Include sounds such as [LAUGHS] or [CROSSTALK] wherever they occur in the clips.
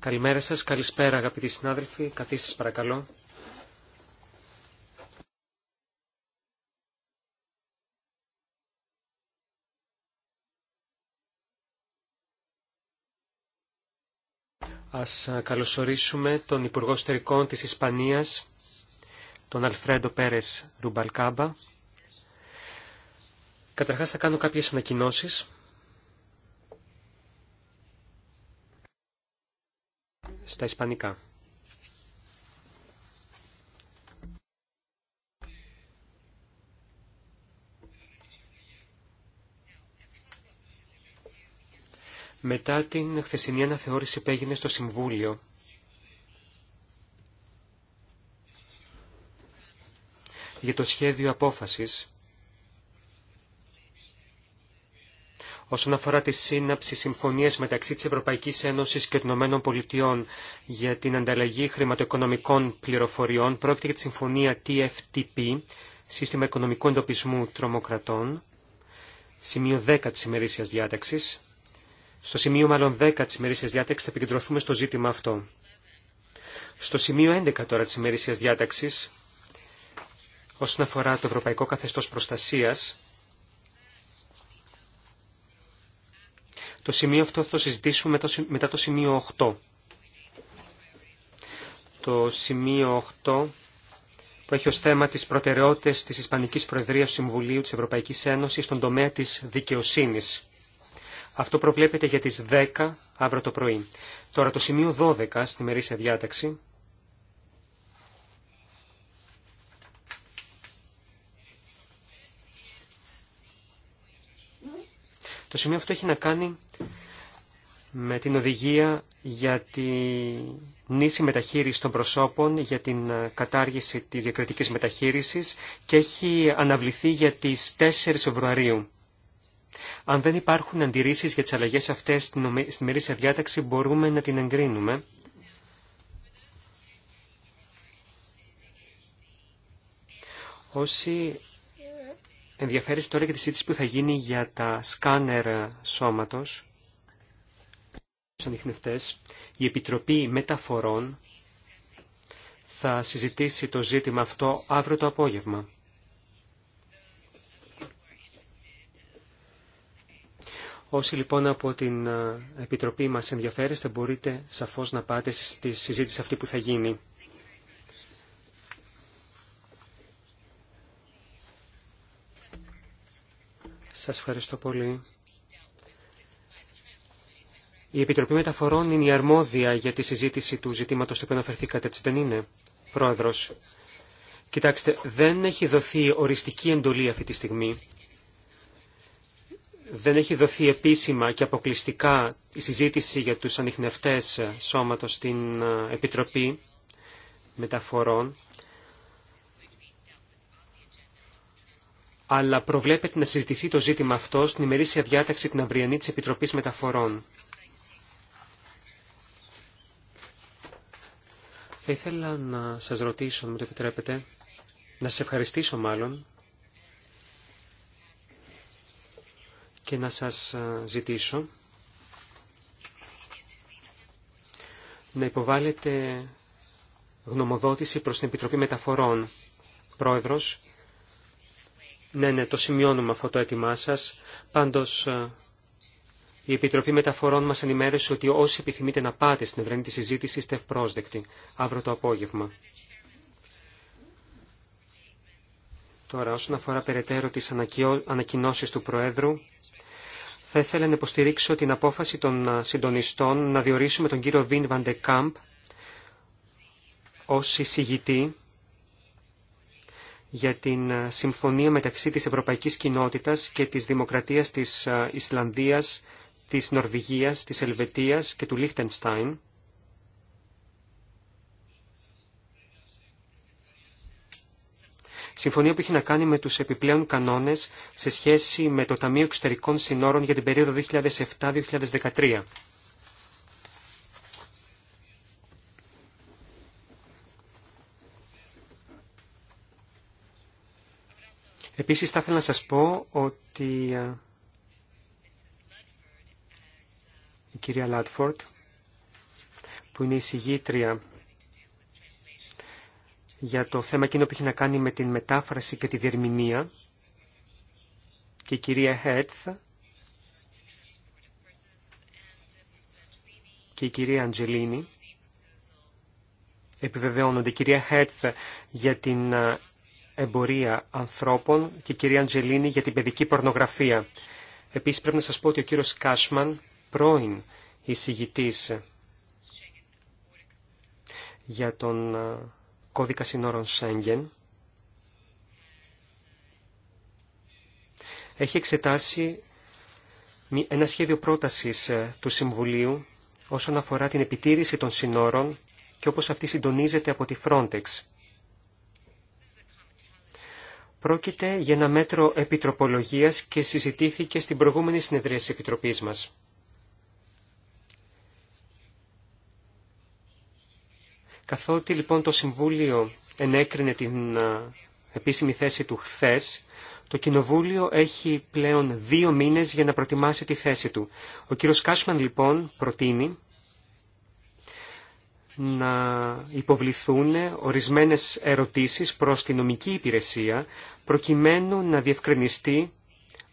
Καλημέρα σας, καλησπέρα αγαπητοί συνάδελφοι, καθίστε σας παρακαλώ. Ας ε, καλωσορίσουμε τον Υπουργό Στερικών της Ισπανίας, τον Αλφρέντο Πέρες Ρουμπαλκάμπα. Καταρχάς θα κάνω κάποιες ανακοινώσεις. Στα ισπανικά. Μετά την χθεσινή αναθεώρηση που έγινε στο Συμβούλιο, για το σχέδιο απόφασης όσον αφορά τη σύναψη συμφωνίες μεταξύ της Ευρωπαϊκής Ένωσης και των Ηνωμένων Πολιτειών για την ανταλλαγή χρηματοοικονομικών πληροφοριών πρόκειται για τη συμφωνία TFTP, Σύστημα Οικονομικού Εντοπισμού Τρομοκρατών, σημείο 10 της ημερήσιας διάταξης. Στο σημείο μάλλον 10 της ημερήσιας διάταξης θα επικεντρωθούμε στο ζήτημα αυτό. Στο σημείο 11 τώρα της ημερήσιας διάταξης, όσον αφορά το Ευρωπαϊκό Καθεστώς Προστασίας, Το σημείο αυτό θα το συζητήσουμε μετά το σημείο 8. Το σημείο 8 που έχει ως θέμα τις προτεραιότητες της Ισπανικής Προεδρίας Συμβουλίου της Ευρωπαϊκής Ένωσης στον τομέα της δικαιοσύνης. Αυτό προβλέπεται για τις 10 αύριο το πρωί. Τώρα το σημείο 12 στη μερίσια διάταξη Το σημείο αυτό έχει να κάνει με την οδηγία για την νήση μεταχείριση των προσώπων, για την ε, κατάργηση της διακριτικής μεταχείρισης και έχει αναβληθεί για τις 4 Φεβρουαρίου. Αν δεν υπάρχουν αντιρρήσεις για τις αλλαγές αυτές στην μερίσια διάταξη μπορούμε να την εγκρίνουμε. Όσοι ενδιαφέρει τώρα για τη συζήτηση που θα γίνει για τα σκάνερ σώματος, τους ανιχνευτές. Η Επιτροπή Μεταφορών θα συζητήσει το ζήτημα αυτό αύριο το απόγευμα. Όσοι λοιπόν από την ε, Επιτροπή μας ενδιαφέρεστε μπορείτε σαφώς να πάτε στη συζήτηση αυτή που θα γίνει. Σας ευχαριστώ πολύ. Η Επιτροπή Μεταφορών είναι η αρμόδια για τη συζήτηση του ζητήματος του οποίου αναφερθήκατε, έτσι δεν είναι, Πρόεδρος. Κοιτάξτε, δεν έχει δοθεί οριστική εντολή αυτή τη στιγμή. Δεν έχει δοθεί επίσημα και αποκλειστικά η συζήτηση για τους ανιχνευτές σώματος στην ε, Επιτροπή Μεταφορών. αλλά προβλέπεται να συζητηθεί το ζήτημα αυτό στην ημερήσια διάταξη την αυριανή της Επιτροπής Μεταφορών. Θα ήθελα να σας ρωτήσω, αν μου το επιτρέπετε, να σας ευχαριστήσω μάλλον και να σας ζητήσω να υποβάλλετε γνωμοδότηση προς την Επιτροπή Μεταφορών. Πρόεδρος, ναι, ναι, το σημειώνουμε αυτό το έτοιμά σα Πάντως, ε, η Επιτροπή Μεταφορών μας ενημέρωσε ότι όσοι επιθυμείτε να πάτε στην ευρενή τη συζήτηση είστε ευπρόσδεκτοι αύριο το απόγευμα. Τώρα, όσον αφορά περαιτέρω τις ανακοινώσει του Προέδρου, θα ήθελα να υποστηρίξω την απόφαση των ε, συντονιστών να διορίσουμε τον κύριο Βιν Βαντεκάμπ ω εισηγητή για την ε, συμφωνία μεταξύ της Ευρωπαϊκής Κοινότητας και της Δημοκρατίας της ε, Ισλανδίας, της Νορβηγίας, της Ελβετίας και του Λίχτενστάιν. Συμφωνία που έχει να κάνει με τους επιπλέον κανόνες σε σχέση με το Ταμείο Εξωτερικών Συνόρων για την περίοδο 2007-2013. Επίσης θα ήθελα να σας πω ότι ε, η κυρία Λάτφορντ που είναι η συγγήτρια για το θέμα εκείνο που έχει να κάνει με την μετάφραση και τη διερμηνία και η κυρία Χέτθ και η κυρία Αντζελίνη επιβεβαιώνονται. Η κυρία Χέτθ για την ε, εμπορία ανθρώπων και η κυρία Αντζελίνη για την παιδική πορνογραφία. Επίσης πρέπει να σας πω ότι ο κύριος Κάσμαν, πρώην εισηγητής για τον κώδικα συνόρων Σέγγεν, έχει εξετάσει ένα σχέδιο πρότασης ε, του Συμβουλίου όσον αφορά την επιτήρηση των συνόρων και όπως αυτή συντονίζεται από τη Frontex. Πρόκειται για ένα μέτρο επιτροπολογίας και συζητήθηκε στην προηγούμενη συνεδρία της Επιτροπής μας. Καθότι λοιπόν το Συμβούλιο ενέκρινε την επίσημη θέση του χθες, το Κοινοβούλιο έχει πλέον δύο μήνες για να προτιμάσει τη θέση του. Ο κύριος Κάσμαν λοιπόν προτείνει να υποβληθούν ορισμένες ερωτήσεις προς την νομική υπηρεσία προκειμένου να διευκρινιστεί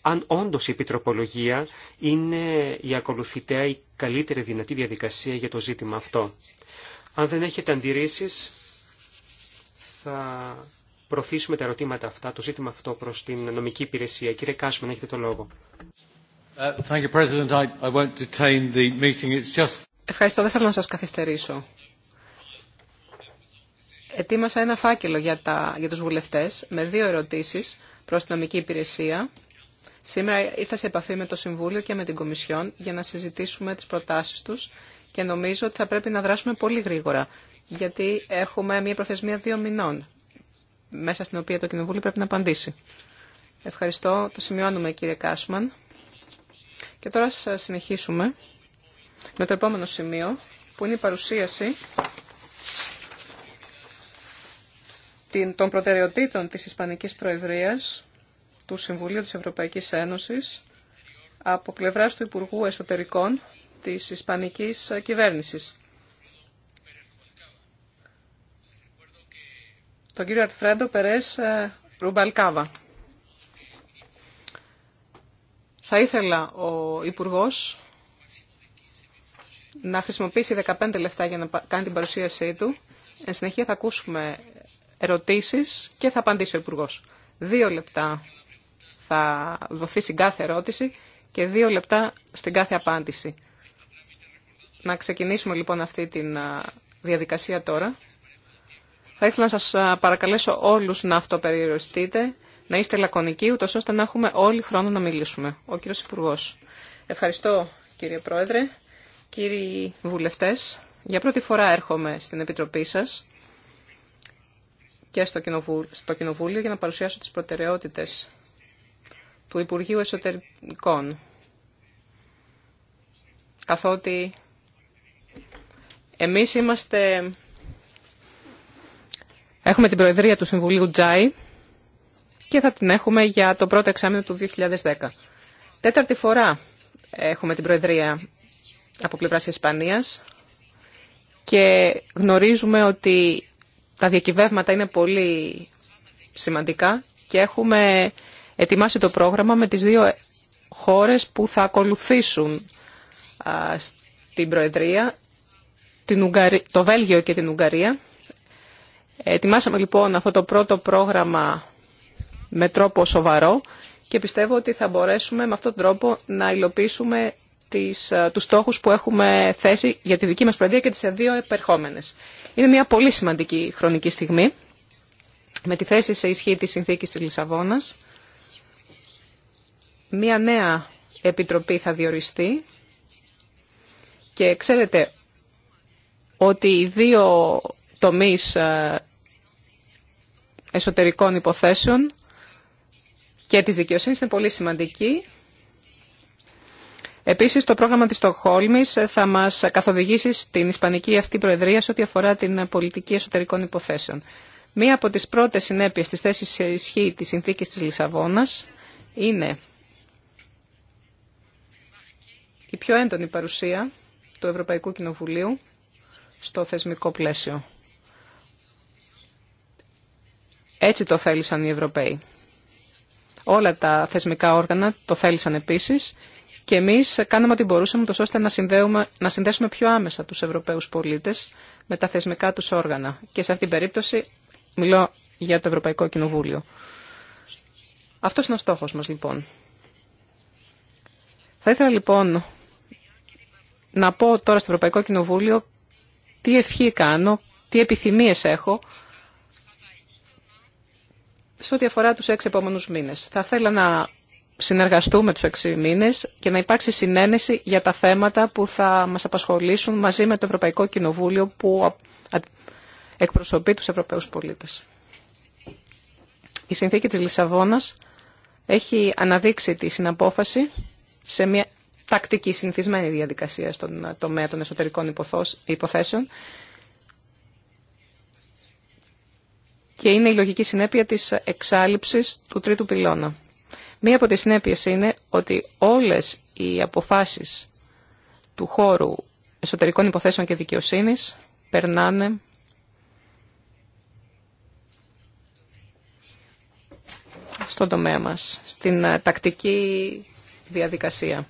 αν όντως η επιτροπολογία είναι η ακολουθητέα η καλύτερη δυνατή διαδικασία για το ζήτημα αυτό. Αν δεν έχετε αντιρρήσεις θα προωθήσουμε τα ερωτήματα αυτά, το ζήτημα αυτό προς την νομική υπηρεσία. Κύριε Κάσμαν, έχετε το λόγο. Ε, Ευχαριστώ, δεν θέλω να σας καθυστερήσω ετοίμασα ένα φάκελο για, τα, για τους βουλευτές με δύο ερωτήσεις προς την νομική υπηρεσία. Σήμερα ήρθα σε επαφή με το Συμβούλιο και με την Κομισιόν για να συζητήσουμε τις προτάσεις τους και νομίζω ότι θα πρέπει να δράσουμε πολύ γρήγορα, γιατί έχουμε μια προθεσμία δύο μηνών, μέσα στην οποία το Κοινοβούλιο πρέπει να απαντήσει. Ευχαριστώ. Το σημειώνουμε, κύριε Κάσμαν. Και τώρα σας συνεχίσουμε με το επόμενο σημείο, που είναι η παρουσίαση των προτεραιοτήτων της Ισπανικής Προεδρίας του Συμβουλίου της Ευρωπαϊκής Ένωσης από πλευράς του Υπουργού Εσωτερικών της Ισπανικής Κυβέρνησης. Τον κύριο Αρφρέντο Περές ε, Ρουμπαλκάβα. Θα ήθελα ο Υπουργός να χρησιμοποιήσει 15 λεπτά για να κάνει την παρουσίασή του. Εν συνεχεία θα ακούσουμε ερωτήσεις και θα απαντήσει ο υπουργό. Δύο λεπτά θα δοθεί στην κάθε ερώτηση και δύο λεπτά στην κάθε απάντηση. Να ξεκινήσουμε λοιπόν αυτή τη διαδικασία τώρα. Θα ήθελα να σας παρακαλέσω όλους να αυτοπεριοριστείτε, να είστε λακωνικοί, ούτως ώστε να έχουμε όλοι χρόνο να μιλήσουμε. Ο κύριος υπουργό. Ευχαριστώ κύριε Πρόεδρε, κύριοι βουλευτές. Για πρώτη φορά έρχομαι στην Επιτροπή σας και στο, Κοινοβούλιο για να παρουσιάσω τις προτεραιότητες του Υπουργείου Εσωτερικών. Καθότι εμείς είμαστε... Έχουμε την Προεδρία του Συμβουλίου Τζάι και θα την έχουμε για το πρώτο εξάμεινο του 2010. Τέταρτη φορά έχουμε την Προεδρία από πλευράς Ισπανίας και γνωρίζουμε ότι τα διακυβεύματα είναι πολύ σημαντικά και έχουμε ετοιμάσει το πρόγραμμα με τις δύο χώρες που θα ακολουθήσουν στην Προεδρία, την το Βέλγιο και την Ουγγαρία. Ετοιμάσαμε λοιπόν αυτό το πρώτο πρόγραμμα με τρόπο σοβαρό και πιστεύω ότι θα μπορέσουμε με αυτόν τον τρόπο να υλοποιήσουμε τις, ε, τους στόχους που έχουμε θέσει για τη δική μας Προεδρία και τις δύο επερχόμενες. Είναι μια πολύ σημαντική χρονική στιγμή με τη θέση σε ισχύ της συνθήκης της Λισαβόνας. Μια νέα επιτροπή θα διοριστεί και ξέρετε ότι οι δύο τομείς ε, εσωτερικών υποθέσεων και της δικαιοσύνης είναι πολύ σημαντικοί Επίσης, το πρόγραμμα της Στοκχόλμης θα μας καθοδηγήσει στην Ισπανική αυτή Προεδρία σε ό,τι αφορά την πολιτική εσωτερικών υποθέσεων. Μία από τις πρώτες συνέπειες της θέσης ισχύ της συνθήκης της Λισαβόνας είναι η πιο έντονη παρουσία του Ευρωπαϊκού Κοινοβουλίου στο θεσμικό πλαίσιο. Έτσι το θέλησαν οι Ευρωπαίοι. Όλα τα θεσμικά όργανα το θέλησαν επίσης και εμείς κάναμε ό,τι μπορούσαμε τόσο ώστε να, να συνδέσουμε πιο άμεσα τους Ευρωπαίους πολίτε με τα θεσμικά τους όργανα. Και σε αυτή την περίπτωση μιλώ για το Ευρωπαϊκό Κοινοβούλιο. Αυτός είναι ο στόχος μας λοιπόν. Θα ήθελα λοιπόν να πω τώρα στο Ευρωπαϊκό Κοινοβούλιο τι ευχή κάνω, τι επιθυμίες έχω σε ό,τι αφορά τους έξι επόμενους μήνες. Θα ήθελα να συνεργαστούμε τους έξι μήνες και να υπάρξει συνένεση για τα θέματα που θα μας απασχολήσουν μαζί με το Ευρωπαϊκό Κοινοβούλιο που εκπροσωπεί τους Ευρωπαίους πολίτες. Η συνθήκη της Λισαβόνας έχει αναδείξει τη συναπόφαση σε μια τακτική συνηθισμένη διαδικασία στον τομέα των εσωτερικών υποθέσεων και είναι η λογική συνέπεια της εξάλληψης του τρίτου πυλώνα. Μία από τις συνέπειες είναι ότι όλες οι αποφάσεις του χώρου εσωτερικών υποθέσεων και δικαιοσύνης περνάνε στον τομέα μας, στην ε, τακτική διαδικασία.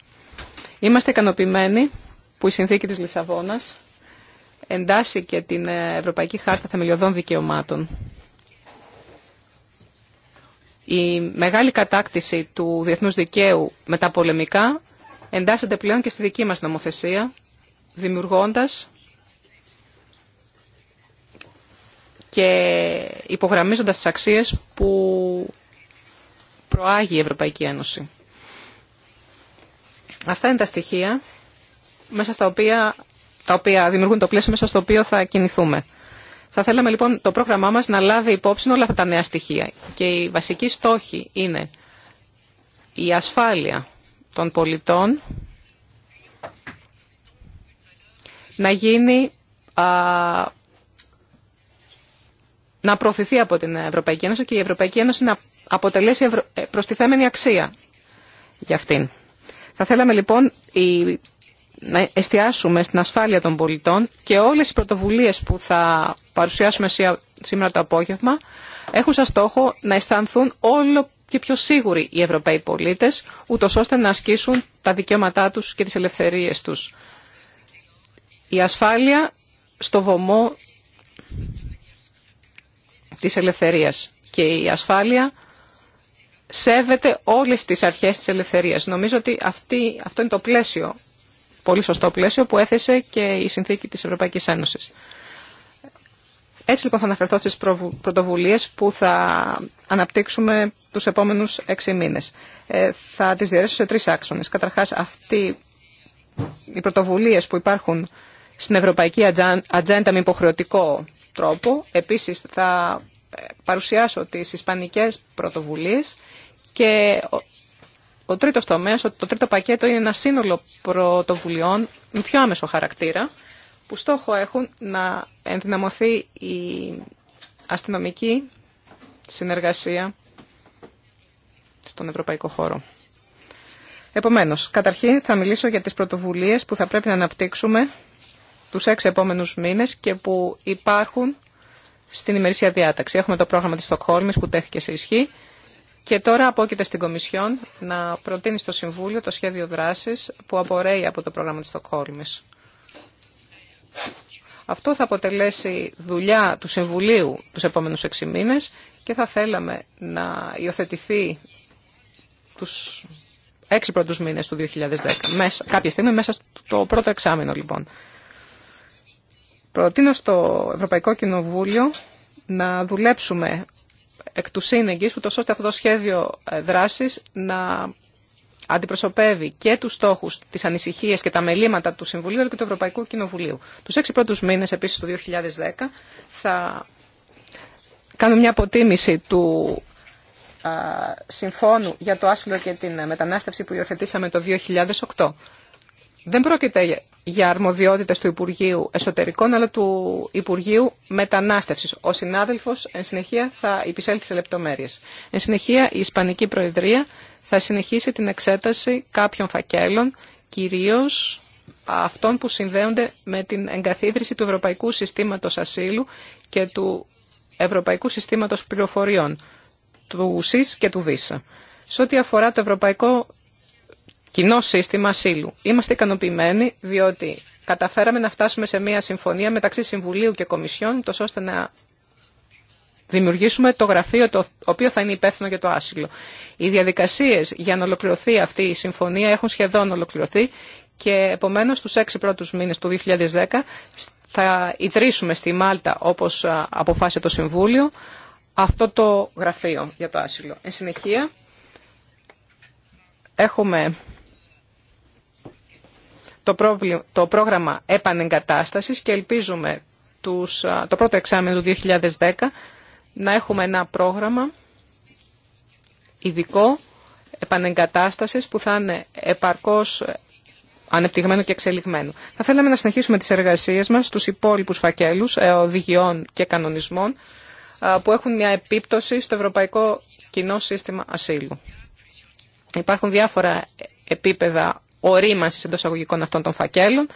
Είμαστε ικανοποιημένοι που η συνθήκη της Λισαβόνας εντάσσει και την ε, Ευρωπαϊκή Χάρτα Θεμελιωδών Δικαιωμάτων η μεγάλη κατάκτηση του διεθνούς δικαίου πολεμικά εντάσσεται πλέον και στη δική μας νομοθεσία, δημιουργώντας και υπογραμμίζοντας τις αξίες που προάγει η Ευρωπαϊκή Ένωση. Αυτά είναι τα στοιχεία μέσα στα οποία, τα οποία δημιουργούν το πλαίσιο μέσα στο οποίο θα κινηθούμε. Θα θέλαμε λοιπόν το πρόγραμμά μας να λάβει υπόψη όλα αυτά τα νέα στοιχεία. Και η βασική στόχοι είναι η ασφάλεια των πολιτών να γίνει να προωθηθεί από την Ευρωπαϊκή Ένωση και η Ευρωπαϊκή Ένωση να αποτελέσει ε, προστιθέμενη αξία για αυτήν. Θα θέλαμε λοιπόν η να εστιάσουμε στην ασφάλεια των πολιτών και όλες οι πρωτοβουλίες που θα παρουσιάσουμε σήμερα το απόγευμα έχουν σαν στόχο να αισθανθούν όλο και πιο σίγουροι οι Ευρωπαίοι πολίτες, ούτω ώστε να ασκήσουν τα δικαιώματά τους και τις ελευθερίες τους. Η ασφάλεια στο βωμό της ελευθερίας και η ασφάλεια σέβεται όλες τις αρχές της ελευθερίας. Νομίζω ότι αυτό είναι το πλαίσιο πολύ σωστό πλαίσιο που έθεσε και η συνθήκη της Ευρωπαϊκής Ένωσης. Έτσι λοιπόν θα αναφερθώ στις πρωτοβουλίες που θα αναπτύξουμε τους επόμενους έξι μήνες. Ε, θα τις διαρρέσω σε τρεις άξονες. Καταρχάς αυτοί οι πρωτοβουλίες που υπάρχουν στην Ευρωπαϊκή Ατζέντα με υποχρεωτικό τρόπο. Επίσης θα παρουσιάσω τις ισπανικές πρωτοβουλίες και ο τρίτος τομέας, το τρίτο πακέτο είναι ένα σύνολο πρωτοβουλειών με πιο άμεσο χαρακτήρα που στόχο έχουν να ενδυναμωθεί η αστυνομική συνεργασία στον ευρωπαϊκό χώρο. Επομένως, καταρχήν θα μιλήσω για τις πρωτοβουλίες που θα πρέπει να αναπτύξουμε τους έξι επόμενους μήνες και που υπάρχουν στην ημερήσια διάταξη. Έχουμε το πρόγραμμα της Στοκχόλμης που τέθηκε σε ισχύ, και τώρα απόκειται στην Κομισιόν να προτείνει στο Συμβούλιο το σχέδιο δράσης που απορρέει από το πρόγραμμα τη Στοκόλμης. Αυτό θα αποτελέσει δουλειά του Συμβουλίου τους επόμενους έξι μήνε και θα θέλαμε να υιοθετηθεί τους έξι πρώτου μήνε του 2010, μέσα, κάποια στιγμή μέσα στο πρώτο εξάμεινο λοιπόν. Προτείνω στο Ευρωπαϊκό Κοινοβούλιο να δουλέψουμε εκ του σύνεγγυ, ούτως ώστε αυτό το σχέδιο ε, δράσης να αντιπροσωπεύει και τους στόχους, τις ανησυχίες και τα μελήματα του Συμβουλίου και του Ευρωπαϊκού Κοινοβουλίου. Τους έξι πρώτους μήνες επίσης του 2010 θα κάνουμε μια αποτίμηση του α, συμφώνου για το άσυλο και την μετανάστευση που υιοθετήσαμε το 2008. Δεν πρόκειται για αρμοδιότητες του Υπουργείου Εσωτερικών αλλά του Υπουργείου Μετανάστευσης. Ο συνάδελφος εν συνεχεία θα υπησέλθει σε λεπτομέρειες. Εν συνεχεία η Ισπανική Προεδρία θα συνεχίσει την εξέταση κάποιων φακέλων, κυρίως αυτών που συνδέονται με την εγκαθίδρυση του Ευρωπαϊκού Συστήματος Ασύλου και του Ευρωπαϊκού Συστήματος Πληροφοριών, του ΣΥΣ και του ΒΙΣΑ. Σε ό,τι αφορά το Ευρωπαϊκό κοινό σύστημα ασύλου. Είμαστε ικανοποιημένοι διότι καταφέραμε να φτάσουμε σε μια συμφωνία μεταξύ Συμβουλίου και Κομισιόν, τόσο ώστε να δημιουργήσουμε το γραφείο το οποίο θα είναι υπεύθυνο για το άσυλο. Οι διαδικασίες για να ολοκληρωθεί αυτή η συμφωνία έχουν σχεδόν ολοκληρωθεί και επομένως στου έξι πρώτους μήνες του 2010 θα ιδρύσουμε στη Μάλτα όπως αποφάσισε το Συμβούλιο αυτό το γραφείο για το άσυλο. Εν συνεχεία έχουμε το, πρόγραμμα επανεγκατάστασης και ελπίζουμε τους, το πρώτο εξάμεινο του 2010 να έχουμε ένα πρόγραμμα ειδικό επανεγκατάστασης που θα είναι επαρκώς ανεπτυγμένο και εξελιγμένο. Θα θέλαμε να συνεχίσουμε τις εργασίες μας στους υπόλοιπους φακέλους ε, οδηγιών και κανονισμών που έχουν μια επίπτωση στο Ευρωπαϊκό Κοινό Σύστημα Ασύλου. Υπάρχουν διάφορα επίπεδα ορίμανση εντό αγωγικών αυτών των φακέλων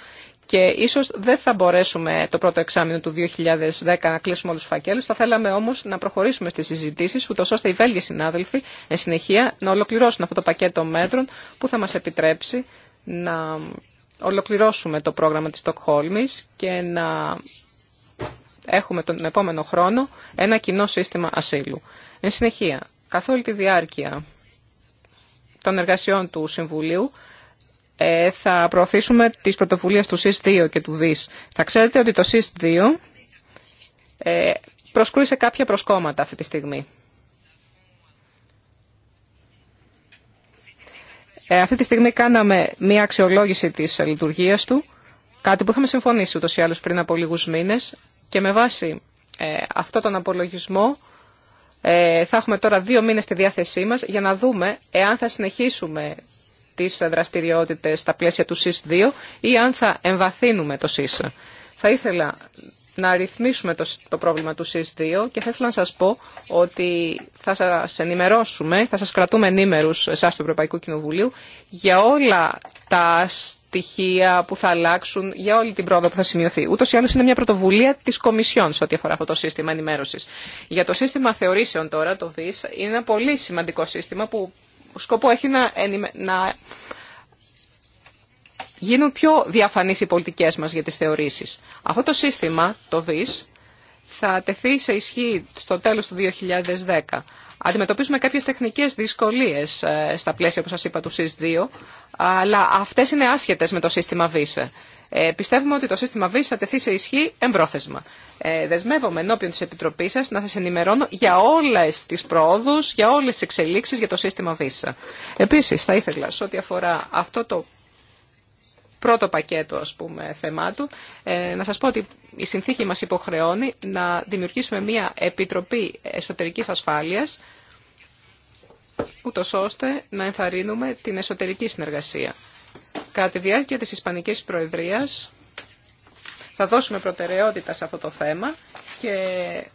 και ίσω δεν θα μπορέσουμε το πρώτο εξάμεινο του 2010 να κλείσουμε όλου του φακέλου. Θα θέλαμε όμω να προχωρήσουμε στι συζητήσει ούτω ώστε οι Βέλγοι συνάδελφοι εν συνεχεία να ολοκληρώσουν αυτό το πακέτο μέτρων που θα μα επιτρέψει να ολοκληρώσουμε το πρόγραμμα της Στοκχόλμης και να έχουμε τον επόμενο χρόνο ένα κοινό σύστημα ασύλου. Εν συνεχεία, καθ' όλη τη διάρκεια των εργασιών του Συμβουλίου ε, θα προωθήσουμε τις πρωτοβουλίες του συς και του ΒΙΣ. Θα ξέρετε ότι το ΣΥΣ2 ε, προσκρούει σε κάποια προσκόμματα αυτή τη στιγμή. Ε, αυτή τη στιγμή κάναμε μία αξιολόγηση της λειτουργίας του, κάτι που είχαμε συμφωνήσει ούτως ή άλλως πριν από λίγους μήνες και με βάση αυτό τον απολογισμό θα έχουμε τώρα δύο μήνες στη διάθεσή μας για να δούμε εάν θα συνεχίσουμε τι δραστηριότητε, στα πλαίσια του ΣΥΣ2 ή αν θα εμβαθύνουμε το ΣΥΣ. Θα ήθελα να ρυθμίσουμε το, πρόβλημα του ΣΥΣ2 και θα ήθελα να σα πω ότι θα σα ενημερώσουμε, θα σα κρατούμε ενήμερου εσά του Ευρωπαϊκού Κοινοβουλίου για όλα τα στοιχεία που θα αλλάξουν, για όλη την πρόοδο που θα σημειωθεί. Ούτω ή άλλω είναι μια πρωτοβουλία τη Κομισιόν σε ό,τι αφορά αυτό το σύστημα ενημέρωση. Για το σύστημα θεωρήσεων τώρα, το ΔΙΣ, είναι ένα πολύ σημαντικό σύστημα που ο σκοπό έχει να, γίνουν πιο διαφανείς οι πολιτικές μας για τις θεωρήσεις. Αυτό το σύστημα, το ΒΙΣ, θα τεθεί σε ισχύ στο τέλος του 2010. Αντιμετωπίζουμε κάποιες τεχνικές δυσκολίες ε, στα πλαίσια, όπως σας είπα, του ΣΥΣ2, αλλά αυτές είναι άσχετες με το σύστημα ΒΙΣΕ. Ε, πιστεύουμε ότι το σύστημα VIS τεθεί σε ισχύ εμπρόθεσμα. Ε, δεσμεύομαι ενώπιον τη Επιτροπή σα να σα ενημερώνω για όλε τι προόδου, για όλε τι εξελίξει για το σύστημα VIS. Επίση, θα ήθελα σε ό,τι αφορά αυτό το πρώτο πακέτο ας πούμε, θεμάτου, ε, να σας πω ότι η συνθήκη μας υποχρεώνει να δημιουργήσουμε μια επιτροπή εσωτερικής ασφάλειας, ούτως ώστε να ενθαρρύνουμε την εσωτερική συνεργασία Κατά τη διάρκεια της Ισπανικής Προεδρίας θα δώσουμε προτεραιότητα σε αυτό το θέμα και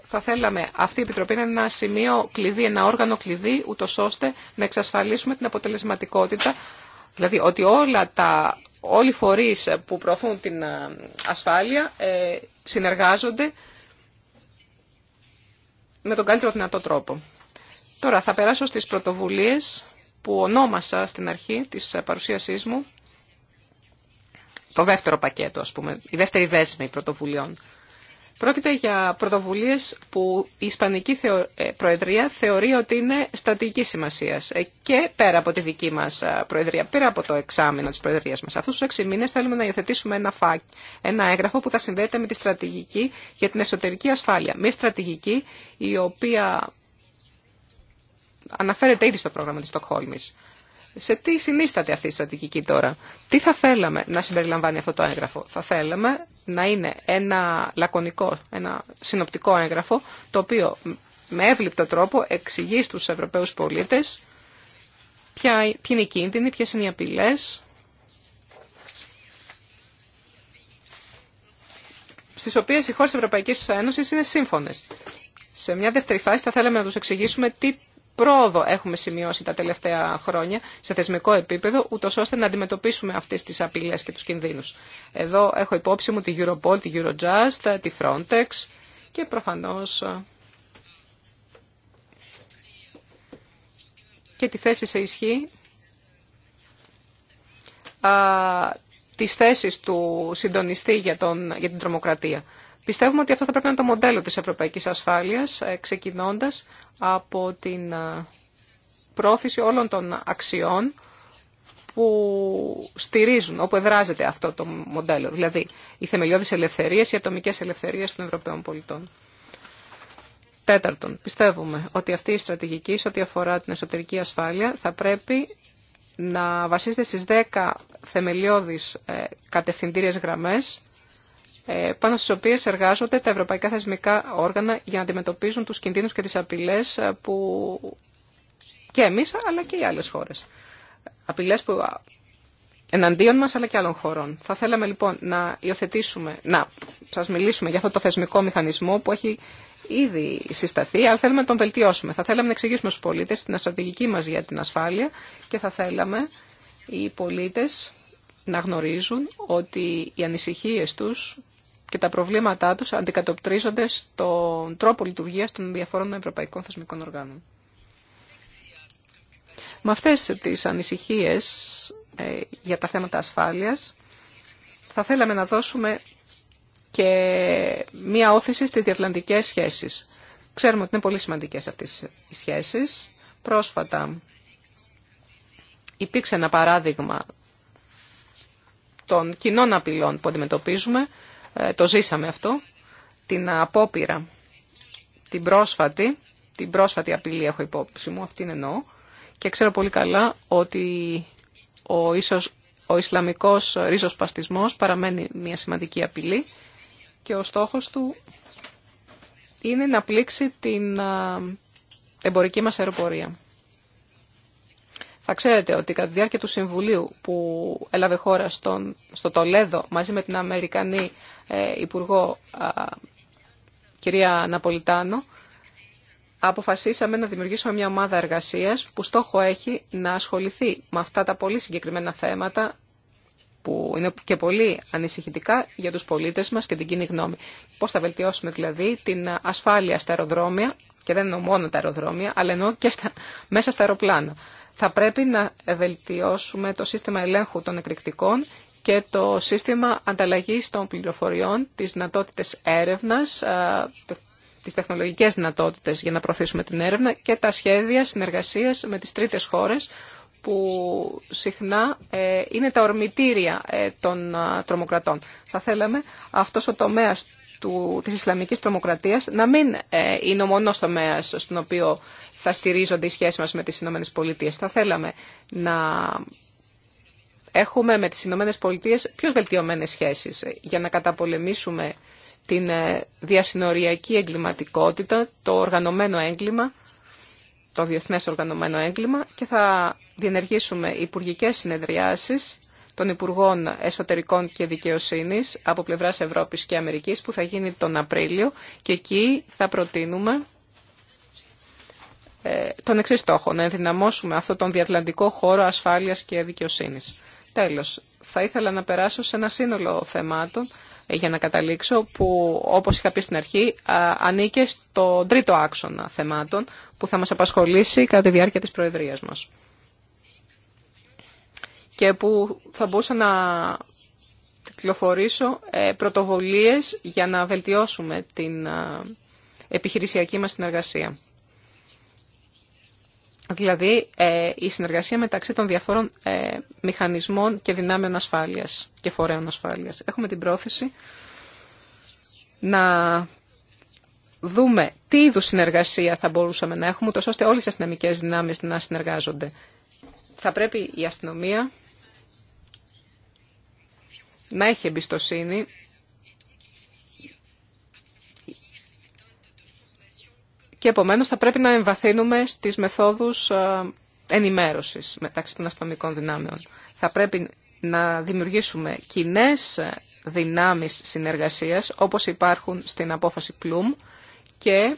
θα θέλαμε αυτή η Επιτροπή είναι ένα σημείο κλειδί, ένα όργανο κλειδί, ούτω ώστε να εξασφαλίσουμε την αποτελεσματικότητα, δηλαδή ότι όλα τα, όλοι οι φορείς που προωθούν την ε, ασφάλεια ε, συνεργάζονται με τον καλύτερο δυνατό τρόπο. Τώρα θα περάσω στις πρωτοβουλίες που ονόμασα στην αρχή της παρουσίασής μου το δεύτερο πακέτο, ας πούμε, η δεύτερη δέσμη πρωτοβουλειών. Πρόκειται για πρωτοβουλίες που η Ισπανική ε, Προεδρία θεωρεί ότι είναι στρατηγική σημασία ε, και πέρα από τη δική μα Προεδρία, πέρα από το εξάμεινο τη προεδρία μα, Αυτού του έξι μήνες θέλουμε να υιοθετήσουμε ένα, ένα έγγραφο που θα συνδέεται με τη στρατηγική για την εσωτερική ασφάλεια. Μια στρατηγική η οποία αναφέρεται ήδη στο πρόγραμμα τη Στοκχόλμη. Σε τι συνίσταται αυτή η στρατηγική τώρα. Τι θα θέλαμε να συμπεριλαμβάνει αυτό το έγγραφο. Θα θέλαμε να είναι ένα λακωνικό, ένα συνοπτικό έγγραφο, το οποίο με εύληπτο τρόπο εξηγεί στους Ευρωπαίους πολίτες ποια, ποιοι είναι οι κίνδυνοι, ποιες είναι οι απειλές, στις οποίες οι χώρες της Ευρωπαϊκής Ένωσης είναι σύμφωνες. Σε μια δεύτερη φάση θα θέλαμε να τους εξηγήσουμε τι πρόοδο έχουμε σημειώσει τα τελευταία χρόνια σε θεσμικό επίπεδο, ούτω ώστε να αντιμετωπίσουμε αυτέ τι απειλέ και του κινδύνου. Εδώ έχω υπόψη μου τη Europol, τη Eurojust, τη Frontex και προφανώ ε, και τη θέση σε ισχύ α, ε, τις του συντονιστή για, τον, για την τρομοκρατία. Πιστεύουμε ότι αυτό θα πρέπει να είναι το μοντέλο της ευρωπαϊκής ασφάλειας, ε, ξεκινώντας από την ε, πρόθεση όλων των αξιών που στηρίζουν, όπου εδράζεται αυτό το μοντέλο. Δηλαδή, οι θεμελιώδεις ελευθερίες, οι ατομικές ελευθερίες των Ευρωπαίων πολιτών. Τέταρτον, πιστεύουμε ότι αυτή η στρατηγική, σε ό,τι αφορά την εσωτερική ασφάλεια, θα πρέπει να βασίζεται στις 10 θεμελιώδεις ε, κατευθυντήριες γραμμές ε, πάνω στις οποίες εργάζονται τα ευρωπαϊκά θεσμικά όργανα για να αντιμετωπίζουν τους κινδύνους και τις απειλές ε, που και εμείς αλλά και οι άλλες χώρες. Απειλές που εναντίον μας αλλά και άλλων χωρών. Θα θέλαμε λοιπόν να υιοθετήσουμε, να σας μιλήσουμε για αυτό το θεσμικό μηχανισμό που έχει ήδη συσταθεί, αλλά θέλουμε να τον βελτιώσουμε. Θα θέλαμε να εξηγήσουμε στους πολίτες την στρατηγική μας για την ασφάλεια και θα θέλαμε οι πολίτες να γνωρίζουν ότι οι ανησυχίες τους και τα προβλήματά τους αντικατοπτρίζονται στον τρόπο λειτουργία των διαφόρων ευρωπαϊκών θεσμικών οργάνων. Με αυτές τις ανησυχίες ε, για τα θέματα ασφάλειας θα θέλαμε να δώσουμε και μία όθηση στις διατλαντικές σχέσεις. Ξέρουμε ότι είναι πολύ σημαντικές αυτές οι σχέσεις. Πρόσφατα υπήρξε ένα παράδειγμα των κοινών απειλών που αντιμετωπίζουμε ε, το ζήσαμε αυτό, την απόπειρα, την πρόσφατη, την πρόσφατη απειλή έχω υπόψη μου, αυτήν εννοώ, και ξέρω πολύ καλά ότι ο, ίσως, ο Ισλαμικός παραμένει μια σημαντική απειλή και ο στόχος του είναι να πλήξει την ε, εμπορική μας αεροπορία. Θα ξέρετε ότι κατά τη διάρκεια του Συμβουλίου που έλαβε χώρα στον, στο Τολέδο μαζί με την Αμερικανή ε, Υπουργό κυρία Ναπολιτάνο, αποφασίσαμε να δημιουργήσουμε μια ομάδα εργασίας που στόχο έχει να ασχοληθεί με αυτά τα πολύ συγκεκριμένα θέματα που είναι και πολύ ανησυχητικά για τους πολίτες μας και την κοινή γνώμη. Πώς θα βελτιώσουμε δηλαδή την ασφάλεια στα αεροδρόμια και δεν εννοώ μόνο τα αεροδρόμια, αλλά εννοώ και στα, μέσα στα αεροπλάνα. Θα πρέπει να βελτιώσουμε το σύστημα ελέγχου των εκρηκτικών και το σύστημα ανταλλαγής των πληροφοριών, τις δυνατότητε έρευνας, τις τεχνολογικές δυνατότητες για να προωθήσουμε την έρευνα και τα σχέδια συνεργασίας με τις τρίτες χώρες που συχνά ε, είναι τα ορμητήρια ε, των τρομοκρατών. Θα θέλαμε αυτός ο τομέας του, της Ισλαμικής τρομοκρατίας να μην ε, είναι ο μονός τομέας στον οποίο θα στηρίζονται οι σχέσεις μας με τις Ηνωμένες Πολιτείες. Θα θέλαμε να έχουμε με τις Ηνωμένες Πολιτείες πιο βελτιωμένες σχέσεις για να καταπολεμήσουμε την ε, διασυνοριακή εγκληματικότητα, το οργανωμένο έγκλημα, το διεθνές οργανωμένο έγκλημα και θα διενεργήσουμε υπουργικές συνεδριάσεις των Υπουργών Εσωτερικών και δικαιοσύνη από πλευρά Ευρώπη και Αμερική που θα γίνει τον Απρίλιο και εκεί θα προτείνουμε ε, τον εξή στόχο, να ενδυναμώσουμε αυτόν τον διατλαντικό χώρο ασφάλειας και δικαιοσύνη. Τέλος, θα ήθελα να περάσω σε ένα σύνολο θεμάτων ε, για να καταλήξω που όπως είχα πει στην αρχή ανήκε στο τρίτο άξονα θεμάτων που θα μας απασχολήσει κατά τη διάρκεια της Προεδρίας μας και που θα μπορούσα να κυκλοφορήσω ε, πρωτοβολίες για να βελτιώσουμε την επιχειρησιακή μας συνεργασία. Δηλαδή, ε, η συνεργασία μεταξύ των διαφόρων ε, μηχανισμών και δυνάμεων ασφάλειας και φορέων ασφάλειας. Έχουμε την πρόθεση να δούμε τι είδους συνεργασία θα μπορούσαμε να έχουμε, ώστε όλες οι αστυνομικές δυνάμεις να συνεργάζονται. Θα πρέπει η αστυνομία να έχει εμπιστοσύνη και επομένως θα πρέπει να εμβαθύνουμε στις μεθόδους ε, ενημέρωσης μεταξύ των αστυνομικών δυνάμεων. Θα πρέπει να δημιουργήσουμε κοινέ δυνάμεις συνεργασίας όπως υπάρχουν στην απόφαση Πλουμ και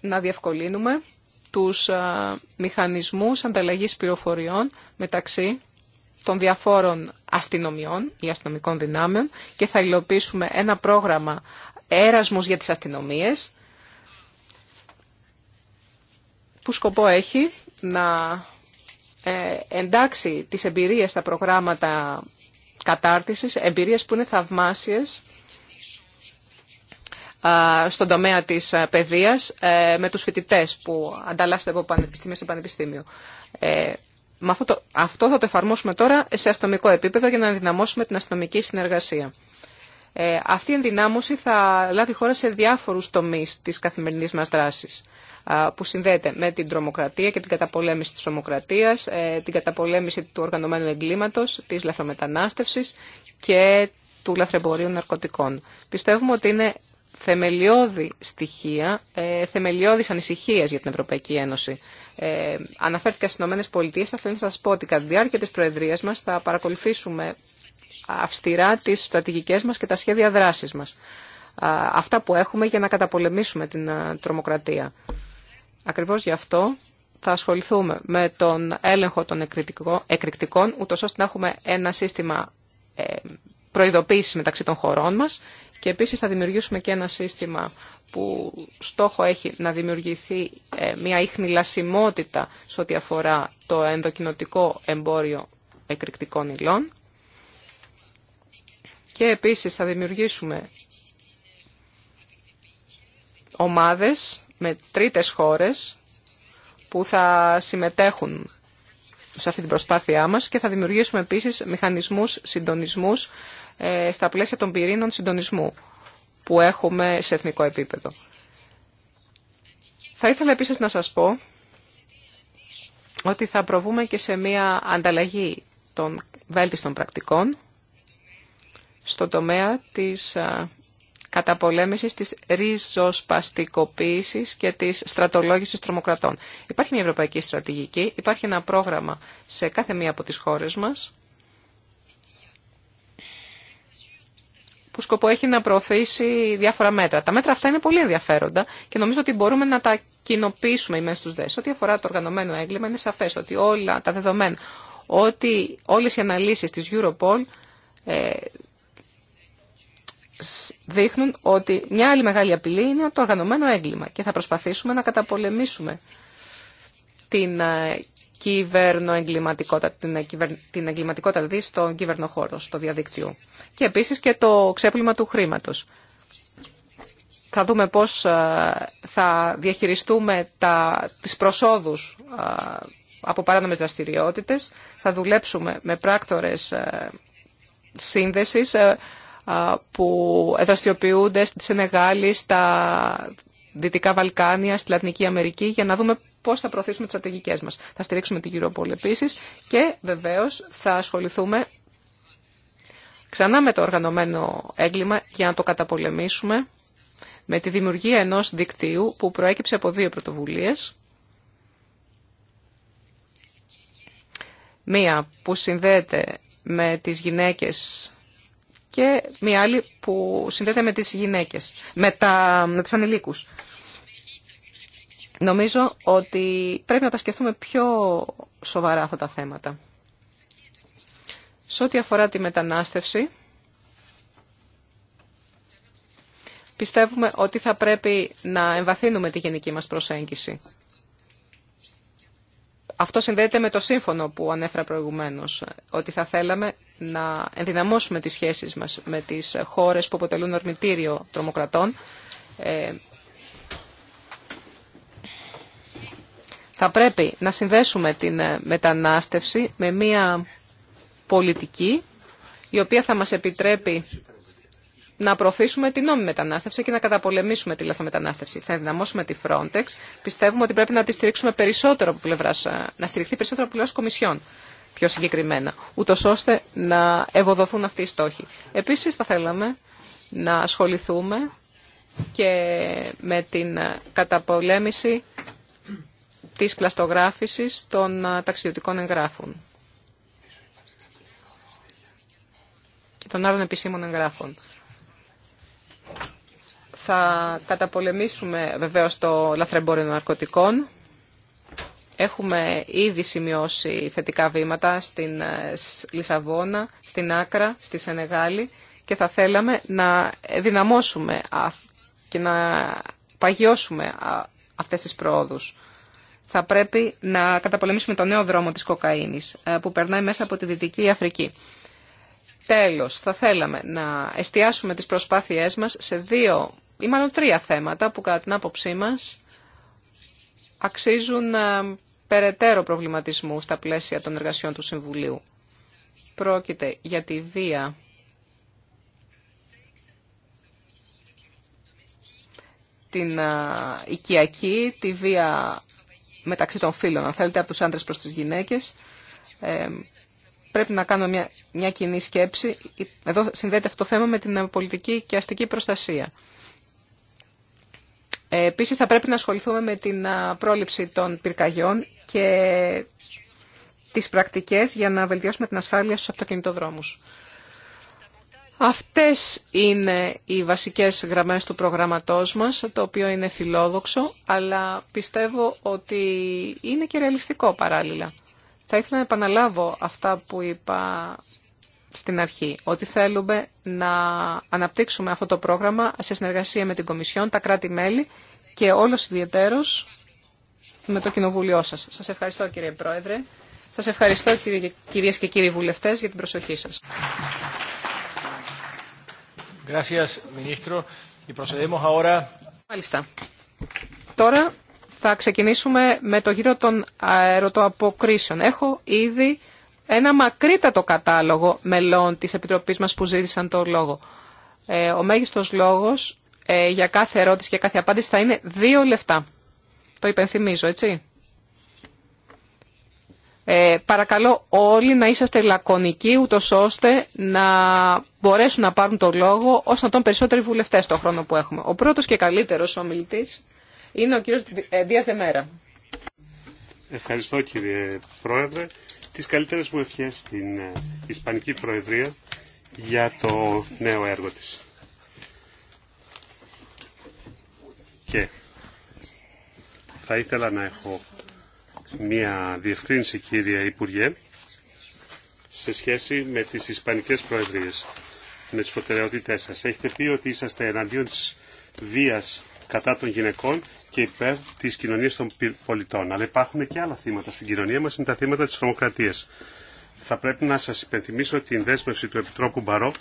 να διευκολύνουμε τους ε, μηχανισμούς ανταλλαγής πληροφοριών μεταξύ των διαφόρων αστυνομιών ή αστυνομικών δυνάμεων και θα υλοποιήσουμε ένα πρόγραμμα έρασμος για τις αστυνομίες που σκοπό έχει να ε, εντάξει τις εμπειρίες στα προγράμματα κατάρτισης, εμπειρίες που είναι θαυμάσιες στον τομέα της ε, παιδείας ε, με τους φοιτητές που ανταλλάσσονται από πανεπιστήμιο σε πανεπιστήμιο με αυτό, αυτό θα το εφαρμόσουμε τώρα σε αστυνομικό επίπεδο για να ενδυναμώσουμε την αστυνομική συνεργασία. Ε, αυτή η ενδυνάμωση θα λάβει χώρα σε διάφορους τομείς της καθημερινής μας δράσης που συνδέεται με την τρομοκρατία και την καταπολέμηση της τρομοκρατίας, ε, την καταπολέμηση του οργανωμένου εγκλήματος, της λαθρομετανάστευσης και του λαθρεμπορίου ναρκωτικών. Πιστεύουμε ότι είναι θεμελιώδη στοιχεία, ε, θεμελιώδης ανησυχίας για την Ευρωπαϊκή Ένωση ε, αναφέρθηκα στι ΗΠΑ. θα θέλω να σα πω ότι κατά τη διάρκεια τη Προεδρία μα θα παρακολουθήσουμε αυστηρά τι στρατηγικέ μα και τα σχέδια δράση μα. Αυτά που έχουμε για να καταπολεμήσουμε την τρομοκρατία. Ακριβώ γι' αυτό θα ασχοληθούμε με τον έλεγχο των εκρηκτικών, ούτω ώστε να έχουμε ένα σύστημα ε, προειδοποίηση μεταξύ των χωρών μα και επίση θα δημιουργήσουμε και ένα σύστημα που στόχο έχει να δημιουργηθεί ε, μια ίχνη λασιμότητα σε ό,τι αφορά το ενδοκινοτικό εμπόριο εκρηκτικών υλών. Και επίσης θα δημιουργήσουμε ομάδες με τρίτες χώρες που θα συμμετέχουν σε αυτή την προσπάθειά μας και θα δημιουργήσουμε επίσης μηχανισμούς συντονισμούς ε, στα πλαίσια των πυρήνων συντονισμού που έχουμε σε εθνικό επίπεδο. Θα ήθελα επίσης να σας πω ότι θα προβούμε και σε μία ανταλλαγή των βέλτιστων πρακτικών στο τομέα της καταπολέμησης της ριζοσπαστικοποίησης και της στρατολόγησης τρομοκρατών. Υπάρχει μια ευρωπαϊκή στρατηγική, υπάρχει ένα πρόγραμμα σε κάθε μία από τις χώρες μας που σκοπό έχει να προωθήσει διάφορα μέτρα. Τα μέτρα αυτά είναι πολύ ενδιαφέροντα και νομίζω ότι μπορούμε να τα κοινοποιήσουμε μέσα στους ΔΕΣ. Ό,τι αφορά το οργανωμένο έγκλημα, είναι σαφές ότι όλα τα δεδομένα, ότι όλες οι αναλύσεις της Europol ε, δείχνουν ότι μια άλλη μεγάλη απειλή είναι το οργανωμένο έγκλημα και θα προσπαθήσουμε να καταπολεμήσουμε την ε, την, εγκληματικότητα δηλαδή στον κυβερνοχώρο, στο διαδικτύο. Και επίσης και το ξέπλυμα του χρήματος. Θα δούμε πώς ε, θα διαχειριστούμε τα, τις προσόδους ε, από παράνομες δραστηριότητες. Θα δουλέψουμε με πράκτορες ε, σύνδεσης που δραστηριοποιούνται στη Σενεγάλη, στα Δυτικά Βαλκάνια, στη Λατινική Αμερική για να δούμε πώ θα προωθήσουμε τι στρατηγικέ μα. Θα στηρίξουμε την Europol επίση και βεβαίω θα ασχοληθούμε ξανά με το οργανωμένο έγκλημα για να το καταπολεμήσουμε με τη δημιουργία ενός δικτύου που προέκυψε από δύο πρωτοβουλίες. Μία που συνδέεται με τις γυναίκες και μία άλλη που συνδέεται με τις γυναίκες, με, με Νομίζω ότι πρέπει να τα σκεφτούμε πιο σοβαρά αυτά τα θέματα. Σε ό,τι αφορά τη μετανάστευση, πιστεύουμε ότι θα πρέπει να εμβαθύνουμε τη γενική μας προσέγγιση. Αυτό συνδέεται με το σύμφωνο που ανέφερα προηγουμένως, ότι θα θέλαμε να ενδυναμώσουμε τις σχέσεις μας με τις χώρες που αποτελούν ορμητήριο τρομοκρατών, ε, Θα πρέπει να συνδέσουμε την ε, μετανάστευση με μια πολιτική η οποία θα μας επιτρέπει να προωθήσουμε την νόμιμη μετανάστευση και να καταπολεμήσουμε τη λαθομετανάστευση. Θα ενδυναμώσουμε τη Frontex. Πιστεύουμε ότι πρέπει να τη στηρίξουμε περισσότερο από πλευράς, ε, να στηριχθεί περισσότερο από πλευρά κομισιών πιο συγκεκριμένα, ούτω ώστε να ευοδοθούν αυτοί οι στόχοι. Επίσης θα θέλαμε να ασχοληθούμε και με την ε, καταπολέμηση της πλαστογράφησης των ε, ταξιδιωτικών εγγράφων και των άλλων επισήμων εγγράφων. Θα καταπολεμήσουμε βεβαίως το λαθρεμπόριο ναρκωτικών. Έχουμε ήδη σημειώσει θετικά βήματα στην ε, Λισαβόνα, στην Άκρα, στη Σενεγάλη και θα θέλαμε να δυναμώσουμε και να παγιώσουμε αυτές τις πρόοδους θα πρέπει να καταπολεμήσουμε το νέο δρόμο της κοκαίνης ε, που περνάει μέσα από τη Δυτική Αφρική. Τέλος, θα θέλαμε να εστιάσουμε τις προσπάθειές μας σε δύο ή μάλλον τρία θέματα που κατά την άποψή μας αξίζουν ε, περαιτέρω προβληματισμού στα πλαίσια των εργασιών του Συμβουλίου. Πρόκειται για τη βία την ε, οικιακή, τη βία μεταξύ των φίλων, αν θέλετε, από τους άντρες προς τις γυναίκες. Ε, πρέπει να κάνουμε μια, μια κοινή σκέψη. Εδώ συνδέεται αυτό το θέμα με την πολιτική και αστική προστασία. Ε, επίσης θα πρέπει να ασχοληθούμε με την πρόληψη των πυρκαγιών και τις πρακτικές για να βελτιώσουμε την ασφάλεια στους αυτοκινητοδρόμους. Αυτές είναι οι βασικές γραμμές του προγραμματός μας, το οποίο είναι φιλόδοξο, αλλά πιστεύω ότι είναι και ρεαλιστικό παράλληλα. Θα ήθελα να επαναλάβω αυτά που είπα στην αρχή, ότι θέλουμε να αναπτύξουμε αυτό το πρόγραμμα σε συνεργασία με την Κομισιόν, τα κράτη-μέλη και όλος ιδιαίτερος με το κοινοβούλιο σας. Σας ευχαριστώ κύριε Πρόεδρε, σας ευχαριστώ κυρίες και κύριοι βουλευτές για την προσοχή σας. Gracias, ministro. Τώρα θα ξεκινήσουμε με το γύρο των αεροτοαποκρίσεων. Έχω ήδη ένα μακρύτατο κατάλογο μελών της Επιτροπής μας που ζήτησαν το λόγο. Ε, ο μέγιστος λόγος ε, για κάθε ερώτηση και κάθε απάντηση θα είναι δύο λεφτά. Το υπενθυμίζω, έτσι. Ε, παρακαλώ όλοι να είσαστε λακωνικοί, ούτω ώστε να μπορέσουν να πάρουν το λόγο ώστε να τον περισσότεροι βουλευτές το χρόνο που έχουμε. Ο πρώτος και καλύτερος ομιλητής είναι ο κύριος ε, Δίας Δεμέρα. Ευχαριστώ κύριε Πρόεδρε. Τις καλύτερες μου ευχές στην ε, Ισπανική Προεδρία για το νέο έργο της. Και θα ήθελα να έχω μια διευκρίνηση κύριε Υπουργέ σε σχέση με τις Ισπανικές Προεδρίες, με τις προτεραιότητές σας. Έχετε πει ότι είσαστε εναντίον της βίας κατά των γυναικών και υπέρ της κοινωνίας των πολιτών. Αλλά υπάρχουν και άλλα θύματα στην κοινωνία μας, είναι τα θύματα της τρομοκρατίας. Θα πρέπει να σας υπενθυμίσω την δέσμευση του Επιτρόπου Μπαρό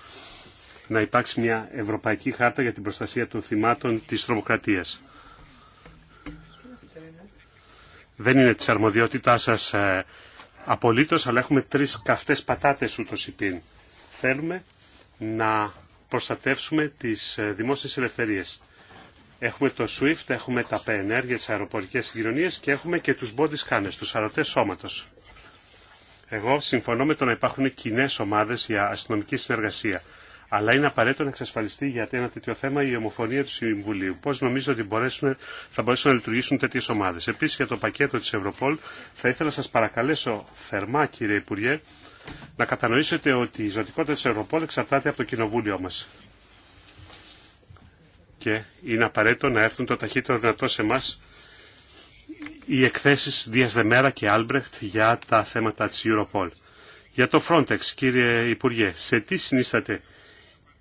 να υπάρξει μια Ευρωπαϊκή Χάρτα για την προστασία των θυμάτων της τρομοκρατίας. Δεν είναι της αρμοδιότητάς σας ε, απολύτως, αλλά έχουμε τρεις καυτές πατάτες ούτως υπήν. Θέλουμε να προστατεύσουμε τις ε, δημόσιες ελευθερίες. Έχουμε το SWIFT, έχουμε τα PNR για τις αεροπορικές συγκοινωνίες και έχουμε και τους body scanners, τους αρωτές σώματος. Εγώ συμφωνώ με το να υπάρχουν κοινέ ομάδες για αστυνομική συνεργασία αλλά είναι απαραίτητο να εξασφαλιστεί για ένα τέτοιο θέμα η ομοφωνία του Συμβουλίου. Πώ νομίζω ότι μπορέσουν, θα μπορέσουν να λειτουργήσουν τέτοιε ομάδε. Επίση, για το πακέτο τη Ευρωπόλ, θα ήθελα να σα παρακαλέσω θερμά, κύριε Υπουργέ, να κατανοήσετε ότι η ζωτικότητα τη Ευρωπόλ εξαρτάται από το κοινοβούλιο μα. Και είναι απαραίτητο να έρθουν το ταχύτερο δυνατό σε εμά οι εκθέσει Δία Δεμέρα και Άλμπρεχτ για τα θέματα τη Ευρωπόλ Για το Frontex, κύριε Υπουργέ, σε τι συνίσταται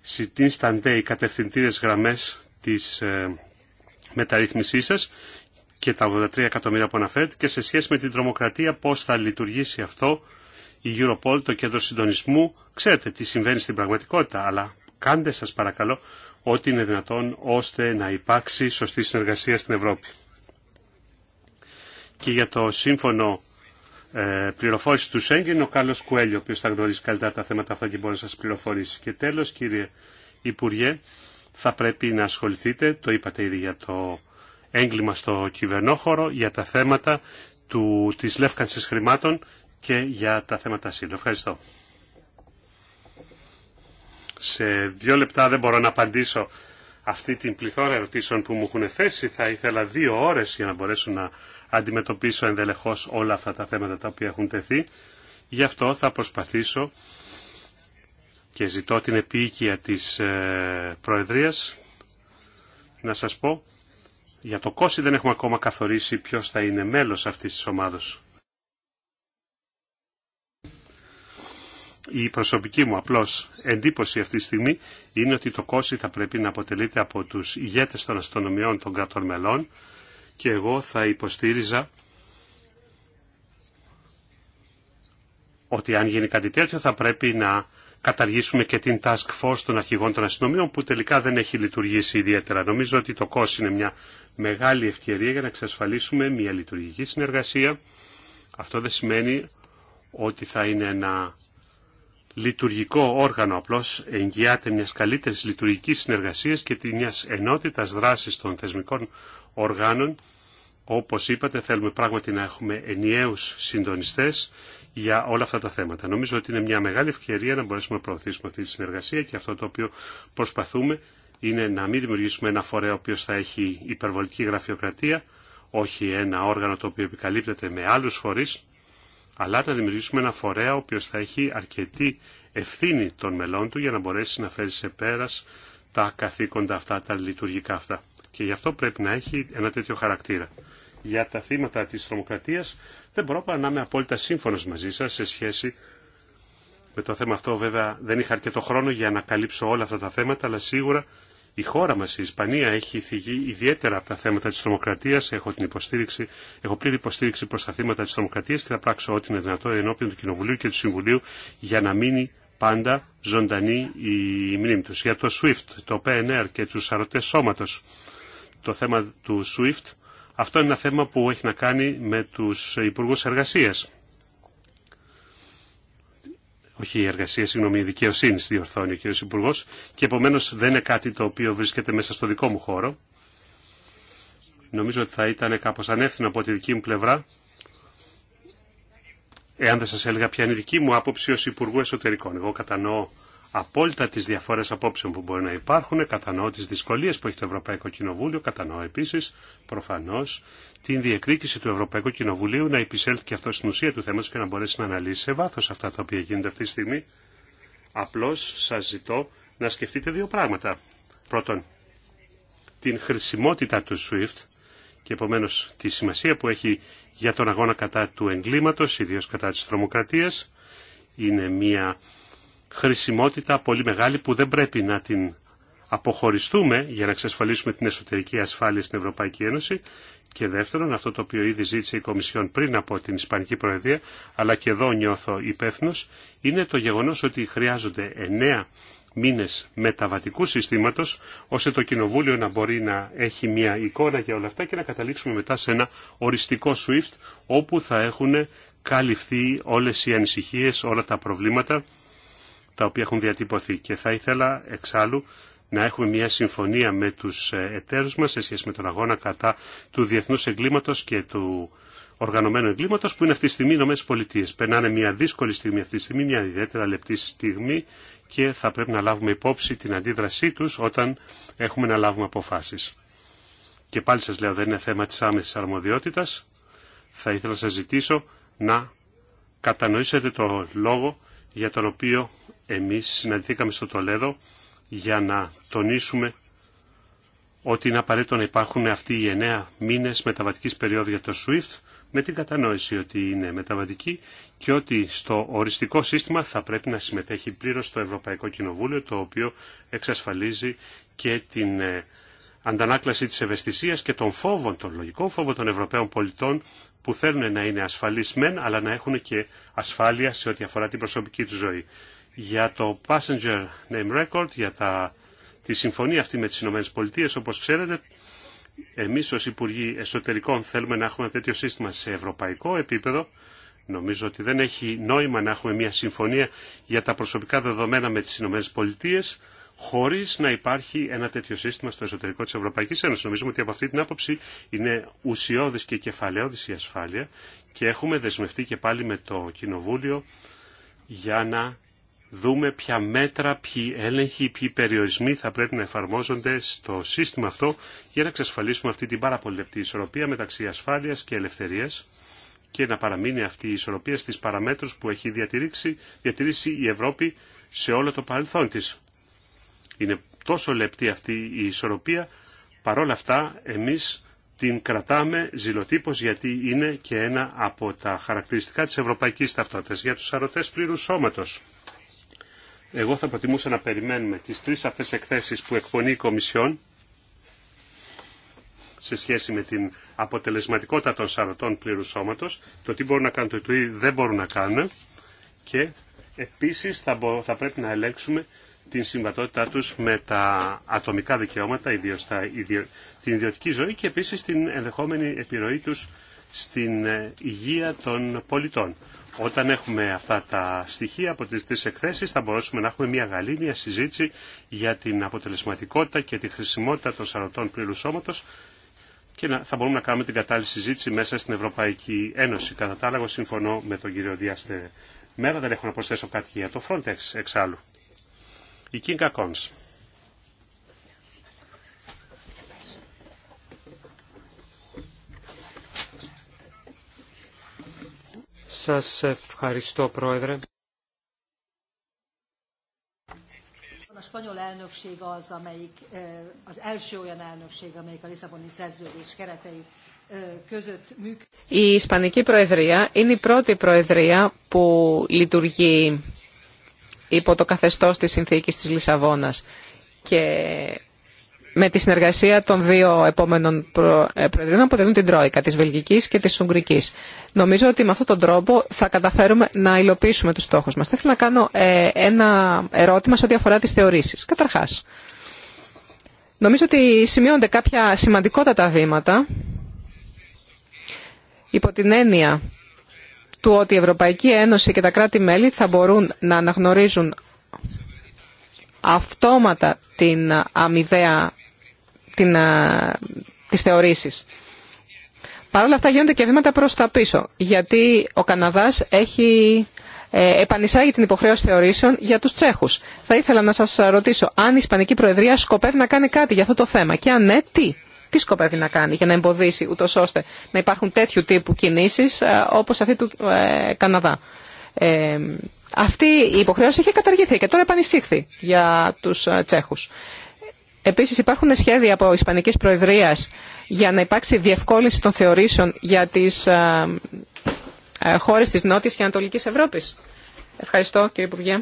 συντίστανται οι κατευθυντήρες γραμμές της ε, μεταρρύθμισής σας και τα 83 εκατομμύρια που αναφέρετε και σε σχέση με την τρομοκρατία πώς θα λειτουργήσει αυτό η Europol, το κέντρο συντονισμού. Ξέρετε τι συμβαίνει στην πραγματικότητα, αλλά κάντε σας παρακαλώ ό,τι είναι δυνατόν ώστε να υπάρξει σωστή συνεργασία στην Ευρώπη. Και για το σύμφωνο ε, πληροφόρηση του Σέγγεν ο Κάλλος Κουέλιο, ο οποίος θα γνωρίζει καλύτερα τα θέματα αυτά και μπορεί να σας πληροφορήσει. Και τέλος, κύριε Υπουργέ, θα πρέπει να ασχοληθείτε, το είπατε ήδη για το έγκλημα στο κυβερνόχωρο, για τα θέματα του, της λεύκανσης χρημάτων και για τα θέματα σύντο. Ευχαριστώ. Σε δύο λεπτά δεν μπορώ να απαντήσω αυτή την πληθώρα ερωτήσεων που μου έχουν θέσει. Θα ήθελα δύο ώρες για να μπορέσω να αντιμετωπίσω ενδελεχώς όλα αυτά τα θέματα τα οποία έχουν τεθεί. Γι' αυτό θα προσπαθήσω και ζητώ την επίοικια της ε, Προεδρίας να σας πω για το κόσι δεν έχουμε ακόμα καθορίσει ποιος θα είναι μέλος αυτής της ομάδος. Η προσωπική μου απλώς εντύπωση αυτή τη στιγμή είναι ότι το κόσι θα πρέπει να αποτελείται από τους ηγέτες των αστυνομιών των κρατών μελών και εγώ θα υποστήριζα ότι αν γίνει κάτι τέτοιο θα πρέπει να καταργήσουμε και την task force των αρχηγών των αστυνομίων που τελικά δεν έχει λειτουργήσει ιδιαίτερα. Νομίζω ότι το COS είναι μια μεγάλη ευκαιρία για να εξασφαλίσουμε μια λειτουργική συνεργασία. Αυτό δεν σημαίνει ότι θα είναι ένα λειτουργικό όργανο, απλώς εγγυάται μιας καλύτερης λειτουργικής συνεργασίας και μιας ενότητας δράσης των θεσμικών οργάνων. Όπως είπατε, θέλουμε πράγματι να έχουμε ενιαίους συντονιστές για όλα αυτά τα θέματα. Νομίζω ότι είναι μια μεγάλη ευκαιρία να μπορέσουμε να προωθήσουμε αυτή τη συνεργασία και αυτό το οποίο προσπαθούμε είναι να μην δημιουργήσουμε ένα φορέα ο οποίος θα έχει υπερβολική γραφειοκρατία, όχι ένα όργανο το οποίο επικαλύπτεται με άλλους φορείς, αλλά να δημιουργήσουμε ένα φορέα ο οποίος θα έχει αρκετή ευθύνη των μελών του για να μπορέσει να φέρει σε πέρας τα καθήκοντα αυτά, τα λειτουργικά αυτά. Και γι' αυτό πρέπει να έχει ένα τέτοιο χαρακτήρα. Για τα θύματα της τρομοκρατίας δεν μπορώ παρά να είμαι απόλυτα σύμφωνος μαζί σας σε σχέση με το θέμα αυτό βέβαια δεν είχα αρκετό χρόνο για να καλύψω όλα αυτά τα θέματα, αλλά σίγουρα η χώρα μας, η Ισπανία, έχει θυγεί ιδιαίτερα από τα θέματα της τρομοκρατίας. Έχω, την υποστήριξη, έχω πλήρη υποστήριξη προς τα θύματα της τρομοκρατίας και θα πράξω ό,τι είναι δυνατό ενώπιον του Κοινοβουλίου και του Συμβουλίου για να μείνει πάντα ζωντανή η μνήμη τους. Για το SWIFT, το PNR και τους αρωτές σώματος, το θέμα του SWIFT, αυτό είναι ένα θέμα που έχει να κάνει με τους Υπουργούς Εργασίας όχι η εργασία, συγγνώμη, η δικαιοσύνη διορθώνει ο κ. Υπουργό και επομένω δεν είναι κάτι το οποίο βρίσκεται μέσα στο δικό μου χώρο. Νομίζω ότι θα ήταν κάπω ανεύθυνο από τη δική μου πλευρά, εάν δεν σα έλεγα ποια είναι η δική μου άποψη ω Υπουργού Εσωτερικών. Εγώ κατανοώ απόλυτα τις διαφορές απόψεων που μπορεί να υπάρχουν, κατανοώ τις δυσκολίες που έχει το Ευρωπαϊκό Κοινοβούλιο, κατανοώ επίσης προφανώς την διεκδίκηση του Ευρωπαϊκού Κοινοβουλίου να επισέλθει και αυτό στην ουσία του θέματος και να μπορέσει να αναλύσει σε βάθος αυτά τα οποία γίνονται αυτή τη στιγμή. Απλώς σας ζητώ να σκεφτείτε δύο πράγματα. Πρώτον, την χρησιμότητα του SWIFT και επομένως τη σημασία που έχει για τον αγώνα κατά του εγκλήματος, ιδίως κατά της τρομοκρατίας. Είναι μια χρησιμότητα πολύ μεγάλη που δεν πρέπει να την αποχωριστούμε για να εξασφαλίσουμε την εσωτερική ασφάλεια στην Ευρωπαϊκή Ένωση και δεύτερον αυτό το οποίο ήδη ζήτησε η Κομισιόν πριν από την Ισπανική Προεδρία αλλά και εδώ νιώθω υπεύθυνο, είναι το γεγονός ότι χρειάζονται εννέα μήνες μεταβατικού συστήματος ώστε το Κοινοβούλιο να μπορεί να έχει μια εικόνα για όλα αυτά και να καταλήξουμε μετά σε ένα οριστικό SWIFT όπου θα έχουν καλυφθεί όλες οι ανησυχίες, όλα τα προβλήματα τα οποία έχουν διατυπωθεί. Και θα ήθελα εξάλλου να έχουμε μια συμφωνία με τους ε, εταίρους μας σε σχέση με τον αγώνα κατά του διεθνούς εγκλήματος και του οργανωμένου εγκλήματος που είναι αυτή τη στιγμή οι Ηνωμένες Πολιτείες. Περνάνε μια δύσκολη στιγμή αυτή τη στιγμή, μια ιδιαίτερα λεπτή στιγμή και θα πρέπει να λάβουμε υπόψη την αντίδρασή τους όταν έχουμε να λάβουμε αποφάσεις. Και πάλι σας λέω δεν είναι θέμα της άμεσης αρμοδιότητα, Θα ήθελα να σας ζητήσω να κατανοήσετε το λόγο για τον οποίο εμείς συναντηθήκαμε στο Τολέδο για να τονίσουμε ότι είναι απαραίτητο να υπάρχουν αυτοί οι εννέα μήνες μεταβατικής περίοδου για το SWIFT με την κατανόηση ότι είναι μεταβατική και ότι στο οριστικό σύστημα θα πρέπει να συμμετέχει πλήρως το Ευρωπαϊκό Κοινοβούλιο το οποίο εξασφαλίζει και την ε, αντανάκλαση της ευαισθησίας και των φόβων, των λογικών φόβων των Ευρωπαίων πολιτών που θέλουν να είναι ασφαλισμένοι αλλά να έχουν και ασφάλεια σε ό,τι αφορά την προσωπική του ζωή για το Passenger Name Record, για τα, τη συμφωνία αυτή με τις Ηνωμένες Πολιτείες, όπως ξέρετε, εμείς ως Υπουργοί Εσωτερικών θέλουμε να έχουμε ένα τέτοιο σύστημα σε ευρωπαϊκό επίπεδο. Νομίζω ότι δεν έχει νόημα να έχουμε μια συμφωνία για τα προσωπικά δεδομένα με τις Ηνωμένες Πολιτείες, χωρίς να υπάρχει ένα τέτοιο σύστημα στο εσωτερικό της Ευρωπαϊκής Ένωσης. Νομίζουμε ότι από αυτή την άποψη είναι ουσιώδης και κεφαλαίωδης η ασφάλεια και έχουμε δεσμευτεί και πάλι με το Κοινοβούλιο για να δούμε ποια μέτρα, ποιοι έλεγχοι, ποιοι περιορισμοί θα πρέπει να εφαρμόζονται στο σύστημα αυτό για να εξασφαλίσουμε αυτή την πάρα πολύ λεπτή ισορροπία μεταξύ ασφάλειας και ελευθερίας και να παραμείνει αυτή η ισορροπία στις παραμέτρους που έχει διατηρήσει, διατηρήσει η Ευρώπη σε όλο το παρελθόν της. Είναι τόσο λεπτή αυτή η ισορροπία, παρόλα αυτά εμείς την κρατάμε ζηλοτύπως γιατί είναι και ένα από τα χαρακτηριστικά της ευρωπαϊκής ταυτότητας για του αρωτές πλήρου σώματο. Εγώ θα προτιμούσα να περιμένουμε τις τρεις αυτές εκθέσεις που εκπονεί η Κομισιόν σε σχέση με την αποτελεσματικότητα των σαρωτών πλήρου σώματος, το τι μπορούν να κάνουν το τι δεν μπορούν να κάνουν και επίσης θα, θα πρέπει να ελέγξουμε την συμβατότητά τους με τα ατομικά δικαιώματα, ιδίως τα, την ιδιωτική ζωή και επίσης την ενδεχόμενη επιρροή τους στην ε, υγεία των πολιτών. Όταν έχουμε αυτά τα στοιχεία από τις τρεις εκθέσεις θα μπορέσουμε να έχουμε μια γαλήνια συζήτηση για την αποτελεσματικότητα και τη χρησιμότητα των σαρωτών πλήρου σώματος και θα μπορούμε να κάνουμε την κατάλληλη συζήτηση μέσα στην Ευρωπαϊκή Ένωση. Κατά τα άλλα, συμφωνώ με τον κύριο Διάστε Μέρα, δεν έχω να προσθέσω κάτι για το Frontex εξάλλου. Η Κίνκα Κόνς. Σας ευχαριστώ, Πρόεδρε. Η Ισπανική Προεδρία είναι η πρώτη Προεδρία που λειτουργεί υπό το καθεστώς της συνθήκης της Λισαβόνας και με τη συνεργασία των δύο επόμενων ε, προεδρών που αποτελούν την Τρόικα, τη Βελγικής και τη Ουγγρική. Νομίζω ότι με αυτόν τον τρόπο θα καταφέρουμε να υλοποιήσουμε του στόχου μα. Θα να κάνω ε, ένα ερώτημα σε ό,τι αφορά τι θεωρήσει. Καταρχά. νομίζω ότι σημειώνονται κάποια σημαντικότατα βήματα υπό την έννοια του ότι η Ευρωπαϊκή Ένωση και τα κράτη-μέλη θα μπορούν να αναγνωρίζουν αυτόματα την αμοιβαία την, τις θεωρήσεις. Παρ' όλα αυτά γίνονται και βήματα προς τα πίσω, γιατί ο Καναδάς έχει ε, επανεισάγει την υποχρέωση θεωρήσεων για τους Τσέχους. Θα ήθελα να σας ρωτήσω αν η Ισπανική Προεδρία σκοπεύει να κάνει κάτι για αυτό το θέμα και αν ναι, τι. Τι σκοπεύει να κάνει για να εμποδίσει ούτω ώστε να υπάρχουν τέτοιου τύπου κινήσεις ε, όπως αυτή του ε, Καναδά. αυτή η υποχρέωση είχε καταργηθεί και τώρα επανεισήχθη για τους Τσέχους. Επίσης υπάρχουν σχέδια από Ισπανική Προεδρία για να υπάρξει διευκόλυνση των θεωρήσεων για τις ε, ε, χώρες της Νότια και Ανατολική Ευρώπης. Ευχαριστώ κύριε Υπουργέ.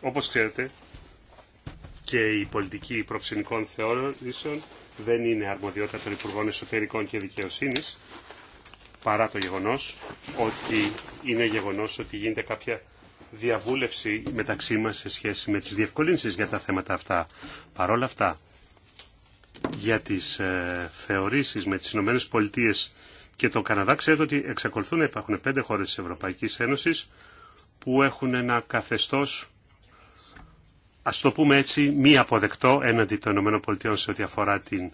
Όπως ξέρετε και η πολιτική προξενικών θεωρήσεων δεν είναι αρμοδιότητα των Υπουργών Εσωτερικών και δικαιοσύνη, παρά το γεγονό ότι είναι γεγονό ότι γίνεται κάποια διαβούλευση μεταξύ μας σε σχέση με τις διευκολύνσεις για τα θέματα αυτά. Παρ' όλα αυτά, για τις ε, θεωρήσεις με τις Ηνωμένες Πολιτείες και τον Καναδά, ξέρετε ότι εξακολουθούν να υπάρχουν πέντε χώρες της Ευρωπαϊκής Ένωσης που έχουν ένα καθεστώς, ας το πούμε έτσι, μη αποδεκτό έναντι των Ηνωμένων Πολιτειών σε ό,τι αφορά την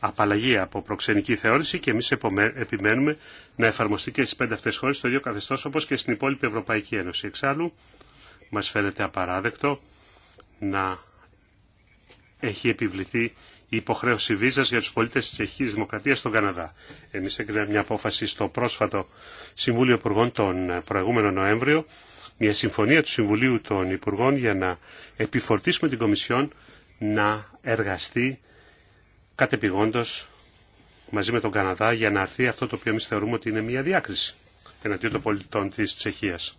απαλλαγή από προξενική θεώρηση και εμεί επιμένουμε να εφαρμοστεί και στις πέντε αυτέ χώρε το ίδιο καθεστώ όπω και στην υπόλοιπη Ευρωπαϊκή Ένωση. Εξάλλου, μα φαίνεται απαράδεκτο να έχει επιβληθεί η υποχρέωση βίζα για τους πολίτες της Τσεχική Δημοκρατία στον Καναδά. Εμεί έκριναμε μια απόφαση στο πρόσφατο Συμβούλιο Υπουργών τον προηγούμενο Νοέμβριο, μια συμφωνία του Συμβουλίου των Υπουργών για να επιφορτήσουμε την Κομισιόν να εργαστεί κατεπηγόντως μαζί με τον Καναδά για να έρθει αυτό το οποίο εμεί θεωρούμε ότι είναι μια διάκριση εναντίον των πολιτών της Τσεχίας.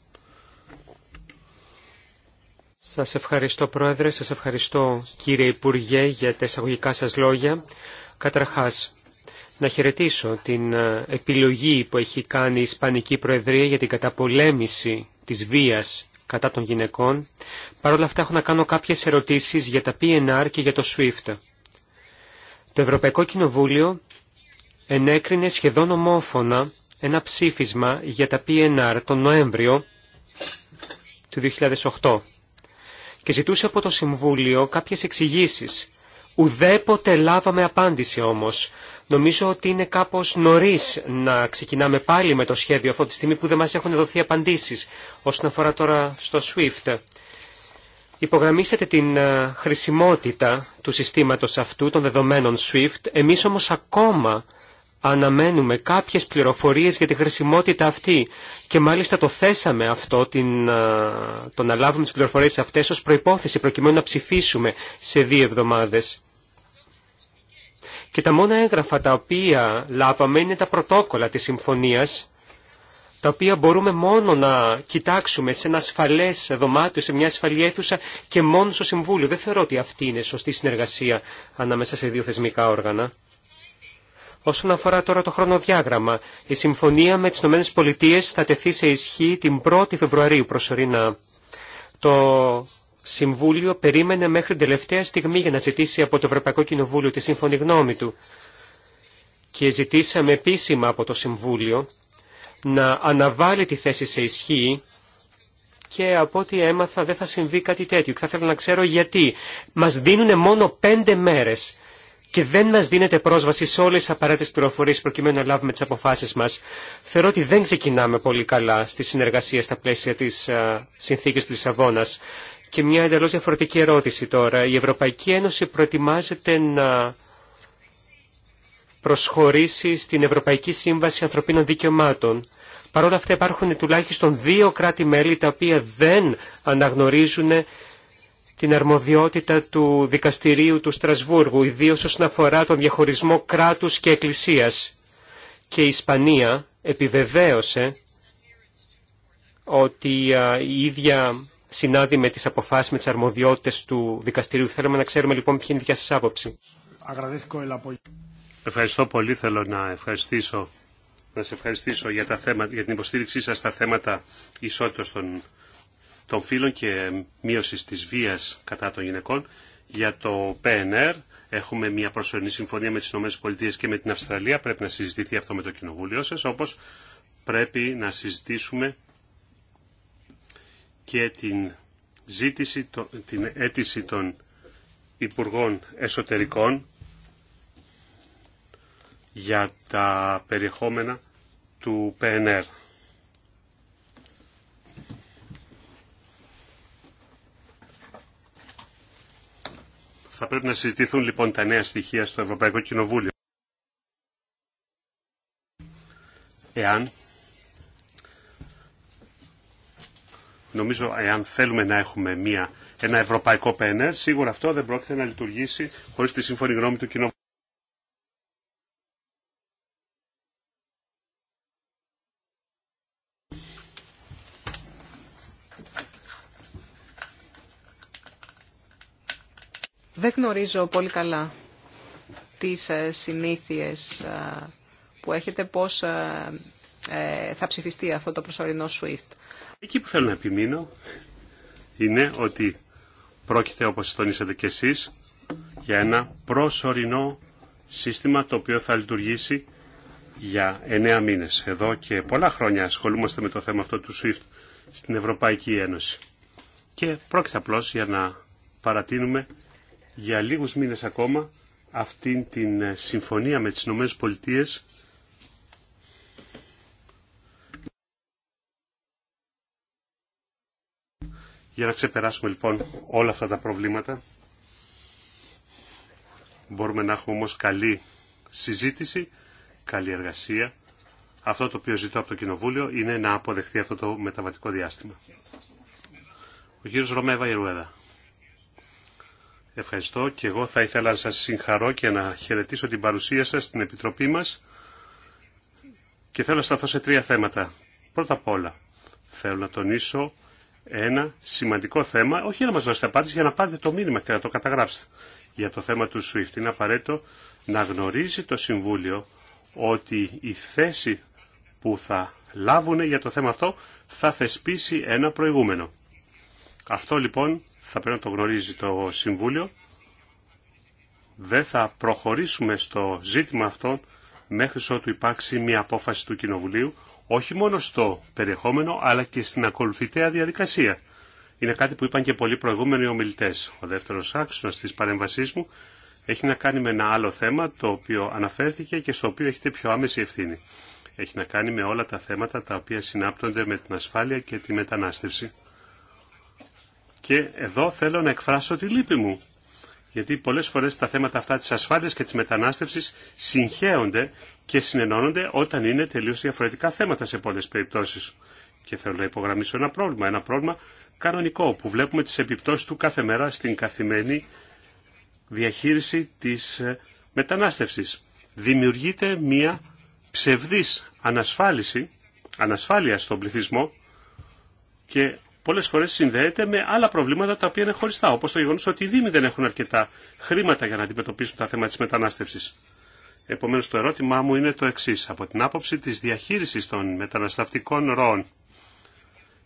Σας ευχαριστώ Πρόεδρε, σας ευχαριστώ κύριε Υπουργέ για τα εισαγωγικά σας λόγια. Καταρχάς, να χαιρετήσω την ε, επιλογή που έχει κάνει η Ισπανική Προεδρία για την καταπολέμηση της βίας κατά των γυναικών. Παρ' όλα αυτά έχω να κάνω κάποιες ερωτήσεις για τα PNR και για το SWIFT. Το Ευρωπαϊκό Κοινοβούλιο ενέκρινε σχεδόν ομόφωνα ένα ψήφισμα για τα PNR τον Νοέμβριο του 2008 και ζητούσε από το Συμβούλιο κάποιες εξηγήσει. Ουδέποτε λάβαμε απάντηση όμως. Νομίζω ότι είναι κάπως νωρίς να ξεκινάμε πάλι με το σχέδιο αυτή τη στιγμή που δεν μας έχουν δοθεί απαντήσεις όσον αφορά τώρα στο SWIFT υπογραμμίσατε την ε, χρησιμότητα του συστήματος αυτού των δεδομένων SWIFT. Εμείς όμως ακόμα αναμένουμε κάποιες πληροφορίες για τη χρησιμότητα αυτή και μάλιστα το θέσαμε αυτό, την, ε, το να λάβουμε τις πληροφορίες αυτές ως προϋπόθεση προκειμένου να ψηφίσουμε σε δύο εβδομάδες. Και τα μόνα έγγραφα τα οποία λάβαμε είναι τα πρωτόκολλα της συμφωνίας τα οποία μπορούμε μόνο να κοιτάξουμε σε ένα ασφαλέ δωμάτιο, σε μια ασφαλή αίθουσα και μόνο στο Συμβούλιο. Δεν θεωρώ ότι αυτή είναι σωστή συνεργασία ανάμεσα σε δύο θεσμικά όργανα. Όσον αφορά τώρα το χρονοδιάγραμμα, η συμφωνία με τις ΗΠΑ θα τεθεί σε ισχύ την 1η Φεβρουαρίου προσωρινά. Το Συμβούλιο περίμενε μέχρι την τελευταία στιγμή για να ζητήσει από το Ευρωπαϊκό Κοινοβούλιο τη σύμφωνη γνώμη του. Και ζητήσαμε επίσημα από το Συμβούλιο να αναβάλει τη θέση σε ισχύ και από ό,τι έμαθα δεν θα συμβεί κάτι τέτοιο. Και θα ήθελα να ξέρω γιατί. Μας δίνουν μόνο πέντε μέρες και δεν μας δίνεται πρόσβαση σε όλες τις απαραίτητες πληροφορίες προκειμένου να λάβουμε τις αποφάσεις μας. Θεωρώ ότι δεν ξεκινάμε πολύ καλά στη συνεργασία στα πλαίσια της α, συνθήκης της Λισαβόνας. Και μια εντελώ διαφορετική ερώτηση τώρα. Η Ευρωπαϊκή Ένωση προετοιμάζεται να προσχωρήσει στην Ευρωπαϊκή Σύμβαση Ανθρωπίνων Δικαιωμάτων. Παρ' όλα αυτά υπάρχουν τουλάχιστον δύο κράτη-μέλη τα οποία δεν αναγνωρίζουν την αρμοδιότητα του δικαστηρίου του Στρασβούργου, ιδίω όσον αφορά τον διαχωρισμό κράτους και εκκλησίας. Και η Ισπανία επιβεβαίωσε ότι η ίδια συνάδει με τις αποφάσεις, με τις αρμοδιότητες του δικαστηρίου. Θέλουμε να ξέρουμε λοιπόν ποια είναι η δικιά σας άποψη. Ευχαριστώ πολύ. Θέλω να ευχαριστήσω να σε ευχαριστήσω για, τα θέματα, για την υποστήριξή σας στα θέματα ισότητας των, των φύλων και μείωσης της βίας κατά των γυναικών. Για το PNR έχουμε μια προσωρινή συμφωνία με τις ΗΠΑ και με την Αυστραλία. Πρέπει να συζητηθεί αυτό με το Κοινοβούλιο σας, όπως πρέπει να συζητήσουμε και την, ζήτηση, την αίτηση των Υπουργών Εσωτερικών για τα περιεχόμενα του PNR. Θα πρέπει να συζητηθούν λοιπόν τα νέα στοιχεία στο Ευρωπαϊκό Κοινοβούλιο. Εάν νομίζω εάν θέλουμε να έχουμε μια, ένα ευρωπαϊκό PNR, σίγουρα αυτό δεν πρόκειται να λειτουργήσει χωρίς τη σύμφωνη γνώμη του Κοινοβουλίου. Δεν γνωρίζω πολύ καλά τις ε, συνήθειες ε, που έχετε, πώς ε, θα ψηφιστεί αυτό το προσωρινό SWIFT. Εκεί που θέλω να επιμείνω είναι ότι πρόκειται, όπως τονίσατε και εσείς, για ένα προσωρινό σύστημα το οποίο θα λειτουργήσει για εννέα μήνες. Εδώ και πολλά χρόνια ασχολούμαστε με το θέμα αυτό του SWIFT στην Ευρωπαϊκή Ένωση. Και πρόκειται απλώς για να παρατείνουμε για λίγους μήνες ακόμα αυτήν την ε, συμφωνία με τις Ηνωμένες Πολιτείες Για να ξεπεράσουμε λοιπόν όλα αυτά τα προβλήματα μπορούμε να έχουμε όμως καλή συζήτηση, καλή εργασία. Αυτό το οποίο ζητώ από το Κοινοβούλιο είναι να αποδεχθεί αυτό το μεταβατικό διάστημα. Ο κύριος Ρωμέβα Ιρουέδα. Ευχαριστώ και εγώ θα ήθελα να σας συγχαρώ και να χαιρετήσω την παρουσία σας στην Επιτροπή μας και θέλω να σταθώ σε τρία θέματα. Πρώτα απ' όλα θέλω να τονίσω ένα σημαντικό θέμα, όχι για να μας δώσετε απάντηση, για να πάρετε το μήνυμα και να το καταγράψετε. Για το θέμα του SWIFT είναι απαραίτητο να γνωρίζει το Συμβούλιο ότι η θέση που θα λάβουν για το θέμα αυτό θα θεσπίσει ένα προηγούμενο. Αυτό λοιπόν θα πρέπει να το γνωρίζει το Συμβούλιο, δεν θα προχωρήσουμε στο ζήτημα αυτό μέχρι ότου υπάρξει μια απόφαση του Κοινοβουλίου, όχι μόνο στο περιεχόμενο, αλλά και στην ακολουθητέα διαδικασία. Είναι κάτι που είπαν και πολλοί προηγούμενοι ομιλητέ. Ο δεύτερο άξονα τη παρέμβασή μου έχει να κάνει με ένα άλλο θέμα το οποίο αναφέρθηκε και στο οποίο έχετε πιο άμεση ευθύνη. Έχει να κάνει με όλα τα θέματα τα οποία συνάπτονται με την ασφάλεια και τη μετανάστευση. Και εδώ θέλω να εκφράσω τη λύπη μου. Γιατί πολλές φορές τα θέματα αυτά της ασφάλειας και της μετανάστευσης συγχέονται και συνενώνονται όταν είναι τελείως διαφορετικά θέματα σε πολλές περιπτώσεις. Και θέλω να υπογραμμίσω ένα πρόβλημα, ένα πρόβλημα κανονικό που βλέπουμε τις επιπτώσεις του κάθε μέρα στην καθημερινή διαχείριση της ε, μετανάστευσης. Δημιουργείται μια ψευδής ανασφάλιση, ανασφάλεια στον πληθυσμό και πολλές φορές συνδέεται με άλλα προβλήματα τα οποία είναι χωριστά, όπως το γεγονός ότι οι Δήμοι δεν έχουν αρκετά χρήματα για να αντιμετωπίσουν τα θέματα της μετανάστευσης. Επομένως το ερώτημά μου είναι το εξής. Από την άποψη της διαχείρισης των μεταναστευτικών ροών,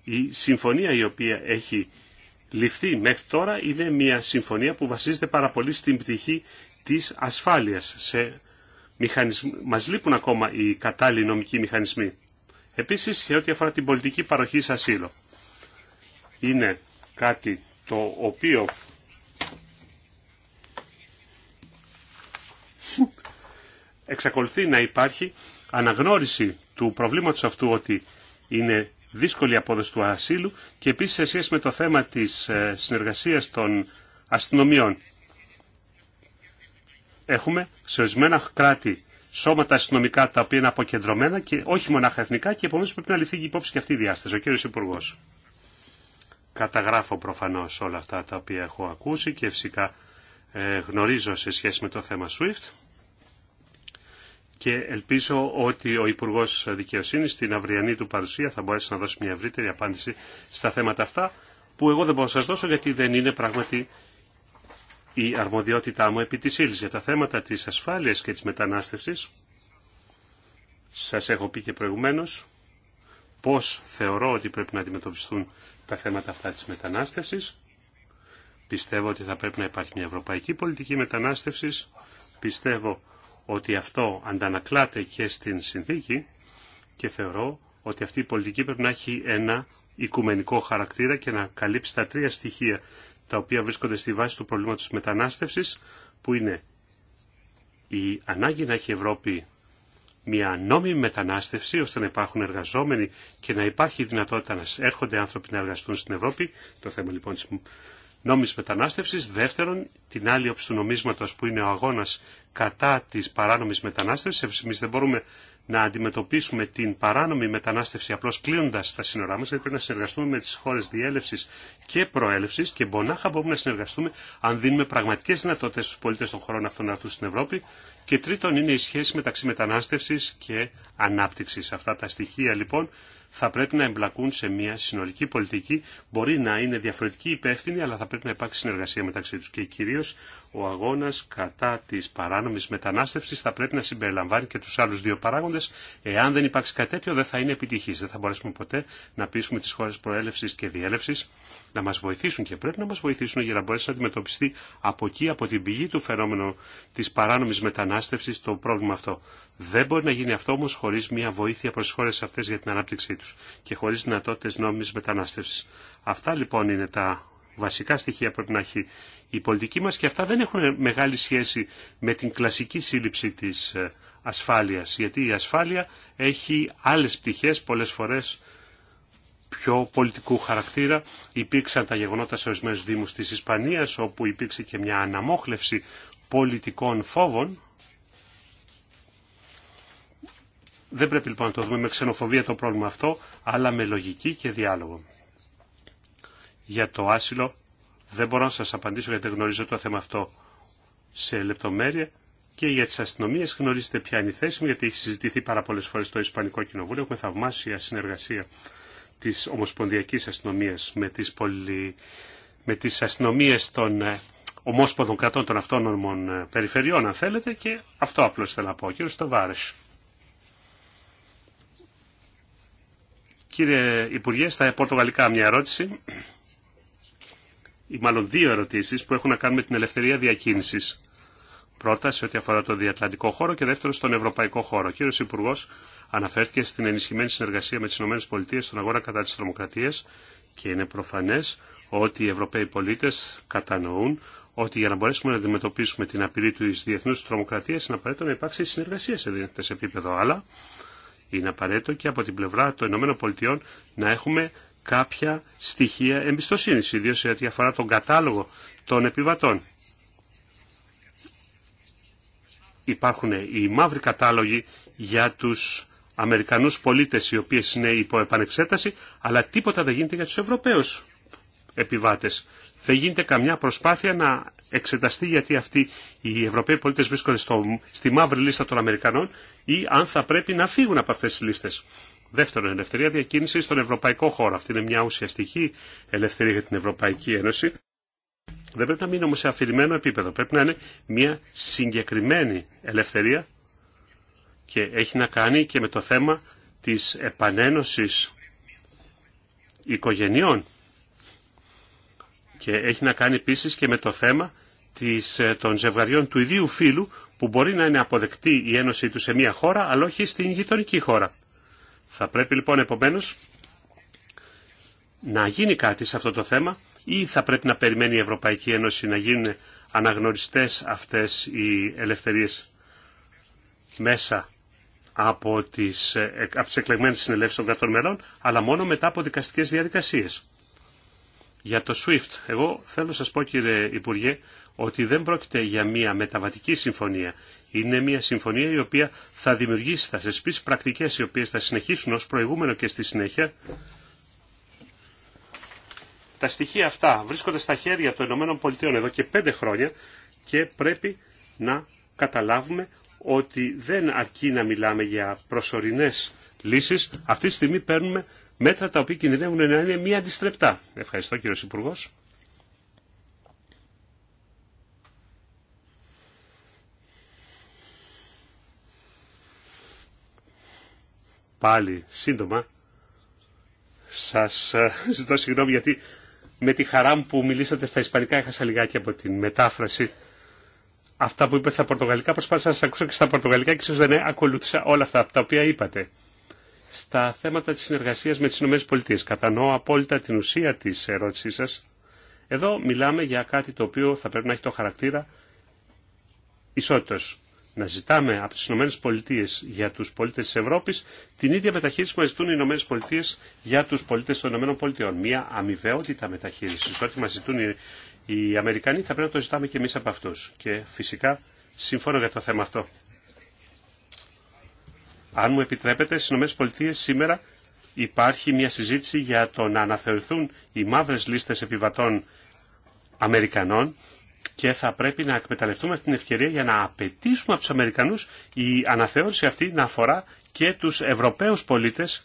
η συμφωνία η οποία έχει ληφθεί μέχρι τώρα είναι μια συμφωνία που βασίζεται πάρα πολύ στην πτυχή της ασφάλειας. Σε μηχανισμ... Μας λείπουν ακόμα οι κατάλληλοι νομικοί μηχανισμοί. Επίσης, σε ό,τι αφορά την πολιτική παροχή ασύλου είναι κάτι το οποίο εξακολουθεί να υπάρχει αναγνώριση του προβλήματος αυτού ότι είναι δύσκολη απόδοση του ασύλου και επίσης σε σχέση με το θέμα της ε, συνεργασίας των αστυνομιών. Έχουμε σε ορισμένα κράτη σώματα αστυνομικά τα οποία είναι αποκεντρωμένα και όχι μονάχα εθνικά και επομένως πρέπει να ληφθεί υπόψη και αυτή η διάσταση. Ο κύριος Υπουργός καταγράφω προφανώς όλα αυτά τα οποία έχω ακούσει και φυσικά ε, γνωρίζω σε σχέση με το θέμα SWIFT και ελπίζω ότι ο Υπουργός Δικαιοσύνης στην αυριανή του παρουσία θα μπορέσει να δώσει μια ευρύτερη απάντηση στα θέματα αυτά που εγώ δεν μπορώ να σας δώσω γιατί δεν είναι πράγματι η αρμοδιότητά μου επί της ύλης για τα θέματα της ασφάλειας και της μετανάστευσης. Σας έχω πει και προηγουμένως πώς θεωρώ ότι πρέπει να αντιμετωπιστούν τα θέματα αυτά της μετανάστευσης. Πιστεύω ότι θα πρέπει να υπάρχει μια ευρωπαϊκή πολιτική μετανάστευσης. Πιστεύω ότι αυτό αντανακλάται και στην συνθήκη και θεωρώ ότι αυτή η πολιτική πρέπει να έχει ένα οικουμενικό χαρακτήρα και να καλύψει τα τρία στοιχεία τα οποία βρίσκονται στη βάση του προβλήματος μετανάστευσης που είναι η ανάγκη να έχει η Ευρώπη μια νόμιμη μετανάστευση ώστε να υπάρχουν εργαζόμενοι και να υπάρχει η δυνατότητα να έρχονται άνθρωποι να εργαστούν στην Ευρώπη. Το θέμα λοιπόν της νόμιμης μετανάστευσης. Δεύτερον, την άλλη όψη του νομίσματος που είναι ο αγώνας κατά της παράνομης μετανάστευσης. Εμείς δεν μπορούμε να αντιμετωπίσουμε την παράνομη μετανάστευση απλώ κλείνοντα τα σύνορά μα γιατί πρέπει να συνεργαστούμε με τι χώρε διέλευση και προέλευση και μονάχα μπορούμε να συνεργαστούμε αν δίνουμε πραγματικέ δυνατότητε στου πολίτε των χωρών αυτών στην Ευρώπη και τρίτον είναι η σχέση μεταξύ μετανάστευσης και ανάπτυξης. Αυτά τα στοιχεία λοιπόν θα πρέπει να εμπλακούν σε μια συνολική πολιτική. Μπορεί να είναι διαφορετική υπεύθυνη, αλλά θα πρέπει να υπάρξει συνεργασία μεταξύ του. Και κυρίω ο αγώνα κατά τη παράνομη μετανάστευση θα πρέπει να συμπεριλαμβάνει και του άλλου δύο παράγοντε. Εάν δεν υπάρξει κάτι δεν θα είναι επιτυχή. Δεν θα μπορέσουμε ποτέ να πείσουμε τι χώρε προέλευση και διέλευση να μας βοηθήσουν και πρέπει να μας βοηθήσουν για να μπορέσει να αντιμετωπιστεί από εκεί, από την πηγή του φαινόμενου της παράνομης μετανάστευσης το πρόβλημα αυτό. Δεν μπορεί να γίνει αυτό όμως χωρίς μια βοήθεια προς τις χώρες αυτές για την ανάπτυξή τους και χωρίς δυνατότητες νόμιμης μετανάστευσης. Αυτά λοιπόν είναι τα βασικά στοιχεία πρέπει να έχει η πολιτική μας και αυτά δεν έχουν μεγάλη σχέση με την κλασική σύλληψη της ε, ασφάλειας, γιατί η ασφάλεια έχει άλλες πτυχές πολλές φορές πιο πολιτικού χαρακτήρα. Υπήρξαν τα γεγονότα σε ορισμένου Δήμου τη Ισπανία, όπου υπήρξε και μια αναμόχλευση πολιτικών φόβων. Δεν πρέπει λοιπόν να το δούμε με ξενοφοβία το πρόβλημα αυτό, αλλά με λογική και διάλογο. Για το άσυλο δεν μπορώ να σας απαντήσω γιατί δεν γνωρίζω το θέμα αυτό σε λεπτομέρεια και για τις αστυνομίες γνωρίζετε ποια είναι η θέση μου γιατί έχει συζητηθεί πάρα πολλές φορές στο Ισπανικό Κοινοβούλιο. Έχουμε θαυμάσια συνεργασία της Ομοσπονδιακής Αστυνομίας με τις, πολυ... με τις αστυνομίες των ε, ομόσπονδων κρατών των αυτόνομων ε, περιφερειών, αν θέλετε, και αυτό απλώς θέλω να πω. Κύριο Στοβάρεσ. Κύριε Υπουργέ, στα πορτογαλικά μια ερώτηση, ή μάλλον δύο ερωτήσεις που έχουν να κάνουν με την ελευθερία διακίνησης. Πρώτα σε ό,τι αφορά το διατλαντικό χώρο και δεύτερο στον ευρωπαϊκό χώρο. Ο κύριο Υπουργό αναφέρθηκε στην ενισχυμένη συνεργασία με τι ΗΠΑ στον αγώνα κατά τη τρομοκρατία και είναι προφανέ ότι οι Ευρωπαίοι πολίτε κατανοούν ότι για να μπορέσουμε να αντιμετωπίσουμε την απειλή τη διεθνού τρομοκρατία είναι απαραίτητο να υπάρξει συνεργασία σε διεθνέ επίπεδο. Αλλά είναι απαραίτητο και από την πλευρά των ΗΠΑ να έχουμε κάποια στοιχεία εμπιστοσύνη, ιδίω σε ό,τι αφορά τον κατάλογο των επιβατών. υπάρχουν οι μαύροι κατάλογοι για τους Αμερικανούς πολίτες οι οποίες είναι υπό επανεξέταση, αλλά τίποτα δεν γίνεται για τους Ευρωπαίους επιβάτες. Δεν γίνεται καμιά προσπάθεια να εξεταστεί γιατί αυτοί οι Ευρωπαίοι πολίτες βρίσκονται στο, στη μαύρη λίστα των Αμερικανών ή αν θα πρέπει να φύγουν από αυτές τις λίστες. Δεύτερον, ελευθερία διακίνηση στον ευρωπαϊκό χώρο. Αυτή είναι μια ουσιαστική ελευθερία για την Ευρωπαϊκή Ένωση. Δεν πρέπει να μείνει όμως σε αφηρημένο επίπεδο. Πρέπει να είναι μια συγκεκριμένη ελευθερία και έχει να κάνει και με το θέμα της επανένωσης οικογενειών και έχει να κάνει επίσης και με το θέμα της, ε, των ζευγαριών του ιδίου φύλου που μπορεί να είναι αποδεκτή η ένωση του σε μια χώρα αλλά όχι στην γειτονική χώρα. Θα πρέπει λοιπόν επομένως να γίνει κάτι σε αυτό το θέμα ή θα πρέπει να περιμένει η Ευρωπαϊκή Ένωση να γίνουν αναγνωριστές αυτές οι ελευθερίες μέσα από τις, από τις εκλεγμένες συνελεύσεις των κρατών μελών, αλλά μόνο μετά από δικαστικές διαδικασίες. Για το SWIFT, εγώ θέλω να σας πω κύριε Υπουργέ, ότι δεν πρόκειται για μια μεταβατική συμφωνία. Είναι μια συμφωνία η οποία θα δημιουργήσει, θα θεσπίσει πρακτικές οι οποίες θα συνεχίσουν ως προηγούμενο και στη συνέχεια τα στοιχεία αυτά βρίσκονται στα χέρια των Ηνωμένων Πολιτειών εδώ και πέντε χρόνια και πρέπει να καταλάβουμε ότι δεν αρκεί να μιλάμε για προσωρινές λύσεις. Αυτή τη στιγμή παίρνουμε μέτρα τα οποία κινδυνεύουν να είναι μία αντιστρεπτά. Ευχαριστώ κύριος Υπουργός. Πάλι σύντομα σας ε, ζητώ συγγνώμη γιατί με τη χαρά μου που μιλήσατε στα Ισπανικά, έχασα λιγάκι από την μετάφραση. Αυτά που είπατε στα Πορτογαλικά, προσπάθησα να σα ακούσω και στα Πορτογαλικά και ίσω δεν ακολούθησα όλα αυτά τα οποία είπατε. Στα θέματα τη συνεργασία με τι ΗΠΑ, κατανοώ απόλυτα την ουσία τη ερώτησή σα. Εδώ μιλάμε για κάτι το οποίο θα πρέπει να έχει το χαρακτήρα ισότητα να ζητάμε από τις Ηνωμένες Πολιτείες για τους πολίτες της Ευρώπης την ίδια μεταχείριση που ζητούν οι Ηνωμένες Πολιτείες για τους πολίτες των Ηνωμένων Πολιτείων. Μία αμοιβαιότητα μεταχείρισης. Ό,τι μας ζητούν οι, οι Αμερικανοί θα πρέπει να το ζητάμε και εμείς από αυτούς. Και φυσικά συμφώνω για το θέμα αυτό. Αν μου επιτρέπετε, στις Ηνωμένες Πολιτείες σήμερα υπάρχει μια συζήτηση για το να αναθεωρηθούν οι μαύρες λίστες επιβατών Αμερικανών και θα πρέπει να εκμεταλλευτούμε την ευκαιρία για να απαιτήσουμε από τους Αμερικανούς η αναθεώρηση αυτή να αφορά και τους Ευρωπαίους πολίτες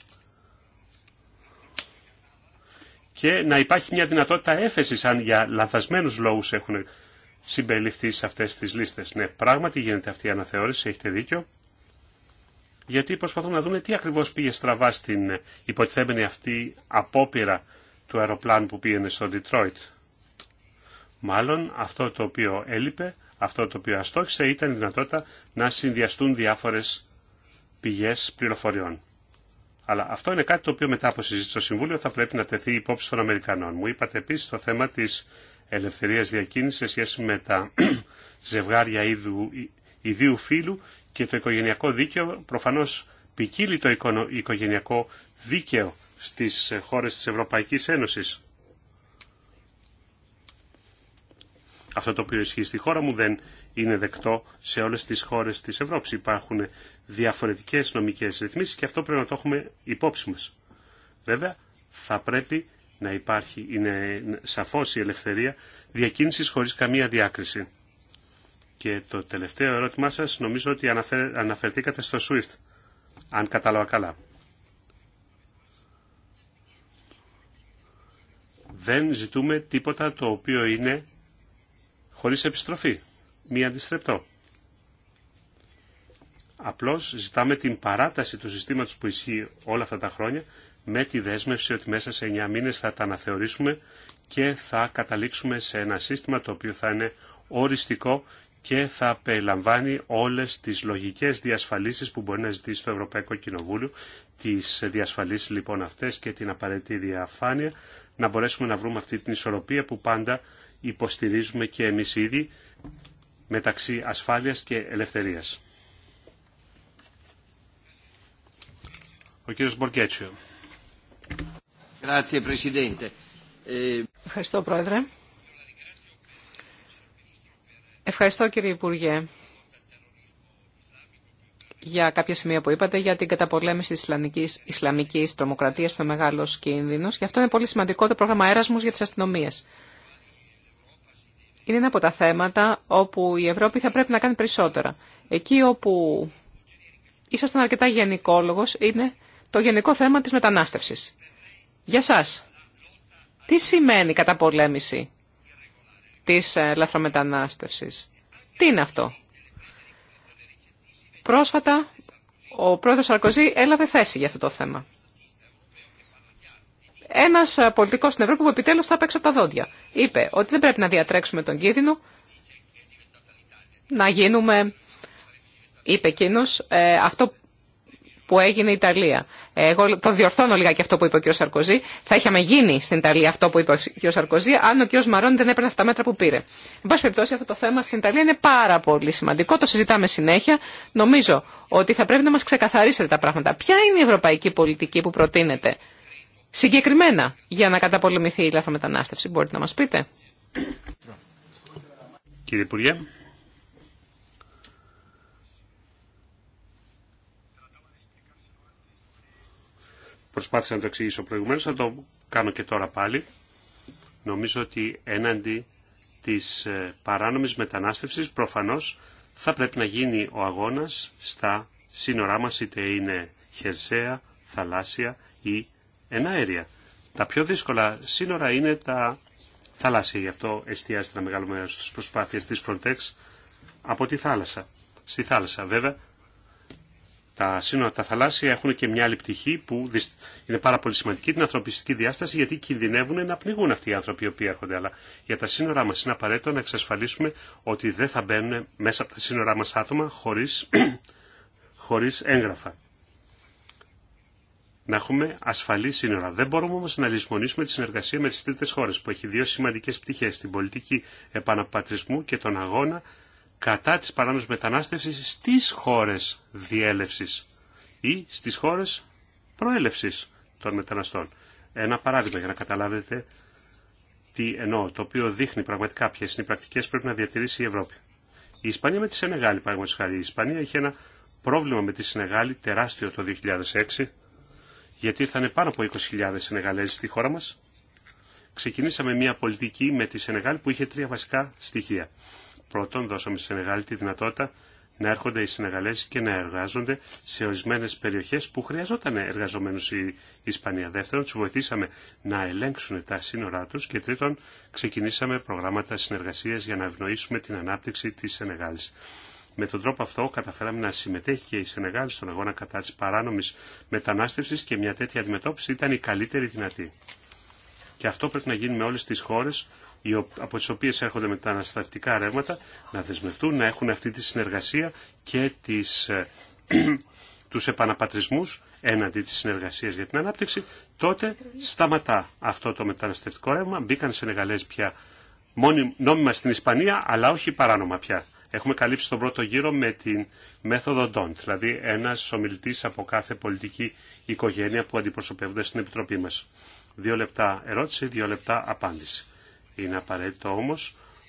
και να υπάρχει μια δυνατότητα έφεσης αν για λανθασμένους λόγους έχουν συμπεριληφθεί σε αυτές τις λίστες. Ναι, πράγματι γίνεται αυτή η αναθεώρηση, έχετε δίκιο. Γιατί προσπαθούν να δούμε τι ακριβώς πήγε στραβά στην υποτιθέμενη αυτή απόπειρα του αεροπλάνου που πήγαινε στο Detroit. Μάλλον αυτό το οποίο έλειπε, αυτό το οποίο αστόχησε ήταν η δυνατότητα να συνδυαστούν διάφορες πηγές πληροφοριών. Αλλά αυτό είναι κάτι το οποίο μετά από συζήτηση στο Συμβούλιο θα πρέπει να τεθεί υπόψη των Αμερικανών. Μου είπατε επίσης το θέμα της ελευθερίας διακίνησης σε σχέση με τα [CLEARS THROAT] ζευγάρια ιδίου φύλου και το οικογενειακό δίκαιο. Προφανώς ποικίλει το οικογενειακό δίκαιο στις χώρες της Ευρωπαϊκής Ένωσης. αυτό το οποίο ισχύει στη χώρα μου δεν είναι δεκτό σε όλες τις χώρες της Ευρώπης. Υπάρχουν διαφορετικές νομικές ρυθμίσεις και αυτό πρέπει να το έχουμε υπόψη μας. Βέβαια, θα πρέπει να υπάρχει, είναι σαφώς η ελευθερία διακίνησης χωρίς καμία διάκριση. Και το τελευταίο ερώτημά σας νομίζω ότι αναφερ, αναφερθήκατε στο SWIFT, αν κατάλαβα καλά. Δεν ζητούμε τίποτα το οποίο είναι χωρίς επιστροφή, μη αντιστρεπτό. Απλώς ζητάμε την παράταση του συστήματος που ισχύει όλα αυτά τα χρόνια με τη δέσμευση ότι μέσα σε 9 μήνες θα τα αναθεωρήσουμε και θα καταλήξουμε σε ένα σύστημα το οποίο θα είναι οριστικό και θα περιλαμβάνει όλες τις λογικές διασφαλίσεις που μπορεί να ζητήσει το Ευρωπαϊκό Κοινοβούλιο. Τις διασφαλίσεις λοιπόν αυτές και την απαραίτητη διαφάνεια να μπορέσουμε να βρούμε αυτή την ισορροπία που πάντα υποστηρίζουμε και εμείς ήδη μεταξύ ασφάλειας και ελευθερίας. Ο κύριος Μπορκέτσιο. Ε, Ευχαριστώ, Πρόεδρε. Ευχαριστώ, κύριε Υπουργέ, για κάποια σημεία που είπατε, για την καταπολέμηση της Ισλαμικής, Ισλαμικής τρομοκρατίας που είναι μεγάλος κίνδυνος. Γι' αυτό είναι πολύ σημαντικό το πρόγραμμα Έρασμους για τις αστυνομίες είναι ένα από τα θέματα όπου η Ευρώπη θα πρέπει να κάνει περισσότερα. Εκεί όπου ήσασταν αρκετά γενικόλογος είναι το γενικό θέμα της μετανάστευσης. Για σας, τι σημαίνει καταπολέμηση της ε, λαθρομετανάστευσης. Τι είναι αυτό. Πρόσφατα ο πρόεδρος Σαρκοζή έλαβε θέση για αυτό το θέμα ένα ε, πολιτικό στην Ευρώπη που επιτέλου θα παίξει από τα δόντια. Είπε ότι δεν πρέπει να διατρέξουμε τον κίνδυνο να γίνουμε, είπε εκείνο, ε, αυτό που έγινε η Ιταλία. Εγώ το διορθώνω λιγάκι αυτό που είπε ο κ. Σαρκοζή. Θα είχαμε γίνει στην Ιταλία αυτό που είπε ο κ. Σαρκοζή, αν ο κ. Μαρόν δεν έπαιρνε αυτά τα μέτρα που πήρε. Εν πάση περιπτώσει, αυτό το θέμα στην Ιταλία είναι πάρα πολύ σημαντικό. Το συζητάμε συνέχεια. Νομίζω ότι θα πρέπει να μα ξεκαθαρίσετε τα πράγματα. Ποια είναι η ευρωπαϊκή πολιτική που προτείνεται συγκεκριμένα για να καταπολεμηθεί η λαθρομετανάστευση. Μπορείτε να μας πείτε. Κύριε Υπουργέ. Προσπάθησα να το εξηγήσω προηγουμένως, θα το κάνω και τώρα πάλι. Νομίζω ότι έναντι της ε, παράνομης μετανάστευσης προφανώς θα πρέπει να γίνει ο αγώνας στα σύνορά μας, είτε είναι χερσαία, θαλάσσια ή εναέρια. Τα πιο δύσκολα σύνορα είναι τα θάλασσια, γι' αυτό εστιάζεται ένα μεγάλο μέρο στι προσπάθειε τη Frontex από τη θάλασσα. Στη θάλασσα, βέβαια, τα σύνορα τα θαλάσσια έχουν και μια άλλη πτυχή που είναι πάρα πολύ σημαντική, την ανθρωπιστική διάσταση, γιατί κινδυνεύουν να πνιγούν αυτοί οι άνθρωποι οι οποίοι έρχονται. Αλλά για τα σύνορά μα είναι απαραίτητο να εξασφαλίσουμε ότι δεν θα μπαίνουν μέσα από τα σύνορά μα άτομα χωρί [CLEARS THROAT] χωρίς έγγραφα να έχουμε ασφαλή σύνορα. Δεν μπορούμε όμω να λησμονήσουμε τη συνεργασία με τι τρίτε χώρε που έχει δύο σημαντικέ πτυχέ, την πολιτική επαναπατρισμού και τον αγώνα κατά τη παράνομη μετανάστευσης στις χώρες διέλευσης ή στι χώρε προέλευση των μεταναστών. Ένα παράδειγμα για να καταλάβετε τι εννοώ, το οποίο δείχνει πραγματικά ποιε είναι οι πρακτικές που πρέπει να διατηρήσει η Ευρώπη. Η Ισπανία με τη Σενεγάλη, παραδείγματο Η Ισπανία είχε ένα πρόβλημα με τη Σενεγάλη τεράστιο το 2006 γιατί ήρθαν πάνω από 20.000 Σενεγαλέζοι στη χώρα μας. Ξεκινήσαμε μια πολιτική με τη Σενεγάλη που είχε τρία βασικά στοιχεία. Πρώτον, δώσαμε στη Σενεγάλη τη δυνατότητα να έρχονται οι Σενεγαλέζοι και να εργάζονται σε ορισμένε περιοχέ που χρειαζόταν εργαζομένου η Ισπανία. Δεύτερον, του βοηθήσαμε να ελέγξουν τα σύνορά του. Και τρίτον, ξεκινήσαμε προγράμματα συνεργασία για να ευνοήσουμε την ανάπτυξη τη Σενεγάλη. Με τον τρόπο αυτό καταφέραμε να συμμετέχει και η Σενεγάλη στον αγώνα κατά της παράνομης μετανάστευσης και μια τέτοια αντιμετώπιση ήταν η καλύτερη δυνατή. Και αυτό πρέπει να γίνει με όλες τις χώρες από τις οποίες έρχονται μεταναστευτικά ρεύματα να δεσμευτούν, να έχουν αυτή τη συνεργασία και τις, ε, [CLEARS THROAT] τους επαναπατρισμούς έναντι της συνεργασίας για την ανάπτυξη, τότε σταματά αυτό το μεταναστευτικό ρεύμα. Μπήκαν Σενεγαλές πια νόμιμα στην Ισπανία, αλλά όχι παράνομα πια. Έχουμε καλύψει τον πρώτο γύρο με την μέθοδο DONT, δηλαδή ένα ομιλητή από κάθε πολιτική οικογένεια που αντιπροσωπεύονται στην Επιτροπή μα. Δύο λεπτά ερώτηση, δύο λεπτά απάντηση. Είναι απαραίτητο όμω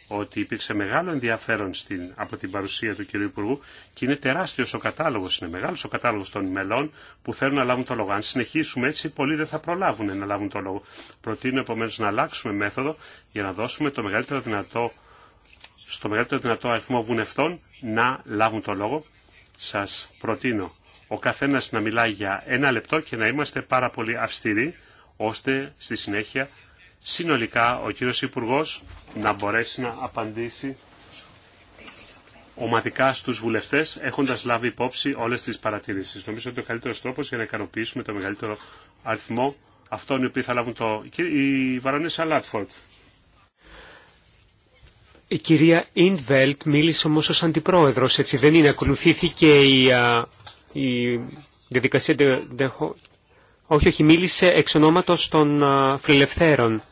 ότι υπήρξε μεγάλο ενδιαφέρον στην, από την παρουσία του κ. Υπουργού και είναι τεράστιο ο κατάλογο, είναι μεγάλο ο κατάλογο των μελών που θέλουν να λάβουν το λόγο. Αν συνεχίσουμε έτσι, πολλοί δεν θα προλάβουν να λάβουν το λόγο. Προτείνω επομένω να αλλάξουμε μέθοδο για να δώσουμε το μεγαλύτερο δυνατό στο μεγαλύτερο δυνατό αριθμό βουνευτών να λάβουν το λόγο. Σας προτείνω ο καθένας να μιλάει για ένα λεπτό και να είμαστε πάρα πολύ αυστηροί, ώστε στη συνέχεια συνολικά ο κύριος υπουργό να μπορέσει να απαντήσει ομαδικά στους βουλευτές, έχοντας λάβει υπόψη όλες τις παρατηρήσεις. Νομίζω ότι ο καλύτερος τρόπος για να ικανοποιήσουμε το μεγαλύτερο αριθμό αυτών οι οποίοι θα λάβουν το... Η Βαρονίσα Λάτφορντ. Η κυρία Ινβέλτ μίλησε όμως ως αντιπρόεδρος, έτσι δεν είναι. Ακολουθήθηκε η, η διαδικασία... Όχι, όχι, μίλησε εξ ονόματος των α, φιλελευθέρων.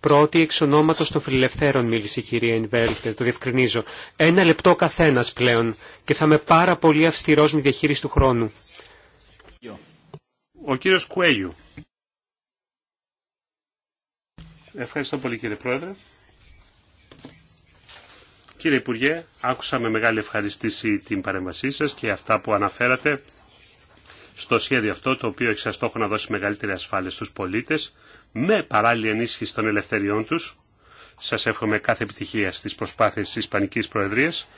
Πρώτη εξ ονόματος των φιλελευθέρων μίλησε η κυρία Ινβέλτ, το διευκρινίζω. Ένα λεπτό καθένας πλέον και θα είμαι πάρα πολύ αυστηρός με διαχείριση του χρόνου. Ο κύριος Κουέγιου. Ευχαριστώ πολύ κύριε Πρόεδρε. Κύριε Υπουργέ, άκουσα με μεγάλη ευχαριστήση την παρέμβασή σας και αυτά που αναφέρατε στο σχέδιο αυτό, το οποίο έχει σαν στόχο να δώσει μεγαλύτερη ασφάλεια στους πολίτες, με παράλληλη ενίσχυση των ελευθεριών τους. Σας εύχομαι κάθε επιτυχία στις προσπάθειες της Ισπανικής Προεδρίας.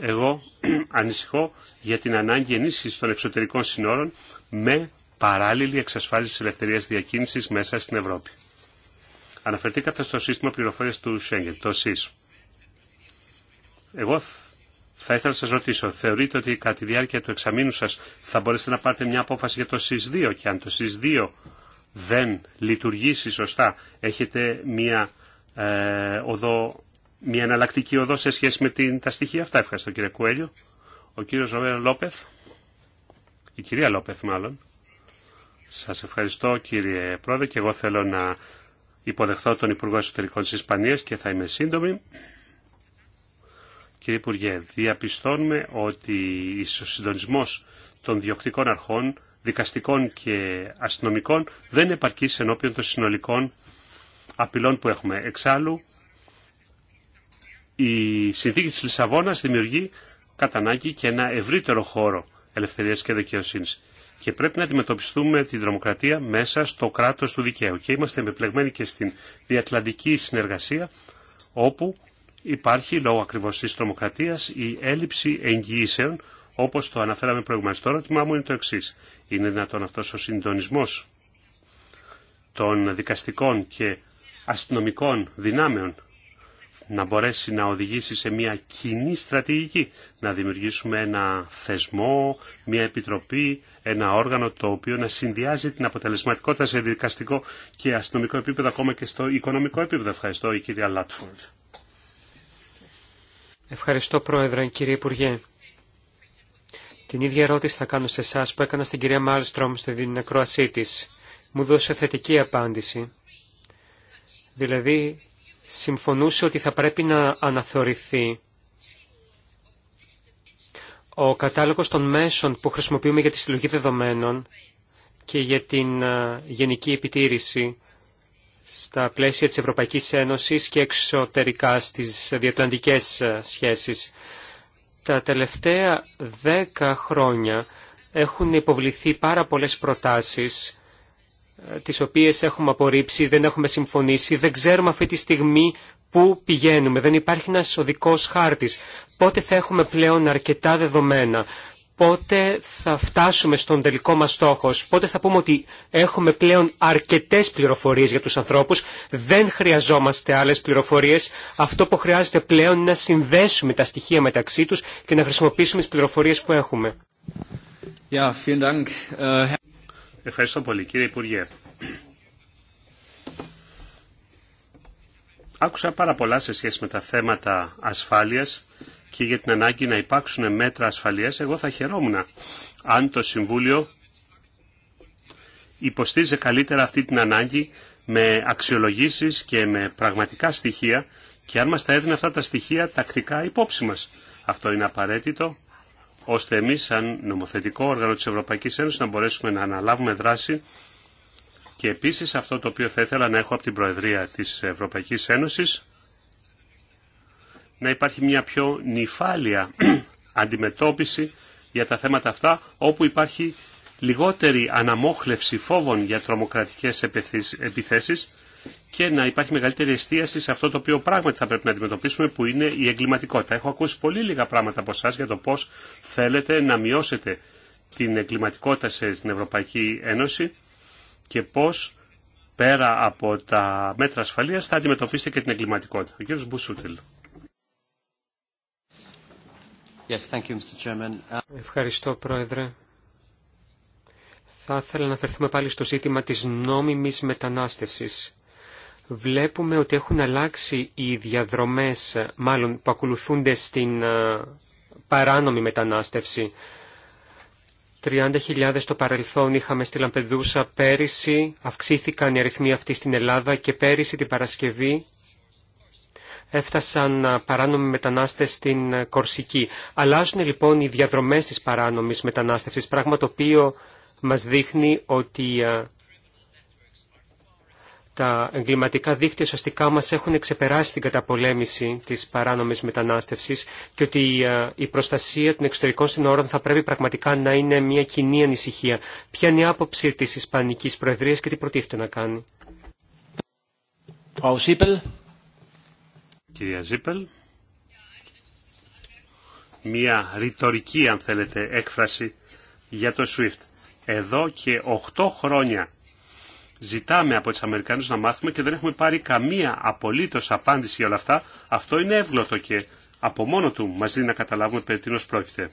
Εγώ [CLEARS THROAT] ανησυχώ για την ανάγκη ενίσχυσης των εξωτερικών συνόρων με παράλληλη εξασφάλιση της ελευθερίας διακίνησης μέσα στην Ευρώπη. Αναφερθήκατε στο σύστημα πληροφορίας του Schengen, το ΣΥΣ. Εγώ θα ήθελα να σας ρωτήσω, θεωρείτε ότι κατά τη διάρκεια του εξαμήνου σας θα μπορέσετε να πάρετε μια απόφαση για το ΣΥΣ2 και αν το ΣΥΣ2 δεν λειτουργήσει σωστά, έχετε μια, ε, οδό, μια εναλλακτική οδό σε σχέση με την, τα στοιχεία αυτά. Ευχαριστώ κύριε Κουέλιο. Ο κύριος Ρομέρο Λόπεθ, η κυρία Λόπεθ μάλλον. Σας ευχαριστώ κύριε Πρόεδρε και εγώ θέλω να υποδεχθώ τον Υπουργό Εσωτερικών της Ισπανίας και θα είμαι σύντομη. Κύριε Υπουργέ, διαπιστώνουμε ότι ο συντονισμό των διοκτικών αρχών, δικαστικών και αστυνομικών δεν επαρκεί ενώπιον των συνολικών απειλών που έχουμε. Εξάλλου, η συνθήκη της Λισαβόνας δημιουργεί κατά ανάγκη και ένα ευρύτερο χώρο ελευθερίας και δικαιοσύνης. Και πρέπει να αντιμετωπιστούμε την τρομοκρατία μέσα στο κράτος του δικαίου. Και είμαστε επιπλεγμένοι και στην διατλαντική συνεργασία, όπου υπάρχει λόγω ακριβώ τη τρομοκρατία η έλλειψη εγγυήσεων όπω το αναφέραμε προηγουμένως. Το ερώτημά μου είναι το εξή. Είναι δυνατόν αυτό ο συντονισμό των δικαστικών και αστυνομικών δυνάμεων να μπορέσει να οδηγήσει σε μια κοινή στρατηγική, να δημιουργήσουμε ένα θεσμό, μια επιτροπή, ένα όργανο το οποίο να συνδυάζει την αποτελεσματικότητα σε δικαστικό και αστυνομικό επίπεδο, ακόμα και στο οικονομικό επίπεδο. Ευχαριστώ η κυρία Λάτφορντ. Ευχαριστώ Πρόεδρε, κύριε Υπουργέ. Την ίδια ερώτηση θα κάνω σε εσά που έκανα στην κυρία Μάλστρομ στην ακρόασή τη. Μου δώσε θετική απάντηση. Δηλαδή, συμφωνούσε ότι θα πρέπει να αναθεωρηθεί ο κατάλογος των μέσων που χρησιμοποιούμε για τη συλλογή δεδομένων και για την γενική επιτήρηση στα πλαίσια της Ευρωπαϊκής Ένωσης και εξωτερικά στις διατλαντικές ε, σχέσεις. Τα τελευταία δέκα χρόνια έχουν υποβληθεί πάρα πολλές προτάσεις ε, τις οποίες έχουμε απορρίψει, δεν έχουμε συμφωνήσει, δεν ξέρουμε αυτή τη στιγμή πού πηγαίνουμε, δεν υπάρχει ένας οδικός χάρτης. Πότε θα έχουμε πλέον αρκετά δεδομένα πότε θα φτάσουμε στον τελικό μας στόχο, πότε θα πούμε ότι έχουμε πλέον αρκετές πληροφορίες για τους ανθρώπους, δεν χρειαζόμαστε άλλες πληροφορίες, αυτό που χρειάζεται πλέον είναι να συνδέσουμε τα στοιχεία μεταξύ τους και να χρησιμοποιήσουμε τις πληροφορίες που έχουμε. Äh, Ευχαριστώ πολύ κύριε Υπουργέ. Άκουσα πάρα πολλά σε σχέση με τα θέματα ασφάλειας και για την ανάγκη να υπάρξουν μέτρα ασφαλείας, εγώ θα χαιρόμουν αν το Συμβούλιο υποστήριζε καλύτερα αυτή την ανάγκη με αξιολογήσεις και με πραγματικά στοιχεία και αν μας τα έδινε αυτά τα στοιχεία τακτικά υπόψη μας. Αυτό είναι απαραίτητο ώστε εμείς σαν νομοθετικό όργανο της Ευρωπαϊκής Ένωσης να μπορέσουμε να αναλάβουμε δράση και επίσης αυτό το οποίο θα ήθελα να έχω από την Προεδρία της Ευρωπαϊκής Ένωσης να υπάρχει μια πιο νυφάλια [CLEARS THROAT] αντιμετώπιση για τα θέματα αυτά, όπου υπάρχει λιγότερη αναμόχλευση φόβων για τρομοκρατικές επιθέσεις και να υπάρχει μεγαλύτερη εστίαση σε αυτό το οποίο πράγματι θα πρέπει να αντιμετωπίσουμε που είναι η εγκληματικότητα. Έχω ακούσει πολύ λίγα πράγματα από εσά για το πώς θέλετε να μειώσετε την εγκληματικότητα στην Ευρωπαϊκή Ένωση και πώς πέρα από τα μέτρα ασφαλείας θα αντιμετωπίσετε και την εγκληματικότητα. Ο κύριος Μπουσούτελ. Uh, Ευχαριστώ, Πρόεδρε. Θα ήθελα να αφαιρθούμε πάλι στο ζήτημα της νόμιμης μετανάστευσης. Βλέπουμε ότι έχουν αλλάξει οι διαδρομές, μάλλον που ακολουθούνται στην ε, παράνομη μετανάστευση. 30.000 στο παρελθόν είχαμε στη Λαμπεδούσα πέρυσι, αυξήθηκαν οι αριθμοί αυτοί στην Ελλάδα και πέρυσι την Παρασκευή έφτασαν παράνομοι μετανάστες στην ε, Κορσική. Αλλάζουν λοιπόν οι διαδρομές της παράνομης μετανάστευσης, πράγμα το οποίο μας δείχνει ότι ε, τα εγκληματικά δίκτυα ουσιαστικά μας έχουν ξεπεράσει την καταπολέμηση της παράνομης μετανάστευσης και ότι ε, η προστασία των εξωτερικών συνόρων θα πρέπει πραγματικά να είναι μια κοινή ανησυχία. Ποια είναι η άποψη της Ισπανικής Προεδρίας και τι προτίθεται να κάνει κυρία Ζίπελ. Μια ρητορική, αν θέλετε, έκφραση για το SWIFT. Εδώ και 8 χρόνια ζητάμε από τους Αμερικανούς να μάθουμε και δεν έχουμε πάρει καμία απολύτως απάντηση για όλα αυτά. Αυτό είναι εύγλωτο και από μόνο του μας δίνει να καταλάβουμε περί τίνος πρόκειται.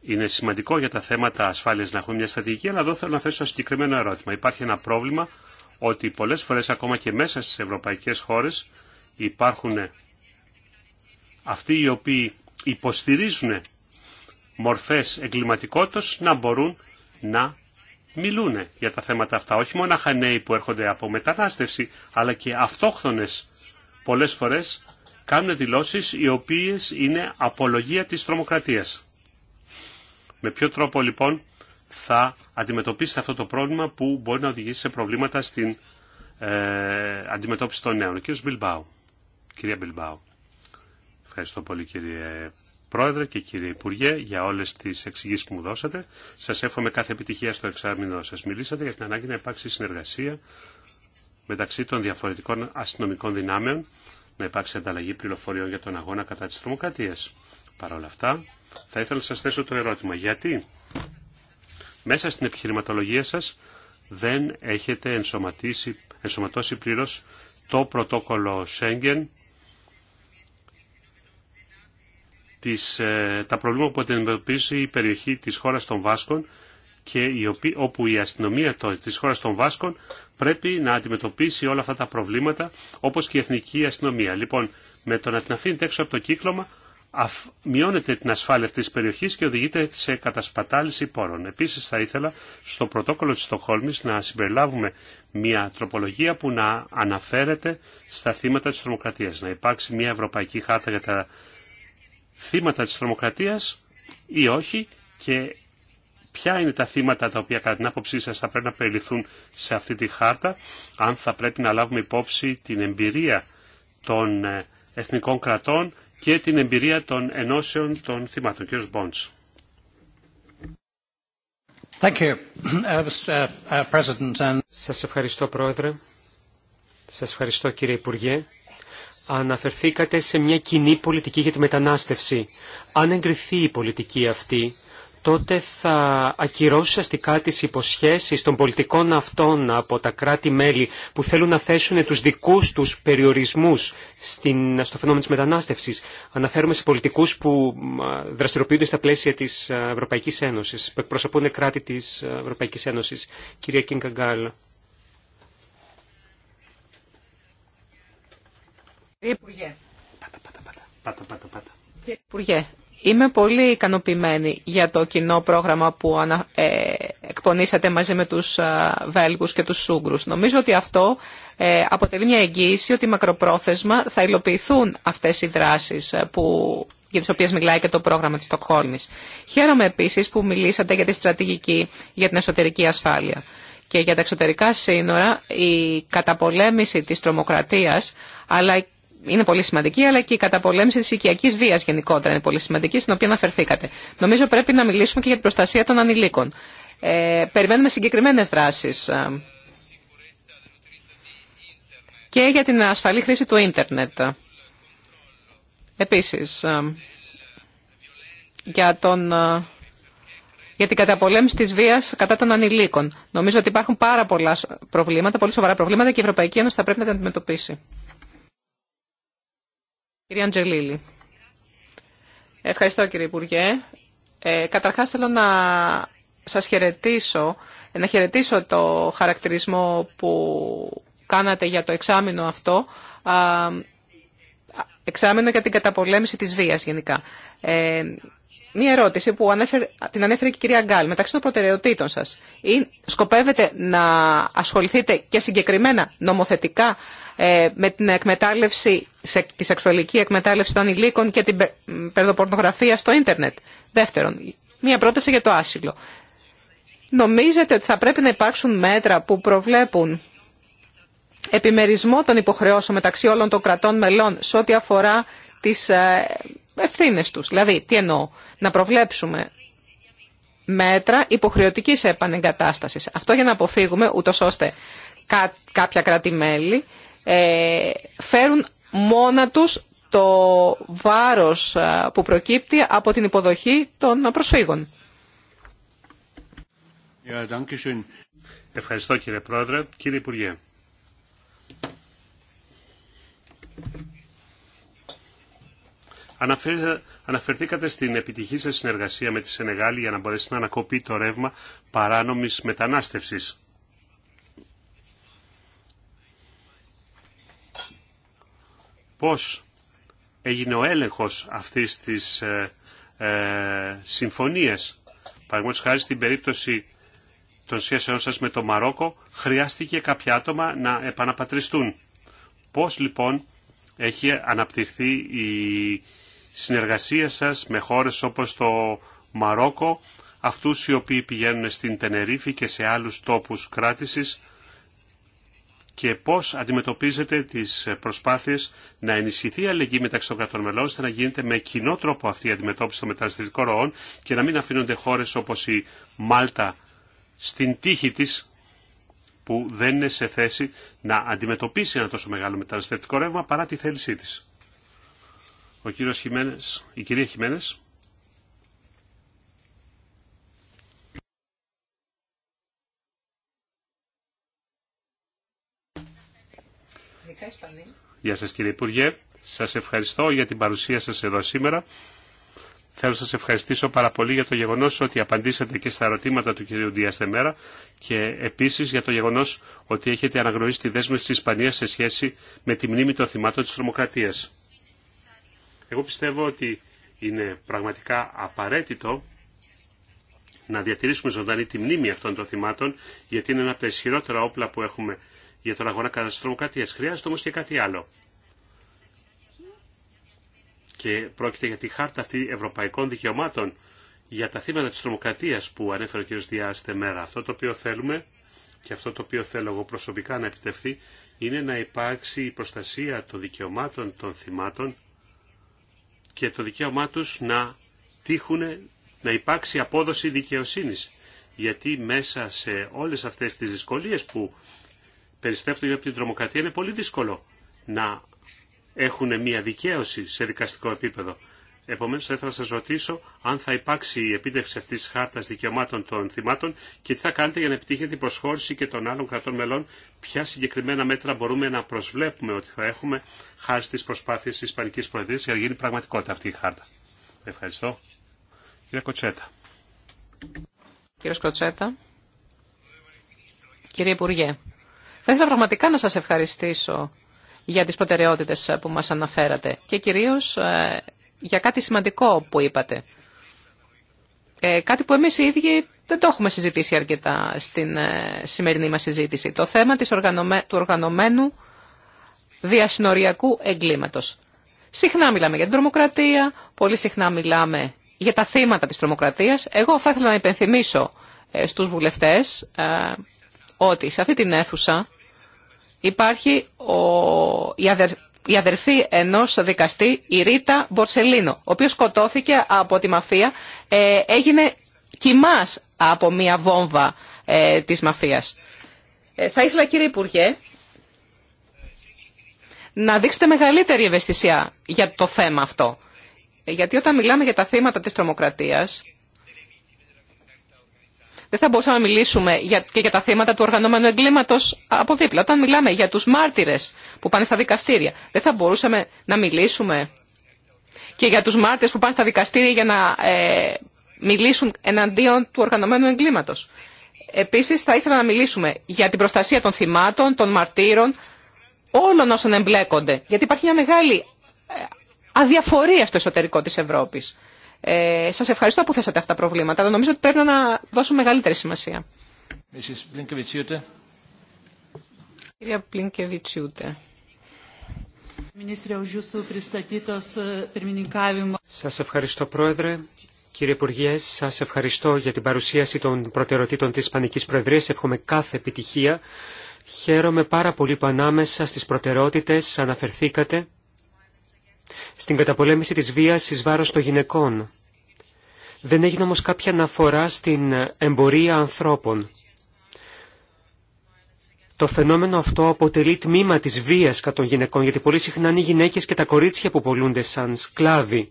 Είναι σημαντικό για τα θέματα ασφάλειας να έχουμε μια στρατηγική, αλλά εδώ θέλω να θέσω ένα συγκεκριμένο ερώτημα. Υπάρχει ένα πρόβλημα ότι πολλές φορές ακόμα και μέσα στις ευρωπαϊκές χώρες υπάρχουν αυτοί οι οποίοι υποστηρίζουν μορφές εγκληματικότητας να μπορούν να μιλούν για τα θέματα αυτά. Όχι μόνο χανέοι που έρχονται από μετανάστευση, αλλά και αυτόχθονες πολλές φορές κάνουν δηλώσεις οι οποίες είναι απολογία της τρομοκρατίας. Με ποιο τρόπο λοιπόν θα αντιμετωπίσετε αυτό το πρόβλημα που μπορεί να οδηγήσει σε προβλήματα στην ε, αντιμετώπιση των νέων. Ο κ. Μπιλμπάου. Κυρία Μπιλμπάου. Ευχαριστώ πολύ κύριε Πρόεδρε και κύριε Υπουργέ για όλες τις εξηγήσεις που μου δώσατε. Σας εύχομαι κάθε επιτυχία στο εξάμεινο σας. Μιλήσατε για την ανάγκη να υπάρξει συνεργασία μεταξύ των διαφορετικών αστυνομικών δυνάμεων, να υπάρξει ανταλλαγή πληροφοριών για τον αγώνα κατά της τρομοκρατίας. Παρ' όλα αυτά, θα ήθελα να σας θέσω το ερώτημα. Γιατί μέσα στην επιχειρηματολογία σας δεν έχετε ενσωματώσει πλήρως το πρωτόκολλο Σέγγεν τις, ε, τα προβλήματα που αντιμετωπίζει η περιοχή της χώρας των Βάσκων και η όπου η αστυνομία της χώρας των Βάσκων πρέπει να αντιμετωπίσει όλα αυτά τα προβλήματα όπως και η εθνική αστυνομία. Λοιπόν, με το να την αφήνετε έξω από το κύκλωμα αφ, μειώνεται την ασφάλεια αυτής της περιοχής και οδηγείται σε κατασπατάληση πόρων. Επίσης θα ήθελα στο πρωτόκολλο της Στοχόλμης να συμπεριλάβουμε μια τροπολογία που να αναφέρεται στα θύματα της τρομοκρατίας. Να υπάρξει μια ευρωπαϊκή χάρτα για τα θύματα της τρομοκρατίας ή όχι και ποια είναι τα θύματα τα οποία κατά την άποψή σας θα πρέπει να περιληφθούν σε αυτή τη χάρτα, αν θα πρέπει να λάβουμε υπόψη την εμπειρία των ε, εθνικών κρατών και την εμπειρία των ενώσεων των θυμάτων. Κύριος Μπόντς. Uh, uh, σας ευχαριστώ Πρόεδρε. Σας ευχαριστώ κύριε Υπουργέ αναφερθήκατε σε μια κοινή πολιτική για τη μετανάστευση. Αν εγκριθεί η πολιτική αυτή, τότε θα ακυρώσει αστικά τις υποσχέσεις των πολιτικών αυτών από τα κράτη-μέλη που θέλουν να θέσουν τους δικούς τους περιορισμούς στην, στο φαινόμενο της μετανάστευσης. Αναφέρουμε σε πολιτικούς που δραστηριοποιούνται στα πλαίσια της ε, Ευρωπαϊκής Ένωσης, που εκπροσωπούν κράτη της ε, Ευρωπαϊκής Ένωσης. Κυρία Κίνκα Υπουργέ. Πάτα, Κύριε Υπουργέ, είμαι πολύ ικανοποιημένη για το κοινό πρόγραμμα που ανα, ε, εκπονήσατε μαζί με τους ε, Βέλγους και τους Σούγκρους. Νομίζω ότι αυτό ε, αποτελεί μια εγγύηση ότι μακροπρόθεσμα θα υλοποιηθούν αυτές οι δράσεις ε, που για τις οποίες μιλάει και το πρόγραμμα της Στοκχόλμης. Χαίρομαι επίσης που μιλήσατε για τη στρατηγική για την εσωτερική ασφάλεια και για τα εξωτερικά σύνορα η καταπολέμηση της τρομοκρατίας αλλά είναι πολύ σημαντική, αλλά και η καταπολέμηση τη οικιακή βία γενικότερα είναι πολύ σημαντική, στην οποία αναφερθήκατε. Νομίζω πρέπει να μιλήσουμε και για την προστασία των ανηλίκων. Ε, περιμένουμε συγκεκριμένε δράσει ε, και για την ασφαλή χρήση του ίντερνετ. Επίσης, ε, για, ε, για την καταπολέμηση της βίας κατά των ανηλίκων. Νομίζω ότι υπάρχουν πάρα πολλά προβλήματα, πολύ σοβαρά προβλήματα και η Ευρωπαϊκή Ένωση θα πρέπει να τα αντιμετωπίσει. Ευχαριστώ κύριε Υπουργέ. Ε, καταρχάς θέλω να σας χαιρετήσω, να χαιρετήσω το χαρακτηρισμό που κάνατε για το εξάμεινο αυτό, εξάμεινο για την καταπολέμηση της βίας γενικά. Ε, μία ερώτηση που την ανέφερε και η κυρία Γκάλ. Μεταξύ των προτεραιοτήτων σας, ή σκοπεύετε να ασχοληθείτε και συγκεκριμένα νομοθετικά ε, με την εκμετάλλευση, τη σεξουαλική εκμετάλλευση των υλίκων και την παιδοπορνογραφία στο ίντερνετ. Δεύτερον, μία πρόταση για το άσυλο. Νομίζετε ότι θα πρέπει να υπάρξουν μέτρα που προβλέπουν επιμερισμό των υποχρεώσεων μεταξύ όλων των κρατών μελών σε ό,τι αφορά τις ε, ευθύνες τους. Δηλαδή, τι εννοώ, να προβλέψουμε μέτρα υποχρεωτικής επανεγκατάστασης. Αυτό για να αποφύγουμε ούτως ώστε κάποια κράτη-μέλη ε, φέρουν μόνα τους το βάρος που προκύπτει από την υποδοχή των προσφύγων. Ευχαριστώ κύριε Πρόεδρε. Κύριε Υπουργέ. Αναφερθήκατε στην επιτυχή σας συνεργασία με τη Σενεγάλη για να μπορέσει να ανακοπεί το ρεύμα παράνομης μετανάστευσης. πώς έγινε ο έλεγχος αυτής της ε, ε συμφωνίας. Παραδείγματος χάρη στην περίπτωση των σχέσεων σας με το Μαρόκο χρειάστηκε κάποια άτομα να επαναπατριστούν. Πώς λοιπόν έχει αναπτυχθεί η συνεργασία σας με χώρες όπως το Μαρόκο, αυτούς οι οποίοι πηγαίνουν στην Τενερίφη και σε άλλους τόπους κράτησης και πώς αντιμετωπίζετε τις προσπάθειες να ενισχυθεί η αλληλεγγύη μεταξύ των κρατών μελών, ώστε να γίνεται με κοινό τρόπο αυτή η αντιμετώπιση των μεταναστευτικών ροών και να μην αφήνονται χώρες όπως η Μάλτα στην τύχη της που δεν είναι σε θέση να αντιμετωπίσει ένα τόσο μεγάλο μεταναστευτικό ρεύμα παρά τη θέλησή της. Ο κύριος Χιμένες, η κυρία Χιμένες. Γεια σας κύριε Υπουργέ. Σας ευχαριστώ για την παρουσία σας εδώ σήμερα. Θέλω να σας ευχαριστήσω πάρα πολύ για το γεγονός ότι απαντήσατε και στα ερωτήματα του κυρίου Ντία Δεμέρα και επίσης για το γεγονός ότι έχετε αναγνωρίσει τη δέσμευση της Ισπανίας σε σχέση με τη μνήμη των θυμάτων της τρομοκρατίας. Εγώ πιστεύω ότι είναι πραγματικά απαραίτητο να διατηρήσουμε ζωντανή τη μνήμη αυτών των θυμάτων, γιατί είναι ένα από τα ισχυρότερα όπλα που έχουμε για τον αγώνα κατά της τρομοκρατίας. Χρειάζεται όμως και κάτι άλλο. Και πρόκειται για τη χάρτα αυτή ευρωπαϊκών δικαιωμάτων για τα θύματα της τρομοκρατίας που ανέφερε ο κ. Διάστη μέρα. Αυτό το οποίο θέλουμε και αυτό το οποίο θέλω εγώ προσωπικά να επιτευχθεί είναι να υπάρξει η προστασία των δικαιωμάτων των θυμάτων και το δικαίωμά του να τύχουν να υπάρξει απόδοση δικαιοσύνης. Γιατί μέσα σε όλες αυτές τις δυσκολίες που περιστρέφονται από την τρομοκρατία είναι πολύ δύσκολο να έχουν μια δικαίωση σε δικαστικό επίπεδο. Επομένως θα ήθελα να σας ρωτήσω αν θα υπάρξει η επίτευξη αυτής της χάρτας δικαιωμάτων των θυμάτων και τι θα κάνετε για να επιτύχετε την προσχώρηση και των άλλων κρατών μελών, ποια συγκεκριμένα μέτρα μπορούμε να προσβλέπουμε ότι θα έχουμε χάρη στις προσπάθειες της Ισπανικής Προεδρίας για να γίνει πραγματικότητα αυτή η χάρτα. Ευχαριστώ. Κύριε Κοτσέτα. Κύριε Κοτσέτα. Κύριε Υπουργέ. Θα ήθελα πραγματικά να σας ευχαριστήσω για τις προτεραιότητες που μας αναφέρατε και κυρίως ε, για κάτι σημαντικό που είπατε. Ε, κάτι που εμείς οι ίδιοι δεν το έχουμε συζητήσει αρκετά στην ε, σημερινή μας συζήτηση. Το θέμα της του οργανωμένου διασυνοριακού εγκλήματος. Συχνά μιλάμε για την τρομοκρατία, πολύ συχνά μιλάμε για τα θύματα της τρομοκρατίας. Εγώ θα ήθελα να υπενθυμίσω στους βουλευτές ότι σε αυτή την αίθουσα υπάρχει ο, η, αδερφή ενός δικαστή, η Ρίτα Μπορσελίνο, ο οποίος σκοτώθηκε από τη μαφία, ε, έγινε κοιμάς από μια βόμβα ε, της μαφίας. Ε, θα ήθελα κύριε Υπουργέ να δείξετε μεγαλύτερη ευαισθησία για το θέμα αυτό. Γιατί όταν μιλάμε για τα θύματα της τρομοκρατίας, δεν θα μπορούσαμε να μιλήσουμε και για τα θέματα του οργανωμένου εγκλήματο από δίπλα. Όταν μιλάμε για του μάρτυρε που πάνε στα δικαστήρια, δεν θα μπορούσαμε να μιλήσουμε και για του μάρτυρε που πάνε στα δικαστήρια για να ε, μιλήσουν εναντίον του οργανωμένου εγκλήματο. Επίση, θα ήθελα να μιλήσουμε για την προστασία των θυμάτων, των μαρτύρων, όλων όσων εμπλέκονται. Γιατί υπάρχει μια μεγάλη ε, αδιαφορία στο εσωτερικό τη Ευρώπη. Ε, σας ευχαριστώ που θέσατε αυτά τα προβλήματα, αλλά νομίζω ότι πρέπει να δώσουμε μεγαλύτερη σημασία. Κυρία Πλίνκεβιτσιούτε. E, σας ευχαριστώ Πρόεδρε. Κύριε Υπουργέ, σας ευχαριστώ για την παρουσίαση των προτεραιοτήτων της Ισπανικής Προεδρίας. Εύχομαι κάθε επιτυχία. Χαίρομαι πάρα πολύ που ανάμεσα στις προτεραιότητες αναφερθήκατε στην καταπολέμηση της βίας εις βάρος των γυναικών. Δεν έγινε όμως κάποια αναφορά στην εμπορία ανθρώπων. Το φαινόμενο αυτό αποτελεί τμήμα της βίας κατά των γυναικών, γιατί πολύ συχνά είναι οι γυναίκες και τα κορίτσια που πολλούνται σαν σκλάβοι.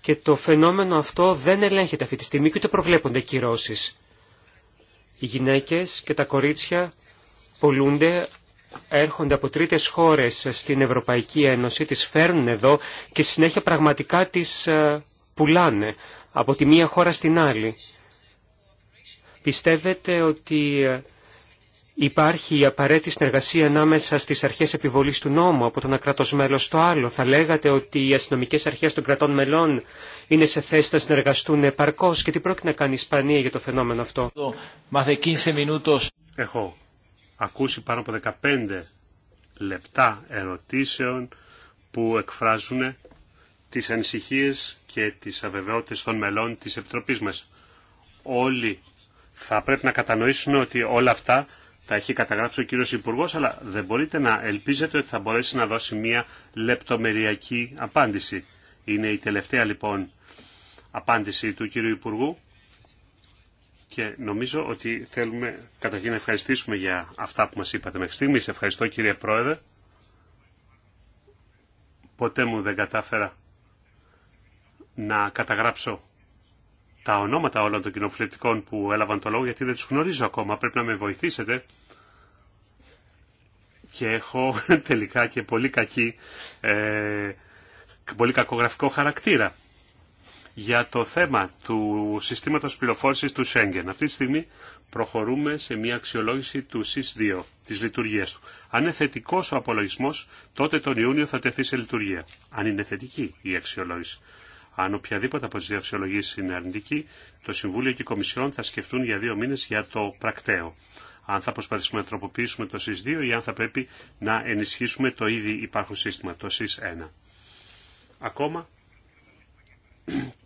Και το φαινόμενο αυτό δεν ελέγχεται αυτή τη στιγμή και ούτε προβλέπονται κυρώσεις. Οι γυναίκες και τα κορίτσια πολλούνται έρχονται από τρίτες χώρες στην Ευρωπαϊκή Ένωση, τις φέρνουν εδώ και συνέχεια πραγματικά τις ε, πουλάνε από τη μία χώρα στην άλλη. Πιστεύετε ότι ε, υπάρχει η απαραίτητη συνεργασία ανάμεσα στις αρχές επιβολής του νόμου από τον ένα μέλος στο άλλο. Θα λέγατε ότι οι αστυνομικές αρχές των κρατών μελών είναι σε θέση να συνεργαστούν επαρκώς και τι πρόκειται να κάνει η Ισπανία για το φαινόμενο αυτό. Έχω ακούσει πάνω από 15 λεπτά ερωτήσεων που εκφράζουν τις ανησυχίες και τις αβεβαιότητες των μελών της Επιτροπής μας. Όλοι θα πρέπει να κατανοήσουν ότι όλα αυτά τα έχει καταγράψει ο κύριος Υπουργό, αλλά δεν μπορείτε να ελπίζετε ότι θα μπορέσει να δώσει μια λεπτομεριακή απάντηση. Είναι η τελευταία λοιπόν απάντηση του κύριου Υπουργού και νομίζω ότι θέλουμε καταρχήν να ευχαριστήσουμε για αυτά που μας είπατε μέχρι στιγμής. Ευχαριστώ κύριε Πρόεδρε. Ποτέ μου δεν κατάφερα να καταγράψω τα ονόματα όλων των κοινοβουλευτικών που έλαβαν το λόγο γιατί δεν τους γνωρίζω ακόμα. Πρέπει να με βοηθήσετε και έχω [LAUGHS] τελικά και πολύ, κακή, ε, πολύ κακογραφικό χαρακτήρα για το θέμα του συστήματος πληροφόρησης του Schengen. Αυτή τη στιγμή προχωρούμε σε μια αξιολόγηση του SIS2, της λειτουργίας του. Αν είναι θετικό ο απολογισμός, τότε τον Ιούνιο θα τεθεί σε λειτουργία. Αν είναι θετική η αξιολόγηση. Αν οποιαδήποτε από τι δύο αξιολογήσει είναι αρνητική, το Συμβούλιο και η Κομισιόν θα σκεφτούν για δύο μήνε για το πρακτέο. Αν θα προσπαθήσουμε να τροποποιήσουμε το ΣΥΣ2 ή αν θα πρέπει να ενισχύσουμε το ήδη υπάρχον σύστημα, το ΣΥΣ1. Ακόμα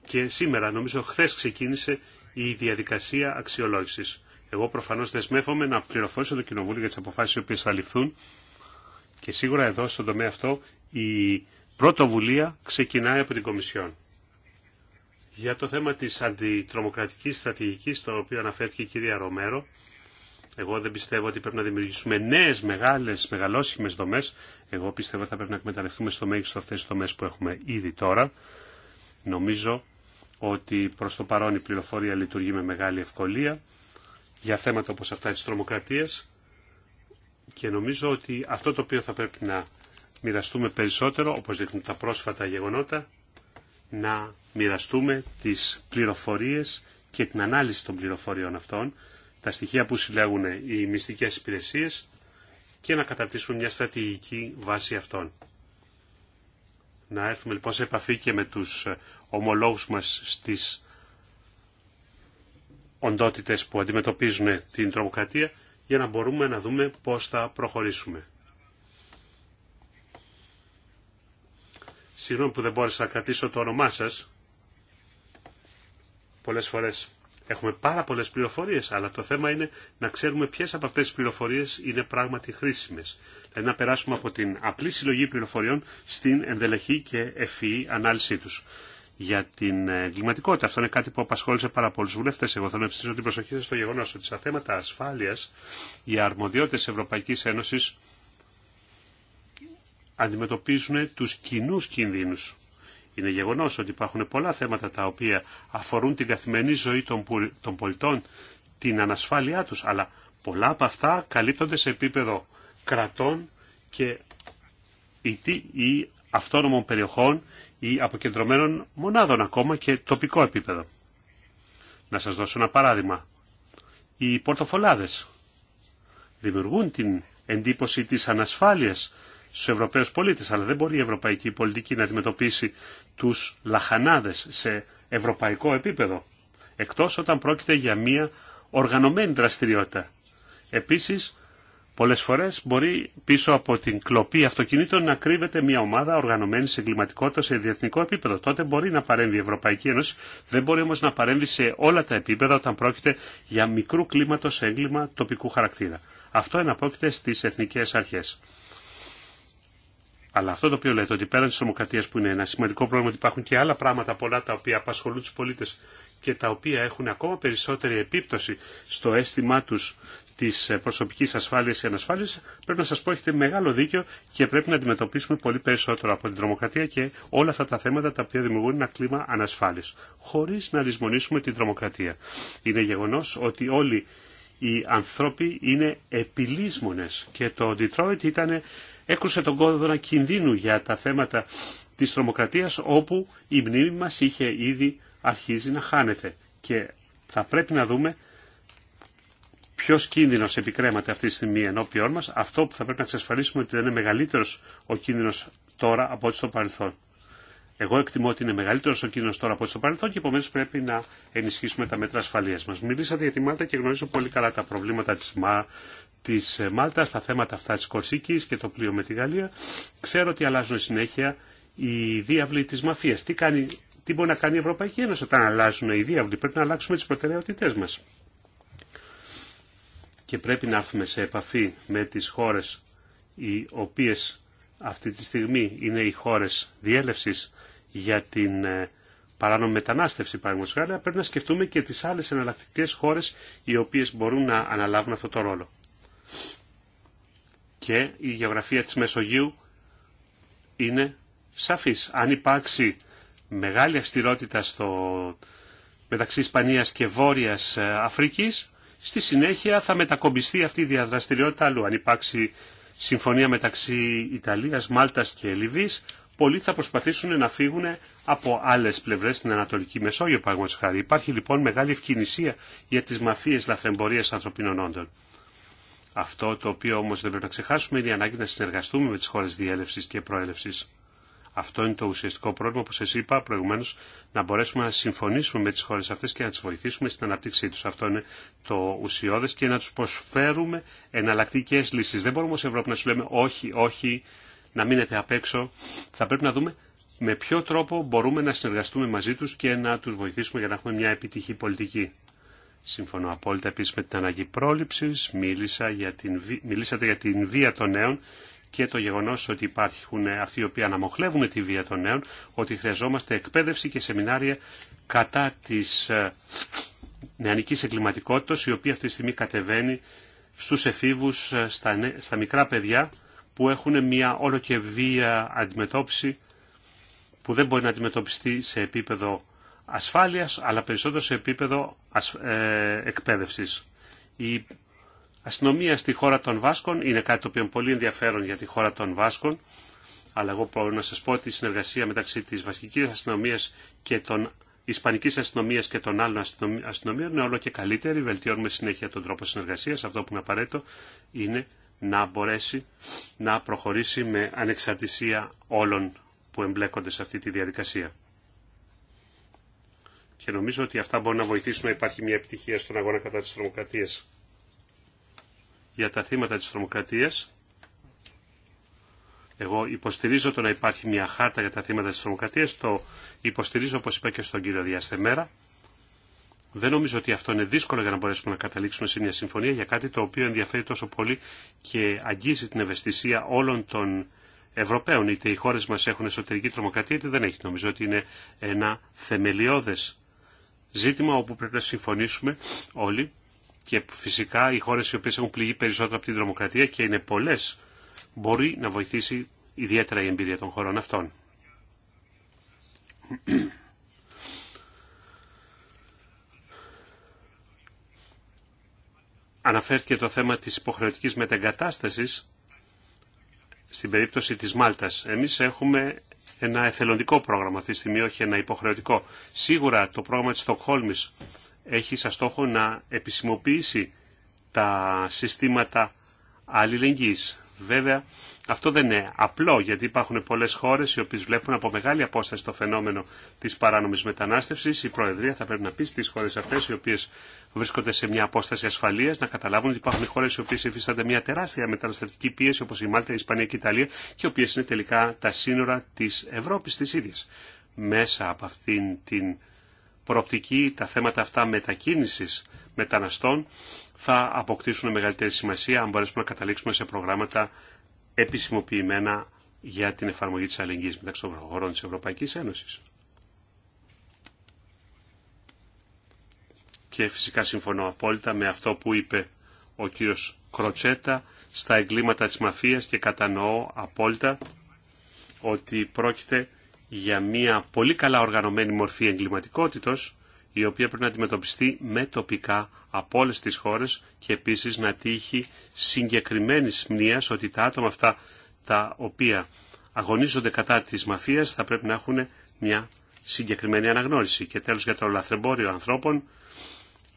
και σήμερα, νομίζω χθες ξεκίνησε η διαδικασία αξιολόγησης. Εγώ προφανώς δεσμεύομαι να πληροφορήσω το Κοινοβούλιο για τις αποφάσεις οι οποίες θα ληφθούν και σίγουρα εδώ στον τομέα αυτό η πρωτοβουλία ξεκινάει από την Κομισιόν. Για το θέμα της αντιτρομοκρατικής στρατηγικής, το οποίο αναφέρθηκε η κυρία Ρομέρο, εγώ δεν πιστεύω ότι πρέπει να δημιουργήσουμε νέε μεγάλε, μεγαλόσχημε δομέ. Εγώ πιστεύω ότι θα πρέπει να εκμεταλλευτούμε στο μέγιστο αυτέ τι δομέ που έχουμε ήδη τώρα. Νομίζω ότι προς το παρόν η πληροφορία λειτουργεί με μεγάλη ευκολία για θέματα όπως αυτά της τρομοκρατίας και νομίζω ότι αυτό το οποίο θα πρέπει να μοιραστούμε περισσότερο, όπως δείχνουν τα πρόσφατα γεγονότα, να μοιραστούμε τις πληροφορίες και την ανάλυση των πληροφοριών αυτών, τα στοιχεία που συλλέγουν οι μυστικές υπηρεσίες και να κατατήσουν μια στρατηγική βάση αυτών. Να έρθουμε λοιπόν σε επαφή και με τους ε, ομολόγους μας στις οντότητες που αντιμετωπίζουν την τρομοκρατία για να μπορούμε να δούμε πώς θα προχωρήσουμε. Συγγνώμη που δεν μπόρεσα να κρατήσω το όνομά σας. Πολλές φορές Έχουμε πάρα πολλές πληροφορίες, αλλά το θέμα είναι να ξέρουμε ποιες από αυτές τις πληροφορίες είναι πράγματι χρήσιμες. Δηλαδή να περάσουμε από την απλή συλλογή πληροφοριών στην ενδελεχή και ευφυή ανάλυση τους. Για την εγκληματικότητα, αυτό είναι κάτι που απασχόλησε πάρα πολλού βουλευτέ. Εγώ θέλω να ευχαριστήσω την προσοχή σα στο γεγονό ότι στα θέματα ασφάλεια οι αρμοδιότητε τη Ευρωπαϊκή Ένωση αντιμετωπίζουν τους κοινού κινδύνους. Είναι γεγονό ότι υπάρχουν πολλά θέματα τα οποία αφορούν την καθημερινή ζωή των πολιτών, την ανασφάλειά τους, αλλά πολλά από αυτά καλύπτονται σε επίπεδο κρατών και ή αυτόνομων περιοχών ή αποκεντρωμένων μονάδων ακόμα και τοπικό επίπεδο. Να σας δώσω ένα παράδειγμα. Οι πορτοφολάδες δημιουργούν την εντύπωση της ανασφάλειας στους Ευρωπαίους πολίτες, αλλά δεν μπορεί η ευρωπαϊκή πολιτική να αντιμετωπίσει τους λαχανάδες σε ευρωπαϊκό επίπεδο, εκτός όταν πρόκειται για μια οργανωμένη δραστηριότητα. Επίσης, πολλές φορές μπορεί πίσω από την κλοπή αυτοκινήτων να κρύβεται μια ομάδα οργανωμένη σε εγκληματικότητα σε διεθνικό επίπεδο. Τότε μπορεί να παρέμβει η Ευρωπαϊκή Ένωση, δεν μπορεί όμως να παρέμβει σε όλα τα επίπεδα όταν πρόκειται για μικρού κλίματος έγκλημα τοπικού χαρακτήρα. Αυτό εναπόκειται στις εθνικές αρχές. Αλλά αυτό το οποίο λέτε ότι πέραν τη τρομοκρατία που είναι ένα σημαντικό πρόβλημα ότι υπάρχουν και άλλα πράγματα πολλά τα οποία απασχολούν του πολίτε και τα οποία έχουν ακόμα περισσότερη επίπτωση στο αίσθημά του τη ε, προσωπική ασφάλεια ή ανασφάλεια, πρέπει να σα πω έχετε μεγάλο δίκιο και πρέπει να αντιμετωπίσουμε πολύ περισσότερο από την τρομοκρατία και όλα αυτά τα θέματα τα οποία δημιουργούν ένα κλίμα ανασφάλεια. Χωρί να λησμονήσουμε την τρομοκρατία. Είναι γεγονό ότι όλοι οι ανθρώποι είναι επιλύσμονες και το Detroit ήταν έκρουσε τον κόδωνα κινδύνου για τα θέματα της τρομοκρατίας όπου η μνήμη μας είχε ήδη αρχίζει να χάνεται και θα πρέπει να δούμε ποιο κίνδυνο επικρέμαται αυτή τη στιγμή ενώπιόν μα, αυτό που θα πρέπει να εξασφαλίσουμε ότι δεν είναι μεγαλύτερο ο κίνδυνο τώρα από ό,τι στο παρελθόν. Εγώ εκτιμώ ότι είναι μεγαλύτερο ο κίνδυνο τώρα από ό,τι στο παρελθόν και επομένω πρέπει να ενισχύσουμε τα μέτρα ασφαλεία μα. Μιλήσατε για τη Μάλτα και γνωρίζω πολύ καλά τα προβλήματα τη Μα, της ε, Μάλτας, τα θέματα αυτά της Κορσίκης και το πλοίο με τη Γαλλία. Ξέρω ότι αλλάζουν συνέχεια οι διάβλοι της μαφίας. Τι, τι μπορεί να κάνει η Ευρωπαϊκή Ένωση όταν αλλάζουν οι διάβλοι. Πρέπει να αλλάξουμε τις προτεραιότητές μας. Και πρέπει να έρθουμε σε επαφή με τις χώρες οι οποίες αυτή τη στιγμή είναι οι χώρες διέλευσης για την ε, παράνομη μετανάστευση παραγωγής χάρη, πρέπει να σκεφτούμε και τις άλλες εναλλακτικές χώρες οι οποίες μπορούν να αναλάβουν αυτό το ρόλο. Και η γεωγραφία της Μεσογείου είναι σαφής. Αν υπάρξει μεγάλη αυστηρότητα στο, μεταξύ Ισπανίας και Βόρειας ε, Αφρικής, στη συνέχεια θα μετακομπιστεί αυτή η διαδραστηριότητα αλλού. Αν υπάρξει συμφωνία μεταξύ Ιταλίας, Μάλτας και Λιβύης, πολλοί θα προσπαθήσουν να φύγουν από άλλες πλευρές στην Ανατολική Μεσόγειο, χάρη. Υπάρχει λοιπόν μεγάλη ευκαινησία για τις μαφίες λαθρεμπορία ανθρωπίνων όντων. Αυτό το οποίο όμως δεν πρέπει να ξεχάσουμε είναι η ανάγκη να συνεργαστούμε με τις χώρες διέλευσης και προέλευσης. Αυτό είναι το ουσιαστικό πρόβλημα, όπως σας είπα προηγουμένως, να μπορέσουμε να συμφωνήσουμε με τις χώρες αυτές και να τις βοηθήσουμε στην αναπτύξή τους. Αυτό είναι το ουσιώδες και να τους προσφέρουμε εναλλακτικέ λύσεις. Δεν μπορούμε σε Ευρώπη να σου λέμε όχι, όχι, να μείνετε απ' έξω. Θα πρέπει να δούμε με ποιο τρόπο μπορούμε να συνεργαστούμε μαζί τους και να τους βοηθήσουμε για να έχουμε μια επιτυχή πολιτική. Συμφωνώ απόλυτα επίση με την ανάγκη πρόληψη. Μιλήσατε για την βία των νέων και το γεγονό ότι υπάρχουν ε, αυτοί οι οποίοι αναμοχλεύουν τη βία των νέων, ότι χρειαζόμαστε εκπαίδευση και σεμινάρια κατά τη ε, νεανική εγκληματικότητα, η οποία αυτή τη στιγμή κατεβαίνει στου εφήβου, ε, στα, στα μικρά παιδιά που έχουν μια όλο και βία αντιμετώπιση που δεν μπορεί να αντιμετωπιστεί σε επίπεδο ασφάλειας, αλλά περισσότερο σε επίπεδο ε, εκπαίδευσης. Η αστυνομία στη χώρα των Βάσκων είναι κάτι το οποίο είναι πολύ ενδιαφέρον για τη χώρα των Βάσκων, αλλά εγώ μπορώ να σας πω ότι η συνεργασία μεταξύ της βασικής αστυνομίας και των Ισπανική αστυνομία και των άλλων αστυνομίων είναι όλο και καλύτερη. Βελτιώνουμε συνέχεια τον τρόπο συνεργασία. Αυτό που είναι απαραίτητο είναι να μπορέσει να προχωρήσει με ανεξαρτησία όλων που εμπλέκονται σε αυτή τη διαδικασία. Και νομίζω ότι αυτά μπορούν να βοηθήσουν να υπάρχει μια επιτυχία στον αγώνα κατά της τρομοκρατίας. Για τα θύματα της τρομοκρατίας, εγώ υποστηρίζω το να υπάρχει μια χάρτα για τα θύματα της τρομοκρατίας, το υποστηρίζω όπως είπα και στον κύριο Διαστεμέρα. Δεν νομίζω ότι αυτό είναι δύσκολο για να μπορέσουμε να καταλήξουμε σε μια συμφωνία για κάτι το οποίο ενδιαφέρει τόσο πολύ και αγγίζει την ευαισθησία όλων των Ευρωπαίων. Είτε οι χώρε μα έχουν εσωτερική τρομοκρατία, είτε δεν έχει. Νομίζω ότι είναι ένα θεμελιώδε ζήτημα όπου πρέπει να συμφωνήσουμε όλοι και φυσικά οι χώρες οι οποίες έχουν πληγεί περισσότερο από την τρομοκρατία και είναι πολλές μπορεί να βοηθήσει ιδιαίτερα η εμπειρία των χωρών αυτών. Αναφέρθηκε το θέμα της υποχρεωτικής μετεγκατάστασης στην περίπτωση της Μάλτας. Εμείς έχουμε ένα εθελοντικό πρόγραμμα αυτή τη στιγμή, όχι ένα υποχρεωτικό. Σίγουρα το πρόγραμμα της Στοκχόλμης έχει σαν στόχο να επισημοποιήσει τα συστήματα αλληλεγγύης. Βέβαια, αυτό δεν είναι απλό, γιατί υπάρχουν πολλέ χώρε οι οποίε βλέπουν από μεγάλη απόσταση το φαινόμενο τη παράνομη μετανάστευση. Η Προεδρία θα πρέπει να πει στι χώρε αυτέ, οι οποίε βρίσκονται σε μια απόσταση ασφαλεία, να καταλάβουν ότι υπάρχουν χώρε οι οποίε υφίστανται μια τεράστια μεταναστευτική πίεση, όπω η Μάλτα, η Ισπανία και η Ιταλία, και οι οποίε είναι τελικά τα σύνορα τη Ευρώπη τη ίδια. Μέσα από αυτήν την προοπτική, τα θέματα αυτά μετακίνηση μεταναστών θα αποκτήσουν μεγαλύτερη σημασία αν μπορέσουμε να καταλήξουμε σε προγράμματα επισημοποιημένα για την εφαρμογή της αλληλεγγύης μεταξύ των χωρών της Ευρωπαϊκής Ένωσης. Και φυσικά συμφωνώ απόλυτα με αυτό που είπε ο κύριος Κροτσέτα στα εγκλήματα της μαφίας και κατανοώ απόλυτα ότι πρόκειται για μια πολύ καλά οργανωμένη μορφή εγκληματικότητος η οποία πρέπει να αντιμετωπιστεί με τοπικά από όλε τι χώρε και επίση να τύχει συγκεκριμένη μνήμα ότι τα άτομα αυτά τα οποία αγωνίζονται κατά τη μαφία θα πρέπει να έχουν μια συγκεκριμένη αναγνώριση. Και τέλο για το λαθρεμπόριο ανθρώπων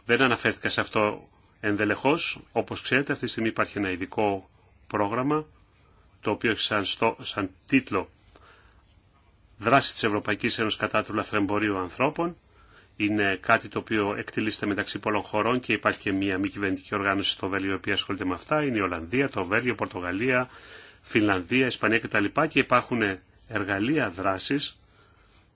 δεν αναφέρθηκα σε αυτό ενδελεχώ. Όπω ξέρετε αυτή τη στιγμή υπάρχει ένα ειδικό πρόγραμμα το οποίο έχει σαν, σαν τίτλο Δράση τη Ευρωπαϊκή Ένωση κατά του λαθρεμπορίου ανθρώπων είναι κάτι το οποίο εκτελήσεται μεταξύ πολλών χωρών και υπάρχει και μια μη κυβερνητική οργάνωση στο Βέλγιο η οποία ασχολείται με αυτά. Είναι η Ολλανδία, το Βέλγιο, Πορτογαλία, Φινλανδία, Ισπανία κτλ. Και υπάρχουν εργαλεία δράση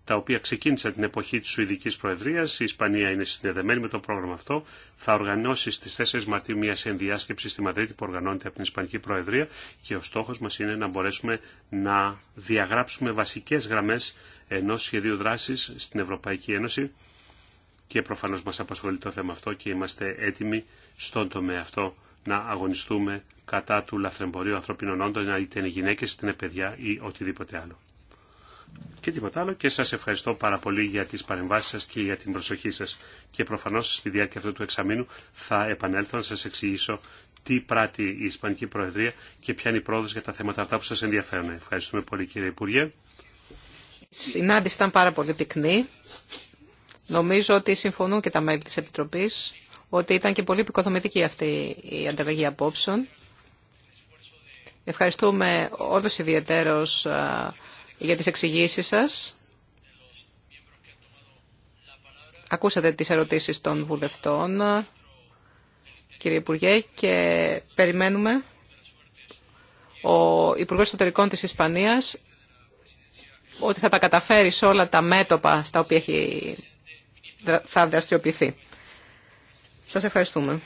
τα οποία ξεκίνησαν την εποχή τη Σουηδική Προεδρία. Η Ισπανία είναι συνδεδεμένη με το πρόγραμμα αυτό. Θα οργανώσει στι 4 Μαρτίου μια συνδιάσκεψη στη Μαδρίτη που οργανώνεται από την Ισπανική Προεδρία και ο στόχο μα είναι να μπορέσουμε να διαγράψουμε βασικέ γραμμέ ενό σχεδίου δράση στην Ευρωπαϊκή Ένωση και προφανώς μας απασχολεί το θέμα αυτό και είμαστε έτοιμοι στον τομέα αυτό να αγωνιστούμε κατά του λαθρεμπορίου ανθρωπίνων όντων, είτε είναι γυναίκες, είτε είναι παιδιά ή οτιδήποτε άλλο. Και τίποτα άλλο και σας ευχαριστώ πάρα πολύ για τις παρεμβάσεις σας και για την προσοχή σας. Και προφανώς στη διάρκεια αυτού του εξαμήνου θα επανέλθω να σας εξηγήσω τι πράττει η Ισπανική Προεδρία και ποια είναι η πρόοδος για τα θέματα αυτά που σας ενδιαφέρουν. Ευχαριστούμε πολύ κύριε Υπουργέ. συνάντηση ήταν πάρα πολύ πυκνή. Νομίζω ότι συμφωνούν και τα μέλη της Επιτροπής ότι ήταν και πολύ επικοδομητική αυτή η ανταλλαγή απόψεων. Ευχαριστούμε όλους ιδιαιτέρως για τις εξηγήσεις σας. Ακούσατε τις ερωτήσεις των βουλευτών, κύριε Υπουργέ, και περιμένουμε ο Υπουργός Εσωτερικών της Ισπανίας ότι θα τα καταφέρει σε όλα τα μέτωπα στα οποία έχει θα δραστηριοποιηθεί. Σας ευχαριστούμε.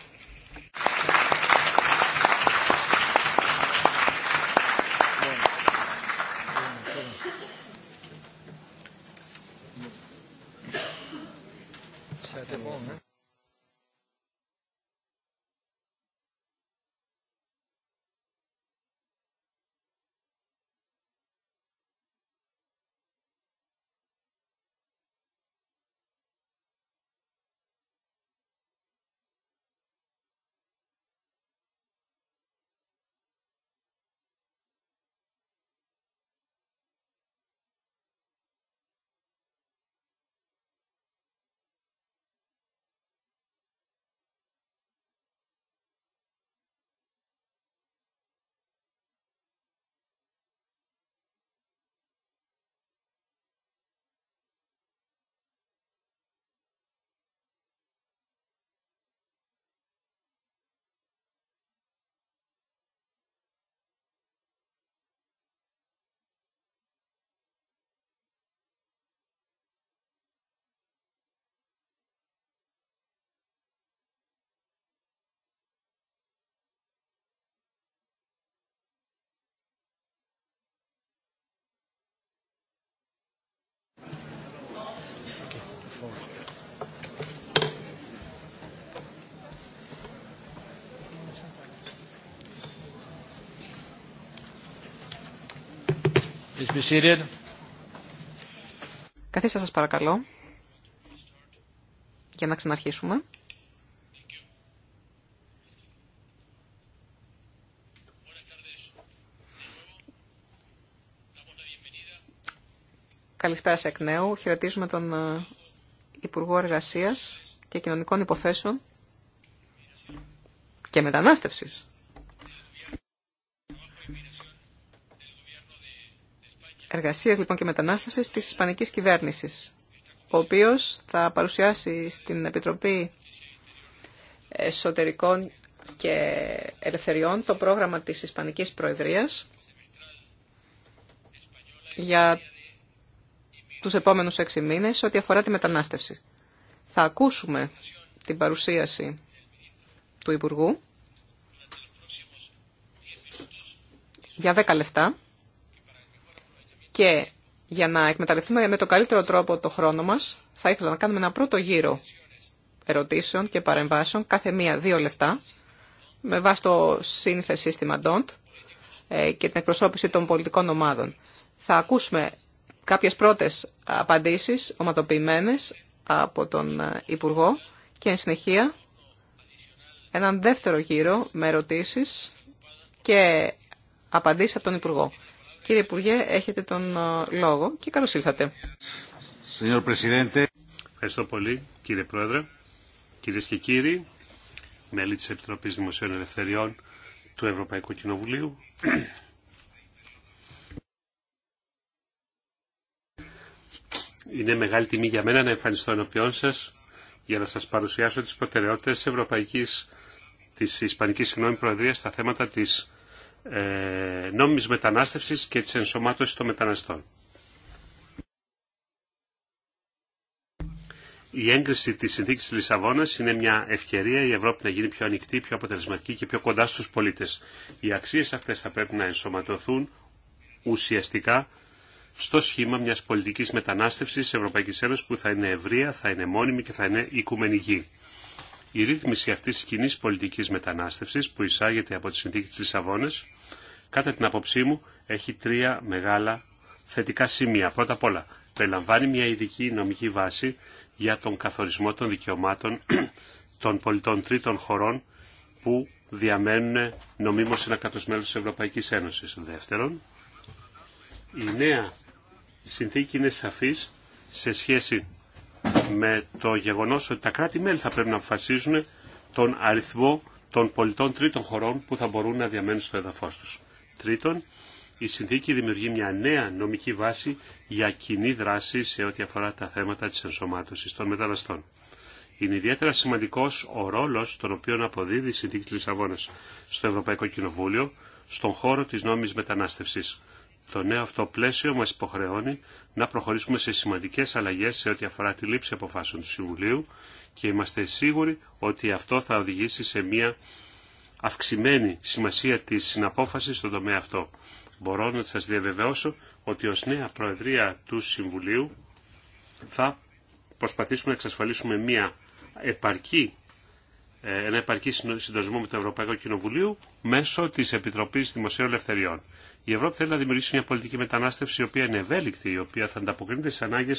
Καθίστε σας παρακαλώ για να ξαναρχίσουμε. Καλησπέρα σε εκ νέου. Χαιρετίζουμε τον ε, Υπουργό Εργασίας και Κοινωνικών Υποθέσεων και Μετανάστευσης Εργασίας λοιπόν και Μετανάστασης της Ισπανικής Κυβέρνησης, ο οποίος θα παρουσιάσει στην Επιτροπή Εσωτερικών και Ελευθεριών το πρόγραμμα της Ισπανικής Προεδρίας για τους επόμενους έξι μήνες ό,τι αφορά τη μετανάστευση. Θα ακούσουμε την παρουσίαση του Υπουργού για 10 λεπτά και για να εκμεταλλευτούμε με τον καλύτερο τρόπο το χρόνο μας, θα ήθελα να κάνουμε ένα πρώτο γύρο ερωτήσεων και παρεμβάσεων, κάθε μία δύο λεφτά, με βάση το σύνθεσή σύστημα DONT ε, και την εκπροσώπηση των πολιτικών ομάδων. Θα ακούσουμε κάποιες πρώτες απαντήσεις ομαδοποιημένες από τον ε, Υπουργό και εν συνεχεία έναν δεύτερο γύρο με ερωτήσεις και απαντήσεις από τον Υπουργό. Κύριε Υπουργέ, έχετε τον ε, λόγο και καλώς ήλθατε. Ευχαριστώ πολύ κύριε Πρόεδρε, κυρίε και κύριοι, μέλη της Επιτροπής Δημοσίων Ελευθεριών του Ευρωπαϊκού Κοινοβουλίου. Είναι μεγάλη τιμή για μένα να εμφανιστώ ενώπιόν σας για να σας παρουσιάσω τις προτεραιότητες της Ευρωπαϊκής, της Ισπανικής Συγγνώμη Προεδρίας στα θέματα της ε, νόμιμης μετανάστευσης και της ενσωμάτωσης των μεταναστών. Η έγκριση της συνθήκης της Λισαβόνας είναι μια ευκαιρία η Ευρώπη να γίνει πιο ανοιχτή, πιο αποτελεσματική και πιο κοντά στους πολίτες. Οι αξίες αυτές θα πρέπει να ενσωματωθούν ουσιαστικά στο σχήμα μιας πολιτικής μετανάστευσης της Ευρωπαϊκής Ένωσης που θα είναι ευρεία, θα είναι μόνιμη και θα είναι οικουμενική. Η ρύθμιση αυτή τη κοινή πολιτική μετανάστευση που εισάγεται από τη συνθήκη τη Λισαβόνα, κατά την άποψή μου, έχει τρία μεγάλα θετικά σημεία. Πρώτα απ' όλα, περιλαμβάνει μια ειδική νομική βάση για τον καθορισμό των δικαιωμάτων [CLEARS THROAT] των πολιτών τρίτων χωρών που διαμένουν νομίμως ένα κράτος της Ευρωπαϊκής Ένωσης. Δεύτερον, η νέα συνθήκη είναι σαφής σε σχέση με το γεγονός ότι τα κράτη-μέλη θα πρέπει να αποφασίζουν τον αριθμό των πολιτών τρίτων χωρών που θα μπορούν να διαμένουν στο έδαφος τους. Τρίτον, η συνθήκη δημιουργεί μια νέα νομική βάση για κοινή δράση σε ό,τι αφορά τα θέματα της ενσωμάτωσης των μεταναστών. Είναι ιδιαίτερα σημαντικός ο ρόλος τον οποίο αποδίδει η συνθήκη της Λισαβόνας στο Ευρωπαϊκό Κοινοβούλιο, στον χώρο της νόμιμη μετανάστευσης. Το νέο αυτό πλαίσιο μας υποχρεώνει να προχωρήσουμε σε σημαντικές αλλαγές σε ό,τι αφορά τη λήψη αποφάσεων του Συμβουλίου και είμαστε σίγουροι ότι αυτό θα οδηγήσει σε μια αυξημένη σημασία της συναπόφασης στον τομέα αυτό. Μπορώ να σας διαβεβαιώσω ότι ως νέα Προεδρία του Συμβουλίου θα προσπαθήσουμε να εξασφαλίσουμε μια επαρκή ε, ένα επαρκή συντονισμό με το Ευρωπαϊκό Κοινοβουλίο μέσω τη Επιτροπή Δημοσίων Ελευθεριών. Η Ευρώπη θέλει να δημιουργήσει μια πολιτική μετανάστευση η οποία είναι ευέλικτη, η οποία θα ανταποκρίνεται στι ανάγκε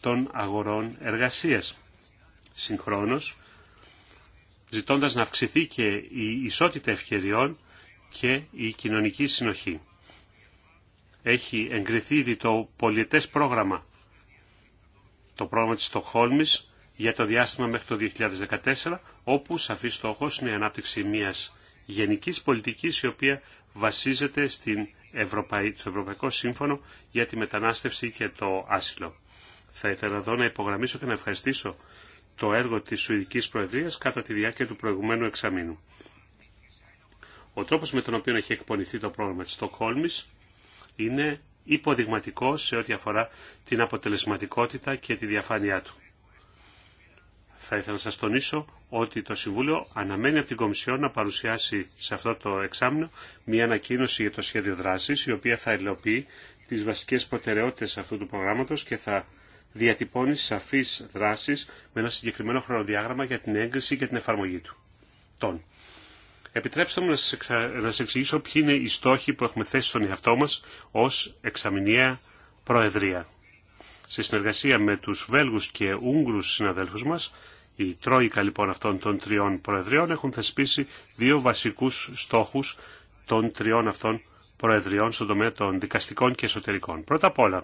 των αγορών εργασία. Συγχρόνω, ζητώντα να αυξηθεί και η ισότητα ευκαιριών και η κοινωνική συνοχή. Έχει εγκριθεί ήδη το πολιτέ πρόγραμμα, το πρόγραμμα τη Στοχόλμη, για το διάστημα μέχρι το 2014, όπου σαφής στόχος είναι η ανάπτυξη μιας γενικής πολιτικής η οποία βασίζεται στην στο Ευρωπαϊκό Σύμφωνο για τη Μετανάστευση και το Άσυλο. Θα ήθελα εδώ να υπογραμμίσω και να ευχαριστήσω το έργο της Σουηδικής Προεδρίας κατά τη διάρκεια του προηγουμένου εξαμήνου. Ο τρόπος με τον οποίο έχει εκπονηθεί το πρόγραμμα της Στοκχόλμης είναι υποδειγματικό σε ό,τι αφορά την αποτελεσματικότητα και τη διαφάνειά του θα ήθελα να σας τονίσω ότι το Συμβούλιο αναμένει από την Κομισιόν να παρουσιάσει σε αυτό το εξάμεινο μια ανακοίνωση για το σχέδιο δράσης, η οποία θα υλοποιεί τις βασικές προτεραιότητε αυτού του προγράμματος και θα διατυπώνει σαφείς δράσεις με ένα συγκεκριμένο χρονοδιάγραμμα για την έγκριση και την εφαρμογή του. Τον. Επιτρέψτε μου να σας, εξηγήσω ποιοι είναι οι στόχοι που έχουμε θέσει στον εαυτό μας ως εξαμηνιαία Προεδρία. Σε συνεργασία με τους Βέλγους και Ούγγρους συναδέλφους μας, η τρόικα λοιπόν αυτών των τριών προεδριών έχουν θεσπίσει δύο βασικούς στόχους των τριών αυτών προεδριών στον τομέα των δικαστικών και εσωτερικών. Πρώτα απ' όλα,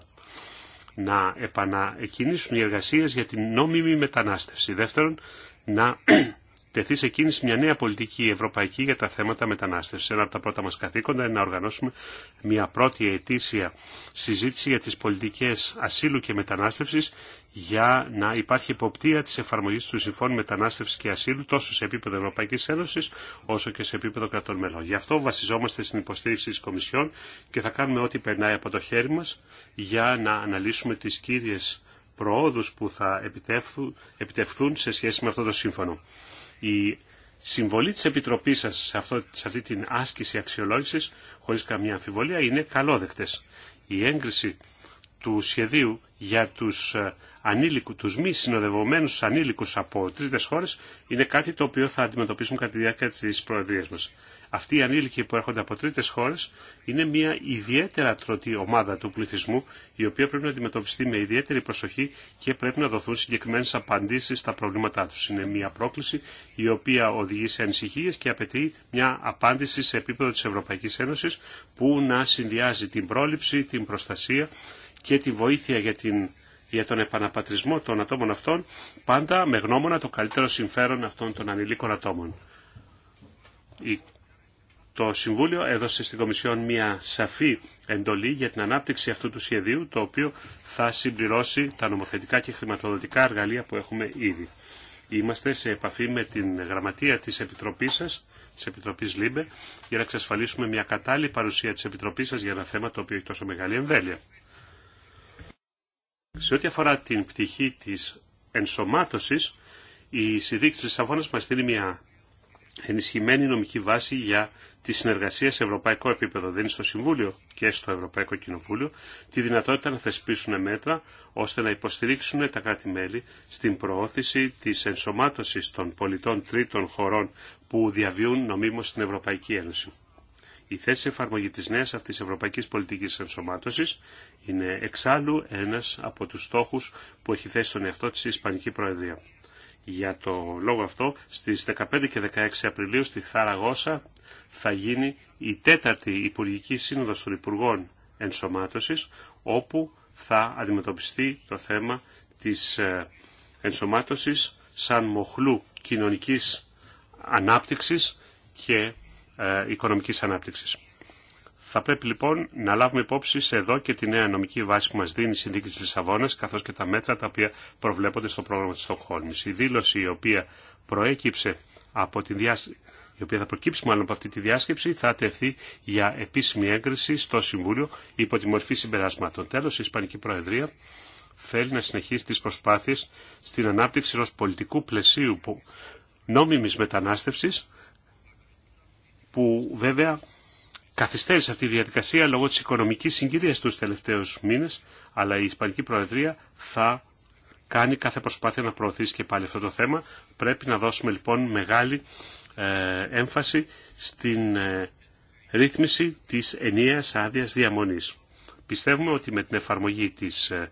να επαναεκκινήσουν οι εργασίες για την νόμιμη μετανάστευση. Δεύτερον, να τεθεί σε κίνηση μια νέα πολιτική ευρωπαϊκή για τα θέματα μετανάστευση. Ένα από τα πρώτα μα καθήκοντα είναι να οργανώσουμε μια πρώτη ετήσια συζήτηση για τι πολιτικέ ασύλου και μετανάστευση για να υπάρχει υποπτία τη εφαρμογή του Συμφώνου Μετανάστευση και Ασύλου τόσο σε επίπεδο Ευρωπαϊκή Ένωση όσο και σε επίπεδο κρατών μελών. Γι' αυτό βασιζόμαστε στην υποστήριξη τη Κομισιόν και θα κάνουμε ό,τι περνάει από το χέρι μα για να αναλύσουμε τι κύριε προόδους που θα επιτευχθούν σε σχέση με αυτό το σύμφωνο η συμβολή της Επιτροπής σας σε, αυτή την άσκηση αξιολόγησης, χωρίς καμία αμφιβολία, είναι καλόδεκτες. Η έγκριση του σχεδίου για τους ε, ανήλικου, τους μη συνοδευομένους ανήλικους από τρίτες χώρες είναι κάτι το οποίο θα αντιμετωπίσουν κατά τη διάρκεια της προεδρίας μας. Αυτοί οι ανήλικοι που έρχονται από τρίτες χώρες είναι μια ιδιαίτερα τρωτή ομάδα του πληθυσμού η οποία πρέπει να αντιμετωπιστεί με ιδιαίτερη προσοχή και πρέπει να δοθούν συγκεκριμένες απαντήσεις στα προβλήματά τους. Είναι μια πρόκληση η οποία οδηγεί σε ανησυχίες και απαιτεί μια απάντηση σε επίπεδο της Ευρωπαϊκής Ένωσης που να συνδυάζει την πρόληψη, την προστασία και τη βοήθεια για την για τον επαναπατρισμό των ατόμων αυτών, πάντα με γνώμονα το καλύτερο συμφέρον αυτών των ανηλίκων ατόμων. Το Συμβούλιο έδωσε στην Κομισιόν μια σαφή εντολή για την ανάπτυξη αυτού του σχεδίου, το οποίο θα συμπληρώσει τα νομοθετικά και χρηματοδοτικά εργαλεία που έχουμε ήδη. Είμαστε σε επαφή με την γραμματεία της Επιτροπής σα, της Επιτροπής ΛΥΜΠΕ, για να εξασφαλίσουμε μια κατάλληλη παρουσία της Επιτροπής σα για ένα θέμα το οποίο έχει τόσο μεγάλη εμβέλεια. Σε ό,τι αφορά την πτυχή της ενσωμάτωσης, η συνδίκη της Λισαβόνας μας δίνει μια ενισχυμένη νομική βάση για τη συνεργασία σε ευρωπαϊκό επίπεδο. Δίνει στο Συμβούλιο και στο Ευρωπαϊκό Κοινοβούλιο τη δυνατότητα να θεσπίσουν μέτρα ώστε να υποστηρίξουν τα κράτη-μέλη στην προώθηση της ενσωμάτωσης των πολιτών τρίτων χωρών που διαβιούν νομίμως στην Ευρωπαϊκή Ένωση. Η θέση εφαρμογή της νέας αυτής ευρωπαϊκής πολιτικής ενσωμάτωσης είναι εξάλλου ένας από τους στόχους που έχει θέσει τον εαυτό της η Ισπανική Προεδρία. Για το λόγο αυτό, στις 15 και 16 Απριλίου στη Θαραγώσα θα γίνει η τέταρτη Υπουργική Σύνοδος των Υπουργών Ενσωμάτωσης, όπου θα αντιμετωπιστεί το θέμα της ε, ενσωμάτωσης σαν μοχλού κοινωνικής ανάπτυξης και ε, οικονομικής ανάπτυξης. Θα πρέπει λοιπόν να λάβουμε υπόψη σε εδώ και τη νέα νομική βάση που μα δίνει η Συνδίκη τη Λισαβόνα, καθώ και τα μέτρα τα οποία προβλέπονται στο πρόγραμμα τη Στοκχόλμη. Η δήλωση η οποία προέκυψε από την διάσκεψη η οποία θα προκύψει μάλλον από αυτή τη διάσκεψη, θα τεθεί για επίσημη έγκριση στο Συμβούλιο υπό τη μορφή συμπεράσματων. Τέλος, η Ισπανική Προεδρία θέλει να συνεχίσει τις προσπάθειες στην ανάπτυξη ενός πολιτικού πλαισίου που νόμιμης μετανάστευσης που βέβαια καθυστέρησε αυτή η διαδικασία λόγω της οικονομικής συγκυρίας τους τελευταίους μήνες, αλλά η Ισπανική Προεδρία θα κάνει κάθε προσπάθεια να προωθήσει και πάλι αυτό το θέμα. Πρέπει να δώσουμε λοιπόν μεγάλη ε, έμφαση στην ε, ρύθμιση της ενιαίας άδεια διαμονής. Πιστεύουμε ότι με την εφαρμογή της ε,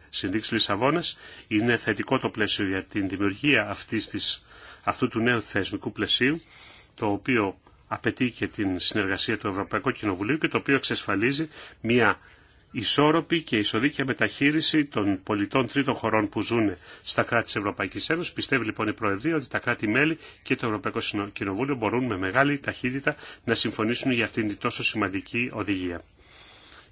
Λισαβόνας είναι θετικό το πλαίσιο για την δημιουργία αυτής της, αυτού του νέου θεσμικού πλαισίου, το οποίο απαιτεί και την συνεργασία του Ευρωπαϊκού Κοινοβουλίου και το οποίο εξασφαλίζει μια ισόρροπη και ισοδίκια μεταχείριση των πολιτών τρίτων χωρών που ζουν στα κράτη της Ευρωπαϊκής Ένωσης. Πιστεύει λοιπόν η Προεδρία ότι τα κράτη-μέλη και το Ευρωπαϊκό Κοινοβούλιο μπορούν με μεγάλη ταχύτητα να συμφωνήσουν για αυτήν την τόσο σημαντική οδηγία.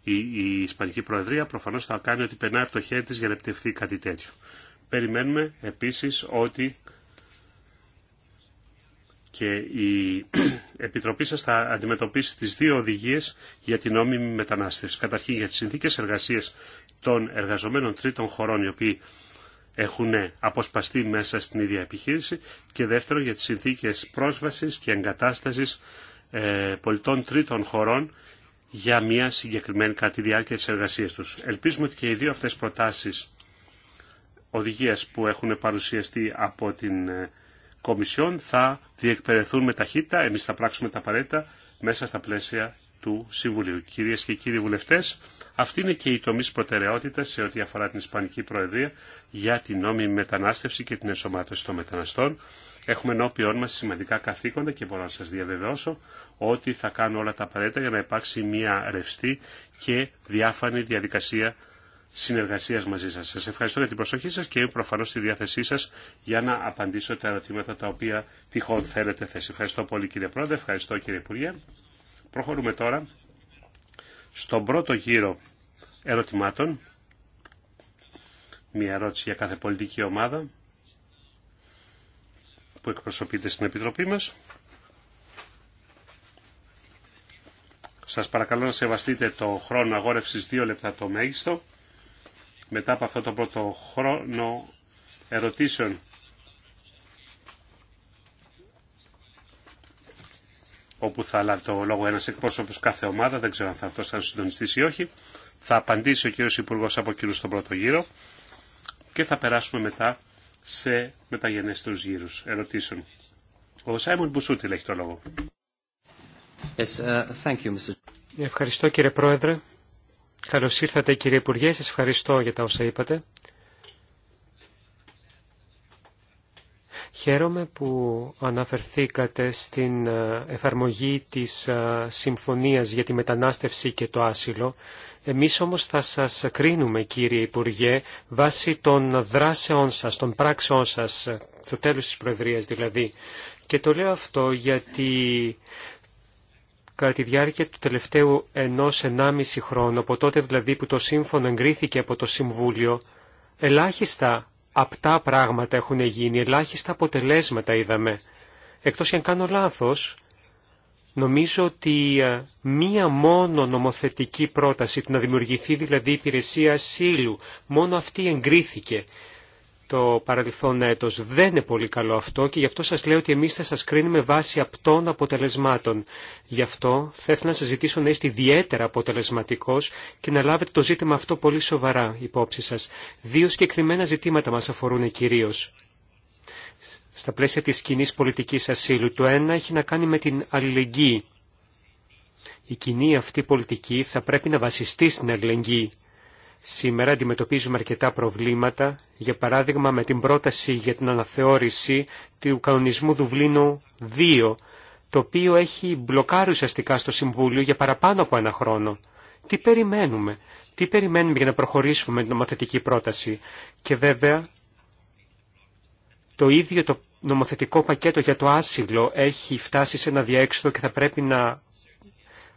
Η, Ισπανική Προεδρία προφανώς θα κάνει ότι περνάει από το χέρι της για να επιτευχθεί κάτι τέτοιο. Περιμένουμε επίσης ότι και η [CLEARS THROAT] Επιτροπή σας θα αντιμετωπίσει τις δύο οδηγίες για την νόμιμη μετανάστευση. Καταρχήν για τις συνθήκες εργασίας των εργαζομένων τρίτων χωρών οι οποίοι έχουν αποσπαστεί μέσα στην ίδια επιχείρηση και δεύτερον για τις συνθήκες πρόσβασης και εγκατάστασης ε, πολιτών τρίτων χωρών για μια συγκεκριμένη κατά τη διάρκεια της εργασίας τους. Ελπίζουμε ότι και οι δύο αυτές προτάσεις οδηγίες που έχουν παρουσιαστεί από την ε, Κομισιόν θα διεκπαιδευτούν με ταχύτητα, Εμεί θα πράξουμε τα απαραίτητα μέσα στα πλαίσια του Συμβουλίου. Κυρίε και κύριοι βουλευτέ, αυτή είναι και η τομή προτεραιότητα σε ό,τι αφορά την Ισπανική Προεδρία για την νόμιμη μετανάστευση και την ενσωμάτωση των μεταναστών. Έχουμε ενώπιόν μα σημαντικά καθήκοντα και μπορώ να σα διαβεβαιώσω ότι θα κάνω όλα τα απαραίτητα για να υπάρξει μια ρευστή και διάφανη διαδικασία Συνεργασία μαζί σας. Σα ευχαριστώ για την προσοχή σα και είμαι προφανώς στη διάθεσή σα για να απαντήσω τα ερωτήματα τα οποία τυχόν θέλετε θέση. Ευχαριστώ πολύ κύριε Πρόεδρε, ευχαριστώ κύριε Υπουργέ. Προχωρούμε τώρα στον πρώτο γύρο ερωτημάτων. Μία ερώτηση για κάθε πολιτική ομάδα που εκπροσωπείται στην Επιτροπή μας. Σας παρακαλώ να σεβαστείτε το χρόνο αγόρευσης 2 λεπτά το μέγιστο μετά από αυτό το πρώτο χρόνο ερωτήσεων όπου θα λάβει το λόγο ένας εκπρόσωπος κάθε ομάδα, δεν ξέρω αν θα αυτός θα συντονιστεί ή όχι. Θα απαντήσει ο κύριος υπουργό από κύριους στον πρώτο γύρο και θα περάσουμε μετά σε μεταγενέστερους γύρους ερωτήσεων. Ο Σάιμον Μπουσούτη έχει το λόγο. Uh, thank you, Mr. Ευχαριστώ κύριε Πρόεδρε. Καλώς ήρθατε κύριε Υπουργέ, σας ευχαριστώ για τα όσα είπατε. Χαίρομαι που αναφερθήκατε στην ε, εφαρμογή της ε, Συμφωνίας για τη Μετανάστευση και το Άσυλο. Εμείς όμως θα σας κρίνουμε κύριε Υπουργέ βάσει των δράσεών σας, των πράξεών σας, ε, στο τέλος της Προεδρίας δηλαδή. Και το λέω αυτό γιατί κατά τη διάρκεια του τελευταίου ενός ενάμιση χρόνου, από τότε δηλαδή που το σύμφωνο εγκρίθηκε από το Συμβούλιο, ελάχιστα απτά πράγματα έχουν γίνει, ελάχιστα αποτελέσματα είδαμε. Εκτός και αν κάνω λάθος, νομίζω ότι ε, μία μόνο νομοθετική πρόταση, του να δημιουργηθεί δηλαδή υπηρεσία ασύλου, μόνο αυτή εγκρίθηκε το παρελθόν έτος. Δεν είναι πολύ καλό αυτό και γι' αυτό σας λέω ότι εμείς θα σας κρίνουμε βάσει απτών αποτελεσμάτων. Γι' αυτό θα ήθελα να σας ζητήσω να είστε ιδιαίτερα αποτελεσματικός και να λάβετε το ζήτημα αυτό πολύ σοβαρά υπόψη σας. Δύο συγκεκριμένα ζητήματα μας αφορούν κυρίω. Στα πλαίσια της κοινή πολιτικής ασύλου, το ένα έχει να κάνει με την αλληλεγγύη. Η κοινή αυτή πολιτική θα πρέπει να βασιστεί στην αλληλεγγύη. Σήμερα αντιμετωπίζουμε αρκετά προβλήματα, για παράδειγμα με την πρόταση για την αναθεώρηση του κανονισμού Δουβλίνου 2, το οποίο έχει μπλοκάρει ουσιαστικά στο Συμβούλιο για παραπάνω από ένα χρόνο. Τι περιμένουμε, τι περιμένουμε για να προχωρήσουμε με την νομοθετική πρόταση. Και βέβαια, το ίδιο το νομοθετικό πακέτο για το άσυλο έχει φτάσει σε ένα διέξοδο και θα πρέπει να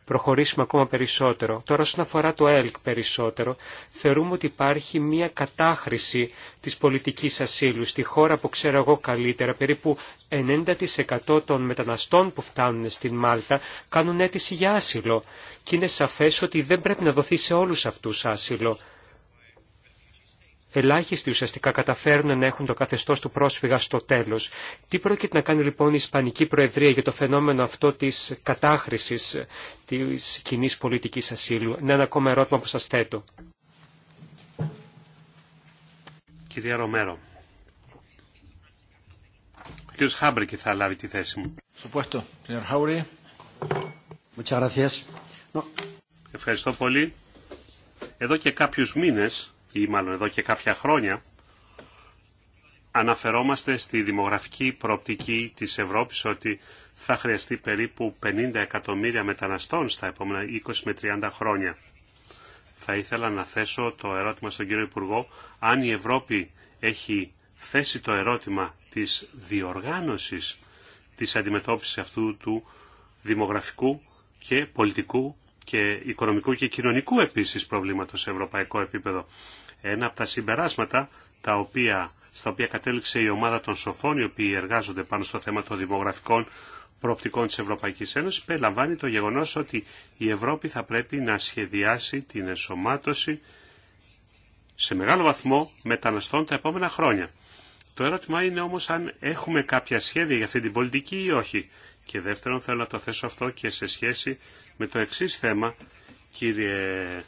προχωρήσουμε ακόμα περισσότερο. Τώρα όσον αφορά το ΕΛΚ περισσότερο, θεωρούμε ότι υπάρχει μια κατάχρηση της πολιτικής ασύλου στη χώρα που ξέρω εγώ καλύτερα. Περίπου 90% των μεταναστών που φτάνουν στην Μάλτα κάνουν αίτηση για άσυλο και είναι σαφές ότι δεν πρέπει να δοθεί σε όλους αυτούς άσυλο. Ελάχιστοι ουσιαστικά καταφέρνουν να έχουν το καθεστώ του πρόσφυγα στο τέλο. Τι πρόκειται να κάνει λοιπόν η Ισπανική Προεδρία για το φαινόμενο αυτό τη κατάχρηση τη κοινή πολιτική ασύλου. Είναι ένα ακόμα ερώτημα που σα θέτω. Κυρία Ρομέρο. Χάμπρικη θα λάβει τη θέση μου. Ευχαριστώ πολύ. Εδώ και κάποιους μήνες ή μάλλον εδώ και κάποια χρόνια, αναφερόμαστε στη δημογραφική προοπτική της Ευρώπης ότι θα χρειαστεί περίπου 50 εκατομμύρια μεταναστών στα επόμενα 20 με 30 χρόνια. Θα ήθελα να θέσω το ερώτημα στον κύριο Υπουργό αν η Ευρώπη έχει θέσει το ερώτημα της διοργάνωσης της αντιμετώπισης αυτού του δημογραφικού και πολιτικού και οικονομικού και κοινωνικού επίσης προβλήματος σε ευρωπαϊκό επίπεδο. Ένα από τα συμπεράσματα τα οποία, στα οποία κατέληξε η ομάδα των σοφών, οι οποίοι εργάζονται πάνω στο θέμα των δημογραφικών προοπτικών της Ευρωπαϊκής Ένωσης, περιλαμβάνει το γεγονός ότι η Ευρώπη θα πρέπει να σχεδιάσει την ενσωμάτωση σε μεγάλο βαθμό μεταναστών τα επόμενα χρόνια. Το ερώτημα είναι όμως αν έχουμε κάποια σχέδια για αυτή την πολιτική ή όχι. Και δεύτερον θέλω να το θέσω αυτό και σε σχέση με το εξής θέμα, κύριε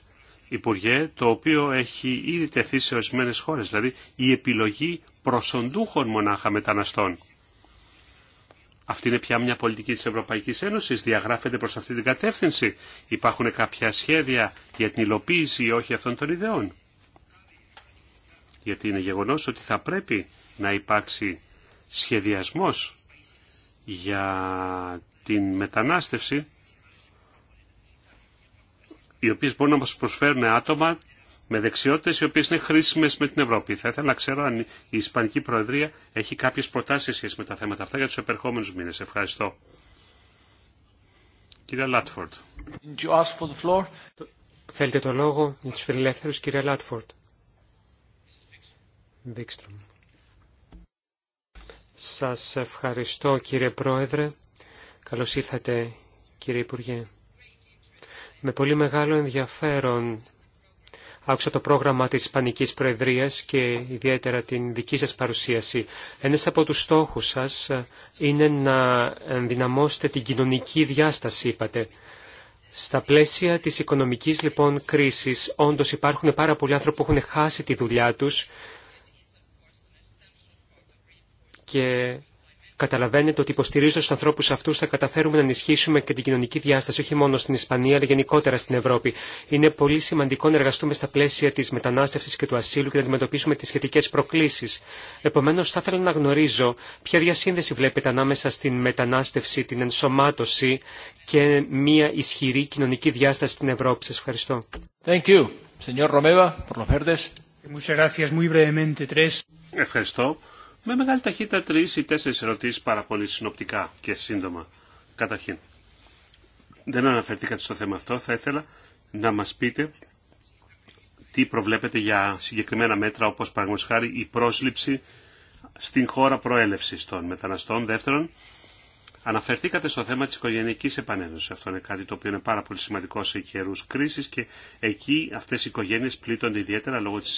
Υπουργέ, το οποίο έχει ήδη τεθεί σε ορισμένε χώρε, δηλαδή η επιλογή προσοντούχων μονάχα μεταναστών. Αυτή είναι πια μια πολιτική της Ευρωπαϊκής Ένωσης, διαγράφεται προς αυτή την κατεύθυνση. Υπάρχουν κάποια σχέδια για την υλοποίηση ή όχι αυτών των ιδεών. Γιατί είναι γεγονός ότι θα πρέπει να υπάρξει σχεδιασμός για την μετανάστευση οι οποίες μπορούν να μας προσφέρουν άτομα με δεξιότητες οι οποίες είναι χρήσιμες με την Ευρώπη. Θα ήθελα να ξέρω αν η Ισπανική Προεδρία έχει κάποιες προτάσεις σχέση με τα θέματα αυτά για τους επερχόμενους μήνες. Ευχαριστώ. Κύριε Λάτφορντ. Θέλετε το λόγο για τους φιλελεύθερους, κύριε Λάτφορντ. Βίξτρομ. Σας ευχαριστώ κύριε Πρόεδρε. Καλώς ήρθατε κύριε Υπουργέ. Με πολύ μεγάλο ενδιαφέρον άκουσα το πρόγραμμα της Ισπανικής Προεδρίας και ιδιαίτερα την δική σας παρουσίαση. Ένας από τους στόχους σας είναι να ενδυναμώσετε την κοινωνική διάσταση, είπατε. Στα πλαίσια της οικονομικής λοιπόν κρίσης, όντως υπάρχουν πάρα πολλοί άνθρωποι που έχουν χάσει τη δουλειά τους και Καταλαβαίνετε ότι υποστηρίζοντα του ανθρώπου αυτού θα καταφέρουμε να ενισχύσουμε και την κοινωνική διάσταση, όχι μόνο στην Ισπανία, αλλά γενικότερα στην Ευρώπη. Είναι πολύ σημαντικό να εργαστούμε στα πλαίσια τη μετανάστευση και του ασύλου και να αντιμετωπίσουμε τι σχετικέ προκλήσει. Επομένω, θα ήθελα να γνωρίζω ποια διασύνδεση βλέπετε ανάμεσα στην μετανάστευση, την ενσωμάτωση και μια ισχυρή κοινωνική διάσταση στην Ευρώπη. Σα ευχαριστώ. Thank you. Señor Romeva, por los verdes. Muchas gracias. Muy brevemente, tres. Ευχαριστώ. Με μεγάλη ταχύτητα τρει ή τέσσερι ερωτήσει πάρα πολύ συνοπτικά και σύντομα. Καταρχήν, δεν αναφερθήκατε στο θέμα αυτό, θα ήθελα να μα πείτε τι προβλέπετε για συγκεκριμένα μέτρα όπως χάρη η πρόσληψη στην χώρα προέλευση των μεταναστών. Δεύτερον, Αναφερθήκατε στο θέμα τη οικογένειακή επανένωση. Αυτό είναι κάτι το οποίο είναι πάρα πολύ σημαντικό σε καιρού κρίση και εκεί αυτέ οι οικογένειε πλήττονται ιδιαίτερα λόγω τη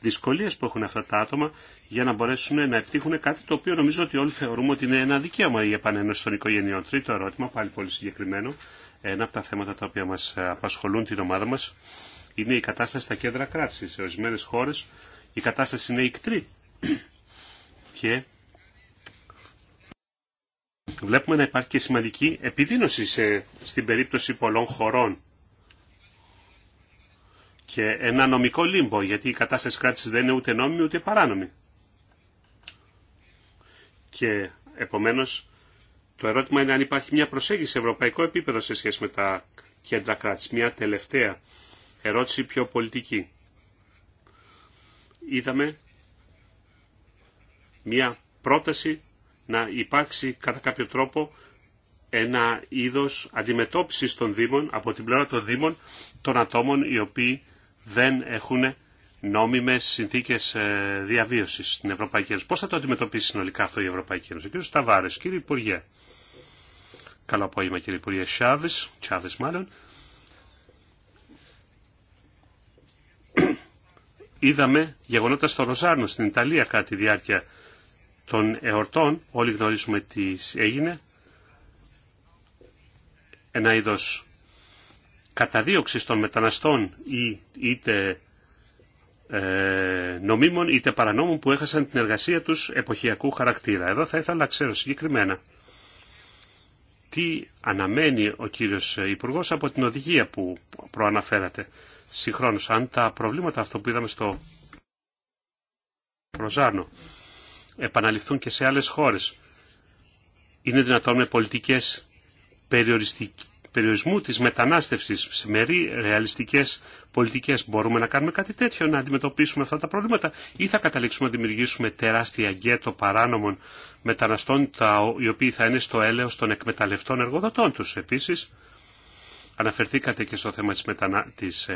δυσκολίες που έχουν αυτά τα άτομα για να μπορέσουν να επιτύχουν κάτι το οποίο νομίζω ότι όλοι θεωρούμε ότι είναι ένα δικαίωμα η επανένωση των οικογενειών. Τρίτο ερώτημα, πάλι πολύ συγκεκριμένο, ένα από τα θέματα τα οποία μας απασχολούν την ομάδα μας είναι η κατάσταση στα κέντρα κράτησης. Σε ορισμένες χώρες η κατάσταση είναι ικτρή [CLEARS THROAT] και βλέπουμε να υπάρχει και σημαντική επιδείνωση στην περίπτωση πολλών χωρών και ένα νομικό λίμπο, γιατί η κατάσταση κράτησης δεν είναι ούτε νόμιμη ούτε παράνομη. Και επομένως το ερώτημα είναι αν υπάρχει μια προσέγγιση σε ευρωπαϊκό επίπεδο σε σχέση με τα κέντρα κράτης. Μια τελευταία ερώτηση πιο πολιτική. Είδαμε μια πρόταση να υπάρξει κατά κάποιο τρόπο ένα είδος αντιμετώπισης των Δήμων, από την πλευρά των Δήμων, των ατόμων οι οποίοι δεν έχουν νόμιμες συνθήκες ε, διαβίωσης στην Ευρωπαϊκή Ένωση. Πώς θα το αντιμετωπίσει συνολικά αυτό η Ευρωπαϊκή Ένωση. Κύριε Σταβάρες, κύριε Υπουργέ. Καλό απόγευμα κύριε Υπουργέ Σάβης, Τσάβες μάλλον. [CLEARS THROAT] Είδαμε γεγονότα στο Ροζάνο, στην Ιταλία, κατά τη διάρκεια των εορτών. Όλοι γνωρίζουμε τι έγινε. Ένα είδος καταδίωξης των μεταναστών ή είτε ε, νομίμων είτε παρανόμων που έχασαν την εργασία τους εποχιακού χαρακτήρα. Εδώ θα ήθελα να ξέρω συγκεκριμένα τι αναμένει ο κύριος υπουργό από την οδηγία που προαναφέρατε συγχρόνως. Αν τα προβλήματα αυτό που είδαμε στο Προζάνο επαναληφθούν και σε άλλες χώρες, είναι δυνατόν με πολιτικές περιοριστικές περιορισμού της μετανάστευσης σε μερή ρεαλιστικές πολιτικές μπορούμε να κάνουμε κάτι τέτοιο, να αντιμετωπίσουμε αυτά τα προβλήματα ή θα καταλήξουμε να δημιουργήσουμε τεράστια γκέτο παράνομων μεταναστών τα, οι οποίοι θα είναι στο έλεος των εκμεταλλευτών εργοδοτών τους. Επίσης, αναφερθήκατε και στο θέμα της, μετανα... της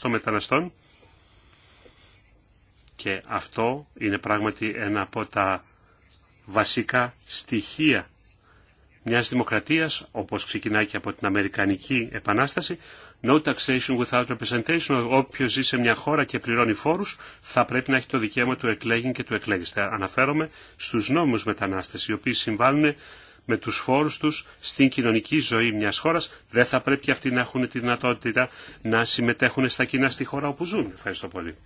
των μεταναστών και αυτό είναι πράγματι ένα από τα βασικά στοιχεία μιας δημοκρατία, όπως ξεκινάει και από την Αμερικανική Επανάσταση, no taxation without representation, όποιος ζει σε μια χώρα και πληρώνει φόρους, θα πρέπει να έχει το δικαίωμα του εκλέγην και του Θα Αναφέρομαι στους νόμους μετανάστες, οι οποίοι συμβάλλουν με τους φόρους τους στην κοινωνική ζωή μιας χώρας, δεν θα πρέπει αυτοί να έχουν τη δυνατότητα να συμμετέχουν στα κοινά στη χώρα όπου ζουν. Ευχαριστώ πολύ.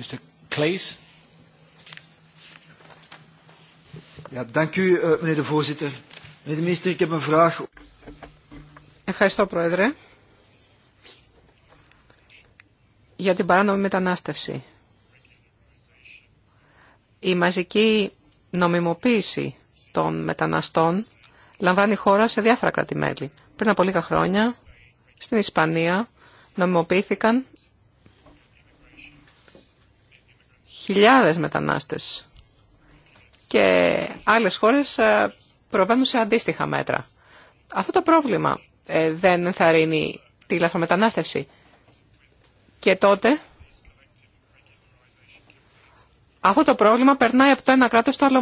Mr. Ευχαριστώ, Πρόεδρε. Για την παράνομη μετανάστευση. Η μαζική νομιμοποίηση των μεταναστών λαμβάνει χώρα σε διάφορα κράτη-μέλη. Πριν από λίγα χρόνια, στην Ισπανία, νομιμοποιήθηκαν χιλιάδες μετανάστες και άλλες χώρες ε, προβαίνουν σε αντίστοιχα μέτρα. Αυτό το πρόβλημα ε, δεν ενθαρρύνει τη λαθρομετανάστευση. Και τότε αυτό το πρόβλημα περνάει από το ένα κράτος στο άλλο,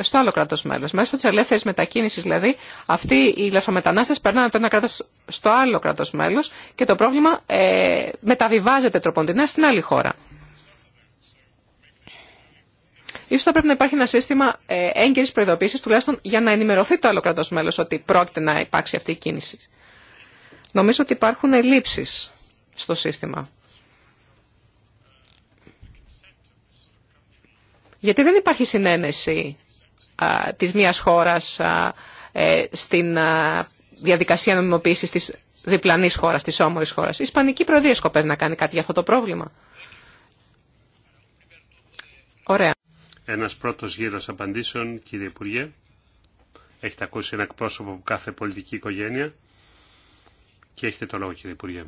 στο άλλο κράτος μέλος. Μέσω της ελεύθερης μετακίνησης δηλαδή, αυτοί οι λαθρομετανάστες περνάνε από το ένα κράτος στο άλλο κράτος μέλος και το πρόβλημα ε, μεταβιβάζεται τροποντινά στην άλλη χώρα. Ίσως θα πρέπει να υπάρχει ένα σύστημα ε, έγκυρης προειδοποίησης τουλάχιστον για να ενημερωθεί το άλλο κράτος μέλος ότι πρόκειται να υπάρξει αυτή η κίνηση. Νομίζω ότι υπάρχουν ελλείψεις στο σύστημα. Γιατί δεν υπάρχει συνένεση α, της μίας χώρας ε, στην διαδικασία νομιμοποίησης της διπλανής χώρας, της όμορης χώρας. Η Ισπανική Προεδρία σκοπεύει να κάνει κάτι για αυτό το πρόβλημα. Ωραία. Ένας πρώτος γύρος απαντήσεων, κύριε Υπουργέ. Έχετε ακούσει ένα εκπρόσωπο από κάθε πολιτική οικογένεια και έχετε το λόγο, κύριε Υπουργέ.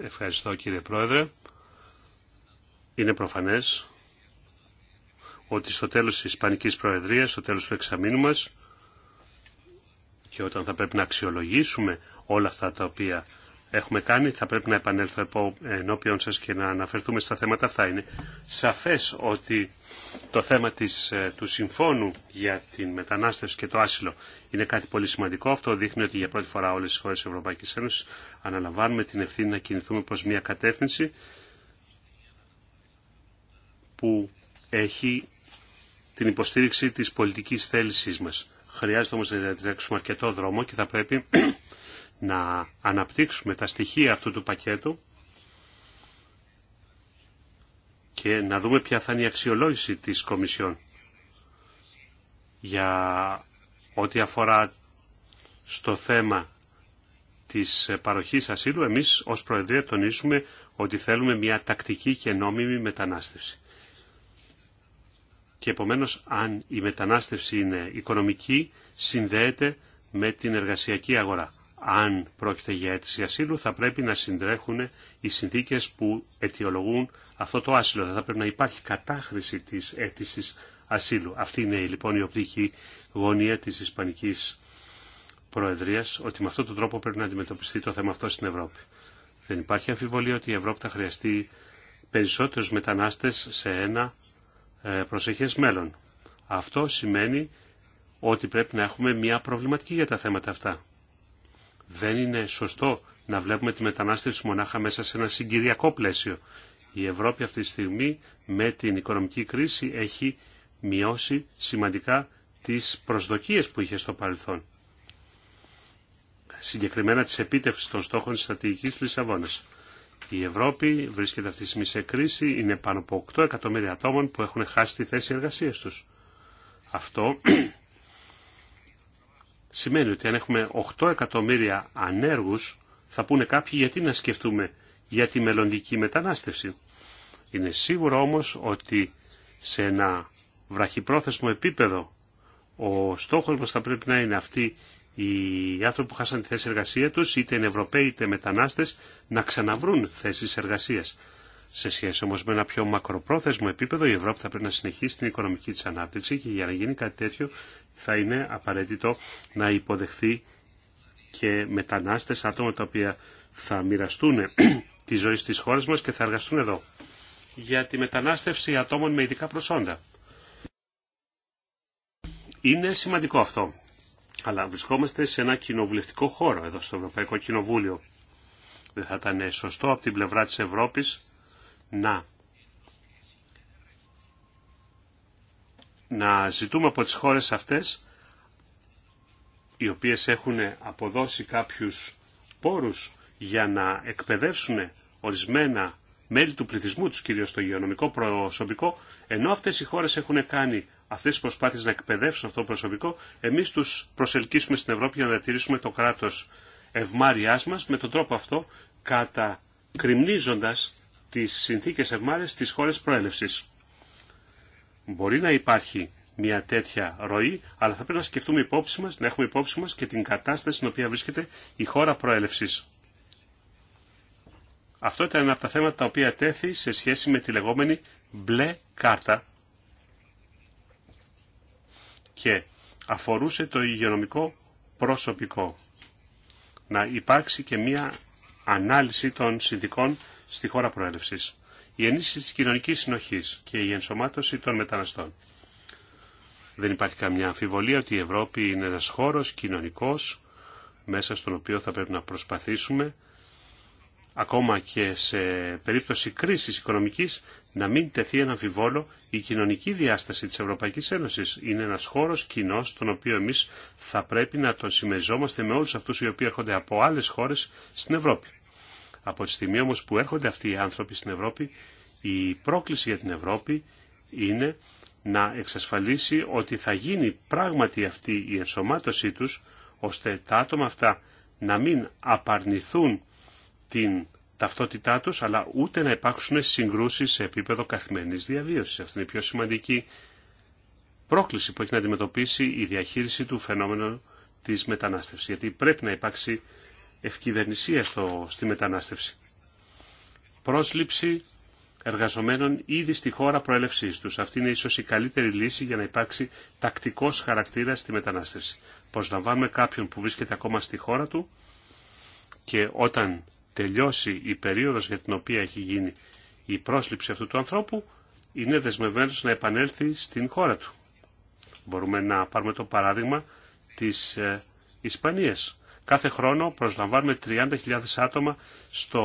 Ευχαριστώ, κύριε Πρόεδρε. Είναι προφανές ότι στο τέλος της Ισπανικής Προεδρίας, στο τέλος του εξαμήνου μας και όταν θα πρέπει να αξιολογήσουμε όλα αυτά τα οποία έχουμε κάνει. Θα πρέπει να επανέλθω ενώπιον σας και να αναφερθούμε στα θέματα αυτά. Είναι σαφές ότι το θέμα της, ε, του συμφώνου για την μετανάστευση και το άσυλο είναι κάτι πολύ σημαντικό. Αυτό δείχνει ότι για πρώτη φορά όλες οι χώρες της Ευρωπαϊκής Ένωσης αναλαμβάνουμε την ευθύνη να κινηθούμε προς μια κατεύθυνση που έχει την υποστήριξη της πολιτικής θέλησής μας. Χρειάζεται όμως να διατρέξουμε αρκετό δρόμο και θα πρέπει να αναπτύξουμε τα στοιχεία αυτού του πακέτου και να δούμε ποια θα είναι η αξιολόγηση της Κομισιόν για ό,τι αφορά στο θέμα της παροχής ασύλου, εμείς ως Προεδρία τονίσουμε ότι θέλουμε μια τακτική και νόμιμη μετανάστευση. Και επομένως, αν η μετανάστευση είναι οικονομική, συνδέεται με την εργασιακή αγορά αν πρόκειται για αίτηση ασύλου, θα πρέπει να συντρέχουν οι συνθήκες που αιτιολογούν αυτό το άσυλο. Δεν θα πρέπει να υπάρχει κατάχρηση της αίτηση ασύλου. Αυτή είναι λοιπόν η οπτική γωνία της Ισπανικής Προεδρίας, ότι με αυτόν τον τρόπο πρέπει να αντιμετωπιστεί το θέμα αυτό στην Ευρώπη. Δεν υπάρχει αμφιβολία ότι η Ευρώπη θα χρειαστεί περισσότερους μετανάστες σε ένα ε, προσεχές μέλλον. Αυτό σημαίνει ότι πρέπει να έχουμε μια προβληματική για τα θέματα αυτά. Δεν είναι σωστό να βλέπουμε τη μετανάστευση μονάχα μέσα σε ένα συγκυριακό πλαίσιο. Η Ευρώπη αυτή τη στιγμή με την οικονομική κρίση έχει μειώσει σημαντικά τις προσδοκίες που είχε στο παρελθόν. Συγκεκριμένα της επίτευξης των στόχων της στρατηγικής Λισαβόνας. Η Ευρώπη βρίσκεται αυτή τη στιγμή σε κρίση, είναι πάνω από 8 εκατομμύρια ατόμων που έχουν χάσει τη θέση εργασίας τους. Αυτό Σημαίνει ότι αν έχουμε 8 εκατομμύρια ανέργους, θα πούνε κάποιοι γιατί να σκεφτούμε για τη μελλοντική μετανάστευση. Είναι σίγουρο όμως ότι σε ένα βραχυπρόθεσμο επίπεδο ο στόχος μας θα πρέπει να είναι αυτοί οι άνθρωποι που χάσαν τη θέση εργασία τους, είτε είναι Ευρωπαίοι είτε μετανάστες, να ξαναβρούν θέσεις εργασίας. Σε σχέση όμω με ένα πιο μακροπρόθεσμο επίπεδο, η Ευρώπη θα πρέπει να συνεχίσει την οικονομική τη ανάπτυξη και για να γίνει κάτι τέτοιο θα είναι απαραίτητο να υποδεχθεί και μετανάστε, άτομα τα οποία θα μοιραστούν [CLEARS THROAT] τη ζωή στι χώρε μα και θα εργαστούν εδώ. Για τη μετανάστευση ατόμων με ειδικά προσόντα. Είναι σημαντικό αυτό. Αλλά βρισκόμαστε σε ένα κοινοβουλευτικό χώρο εδώ στο Ευρωπαϊκό Κοινοβούλιο. Δεν θα ήταν σωστό από την πλευρά της Ευρώπης να να ζητούμε από τις χώρες αυτές οι οποίες έχουν αποδώσει κάποιους πόρους για να εκπαιδεύσουν ορισμένα μέλη του πληθυσμού τους, κυρίως το υγειονομικό προσωπικό, ενώ αυτές οι χώρες έχουν κάνει αυτές τις προσπάθειες να εκπαιδεύσουν αυτό το προσωπικό, εμείς τους προσελκύσουμε στην Ευρώπη για να διατηρήσουμε το κράτος ευμάριάς μας, με τον τρόπο αυτό κατακριμνίζοντας τις συνθήκες ευμάρειας στις χώρες προέλευσης. Μπορεί να υπάρχει μια τέτοια ροή, αλλά θα πρέπει να σκεφτούμε υπόψη μας, να έχουμε υπόψη μας και την κατάσταση στην οποία βρίσκεται η χώρα προέλευσης. Αυτό ήταν ένα από τα θέματα τα οποία τέθη σε σχέση με τη λεγόμενη μπλε κάρτα και αφορούσε το υγειονομικό προσωπικό. Να υπάρξει και μία ανάλυση των συνδικών στη χώρα προέλευση, η ενίσχυση τη κοινωνική συνοχή και η ενσωμάτωση των μεταναστών. Δεν υπάρχει καμιά αμφιβολία ότι η Ευρώπη είναι ένα χώρο κοινωνικό μέσα στον οποίο θα πρέπει να προσπαθήσουμε ακόμα και σε περίπτωση κρίσης οικονομικής να μην τεθεί ένα αμφιβόλο η κοινωνική διάσταση της Ευρωπαϊκής Ένωσης. Είναι ένας χώρος κοινό τον οποίο εμείς θα πρέπει να τον συμμεριζόμαστε με όλους αυτούς οι οποίοι έρχονται από άλλες χώρες στην Ευρώπη. Από τη στιγμή όμως που έρχονται αυτοί οι άνθρωποι στην Ευρώπη, η πρόκληση για την Ευρώπη είναι να εξασφαλίσει ότι θα γίνει πράγματι αυτή η ενσωμάτωσή τους, ώστε τα άτομα αυτά να μην απαρνηθούν την ταυτότητά τους, αλλά ούτε να υπάρξουν συγκρούσεις σε επίπεδο καθημερινής διαβίωσης. Αυτή είναι η πιο σημαντική πρόκληση που έχει να αντιμετωπίσει η διαχείριση του φαινόμενου της μετανάστευσης. Γιατί πρέπει να υπάρξει ευκυβερνησία στο, στη μετανάστευση. Πρόσληψη εργαζομένων ήδη στη χώρα προέλευσής τους. Αυτή είναι ίσως η καλύτερη λύση για να υπάρξει τακτικός χαρακτήρας στη μετανάστευση. Προσλαμβάνουμε κάποιον που βρίσκεται ακόμα στη χώρα του και όταν τελειώσει η περίοδος για την οποία έχει γίνει η πρόσληψη αυτού του ανθρώπου, είναι δεσμευμένος να επανέλθει στην χώρα του. Μπορούμε να πάρουμε το παράδειγμα της ε, Ισπανίας. Κάθε χρόνο προσλαμβάνουμε 30.000 άτομα στο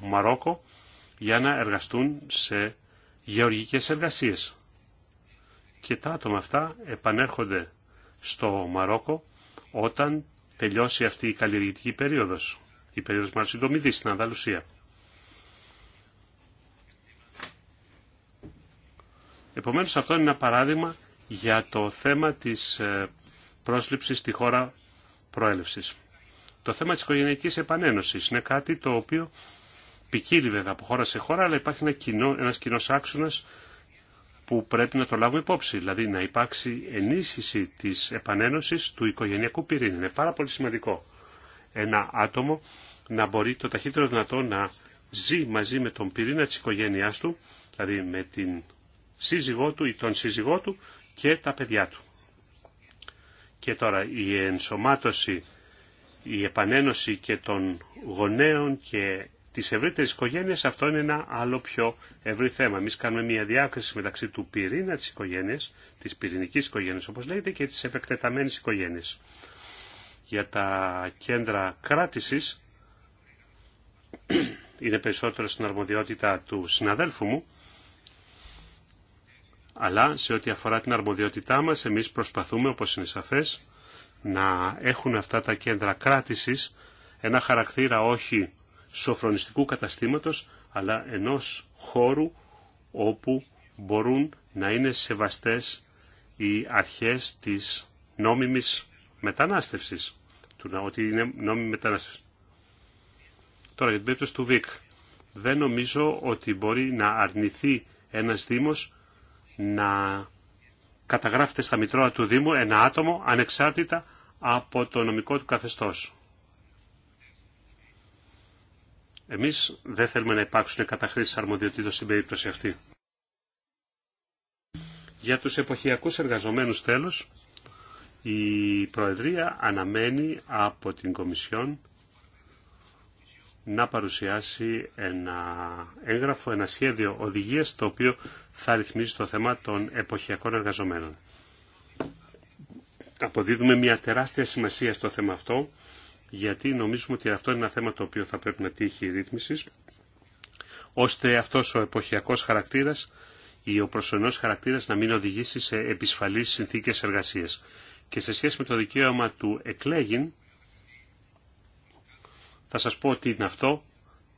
Μαρόκο για να εργαστούν σε γεωργικές εργασίες. Και τα άτομα αυτά επανέρχονται στο Μαρόκο όταν τελειώσει αυτή η καλλιεργητική περίοδος. Η περίοδος μάλλον στην Ανταλουσία. Επομένως αυτό είναι ένα παράδειγμα για το θέμα της ε, πρόσληψης στη χώρα το θέμα της οικογενειακής επανένωσης είναι κάτι το οποίο ποικίλει βέβαια από χώρα σε χώρα, αλλά υπάρχει ένα κοινό, ένας κοινός που πρέπει να το λάβουμε υπόψη, δηλαδή να υπάρξει ενίσχυση της επανένωση του οικογενειακού πυρήνα. Είναι πάρα πολύ σημαντικό ένα άτομο να μπορεί το ταχύτερο δυνατό να ζει μαζί με τον πυρήνα της οικογένειάς του, δηλαδή με την σύζυγό του ή τον σύζυγό του και τα παιδιά του. Και τώρα η ενσωμάτωση, η επανένωση και των γονέων και της ευρύτερης οικογένειας, αυτό είναι ένα άλλο πιο ευρύ θέμα. Εμεί κάνουμε μια διάκριση μεταξύ του πυρήνα της οικογένειας, της πυρηνικής οικογένειας όπως λέγεται και της επεκτεταμένης οικογένειας. Για τα κέντρα κράτησης, [CLEARS THROAT] είναι περισσότερο στην αρμοδιότητα του συναδέλφου μου, αλλά σε ό,τι αφορά την αρμοδιότητά μας εμείς προσπαθούμε, όπως είναι σαφές, να έχουν αυτά τα κέντρα κράτησης ένα χαρακτήρα όχι σοφρονιστικού καταστήματος, αλλά ενός χώρου όπου μπορούν να είναι σεβαστές οι αρχές της νόμιμης μετανάστευσης, του, ότι είναι νόμιμη μετανάστευση. Τώρα για την περίπτωση του ΒΙΚ. Δεν νομίζω ότι μπορεί να αρνηθεί ένας Δήμος να καταγράφεται στα μητρώα του Δήμου ένα άτομο ανεξάρτητα από το νομικό του καθεστώς. Εμείς δεν θέλουμε να υπάρξουν καταχρήσεις αρμοδιοτήτων στην περίπτωση αυτή. Για τους εποχιακούς εργαζομένους τέλος, η Προεδρία αναμένει από την Κομισιόν να παρουσιάσει ένα έγγραφο, ένα σχέδιο οδηγίας το οποίο θα ρυθμίσει το θέμα των εποχιακών εργαζομένων. Αποδίδουμε μια τεράστια σημασία στο θέμα αυτό γιατί νομίζουμε ότι αυτό είναι ένα θέμα το οποίο θα πρέπει να τύχει ρύθμιση ώστε αυτός ο εποχιακός χαρακτήρας ή ο προσωρινός χαρακτήρας να μην οδηγήσει σε επισφαλείς συνθήκες εργασίας. Και σε σχέση με το δικαίωμα του εκλέγην, θα σας πω ότι είναι αυτό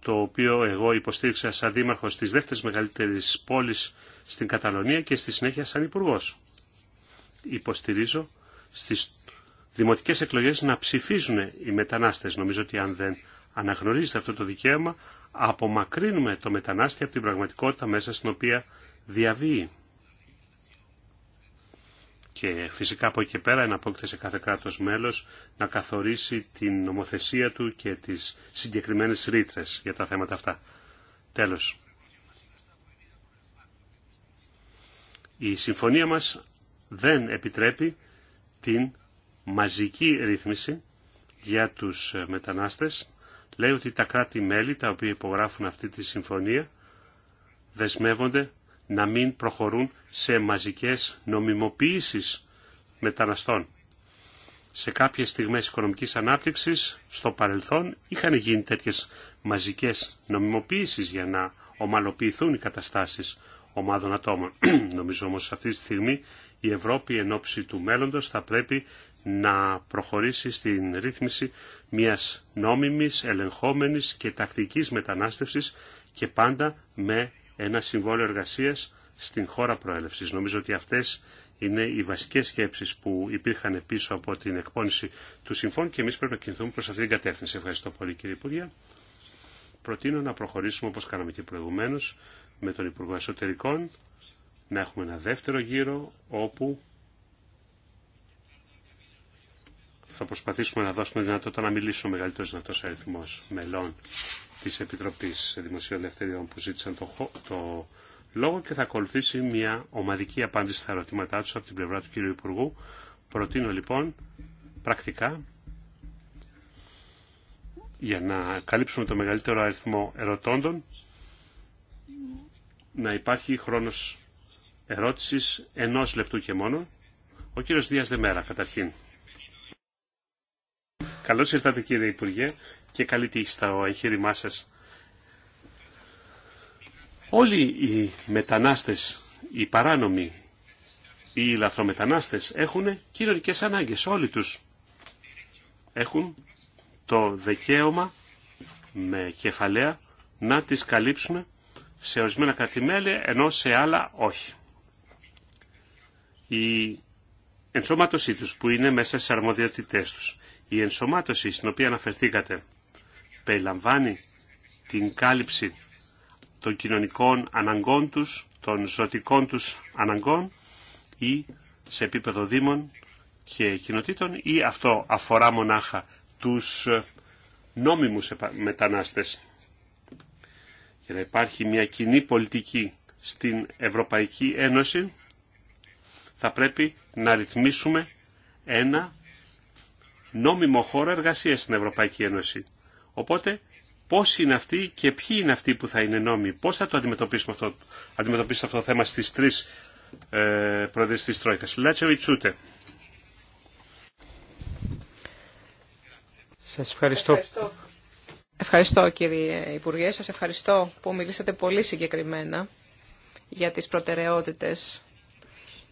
το οποίο εγώ υποστήριξα σαν δήμαρχος της δεύτερης μεγαλύτερης πόλης στην Καταλωνία και στη συνέχεια σαν υπουργό. Υποστηρίζω στις δημοτικές εκλογές να ψηφίζουν οι μετανάστες. Νομίζω ότι αν δεν αναγνωρίζετε αυτό το δικαίωμα, απομακρύνουμε το μετανάστη από την πραγματικότητα μέσα στην οποία διαβεί. Και φυσικά από εκεί και πέρα εναπόκειται σε κάθε κράτος μέλος να καθορίσει την νομοθεσία του και τις συγκεκριμένες ρήτρε για τα θέματα αυτά. Τέλος. Η συμφωνία μας δεν επιτρέπει την μαζική ρύθμιση για τους μετανάστες. Λέει ότι τα κράτη-μέλη τα οποία υπογράφουν αυτή τη συμφωνία δεσμεύονται να μην προχωρούν σε μαζικές νομιμοποίησεις μεταναστών. Σε κάποιες στιγμές οικονομικής ανάπτυξης στο παρελθόν είχαν γίνει τέτοιες μαζικές νομιμοποίησεις για να ομαλοποιηθούν οι καταστάσεις ομάδων ατόμων. [CLEARS THROAT] Νομίζω όμως αυτή τη στιγμή η Ευρώπη εν ώψη του μέλλοντος θα πρέπει να προχωρήσει στην ρύθμιση μιας νόμιμης, ελεγχόμενης και τακτικής μετανάστευσης και πάντα με ένα συμβόλαιο εργασία στην χώρα προέλευση. Νομίζω ότι αυτέ είναι οι βασικέ σκέψει που υπήρχαν πίσω από την εκπόνηση του συμφώνου και εμεί πρέπει να κινηθούμε προ αυτή την κατεύθυνση. Ευχαριστώ πολύ κύριε Υπουργέ. Προτείνω να προχωρήσουμε όπω κάναμε και προηγουμένω, με τον Υπουργό Εσωτερικών, να έχουμε ένα δεύτερο γύρο όπου θα προσπαθήσουμε να δώσουμε δυνατότητα να μιλήσουμε ο μεγαλύτερος δυνατός αριθμό μελών της Επιτροπής Δημοσίων Ελευθεριών που ζήτησαν το, το λόγο και θα ακολουθήσει μια ομαδική απάντηση στα ερωτήματά τους από την πλευρά του κυρίου Υπουργού. Προτείνω λοιπόν πρακτικά για να καλύψουμε το μεγαλύτερο αριθμό ερωτώντων να υπάρχει χρόνος ερώτησης ενός λεπτού και μόνο. Ο κύριος Δίας Δεμέρα καταρχήν. Καλώς ήρθατε κύριε Υπουργέ και καλή τύχη στα εγχείρημά σας. Όλοι οι μετανάστες, οι παράνομοι, οι λαθρομετανάστες έχουν κοινωνικές ανάγκες, όλοι τους. Έχουν το δικαίωμα με κεφαλαία να τις καλύψουν σε ορισμένα καθημέλια, ενώ σε άλλα όχι. Η ενσωμάτωσή τους που είναι μέσα στις αρμοδιότητές τους. Η ενσωμάτωση στην οποία αναφερθήκατε περιλαμβάνει την κάλυψη των κοινωνικών αναγκών τους, των ζωτικών τους αναγκών ή σε επίπεδο δήμων και κοινοτήτων ή αυτό αφορά μονάχα τους ε, νόμιμους μετανάστες. Για να υπάρχει μια κοινή πολιτική στην Ευρωπαϊκή Ένωση θα πρέπει να ρυθμίσουμε ένα νόμιμο χώρο εργασίας στην Ευρωπαϊκή Ένωση. Οπότε πώς είναι αυτοί και ποιοι είναι αυτοί που θα είναι νόμοι. Πώς θα το αντιμετωπίσουμε αυτό, αντιμετωπίσουμε αυτό το θέμα στις τρεις ε, πρόεδρες της Τρόικας. Λάτσεβιτ Σας ευχαριστώ. ευχαριστώ. κύριε Υπουργέ. Σας ευχαριστώ που μιλήσατε πολύ συγκεκριμένα για τις προτεραιότητες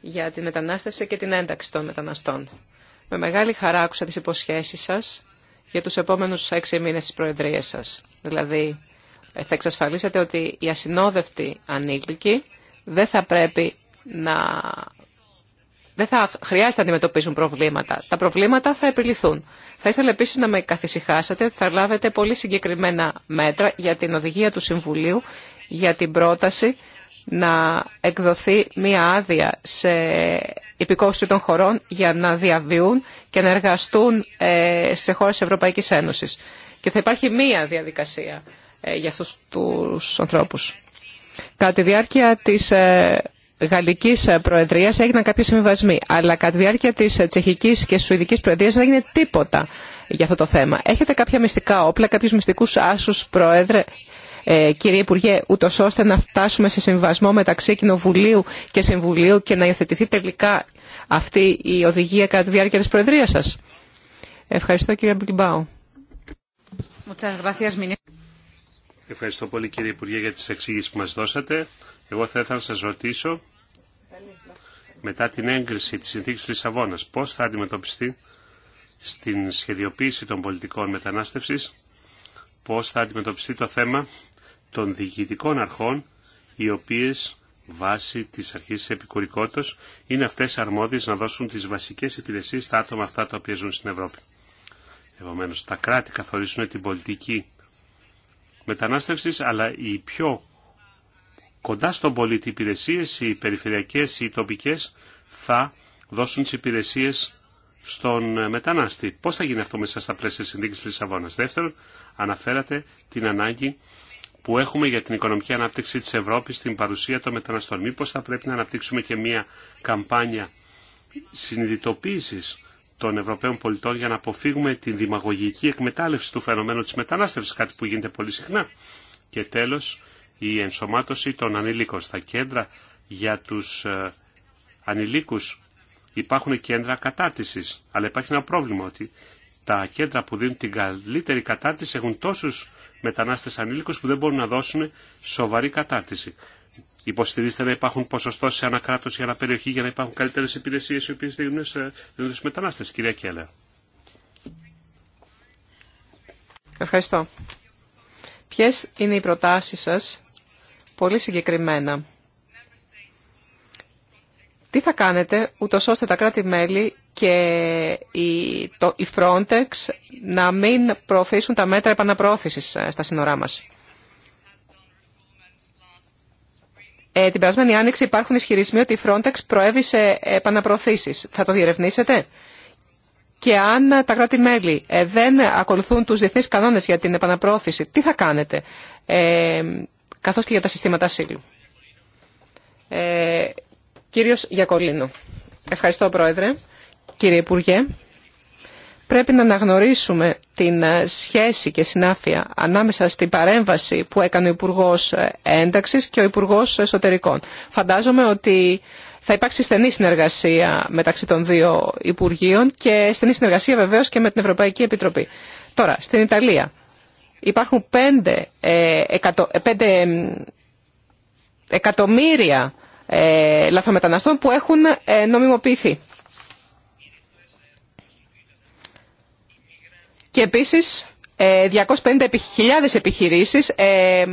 για την μετανάστευση και την ένταξη των μεταναστών. Με μεγάλη χαρά άκουσα τις υποσχέσεις σας για τους επόμενους έξι μήνες της Προεδρίας σας. Δηλαδή, θα εξασφαλίσετε ότι οι ασυνόδευτοι ανήλικοι δεν θα πρέπει να... Δεν θα χρειάζεται να αντιμετωπίζουν προβλήματα. Τα προβλήματα θα επιληθούν. Θα ήθελα επίση να με καθησυχάσετε ότι θα λάβετε πολύ συγκεκριμένα μέτρα για την οδηγία του Συμβουλίου για την πρόταση να εκδοθεί μία άδεια σε υπηκόους των χωρών για να διαβιούν και να εργαστούν ε, σε χώρες Ευρωπαϊκής Ένωσης. Και θα υπάρχει μία διαδικασία ε, για αυτούς τους ανθρώπους. Κατά τη διάρκεια της ε, Γαλλικής Προεδρίας έγιναν κάποιοι συμβιβασμοί, αλλά κατά τη διάρκεια της Τσεχικής και Σουηδικής Προεδρίας δεν έγινε τίποτα για αυτό το θέμα. Έχετε κάποια μυστικά όπλα, κάποιους μυστικούς άσους, Πρόεδρε, ε, κύριε Υπουργέ, ούτω ώστε να φτάσουμε σε συμβασμό μεταξύ Κοινοβουλίου και Συμβουλίου και να υιοθετηθεί τελικά αυτή η οδηγία κατά τη διάρκεια τη προεδρία σα. Ευχαριστώ κύριε Μπιλμπάου. Ευχαριστώ πολύ κύριε Υπουργέ για τι εξήγησει που μα δώσατε. Εγώ θα ήθελα να σα ρωτήσω μετά την έγκριση της συνθήκη Λισαβόνα, πώ θα αντιμετωπιστεί στην σχεδιοποίηση των πολιτικών μετανάστευση, πώ θα αντιμετωπιστεί το θέμα των διοικητικών αρχών οι οποίες βάσει της αρχής της επικουρικότητας είναι αυτές αρμόδιες να δώσουν τις βασικές υπηρεσίες στα άτομα αυτά τα οποία ζουν στην Ευρώπη. Επομένω, τα κράτη καθορίζουν την πολιτική μετανάστευσης, αλλά οι πιο κοντά στον πολίτη υπηρεσίες, οι περιφερειακές ή οι τοπικές, θα δώσουν τις υπηρεσίες στον μετανάστη. Πώς θα γίνει αυτό μέσα στα πλαίσια της συνθήκης Λισαβόνας. Δεύτερον, αναφέρατε την ανάγκη που έχουμε για την οικονομική ανάπτυξη της Ευρώπης ...την παρουσία των μεταναστών. Μήπως θα πρέπει να αναπτύξουμε και μια καμπάνια συνειδητοποίησης των Ευρωπαίων πολιτών για να αποφύγουμε την δημαγωγική εκμετάλλευση του φαινομένου της μετανάστευσης, κάτι που γίνεται πολύ συχνά. Και τέλος, η ενσωμάτωση των ανηλίκων στα κέντρα για τους ε, ανηλίκους. Υπάρχουν κέντρα κατάρτισης, αλλά υπάρχει ένα πρόβλημα ότι τα κέντρα που δίνουν την καλύτερη κατάρτιση έχουν τόσους μετανάστες ανήλικους που δεν μπορούν να δώσουν σοβαρή κατάρτιση. Υποστηρίζετε να υπάρχουν ποσοστό σε ανακράτο για αναπεριοχή για να υπάρχουν καλύτερε υπηρεσίε, οι οποίε δίνουν στου μετανάστες. Κυρία Κέλλερ. Ευχαριστώ. Ποιε είναι οι προτάσει σα πολύ συγκεκριμένα τι θα κάνετε ούτως ώστε τα κράτη-μέλη και η, το, η Frontex να μην προωθήσουν τα μέτρα επαναπρόθεσης ε, στα σύνορά μας. Ε, την περασμένη άνοιξη υπάρχουν ισχυρισμοί ότι η Frontex προέβησε επαναπροωθήσεις. Θα το διερευνήσετε. Και αν τα κράτη-μέλη ε, δεν ακολουθούν τους διεθνείς κανόνες για την επαναπρόθεση, τι θα κάνετε, ε, καθώς και για τα συστήματα Ε, Κύριος Γιακολίνου, Ευχαριστώ, Πρόεδρε. Κύριε Υπουργέ, πρέπει να αναγνωρίσουμε την ε, σχέση και συνάφεια ανάμεσα στην παρέμβαση που έκανε ο Υπουργό ε, Ένταξης και ο Υπουργό Εσωτερικών. Φαντάζομαι ότι θα υπάρξει στενή συνεργασία μεταξύ των δύο Υπουργείων και στενή συνεργασία βεβαίως και με την Ευρωπαϊκή Επιτροπή. Τώρα, στην Ιταλία υπάρχουν πέντε ε, εκατομμύρια ε, λαθρομεταναστών που έχουν ε, νομιμοποιηθεί. Και επίσης 250.000 ε, επιχειρήσεις ε,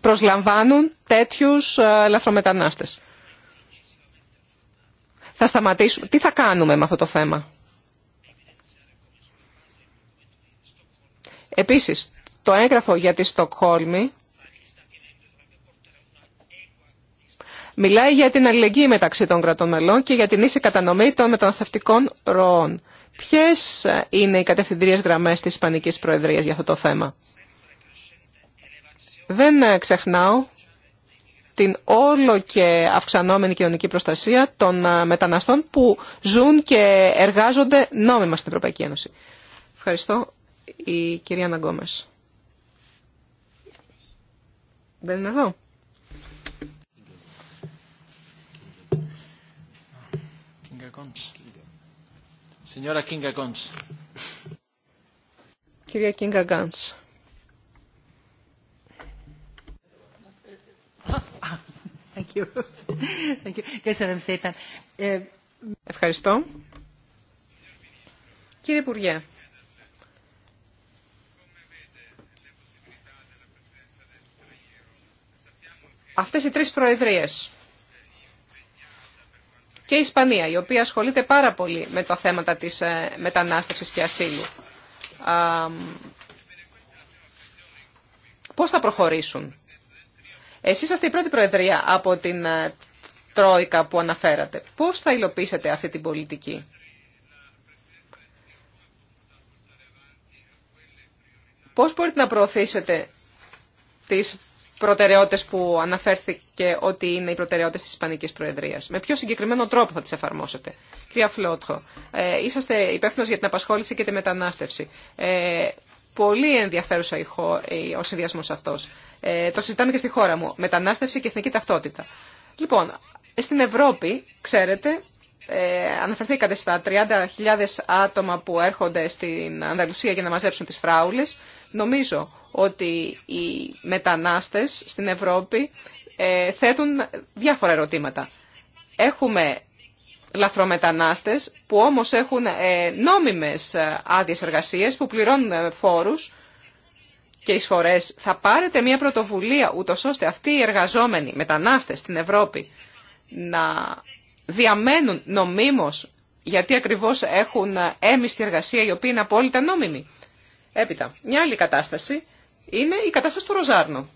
προσλαμβάνουν τέτοιους ε, λαθρομετανάστες. Θα σταματήσουμε. Τι θα κάνουμε με αυτό το θέμα. Επίσης, το έγγραφο για τη Στοκχόλμη Μιλάει για την αλληλεγγύη μεταξύ των κρατών μελών και για την ίση κατανομή των μεταναστευτικών ροών. Ποιε είναι οι κατευθυντήριε γραμμέ τη Ισπανική Προεδρία για αυτό το θέμα. Δεν ξεχνάω την όλο και αυξανόμενη κοινωνική προστασία των μεταναστών που ζουν και εργάζονται νόμιμα στην Ευρωπαϊκή Ένωση. Ευχαριστώ. Η κυρία Ναγκόμες. Δεν είναι εδώ. Signora Kinga Κυρία Κίνγκα Γκάντς. Ευχαριστώ. Κύριε Υπουργέ, αυτές οι τρεις προεδρίες και η Ισπανία, η οποία ασχολείται πάρα πολύ με τα θέματα της ε, μετανάστευσης και ασύλου. Πώς θα προχωρήσουν. Εσείς είστε η πρώτη προεδρία από την ε, Τρόικα που αναφέρατε. Πώς θα υλοποιήσετε αυτή την πολιτική. Πώς μπορείτε να προωθήσετε τις προτεραιότητε που αναφέρθηκε ότι είναι οι προτεραιότητε τη Ισπανική Προεδρία. Με ποιο συγκεκριμένο τρόπο θα τι εφαρμόσετε. Κυρία Φλότχο, ε, είσαστε υπεύθυνο για την απασχόληση και τη μετανάστευση. Ε, πολύ ενδιαφέρουσα η χω, ο συνδυασμό αυτό. Ε, το συζητάμε και στη χώρα μου. Μετανάστευση και εθνική ταυτότητα. Λοιπόν, στην Ευρώπη, ξέρετε, ε, αναφερθήκατε στα 30.000 άτομα που έρχονται στην Ανδαλουσία για να μαζέψουν τις φράουλες. Νομίζω ότι οι μετανάστες στην Ευρώπη ε, θέτουν διάφορα ερωτήματα. Έχουμε λαθρομετανάστες που όμως έχουν ε, νόμιμες ε, άδειες εργασίες που πληρώνουν ε, φόρους και εισφορές. Θα πάρετε μια πρωτοβουλία ούτως ώστε αυτοί οι εργαζόμενοι μετανάστες στην Ευρώπη να διαμένουν νομίμως γιατί ακριβώς έχουν έμιστη εργασία η οποία είναι απόλυτα νόμιμη. Έπειτα, μια άλλη κατάσταση είναι η κατάσταση του Ροζάρνου.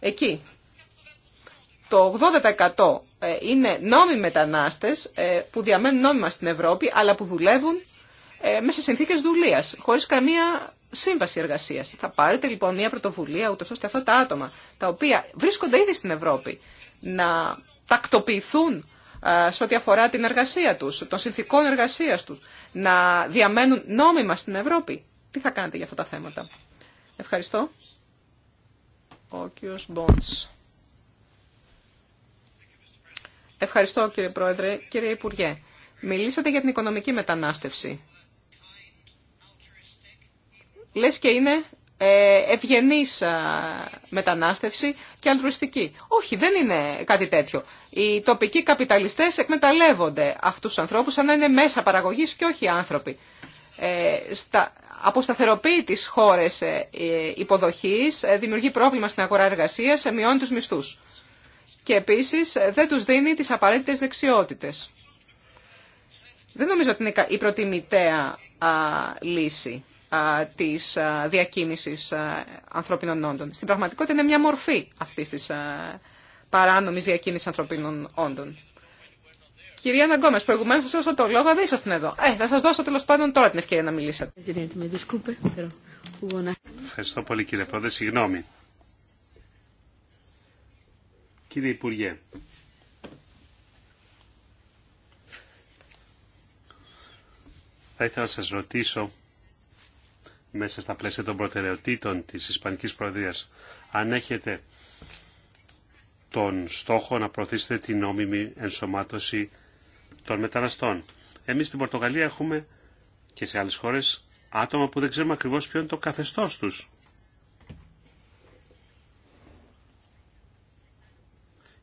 Εκεί το 80% ε, είναι νόμιμοι μετανάστες ε, που διαμένουν νόμιμα στην Ευρώπη αλλά που δουλεύουν ε, μέσα σε συνθήκες δουλείας, χωρίς καμία σύμβαση εργασίας. Θα πάρετε λοιπόν μια πρωτοβουλία ούτως ώστε αυτά τα άτομα τα οποία βρίσκονται ήδη στην Ευρώπη να τακτοποιηθούν σε ό,τι αφορά την εργασία τους, των συνθήκων εργασίας τους, να διαμένουν νόμιμα στην Ευρώπη. Τι θα κάνετε για αυτά τα θέματα. Ευχαριστώ. Ευχαριστώ κύριε Πρόεδρε. Κύριε Υπουργέ, μιλήσατε για την οικονομική μετανάστευση. Λες και είναι ε, ευγενής μετανάστευση και αλτρουιστική. Όχι, δεν είναι κάτι τέτοιο. Οι τοπικοί καπιταλιστές εκμεταλλεύονται αυτούς τους ανθρώπους σαν να είναι μέσα παραγωγής και όχι άνθρωποι. Ε, στα, αποσταθεροποιεί τις χώρες ε, υποδοχής, ε, δημιουργεί πρόβλημα στην αγορά εργασίας, ε, μειώνει τους μισθούς. Και επίσης δεν τους δίνει τις απαραίτητες δεξιότητες. Δεν νομίζω ότι είναι η προτιμητέα λύση της διακίνησης ανθρωπίνων όντων. Στην πραγματικότητα είναι μια μορφή αυτής της παράνομης διακίνησης ανθρωπίνων όντων. Κυρία Ναγκόμες, προηγουμένως σας δώσω το λόγο, δεν ήσασταν εδώ. Ε, θα σας δώσω τέλος πάντων τώρα την ευκαιρία να μιλήσετε. Ευχαριστώ πολύ κύριε Πρόεδρε, συγγνώμη. Κύριε Υπουργέ, θα ήθελα να σας ρωτήσω μέσα στα πλαίσια των προτεραιοτήτων της Ισπανικής Προεδρίας αν έχετε τον στόχο να προωθήσετε την νόμιμη ενσωμάτωση των μεταναστών. Εμείς στην Πορτογαλία έχουμε και σε άλλες χώρες άτομα που δεν ξέρουμε ακριβώς ποιο είναι το καθεστώς τους.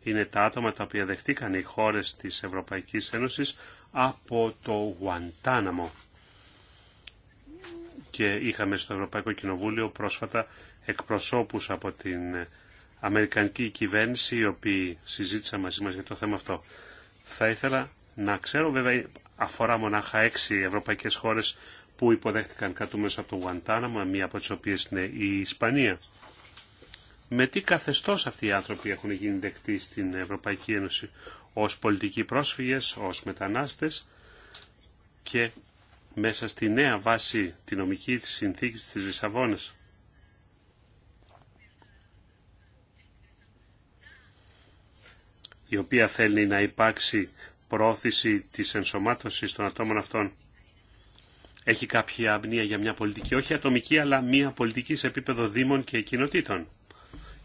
Είναι τα άτομα τα οποία δεχτήκαν οι χώρες της Ευρωπαϊκής Ένωσης από το Γουαντάναμο. Και είχαμε στο Ευρωπαϊκό Κοινοβούλιο πρόσφατα εκπροσώπους από την Αμερικανική κυβέρνηση οι οποίοι συζήτησαν μαζί μας για το θέμα αυτό. Θα ήθελα να ξέρω. Βέβαια αφορά μονάχα έξι ευρωπαϊκές χώρες που υποδέχτηκαν κρατούμενους από το Γουαντάναμο, μία από τις οποίες είναι η Ισπανία. Με τι καθεστώς αυτοί οι άνθρωποι έχουν γίνει δεκτοί στην Ευρωπαϊκή Ένωση ως πολιτικοί πρόσφυγες, ως μετανάστες και μέσα στη νέα βάση τη νομική της συνθήκης της Λισαβόνας. η οποία θέλει να υπάρξει πρόθεση της ενσωμάτωσης των ατόμων αυτών έχει κάποια αμνία για μια πολιτική, όχι ατομική, αλλά μια πολιτική σε επίπεδο δήμων και κοινοτήτων.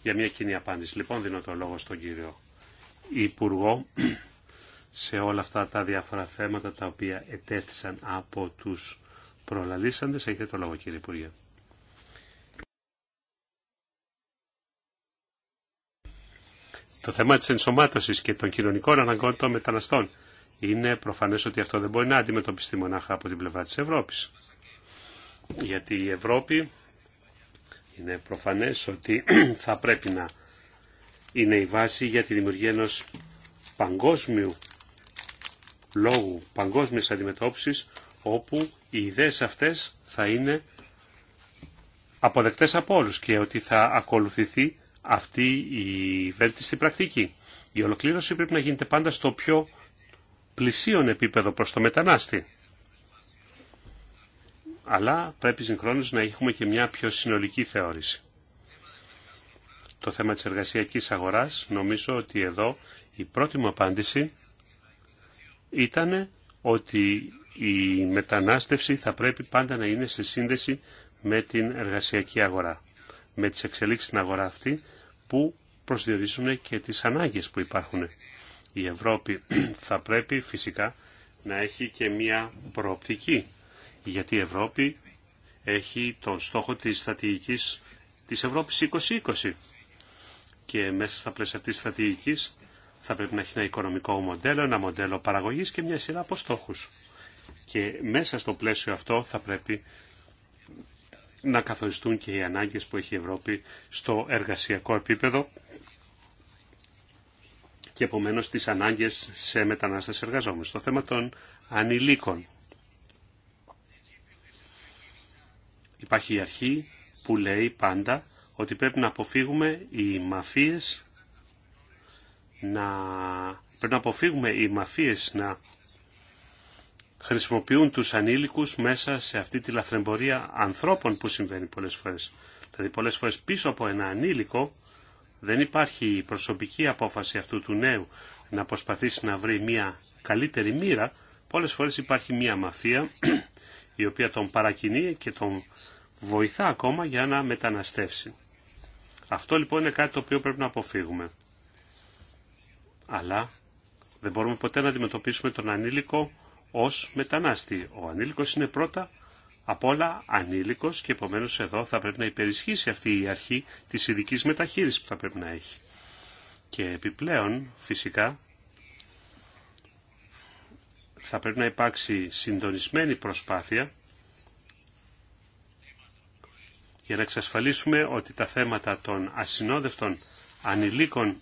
Για μια κοινή απάντηση. Λοιπόν, δίνω το λόγο στον κύριο Υπουργό σε όλα αυτά τα διάφορα θέματα τα οποία ετέθησαν από τους προλαλήσαντες. Έχετε το λόγο κύριε Υπουργέ. Το θέμα της ενσωμάτωσης και των κοινωνικών αναγκών των μεταναστών είναι προφανές ότι αυτό δεν μπορεί να αντιμετωπιστεί μονάχα από την πλευρά της Ευρώπης. Γιατί η Ευρώπη είναι προφανές ότι [CLEARS THROAT] θα πρέπει να είναι η βάση για τη δημιουργία ενός παγκόσμιου λόγου, παγκόσμιας αντιμετώπισης, όπου οι ιδέες αυτές θα είναι αποδεκτές από όλους και ότι θα ακολουθηθεί αυτή η βέλτιστη πρακτική. Η ολοκλήρωση πρέπει να γίνεται πάντα στο πιο πλησίον επίπεδο προς το μετανάστη. Αλλά πρέπει συγχρόνως να έχουμε και μια πιο συνολική θεώρηση. Το θέμα της εργασιακής αγοράς, νομίζω ότι εδώ η πρώτη μου απάντηση ήταν ότι η μετανάστευση θα πρέπει πάντα να είναι σε σύνδεση με την εργασιακή αγορά με τις εξελίξεις στην αγορά αυτή που προσδιορίζουν και τις ανάγκες που υπάρχουν. Η Ευρώπη [CLEARS THROAT] θα πρέπει φυσικά να έχει και μια προοπτική, γιατί η Ευρώπη έχει τον στόχο της στρατηγικής της Ευρώπης 2020 και μέσα στα πλαίσια της στρατηγικής θα πρέπει να έχει ένα οικονομικό μοντέλο, ένα μοντέλο παραγωγής και μια σειρά από στόχους. Και μέσα στο πλαίσιο αυτό θα πρέπει να καθοριστούν και οι ανάγκες που έχει η Ευρώπη στο εργασιακό επίπεδο και επομένως τις ανάγκες σε μετανάστες εργαζόμενους. Στο θέμα των ανηλίκων. Υπάρχει η αρχή που λέει πάντα ότι πρέπει να αποφύγουμε οι μαφίες να... Πρέπει να αποφύγουμε οι μαφίες να χρησιμοποιούν τους ανήλικους μέσα σε αυτή τη λαθρεμπορία ανθρώπων που συμβαίνει πολλές φορές. Δηλαδή πολλές φορές πίσω από ένα ανήλικο δεν υπάρχει η προσωπική απόφαση αυτού του νέου να προσπαθήσει να βρει μια καλύτερη μοίρα. Πολλές φορές υπάρχει μια μαφία [CLEARS THROAT] η οποία τον παρακινεί και τον βοηθά ακόμα για να μεταναστεύσει. Αυτό λοιπόν είναι κάτι το οποίο πρέπει να αποφύγουμε. Αλλά δεν μπορούμε ποτέ να αντιμετωπίσουμε τον ανήλικο ως μετανάστη. Ο ανήλικος είναι πρώτα απ' όλα ανήλικος και επομένως εδώ θα πρέπει να υπερισχύσει αυτή η αρχή της ειδική μεταχείρισης που θα πρέπει να έχει. Και επιπλέον φυσικά θα πρέπει να υπάρξει συντονισμένη προσπάθεια για να εξασφαλίσουμε ότι τα θέματα των ασυνόδευτων ανηλίκων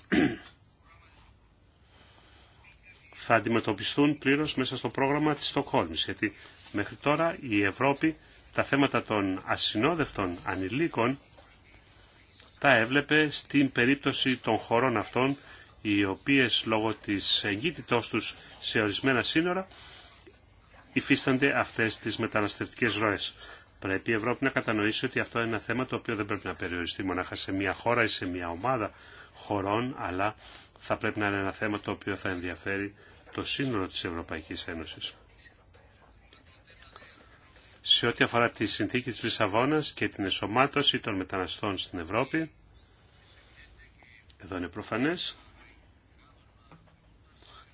θα αντιμετωπιστούν πλήρως μέσα στο πρόγραμμα της Στοκχόλμης. Γιατί μέχρι τώρα η Ευρώπη τα θέματα των ασυνόδευτων ανηλίκων τα έβλεπε στην περίπτωση των χωρών αυτών οι οποίες λόγω της εγκύτητός τους σε ορισμένα σύνορα υφίστανται αυτές τις μεταναστευτικές ροές. Πρέπει η Ευρώπη να κατανοήσει ότι αυτό είναι ένα θέμα το οποίο δεν πρέπει να περιοριστεί μονάχα σε μια χώρα ή σε μια ομάδα χωρών, αλλά θα πρέπει να είναι ένα θέμα το οποίο θα ενδιαφέρει το σύνολο της Ευρωπαϊκής Ένωσης. Σε ό,τι αφορά τη συνθήκη της Λισαβόνας και την εσωμάτωση των μεταναστών στην Ευρώπη, εδώ είναι προφανές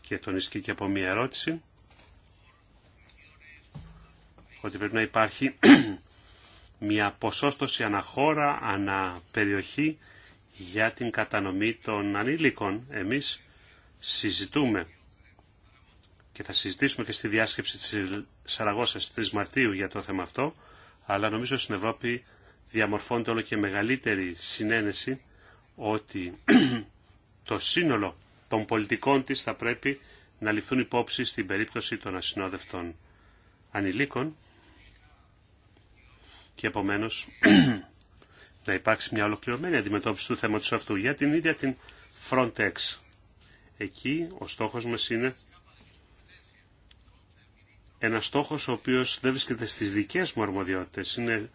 και τον και από μία ερώτηση ότι πρέπει να υπάρχει [CLEARS THROAT] μια ποσόστοση αναχώρα, αναπεριοχή για την κατανομή των ανήλικων. Εμείς συζητούμε και θα συζητήσουμε και στη διάσκεψη της Σαραγώσας 3 Μαρτίου για το θέμα αυτό, αλλά νομίζω στην Ευρώπη διαμορφώνεται όλο και μεγαλύτερη συνένεση ότι [CLEARS THROAT] το σύνολο των πολιτικών της θα πρέπει να ληφθούν υπόψη στην περίπτωση των ασυνόδευτων ανηλίκων και επομένως [CLEARS THROAT] να υπάρξει μια ολοκληρωμένη αντιμετώπιση του θέματος αυτού για την ίδια την Frontex. Εκεί ο στόχος μας είναι ένα στόχο, ο οποίος δεν βρίσκεται στι δικέ μου αρμοδιότητε, Είναι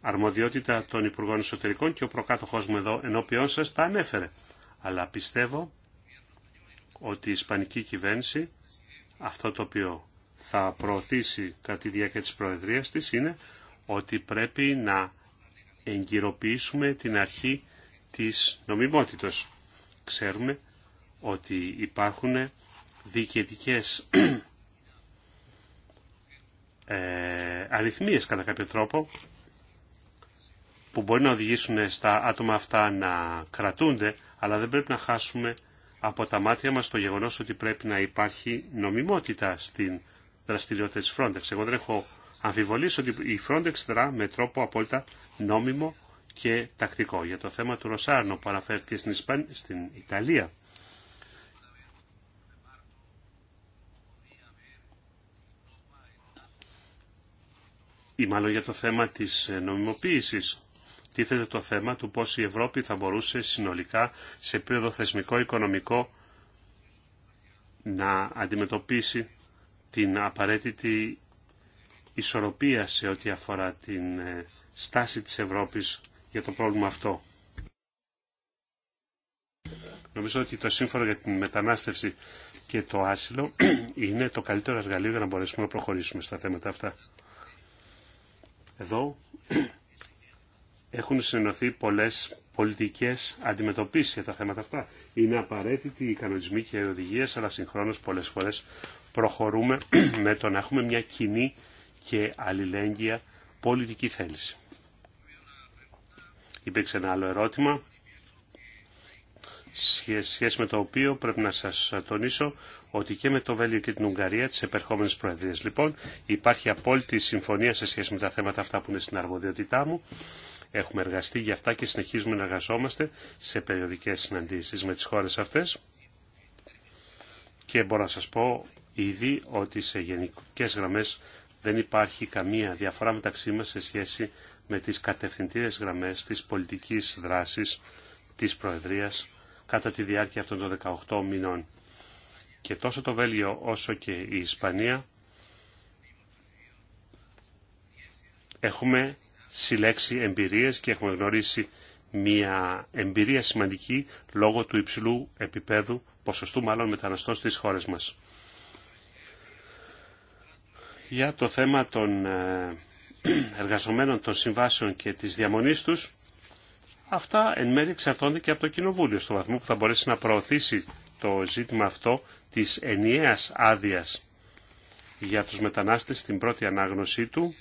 αρμοδιότητα των Υπουργών Εσωτερικών και ο προκάτοχός μου εδώ ενώπιόν σα τα ανέφερε. Αλλά πιστεύω ότι η Ισπανική κυβέρνηση αυτό το οποίο θα προωθήσει κατά τη διάρκεια της Προεδρίας της είναι ότι πρέπει να εγκυροποιήσουμε την αρχή της νομιμότητος. Ξέρουμε ότι υπάρχουν διοικητικές ε, αριθμίες κατά κάποιο τρόπο που μπορεί να οδηγήσουν στα άτομα αυτά να κρατούνται, αλλά δεν πρέπει να χάσουμε από τα μάτια μας το γεγονός ότι πρέπει να υπάρχει νομιμότητα στην δραστηριότητα της Frontex. Εγώ δεν έχω ότι η Frontex δρά με τρόπο απόλυτα νόμιμο και τακτικό. Για το θέμα του Ρωσάρνο που αναφέρθηκε στην, στην Ιταλία, ή μάλλον για το θέμα της ε, νομιμοποίησης. Τίθεται το θέμα του πώς η Ευρώπη θα μπορούσε συνολικά σε επίπεδο θεσμικό οικονομικό να αντιμετωπίσει την απαραίτητη ισορροπία σε ό,τι αφορά την ε, στάση της Ευρώπης για το πρόβλημα αυτό. Νομίζω ότι το σύμφωνο για την μετανάστευση και το άσυλο [CLEARS THROAT] είναι το καλύτερο εργαλείο για να μπορέσουμε να προχωρήσουμε στα θέματα αυτά. Εδώ έχουν συνενωθεί πολλές πολιτικές αντιμετωπίσεις για τα θέματα αυτά. Είναι απαραίτητοι οι κανονισμοί και οι οδηγίες, αλλά συγχρόνως πολλές φορές προχωρούμε [CLEARS THROAT] με το να έχουμε μια κοινή και αλληλέγγυα πολιτική θέληση. Υπήρξε ένα άλλο ερώτημα σχέση με το οποίο πρέπει να σας τονίσω ότι και με το Βέλιο και την Ουγγαρία τις επερχόμενες προεδρίες. Λοιπόν, υπάρχει απόλυτη συμφωνία σε σχέση με τα θέματα αυτά που είναι στην αρμοδιότητά μου. Έχουμε εργαστεί για αυτά και συνεχίζουμε να εργαζόμαστε σε περιοδικές συναντήσεις με τις χώρες αυτές. Και μπορώ να σας πω ήδη ότι σε γενικές γραμμές δεν υπάρχει καμία διαφορά μεταξύ μας σε σχέση με τις κατευθυντήρες γραμμές της πολιτικής δράσης της Προεδρίας κατά τη διάρκεια αυτών των 18 μηνών. Και τόσο το Βέλγιο όσο και η Ισπανία έχουμε συλλέξει εμπειρίες και έχουμε γνωρίσει μια εμπειρία σημαντική λόγω του υψηλού επίπεδου ποσοστού μάλλον μεταναστών στις χώρες μας. Για το θέμα των ε, [CLEARS THROAT] εργαζομένων των συμβάσεων και της διαμονής τους, Αυτά εν μέρει εξαρτώνται και από το Κοινοβούλιο στο βαθμό που θα μπορέσει να προωθήσει το ζήτημα αυτό της ενιαίας άδεια για τους μετανάστες στην πρώτη ανάγνωσή του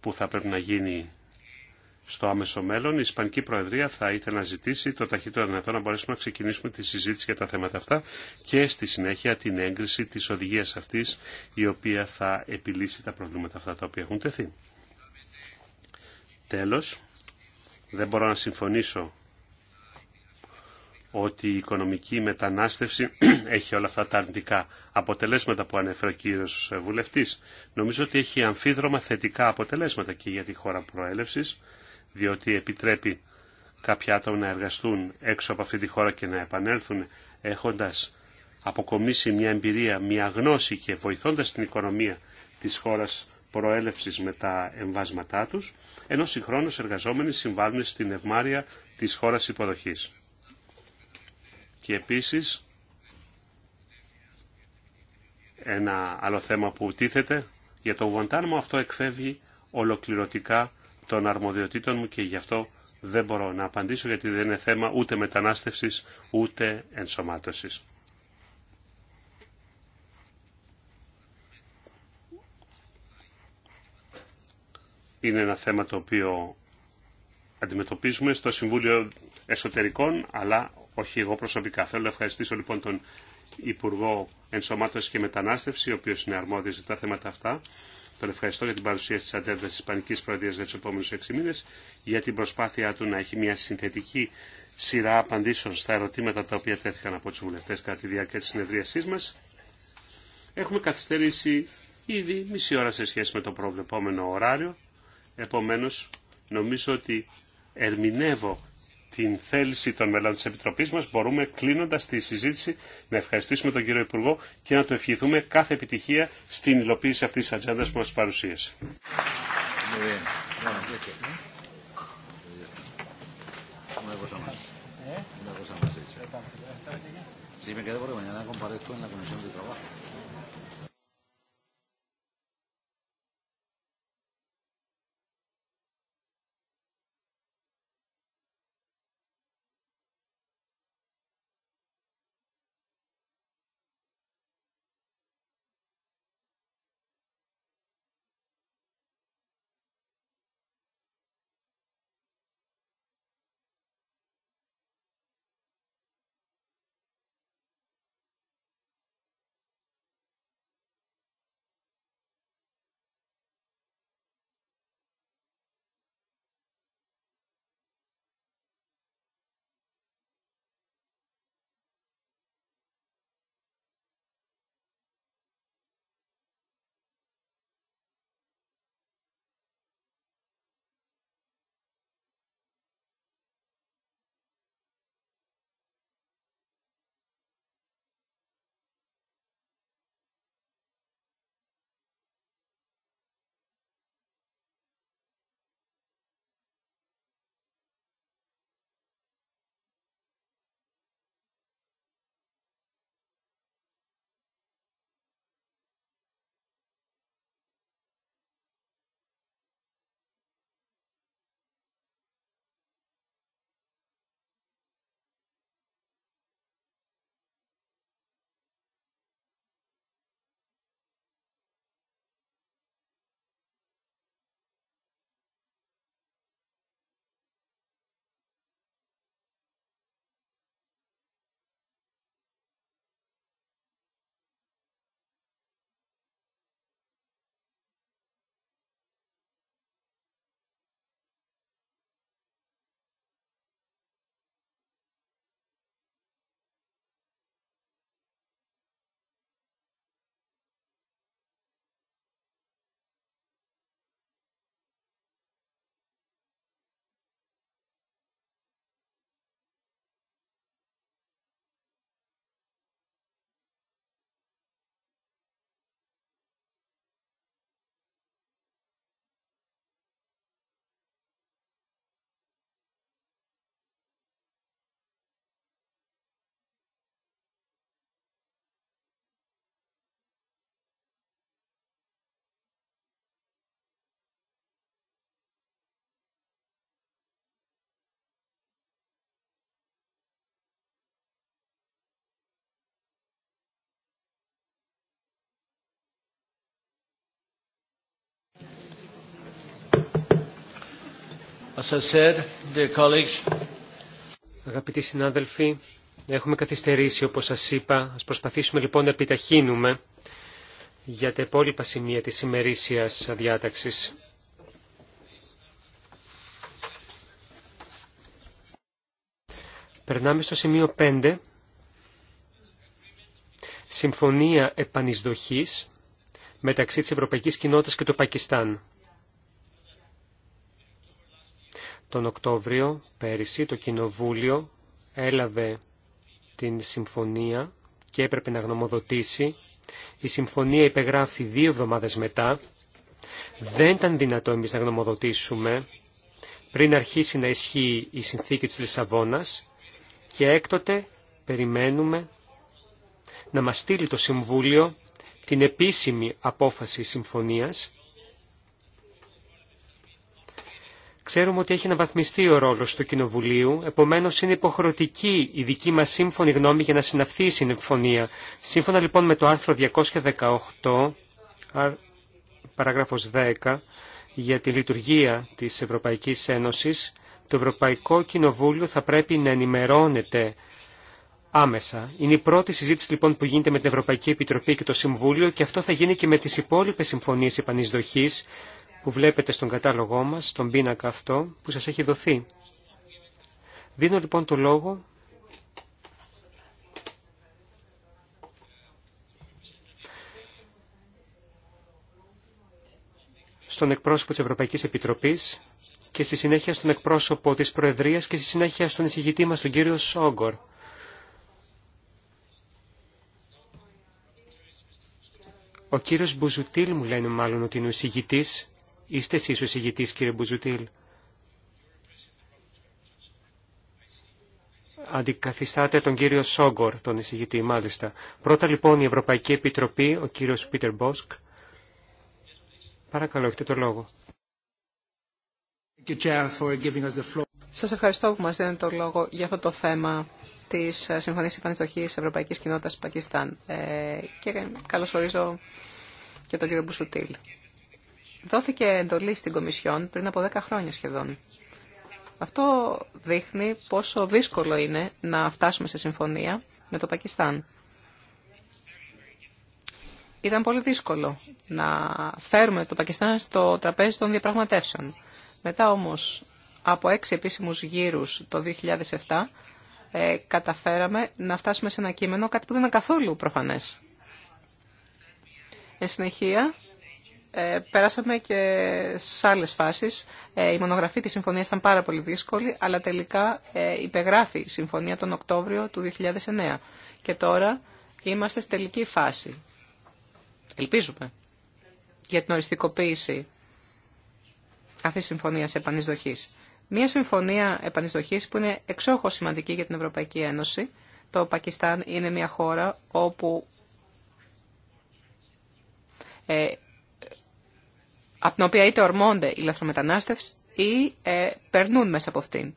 που θα πρέπει να γίνει στο άμεσο μέλλον. Η Ισπανική Προεδρία θα ήθελε να ζητήσει το ταχύτερο δυνατό να μπορέσουμε να ξεκινήσουμε τη συζήτηση για τα θέματα αυτά και στη συνέχεια την έγκριση της οδηγίας αυτής η οποία θα επιλύσει τα προβλήματα αυτά τα οποία έχουν τεθεί. Τέλος, δεν μπορώ να συμφωνήσω ότι η οικονομική μετανάστευση [CLEARS THROAT] έχει όλα αυτά τα αρνητικά αποτελέσματα που ανέφερε ο κύριος Βουλευτής. Νομίζω ότι έχει αμφίδρομα θετικά αποτελέσματα και για τη χώρα προέλευσης, διότι επιτρέπει κάποια άτομα να εργαστούν έξω από αυτή τη χώρα και να επανέλθουν έχοντας αποκομίσει μια εμπειρία, μια γνώση και βοηθώντας την οικονομία της χώρας προέλευσης με τα εμβάσματά τους, ενώ συγχρόνως εργαζόμενοι συμβάλλουν στην ευμάρεια της χώρας υποδοχής. Και επίσης, ένα άλλο θέμα που τίθεται, για το Γουαντάναμο αυτό εκφεύγει ολοκληρωτικά των αρμοδιοτήτων μου και γι' αυτό δεν μπορώ να απαντήσω γιατί δεν είναι θέμα ούτε μετανάστευσης ούτε ενσωμάτωσης. είναι ένα θέμα το οποίο αντιμετωπίζουμε στο Συμβούλιο Εσωτερικών, αλλά όχι εγώ προσωπικά. Θέλω να ευχαριστήσω λοιπόν τον Υπουργό Ενσωμάτωση και Μετανάστευση, ο οποίο είναι αρμόδιο για τα θέματα αυτά. Τον ευχαριστώ για την παρουσία τη ατζέντα τη Ισπανική Προεδρία για του επόμενου έξι μήνε, για την προσπάθειά του να έχει μια συνθετική σειρά απαντήσεων στα ερωτήματα τα οποία τέθηκαν από του βουλευτέ κατά τη διάρκεια τη συνεδρίασή μα. Έχουμε καθυστερήσει ήδη μισή ώρα σε σχέση με το προβλεπόμενο ωράριο. Επομένως, νομίζω ότι ερμηνεύω την θέληση των μελών της Επιτροπής μας. Μπορούμε κλείνοντας τη συζήτηση να ευχαριστήσουμε τον κύριο Υπουργό και να του ευχηθούμε κάθε επιτυχία στην υλοποίηση αυτής της ατζέντας που μας παρουσίασε. Αγαπητοί συνάδελφοι, έχουμε καθυστερήσει όπως σας είπα. Ας προσπαθήσουμε λοιπόν να επιταχύνουμε για τα υπόλοιπα σημεία της ημερήσιας διάταξης. Περνάμε στο σημείο 5. Συμφωνία επανεισδοχής μεταξύ της Ευρωπαϊκής Κοινότητας και του Πακιστάν. Τον Οκτώβριο πέρυσι το Κοινοβούλιο έλαβε την συμφωνία και έπρεπε να γνωμοδοτήσει. Η συμφωνία υπεγράφει δύο εβδομάδες μετά. Δεν ήταν δυνατό εμείς να γνωμοδοτήσουμε πριν αρχίσει να ισχύει η συνθήκη της Λισαβόνας και έκτοτε περιμένουμε να μας στείλει το Συμβούλιο την επίσημη απόφαση συμφωνίας Ξέρουμε ότι έχει αναβαθμιστεί ο ρόλος του Κοινοβουλίου, επομένως είναι υποχρεωτική η δική μας σύμφωνη γνώμη για να συναυθεί η συμφωνία. Σύμφωνα λοιπόν με το άρθρο 218, παράγραφος 10, για τη λειτουργία της Ευρωπαϊκής Ένωσης, το Ευρωπαϊκό Κοινοβούλιο θα πρέπει να ενημερώνεται άμεσα. Είναι η πρώτη συζήτηση λοιπόν που γίνεται με την Ευρωπαϊκή Επιτροπή και το Συμβούλιο και αυτό θα γίνει και με τις υπόλοιπες συμφωνίες επανεισδοχής που βλέπετε στον κατάλογό μας, στον πίνακα αυτό που σας έχει δοθεί. Δίνω λοιπόν το λόγο στον εκπρόσωπο της Ευρωπαϊκής Επιτροπής και στη συνέχεια στον εκπρόσωπο της Προεδρίας και στη συνέχεια στον εισηγητή μας, τον κύριο Σόγκορ. Ο κύριος Μπουζουτήλ μου λένε μάλλον ότι είναι ο εισηγητής. Είστε εσείς ο συγητής κύριε Μπουζουτήλ. Αντικαθιστάτε τον κύριο Σόγκορ, τον εισηγητή, μάλιστα. Πρώτα λοιπόν η Ευρωπαϊκή Επιτροπή, ο κύριος Πίτερ Μπόσκ. Παρακαλώ, έχετε το λόγο. Σας ευχαριστώ που μας δίνετε το λόγο για αυτό το θέμα της Συμφωνίας της Ευρωπαϊκής Κοινότητας Πακιστάν. Ε, και ορίζω και τον κύριο Μπουσουτήλ. Δόθηκε εντολή στην Κομισιόν πριν από 10 χρόνια σχεδόν. Αυτό δείχνει πόσο δύσκολο είναι να φτάσουμε σε συμφωνία με το Πακιστάν. Ήταν πολύ δύσκολο να φέρουμε το Πακιστάν στο τραπέζι των διαπραγματεύσεων. Μετά όμως από έξι επίσημους γύρους το 2007 ε, καταφέραμε να φτάσουμε σε ένα κείμενο, κάτι που δεν είναι καθόλου προφανές. Εν συνεχεία, ε, περάσαμε και σε άλλες φάσεις. Ε, η μονογραφή της συμφωνίας ήταν πάρα πολύ δύσκολη, αλλά τελικά ε, υπεγράφει η συμφωνία τον Οκτώβριο του 2009. Και τώρα είμαστε στη τελική φάση. Ελπίζουμε για την οριστικοποίηση αυτής της συμφωνίας επανεισδοχής. Μία συμφωνία επανεισδοχής που είναι εξόχως σημαντική για την Ευρωπαϊκή Ένωση. Το Πακιστάν είναι μια χώρα όπου ε, από την οποία είτε ορμώνται οι λαθρομετανάστευς ή ε, περνούν μέσα από αυτήν.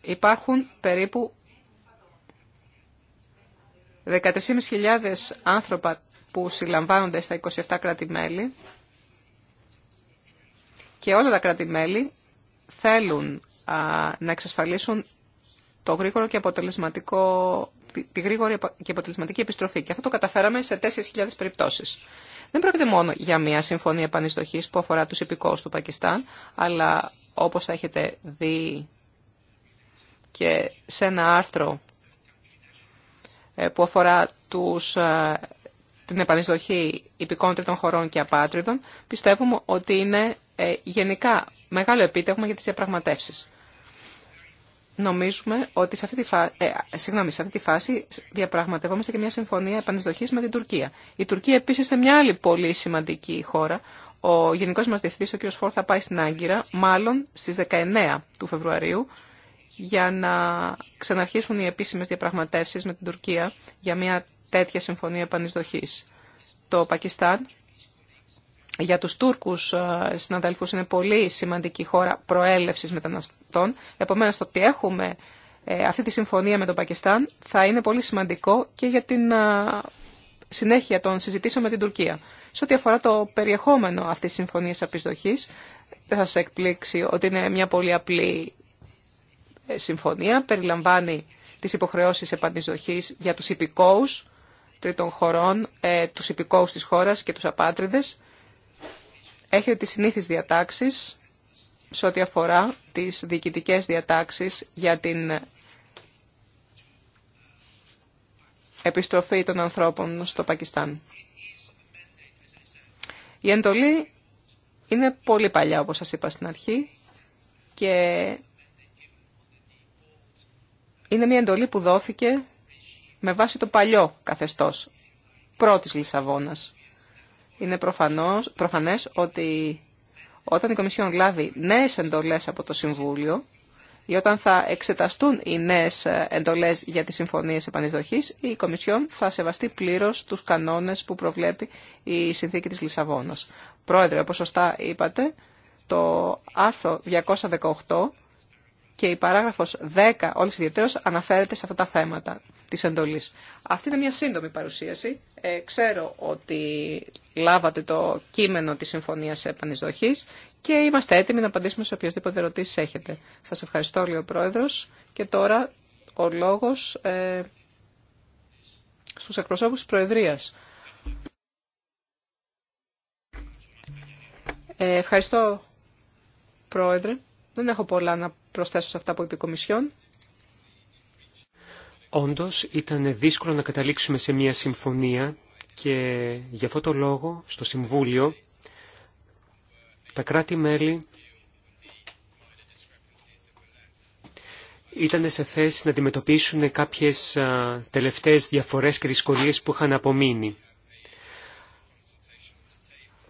Υπάρχουν περίπου 13.500 άνθρωπα που συλλαμβάνονται στα 27 κράτη-μέλη και όλα τα κράτη-μέλη θέλουν να εξασφαλίσουν το γρήγορο και αποτελεσματικό, τη, τη γρήγορη και αποτελεσματική επιστροφή. Και αυτό το καταφέραμε σε 4.000 περιπτώσεις. Δεν πρόκειται μόνο για μια συμφωνία επανειστοχής που αφορά τους υπηκόους του Πακιστάν, αλλά όπως θα έχετε δει και σε ένα άρθρο ε, που αφορά ε, την επανεισδοχή υπηκών τρίτων χωρών και απάτριδων, πιστεύουμε ότι είναι ε, γενικά μεγάλο επίτευγμα για τις διαπραγματεύσει νομίζουμε ότι σε αυτή τη, ε, συγγνώμη, σε αυτή τη φάση διαπραγματευόμαστε και μια συμφωνία επανεισδοχή με την Τουρκία. Η Τουρκία επίσης είναι μια άλλη πολύ σημαντική χώρα. Ο Γενικός μας διευθυντή, ο κ. Φόρ, θα πάει στην Άγκυρα, μάλλον στις 19 του Φεβρουαρίου, για να ξαναρχίσουν οι επίσημες διαπραγματεύσεις με την Τουρκία για μια τέτοια συμφωνία επανεισδοχή. Το Πακιστάν για τους Τούρκους ε, συναδέλφους είναι πολύ σημαντική χώρα προέλευσης μεταναστών. Επομένως, το ότι έχουμε ε, αυτή τη συμφωνία με το Πακιστάν θα είναι πολύ σημαντικό και για την ε, συνέχεια των συζητήσεων με την Τουρκία. Σε ό,τι αφορά το περιεχόμενο αυτής της συμφωνίας απεισδοχής, δεν θα σας εκπλήξει ότι είναι μια πολύ απλή συμφωνία. Περιλαμβάνει τις υποχρεώσεις επανεισδοχής για τους υπηκόους τρίτων χωρών, τους υπηκόους της χώρας και τους απάτριδες έχετε τις συνήθεις διατάξεις σε ό,τι αφορά τις διοικητικές διατάξεις για την επιστροφή των ανθρώπων στο Πακιστάν. Η εντολή είναι πολύ παλιά, όπως σας είπα στην αρχή, και είναι μια εντολή που δόθηκε με βάση το παλιό καθεστώς πρώτης Λισαβόνας είναι προφανώς, προφανές ότι όταν η Κομισιόν λάβει νέες εντολές από το Συμβούλιο ή όταν θα εξεταστούν οι νέες εντολές για τις συμφωνίες επανειδοχής, η Κομισιόν θα σεβαστεί πλήρως τους κανόνες που προβλέπει η Συνθήκη της Λισαβόνας. Πρόεδρε, όπως σωστά είπατε, το άρθρο 218 και η παράγραφος 10 όλες ιδιαίτερως αναφέρεται σε αυτά τα θέματα της εντολής. Αυτή είναι μια σύντομη παρουσίαση ε, ξέρω ότι λάβατε το κείμενο της Συμφωνίας Επανεισδοχής και είμαστε έτοιμοι να απαντήσουμε σε οποιασδήποτε ερωτήσει έχετε. Σας ευχαριστώ, λέει ο Πρόεδρος. Και τώρα ο λόγος ε, στους εκπροσώπους της Προεδρίας. Ε, ευχαριστώ, Πρόεδρε. Δεν έχω πολλά να προσθέσω σε αυτά που είπε η Κομισιόν. Όντως ήταν δύσκολο να καταλήξουμε σε μια συμφωνία και γι' αυτό το λόγο στο Συμβούλιο τα κράτη-μέλη ήταν σε θέση να αντιμετωπίσουν κάποιες τελευταίες διαφορές και δυσκολίες που είχαν απομείνει.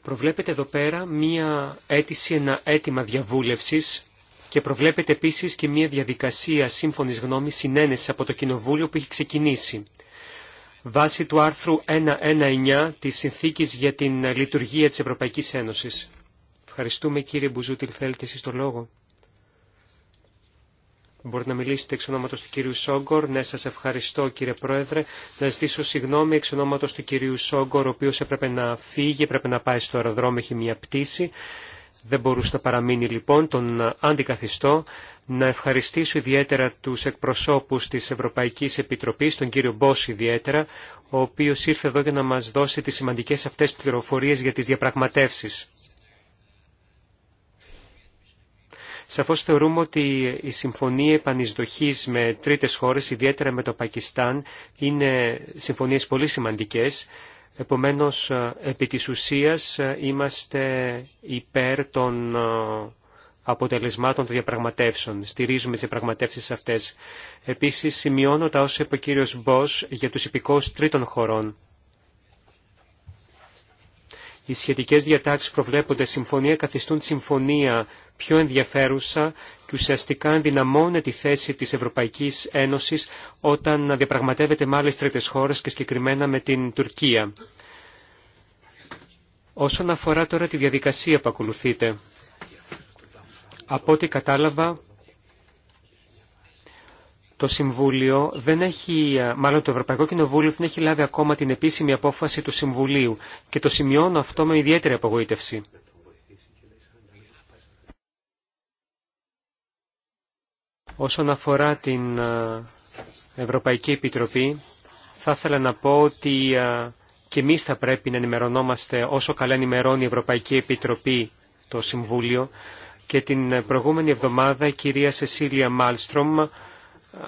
Προβλέπεται εδώ πέρα μία αίτηση, ένα αίτημα διαβούλευσης και προβλέπεται επίση και μια διαδικασία σύμφωνη γνώμη συνένεση από το Κοινοβούλιο που έχει ξεκινήσει. Βάσει του άρθρου 119 τη συνθήκη για την Λειτουργία τη Ευρωπαϊκή Ένωση. Ευχαριστούμε κύριε Μπουζούτιλ, θέλετε εσεί το λόγο. Μπορείτε να μιλήσετε εξ ονόματο του κυρίου Σόγκορ. Ναι, σα ευχαριστώ κύριε Πρόεδρε. Να ζητήσω συγγνώμη εξ ονόματο του κυρίου Σόγκορ, ο οποίο έπρεπε να φύγει, έπρεπε να πάει στο αεροδρόμιο, έχει μια πτήση. Δεν μπορούσε να παραμείνει λοιπόν τον αντικαθιστό να ευχαριστήσω ιδιαίτερα τους εκπροσώπους της Ευρωπαϊκής Επιτροπής, τον κύριο Μπός ιδιαίτερα, ο οποίος ήρθε εδώ για να μας δώσει τις σημαντικές αυτές πληροφορίες για τις διαπραγματεύσεις. Σαφώς θεωρούμε ότι η συμφωνία επανεισδοχής με τρίτες χώρες, ιδιαίτερα με το Πακιστάν, είναι συμφωνίες πολύ σημαντικές Επομένως, ε, επί της ουσίας ε, είμαστε υπέρ των ε, αποτελεσμάτων των διαπραγματεύσεων. Στηρίζουμε τις διαπραγματεύσεις αυτές. Επίσης, σημειώνω τα όσα είπε ο κύριος Μπός για τους υπηκόους τρίτων χωρών οι σχετικές διατάξεις προβλέπονται συμφωνία καθιστούν συμφωνία πιο ενδιαφέρουσα και ουσιαστικά ενδυναμώνεται τη θέση της Ευρωπαϊκής Ένωσης όταν διαπραγματεύεται με άλλες τρίτες χώρες και συγκεκριμένα με την Τουρκία. Όσον αφορά τώρα τη διαδικασία που ακολουθείτε, από ό,τι κατάλαβα το Συμβούλιο δεν έχει, ε, μάλλον το Ευρωπαϊκό Κοινοβούλιο δεν έχει λάβει ακόμα την επίσημη απόφαση του Συμβουλίου και το σημειώνω αυτό με ιδιαίτερη απογοήτευση. Όσον αφορά την ε, Ευρωπαϊκή Επιτροπή, θα ήθελα να πω ότι ε, και εμείς θα πρέπει να ενημερωνόμαστε όσο καλά ενημερώνει η Ευρωπαϊκή Επιτροπή το Συμβούλιο και την προηγούμενη εβδομάδα η κυρία Σεσίλια Μάλστρομ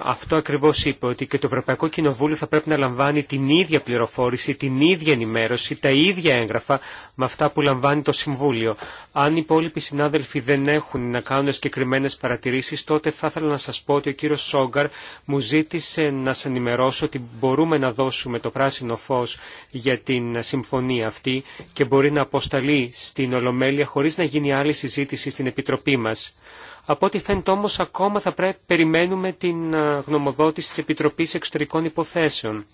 αυτό ακριβώς είπε ότι και το Ευρωπαϊκό Κοινοβούλιο θα πρέπει να λαμβάνει την ίδια πληροφόρηση, την ίδια ενημέρωση, τα ίδια έγγραφα με αυτά που λαμβάνει το Συμβούλιο. Αν οι υπόλοιποι συνάδελφοι δεν έχουν να κάνουν συγκεκριμένε παρατηρήσεις, τότε θα ήθελα να σας πω ότι ο κύριος Σόγκαρ μου ζήτησε να σας ενημερώσω ότι μπορούμε να δώσουμε το πράσινο φως για την συμφωνία αυτή και μπορεί να αποσταλεί στην Ολομέλεια χωρίς να γίνει άλλη συζήτηση στην Επιτροπή μας. Από ό,τι φαίνεται όμως ακόμα θα πρέπει περιμένουμε την ε, γνωμοδότηση της Επιτροπής Εξωτερικών Υποθέσεων.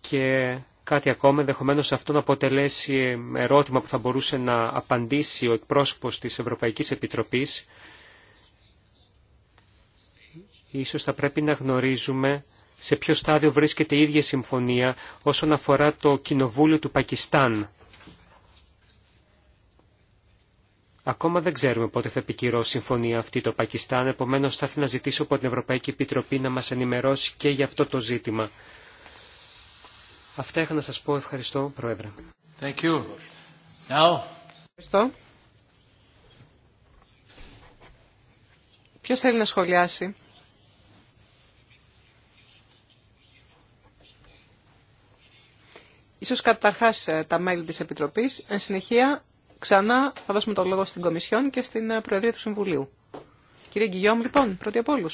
Και κάτι ακόμα, ενδεχομένω αυτό να αποτελέσει ε, ερώτημα που θα μπορούσε να απαντήσει ο εκπρόσωπος της Ευρωπαϊκής Επιτροπής. Ίσως θα πρέπει να γνωρίζουμε σε ποιο στάδιο βρίσκεται η ίδια συμφωνία όσον αφορά το Κοινοβούλιο του Πακιστάν Ακόμα δεν ξέρουμε πότε θα επικυρώσει συμφωνία αυτή το Πακιστάν, επομένως θα ήθελα να ζητήσω από την Ευρωπαϊκή Επιτροπή να μας ενημερώσει και για αυτό το ζήτημα. Αυτά είχα να σας πω. Ευχαριστώ, Πρόεδρε. Thank you. Now. Ευχαριστώ. Ποιος θέλει να σχολιάσει. Ίσως καταρχάς ε, τα μέλη της Επιτροπής, εν συνεχεία Ξανά θα δώσουμε το λόγο στην Κομισιόν και στην ε, Προεδρία του Συμβουλίου. Κύριε Γκυγιόμ, λοιπόν, πρώτη από όλου.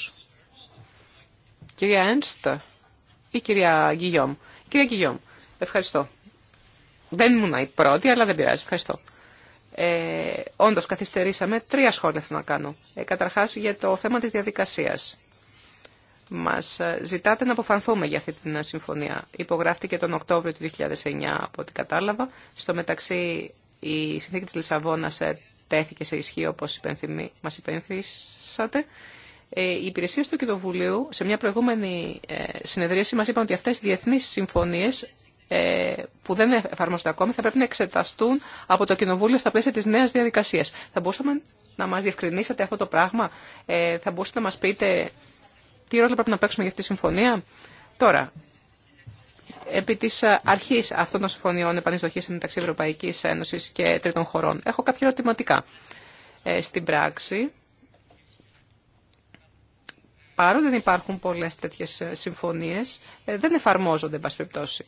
Κυρία Έντστα ή κυρία Γκυγιόμ. Κυρία Γκυγιόμ, ευχαριστώ. Δεν ήμουνα η πρώτη, αλλά δεν πειράζει. Ευχαριστώ. Ε, Όντω, καθυστερήσαμε. Τρία σχόλια θέλω να κάνω. Ε, Καταρχά, για το θέμα τη διαδικασία. Μα ε, ζητάτε να αποφανθούμε για αυτή την ε, συμφωνία. Υπογράφτηκε τον Οκτώβριο του 2009, από ό,τι κατάλαβα. Στο μεταξύ, η συνθήκη της Λισαβόνας ε, τέθηκε σε ισχύ όπως υπενθυμί, μας υπενθύσατε. Ε, οι υπηρεσίε του Κοινοβουλίου σε μια προηγούμενη ε, συνεδρίαση μας είπαν ότι αυτές οι διεθνείς συμφωνίες που δεν εφαρμόζονται ακόμη θα πρέπει να εξεταστούν από το Κοινοβούλιο στα πλαίσια της νέας διαδικασίας. Θα μπορούσαμε να μας διευκρινίσετε αυτό το πράγμα, θα μπορούσατε να μας πείτε τι ρόλο πρέπει να παίξουμε για αυτή τη συμφωνία. Τώρα, επί της ε, αρχής αυτών των συμφωνιών επανεισδοχής μεταξύ Ευρωπαϊκής Ένωσης και τρίτων χωρών. Έχω κάποια ερωτηματικά. Ε, στην πράξη, παρότι δεν υπάρχουν πολλές τέτοιες ε, συμφωνίες, δεν εφαρμόζονται, εν περιπτώσει.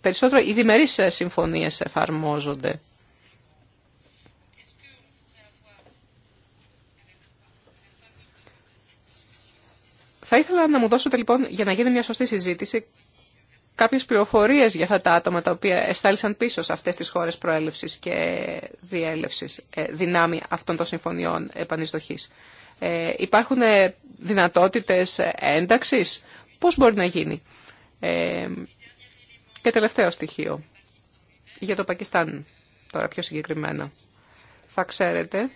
περισσότερο οι διμερείς συμφωνίες εφαρμόζονται. Θα ήθελα να μου δώσετε λοιπόν, για να γίνει μια σωστή συζήτηση, κάποιες πληροφορίες για αυτά τα άτομα τα οποία εστάλησαν πίσω σε αυτές τις χώρες προέλευσης και διέλευσης ε, δυνάμει αυτών των συμφωνιών επανειστοχής. Ε, υπάρχουν ε, δυνατότητες ένταξης. Πώς μπορεί να γίνει. Ε, και τελευταίο στοιχείο για το Πακιστάν τώρα πιο συγκεκριμένα. Θα ξέρετε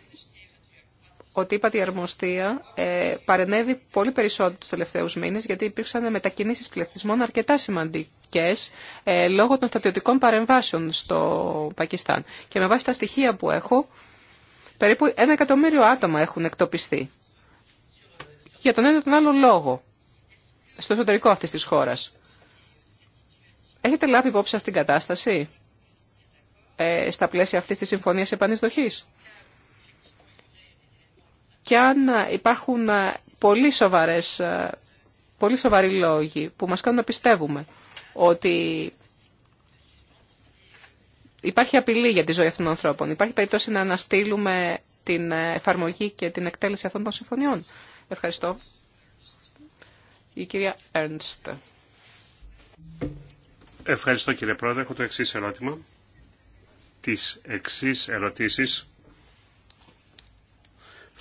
ότι είπα, η αρμοστία ε, παρενέβη πολύ περισσότερο τους τελευταίους μήνες γιατί υπήρξαν μετακινήσεις πληθυσμών αρκετά σημαντικές ε, λόγω των στρατιωτικών παρεμβάσεων στο Πακιστάν. Και με βάση τα στοιχεία που έχω, περίπου ένα εκατομμύριο άτομα έχουν εκτοπιστεί για τον ένα τον άλλο λόγο στο εσωτερικό αυτής της χώρας. Έχετε λάβει υπόψη αυτήν την κατάσταση ε, στα πλαίσια αυτής της συμφωνίας επανεισδοχής και αν ε, υπάρχουν ε, πολύ, σοβαρές, ε, πολύ σοβαροί λόγοι που μας κάνουν να πιστεύουμε ότι υπάρχει απειλή για τη ζωή αυτών των ανθρώπων, υπάρχει περίπτωση να αναστείλουμε την εφαρμογή και την εκτέλεση αυτών των συμφωνιών. Ευχαριστώ. Η κυρία Έρνστ. Ευχαριστώ κύριε Πρόεδρε. Έχω το εξής ερώτημα. Τις εξής ερωτήσεις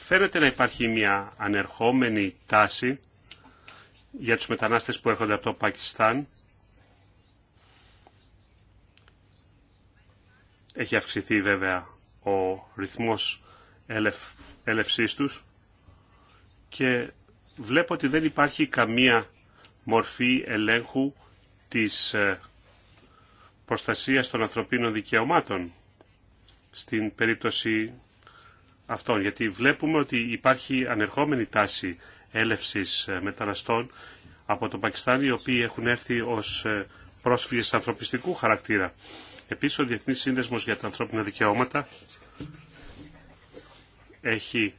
φαίνεται να υπάρχει μια ανερχόμενη τάση για τους μετανάστες που έρχονται από το Πακιστάν. Έχει αυξηθεί βέβαια ο ρυθμός έλευσής τους και βλέπω ότι δεν υπάρχει καμία μορφή ελέγχου της ε, προστασίας των ανθρωπίνων δικαιωμάτων στην περίπτωση αυτών, γιατί βλέπουμε ότι υπάρχει ανερχόμενη τάση έλευσης ε, μεταναστών από το Πακιστάν, οι οποίοι έχουν έρθει ως ε, πρόσφυγες ανθρωπιστικού χαρακτήρα. Επίσης, ο Διεθνής Σύνδεσμος για τα Ανθρώπινα Δικαιώματα έχει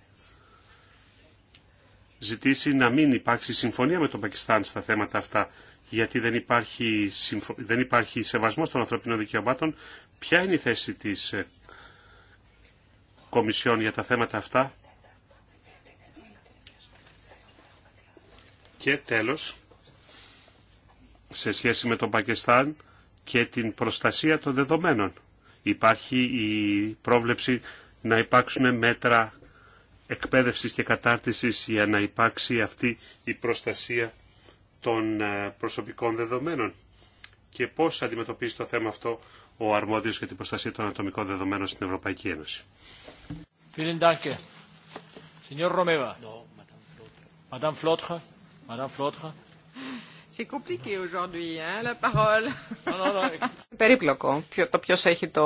ζητήσει να μην υπάρξει συμφωνία με τον Πακιστάν στα θέματα αυτά, γιατί δεν υπάρχει, συμφω... δεν υπάρχει σεβασμός των ανθρωπινών δικαιωμάτων. Ποια είναι η θέση της ε, Κομισιόν για τα θέματα αυτά. Και τέλος, σε σχέση με τον Πακιστάν και την προστασία των δεδομένων. Υπάρχει η πρόβλεψη να υπάρξουν μέτρα εκπαίδευσης και κατάρτισης για να υπάρξει αυτή η προστασία των ε, προσωπικών δεδομένων. Και πώς αντιμετωπίζει το θέμα αυτό ο αρμόδιος για την προστασία των ατομικών δεδομένων στην Ευρωπαϊκή Ένωση. Vielen Dank. Signor Romeva. Madame Flotre. Madame Flotre. C'est compliqué aujourd'hui, hein, la parole. Περίπλοκο. Ποιο, το ποιο έχει το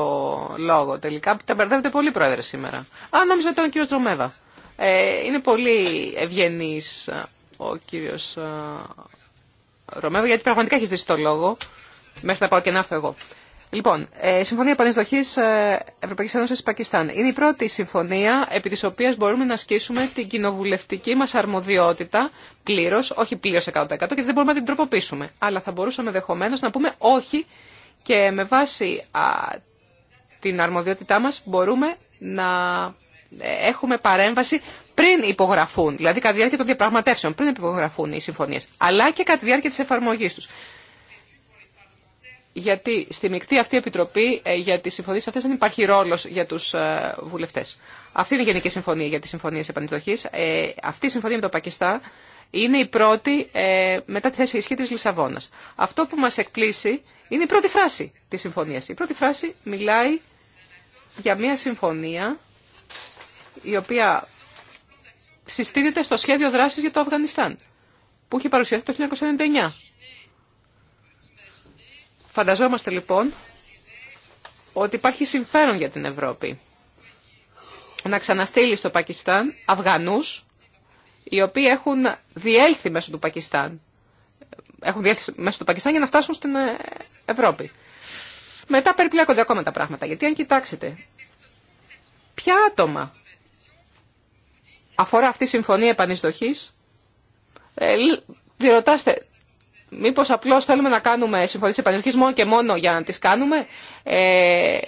λόγο τελικά. Τα μπερδεύετε πολύ, Πρόεδρε, σήμερα. Α, νόμιζα ότι ήταν ο κύριο Τζομέβα. Ε, είναι πολύ ευγενή ε, ο κύριο ε, Ρωμέβα, γιατί πραγματικά έχει ζητήσει το λόγο. Μέχρι να πάω και να έρθω εγώ. Λοιπόν, η ε, Συμφωνία ε, Ευρωπαϊκή Ένωση Πακιστάν. Είναι η πρώτη συμφωνία επί τη οποία μπορούμε να ασκήσουμε την κοινοβουλευτική μα αρμοδιότητα πλήρω, όχι πλήρω 100% και δεν μπορούμε να την τροποποιήσουμε. Αλλά θα μπορούσαμε ενδεχομένω να πούμε όχι και με βάση την αρμοδιότητά μα μπορούμε να ε, έχουμε παρέμβαση πριν υπογραφούν, δηλαδή κατά τη διάρκεια των διαπραγματεύσεων, πριν υπογραφούν οι συμφωνίε, αλλά και κατά τη διάρκεια τη εφαρμογή του γιατί στη μεικτή αυτή επιτροπή ε, για τις συμφωνίες αυτές δεν υπάρχει ρόλος για τους ε, βουλευτές. Αυτή είναι η Γενική Συμφωνία για τις Συμφωνίες Επανεισδοχής. Ε, αυτή η συμφωνία με το Πακιστάν είναι η πρώτη μετά τη θέση ισχύ τη Λισαβόνας. Αυτό που μας εκπλήσει είναι η πρώτη φράση της συμφωνίας. Η πρώτη φράση μιλάει για μια συμφωνία η οποία συστήνεται στο σχέδιο δράσης για το Αφγανιστάν που είχε παρουσιαστεί το 1999. Φανταζόμαστε λοιπόν ότι υπάρχει συμφέρον για την Ευρώπη να ξαναστείλει στο Πακιστάν Αφγανούς οι οποίοι έχουν διέλθει μέσω του Πακιστάν. Έχουν διέλθει μέσω του Πακιστάν για να φτάσουν στην ε, Ευρώπη. Μετά περιπλέκονται ακόμα τα πράγματα. Γιατί αν κοιτάξετε, ποια άτομα αφορά αυτή η συμφωνία επανεισδοχής, ε, διερωτάστε μήπως απλώς θέλουμε να κάνουμε συμφωνίες επανειλικής μόνο και μόνο για να τις κάνουμε ε,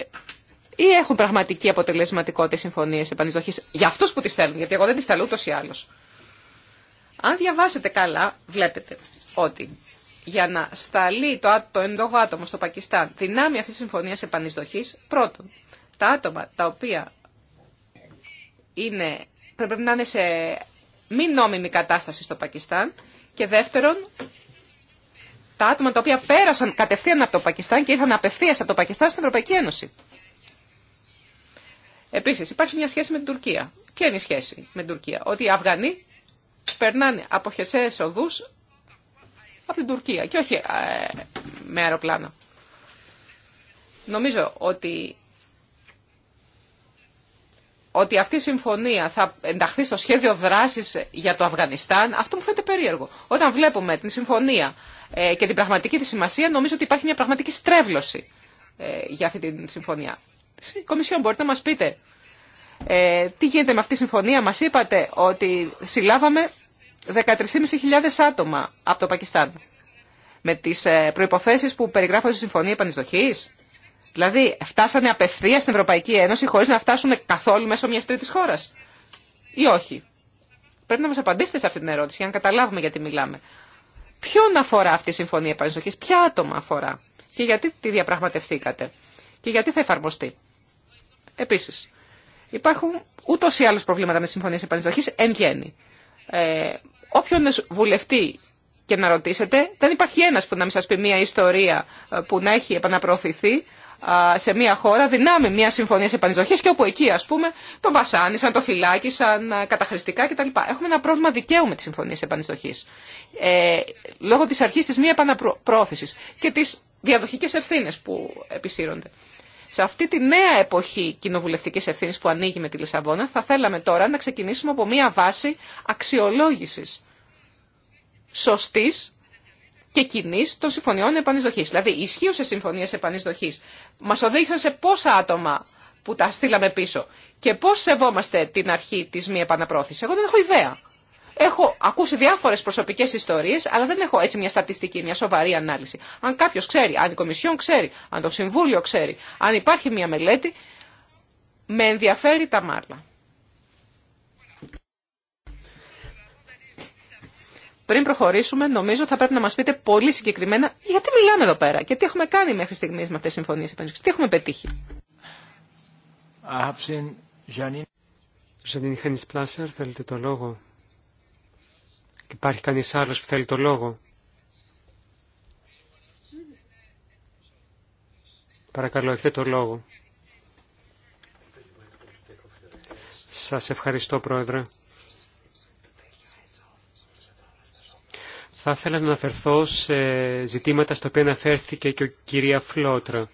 ή έχουν πραγματική αποτελεσματικότητα οι συμφωνίες επανεισδοχής για αυτούς που τις θέλουν, γιατί εγώ δεν τις θέλω ούτως ή άλλως. Αν διαβάσετε καλά, βλέπετε ότι για να σταλεί το, το άτομο στο Πακιστάν δυνάμει αυτή τη συμφωνία επανεισδοχής, πρώτον, τα άτομα τα οποία είναι, πρέπει να είναι σε μη νόμιμη κατάσταση στο Πακιστάν και δεύτερον, τα άτομα τα οποία πέρασαν κατευθείαν από το Πακιστάν και ήρθαν απευθεία από το Πακιστάν στην Ευρωπαϊκή Ένωση. Επίση, υπάρχει μια σχέση με την Τουρκία. Και είναι η σχέση με την Τουρκία. Ότι οι Αφγανοί περνάνε από χερσαίε οδού από την Τουρκία και όχι ε, με αεροπλάνα. Νομίζω ότι, ότι αυτή η συμφωνία θα ενταχθεί στο σχέδιο δράσης για το Αφγανιστάν. Αυτό μου φαίνεται περίεργο. Όταν βλέπουμε την συμφωνία ε, και την πραγματική τη σημασία, νομίζω ότι υπάρχει μια πραγματική στρέβλωση ε, για αυτή τη συμφωνία. Κομισιόν, μπορείτε να μα πείτε ε, τι γίνεται με αυτή τη συμφωνία. μα είπατε ότι συλλάβαμε 13.500 άτομα από το Πακιστάν με τι ε, προϋποθέσεις που περιγράφονται στη Συμφωνία επανεισδοχή. Δηλαδή, φτάσανε απευθεία στην Ευρωπαϊκή Ένωση χωρί να φτάσουν καθόλου μέσω μια τρίτη χώρα. Ή όχι. Πρέπει να μα απαντήσετε σε αυτή την ερώτηση για να καταλάβουμε γιατί μιλάμε. Ποιον αφορά αυτή η συμφωνία επανεισδοχής, ποια άτομα αφορά και γιατί τη διαπραγματευθήκατε και γιατί θα εφαρμοστεί. Επίση, υπάρχουν ούτω ή άλλω προβλήματα με συμφωνίε επανεισδοχής εν γέννη. Ε, όποιον βουλευτή και να ρωτήσετε, δεν υπάρχει ένα που να μην σα πει μια ιστορία ε, που να έχει επαναπροωθηθεί σε μια χώρα δυνάμει μια συμφωνία επανεισδοχή και όπου εκεί, α πούμε, τον βασάνισαν, τον φυλάκισαν καταχρηστικά κτλ. Έχουμε ένα πρόβλημα δικαίου με τι συμφωνίε επανεισδοχή. Ε, λόγω τη αρχή τη μη επαναπρόθεση και τι διαδοχικέ ευθύνε που επισύρονται. Σε αυτή τη νέα εποχή κοινοβουλευτική ευθύνη που ανοίγει με τη Λισαβόνα, θα θέλαμε τώρα να ξεκινήσουμε από μια βάση αξιολόγηση σωστή και κοινή των συμφωνιών επανεισδοχή. Δηλαδή, οι ισχύουσε συμφωνίε επανεισδοχή μα οδήγησαν σε πόσα άτομα που τα στείλαμε πίσω και πώ σεβόμαστε την αρχή τη μη επαναπρόθεση. Εγώ δεν έχω ιδέα. Έχω ακούσει διάφορε προσωπικέ ιστορίε, αλλά δεν έχω έτσι μια στατιστική, μια σοβαρή ανάλυση. Αν κάποιο ξέρει, αν η Κομισιόν ξέρει, αν το Συμβούλιο ξέρει, αν υπάρχει μια μελέτη, με ενδιαφέρει τα μάρλα. πριν προχωρήσουμε, νομίζω θα πρέπει να μα πείτε πολύ συγκεκριμένα γιατί μιλάμε εδώ πέρα και τι έχουμε κάνει μέχρι στιγμή με αυτέ τι συμφωνίε επένδυση. Τι έχουμε πετύχει. Ζανίν Χένι Πλάσερ, θέλετε το λόγο. Και υπάρχει κανεί άλλο που θέλει το λόγο. Παρακαλώ, έχετε το λόγο. Σας ευχαριστώ, Πρόεδρε. Θα ήθελα να αναφερθώ σε ζητήματα στα οποία αναφέρθηκε και ο κυρία Φλότρα.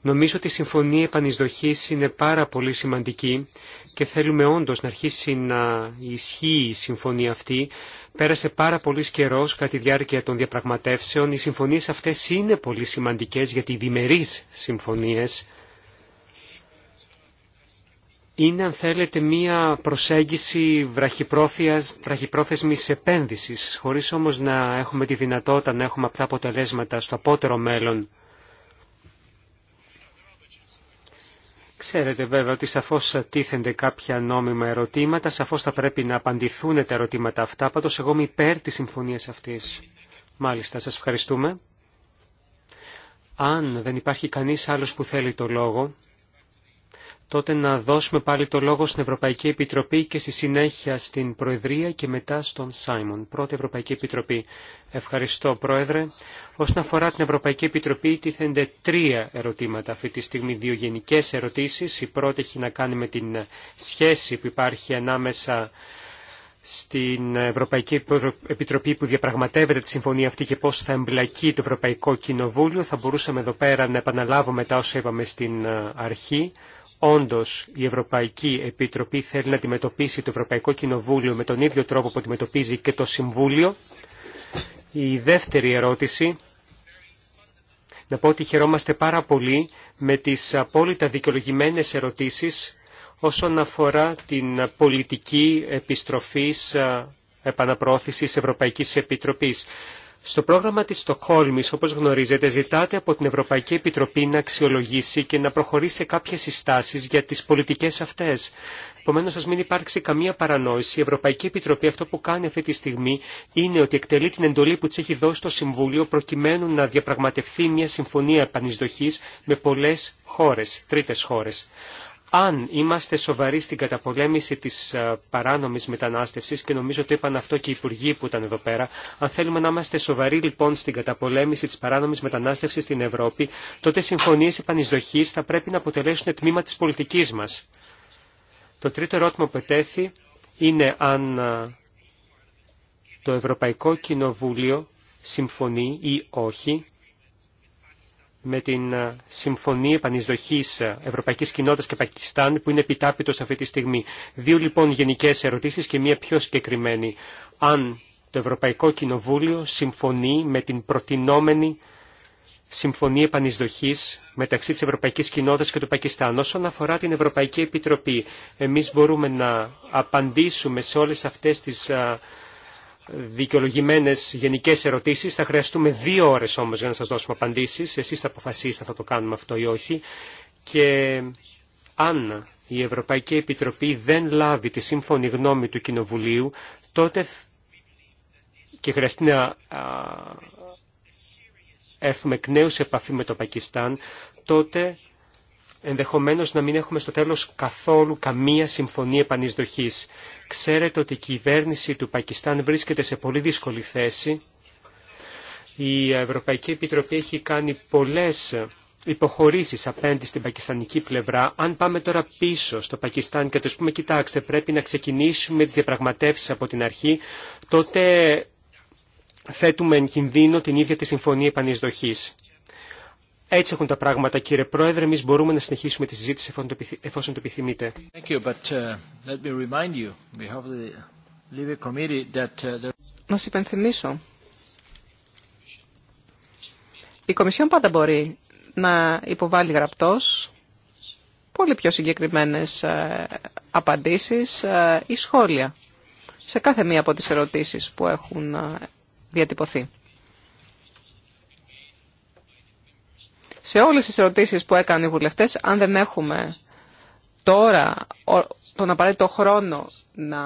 Νομίζω ότι η Συμφωνία Επανεισδοχής είναι πάρα πολύ σημαντική και θέλουμε όντως να αρχίσει να ισχύει η Συμφωνία αυτή. Πέρασε πάρα πολύ καιρό κατά τη διάρκεια των διαπραγματεύσεων. Οι συμφωνίες αυτές είναι πολύ σημαντικές γιατί οι διμερείς συμφωνίες είναι αν θέλετε μία προσέγγιση βραχυπρόθεσμης επένδυσης, χωρίς όμως να έχουμε τη δυνατότητα να έχουμε αυτά αποτελέσματα στο απότερο μέλλον. Ξέρετε βέβαια ότι σαφώς τίθενται κάποια νόμιμα ερωτήματα, σαφώς θα πρέπει να απαντηθούν τα ερωτήματα αυτά, πάντως εγώ είμαι υπέρ της συμφωνίας αυτής. Μάλιστα, σας ευχαριστούμε. Αν δεν υπάρχει κανείς άλλος που θέλει το λόγο, τότε να δώσουμε πάλι το λόγο στην Ευρωπαϊκή Επιτροπή και στη συνέχεια στην Προεδρία και μετά στον Σάιμον. Πρώτη Ευρωπαϊκή Επιτροπή. Ευχαριστώ, Πρόεδρε. Όσον αφορά την Ευρωπαϊκή Επιτροπή, τίθενται τρία ερωτήματα αυτή τη στιγμή, δύο γενικέ ερωτήσει. Η πρώτη έχει να κάνει με την σχέση που υπάρχει ανάμεσα στην Ευρωπαϊκή Επιτροπή που διαπραγματεύεται τη συμφωνία αυτή και πώς θα εμπλακεί το Ευρωπαϊκό Κοινοβούλιο. Θα μπορούσαμε εδώ πέρα να επαναλάβουμε μετά όσα είπαμε στην αρχή Όντως, η Ευρωπαϊκή Επιτροπή θέλει να αντιμετωπίσει το Ευρωπαϊκό Κοινοβούλιο με τον ίδιο τρόπο που αντιμετωπίζει και το Συμβούλιο. Η δεύτερη ερώτηση, να πω ότι χαιρόμαστε πάρα πολύ με τις απόλυτα δικαιολογημένες ερωτήσεις όσον αφορά την πολιτική επιστροφής ε, επαναπρόθεσης Ευρωπαϊκής Επιτροπής. Στο πρόγραμμα της Στοκχόλμης, όπως γνωρίζετε, ζητάτε από την Ευρωπαϊκή Επιτροπή να αξιολογήσει και να προχωρήσει σε κάποιες συστάσεις για τις πολιτικές αυτές. Επομένω, α μην υπάρξει καμία παρανόηση. Η Ευρωπαϊκή Επιτροπή αυτό που κάνει αυτή τη στιγμή είναι ότι εκτελεί την εντολή που τη έχει δώσει το Συμβούλιο προκειμένου να διαπραγματευτεί μια συμφωνία επανεισδοχή με πολλέ χώρε, τρίτε χώρε αν είμαστε σοβαροί στην καταπολέμηση της ε, παράνομης μετανάστευσης και νομίζω το είπαν αυτό και οι υπουργοί που ήταν εδώ πέρα, αν θέλουμε να είμαστε σοβαροί λοιπόν στην καταπολέμηση της παράνομης μετανάστευσης στην Ευρώπη, τότε συμφωνίες επανεισδοχής θα πρέπει να αποτελέσουν τμήμα της πολιτικής μας. Το τρίτο ερώτημα που ετέθη είναι αν ε, το Ευρωπαϊκό Κοινοβούλιο συμφωνεί ή όχι με την ε, Συμφωνία Επανεισδοχής ε, Ευρωπαϊκής Κοινότητας και Πακιστάν που είναι επιτάπητος αυτή τη στιγμή. Δύο λοιπόν γενικές ερωτήσεις και μία πιο συγκεκριμένη. Αν το Ευρωπαϊκό Κοινοβούλιο συμφωνεί με την προτινόμενη Συμφωνία Επανεισδοχή μεταξύ τη Ευρωπαϊκή Κοινότητα και του Πακιστάν. Όσον αφορά την Ευρωπαϊκή Επιτροπή, εμεί μπορούμε να απαντήσουμε σε όλε αυτέ τι ε, δικαιολογημένες γενικές ερωτήσεις. Θα χρειαστούμε δύο ώρες όμως για να σας δώσουμε απαντήσεις. Εσείς θα αποφασίσετε θα το κάνουμε αυτό ή όχι. Και αν η Ευρωπαϊκή Επιτροπή δεν λάβει τη σύμφωνη γνώμη του Κοινοβουλίου, τότε και χρειαστεί να έρθουμε εκ νέου σε επαφή με το Πακιστάν, τότε ενδεχομένως να μην έχουμε στο τέλος καθόλου καμία συμφωνία επανεισδοχής. Ξέρετε ότι η κυβέρνηση του Πακιστάν βρίσκεται σε πολύ δύσκολη θέση. Η Ευρωπαϊκή Επιτροπή έχει κάνει πολλές υποχωρήσεις απέναντι στην πακιστανική πλευρά. Αν πάμε τώρα πίσω στο Πακιστάν και τους πούμε κοιτάξτε πρέπει να ξεκινήσουμε τις διαπραγματεύσεις από την αρχή, τότε θέτουμε εν κινδύνο την ίδια τη συμφωνία επανεισδοχής. Έτσι έχουν τα πράγματα, κύριε Πρόεδρε. Εμεί μπορούμε να συνεχίσουμε τη συζήτηση εφόσον το επιθυμείτε. Uh, να σα υπενθυμίσω. Η Κομισιόν πάντα μπορεί να υποβάλει γραπτός πολύ πιο συγκεκριμένες ε, απαντήσεις ε, ή σχόλια σε κάθε μία από τις ερωτήσεις που έχουν ε, διατυπωθεί. σε όλες τις ερωτήσεις που έκαναν οι βουλευτές, αν δεν έχουμε τώρα τον απαραίτητο χρόνο να,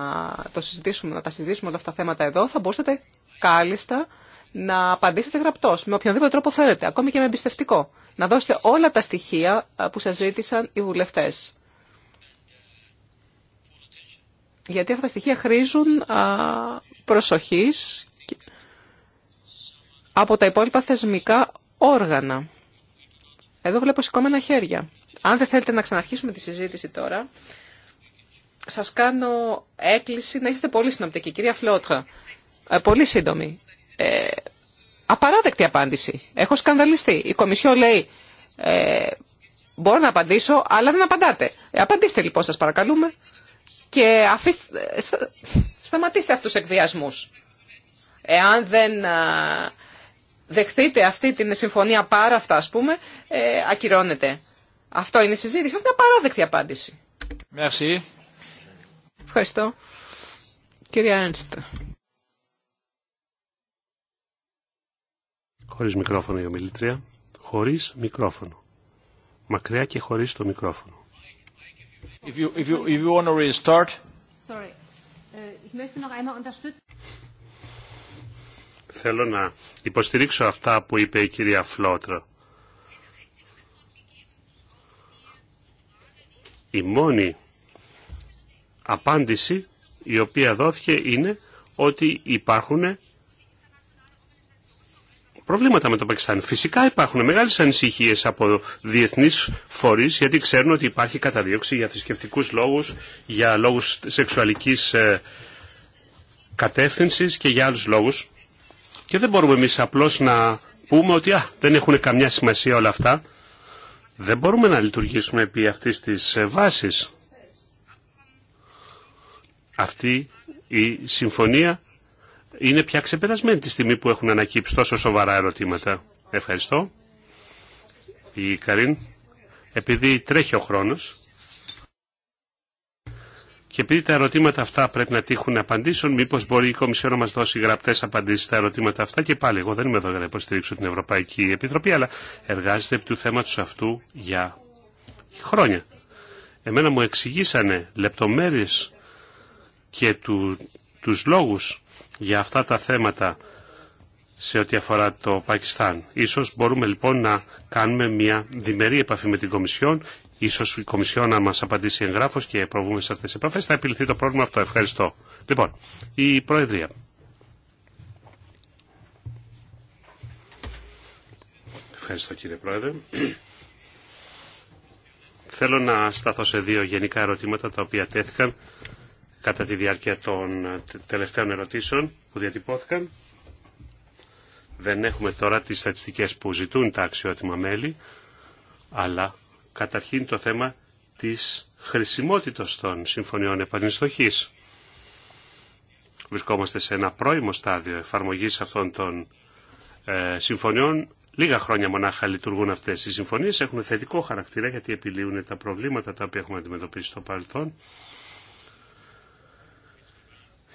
το συζητήσουμε, να τα συζητήσουμε όλα αυτά τα θέματα εδώ, θα μπορούσατε κάλλιστα να απαντήσετε γραπτός, με οποιονδήποτε τρόπο θέλετε, ακόμη και με εμπιστευτικό. Να δώσετε όλα τα στοιχεία που σας ζήτησαν οι βουλευτές. Γιατί αυτά τα στοιχεία χρήζουν προσοχής από τα υπόλοιπα θεσμικά όργανα. Εδώ βλέπω σηκώμενα χέρια. Αν δεν θέλετε να ξαναρχίσουμε τη συζήτηση τώρα, σας κάνω έκκληση να είστε πολύ συνοπτικοί. Κυρία Φλότχα, ε, πολύ σύντομη. Ε, απαράδεκτη απάντηση. Έχω σκανδαλιστεί. Η Κομισιό λέει, ε, μπορώ να απαντήσω, αλλά δεν απαντάτε. Ε, απαντήστε λοιπόν, σας παρακαλούμε. Και αφήστε, σταματήστε αυτούς τους εκβιασμούς. Εάν δεν δεχθείτε αυτή την συμφωνία πάρα αυτά, ας πούμε, ε, ακυρώνεται. Αυτό είναι η συζήτηση. Αυτή είναι απαράδεκτη απάντηση. Merci. Ευχαριστώ. Κύριε Άνστ. Χωρίς μικρόφωνο η ομιλήτρια. Χωρίς μικρόφωνο. Μακριά και χωρίς το μικρόφωνο. Θέλω να υποστηρίξω αυτά που είπε η κυρία Φλότρο. Η μόνη απάντηση η οποία δόθηκε είναι ότι υπάρχουν προβλήματα με το Πακιστάν. Φυσικά υπάρχουν μεγάλε ανησυχίε από διεθνεί φορεί, γιατί ξέρουν ότι υπάρχει καταδίωξη για θρησκευτικού λόγου, για λόγου σεξουαλική ε, κατεύθυνση και για άλλου λόγου. Και δεν μπορούμε εμείς απλώς να πούμε ότι α, δεν έχουν καμιά σημασία όλα αυτά. Δεν μπορούμε να λειτουργήσουμε επί αυτής της ε, βάσης. Αυτή η συμφωνία είναι πια ξεπερασμένη τη στιγμή που έχουν ανακύψει τόσο σοβαρά ερωτήματα. Ευχαριστώ. Η Καρίν, επειδή τρέχει ο χρόνος, και επειδή τα ερωτήματα αυτά πρέπει να τύχουν απαντήσεων, μήπω μπορεί η Κομισιόν να μα δώσει γραπτέ απαντήσει στα ερωτήματα αυτά. Και πάλι, εγώ δεν είμαι εδώ για να υποστηρίξω την Ευρωπαϊκή Επιτροπή, αλλά εργάζεται επί του θέματο αυτού για χρόνια. Εμένα μου εξηγήσανε λεπτομέρειε και του, τους λόγους για αυτά τα θέματα σε ό,τι αφορά το Πακιστάν. Ίσως μπορούμε λοιπόν να κάνουμε μια διμερή επαφή με την Κομισιόν Ίσως η Κομισιόν να μας απαντήσει εγγράφος και προβούμε σε αυτές τις επαφές. Θα επιληθεί το πρόβλημα αυτό. Ευχαριστώ. Λοιπόν, η Προεδρία. Ευχαριστώ κύριε Πρόεδρε. Θέλω να σταθώ σε δύο γενικά ερωτήματα τα οποία τέθηκαν κατά τη διάρκεια των τελευταίων ερωτήσεων που διατυπώθηκαν. Δεν έχουμε τώρα τις στατιστικές που ζητούν τα αξιότιμα μέλη, αλλά Καταρχήν το θέμα της χρησιμότητας των συμφωνιών επανειστοχής. Βρισκόμαστε σε ένα πρώιμο στάδιο εφαρμογής αυτών των ε, συμφωνιών. Λίγα χρόνια μονάχα λειτουργούν αυτές οι συμφωνίες. Έχουν θετικό χαρακτήρα γιατί επιλύουν τα προβλήματα τα οποία έχουμε αντιμετωπίσει στο παρελθόν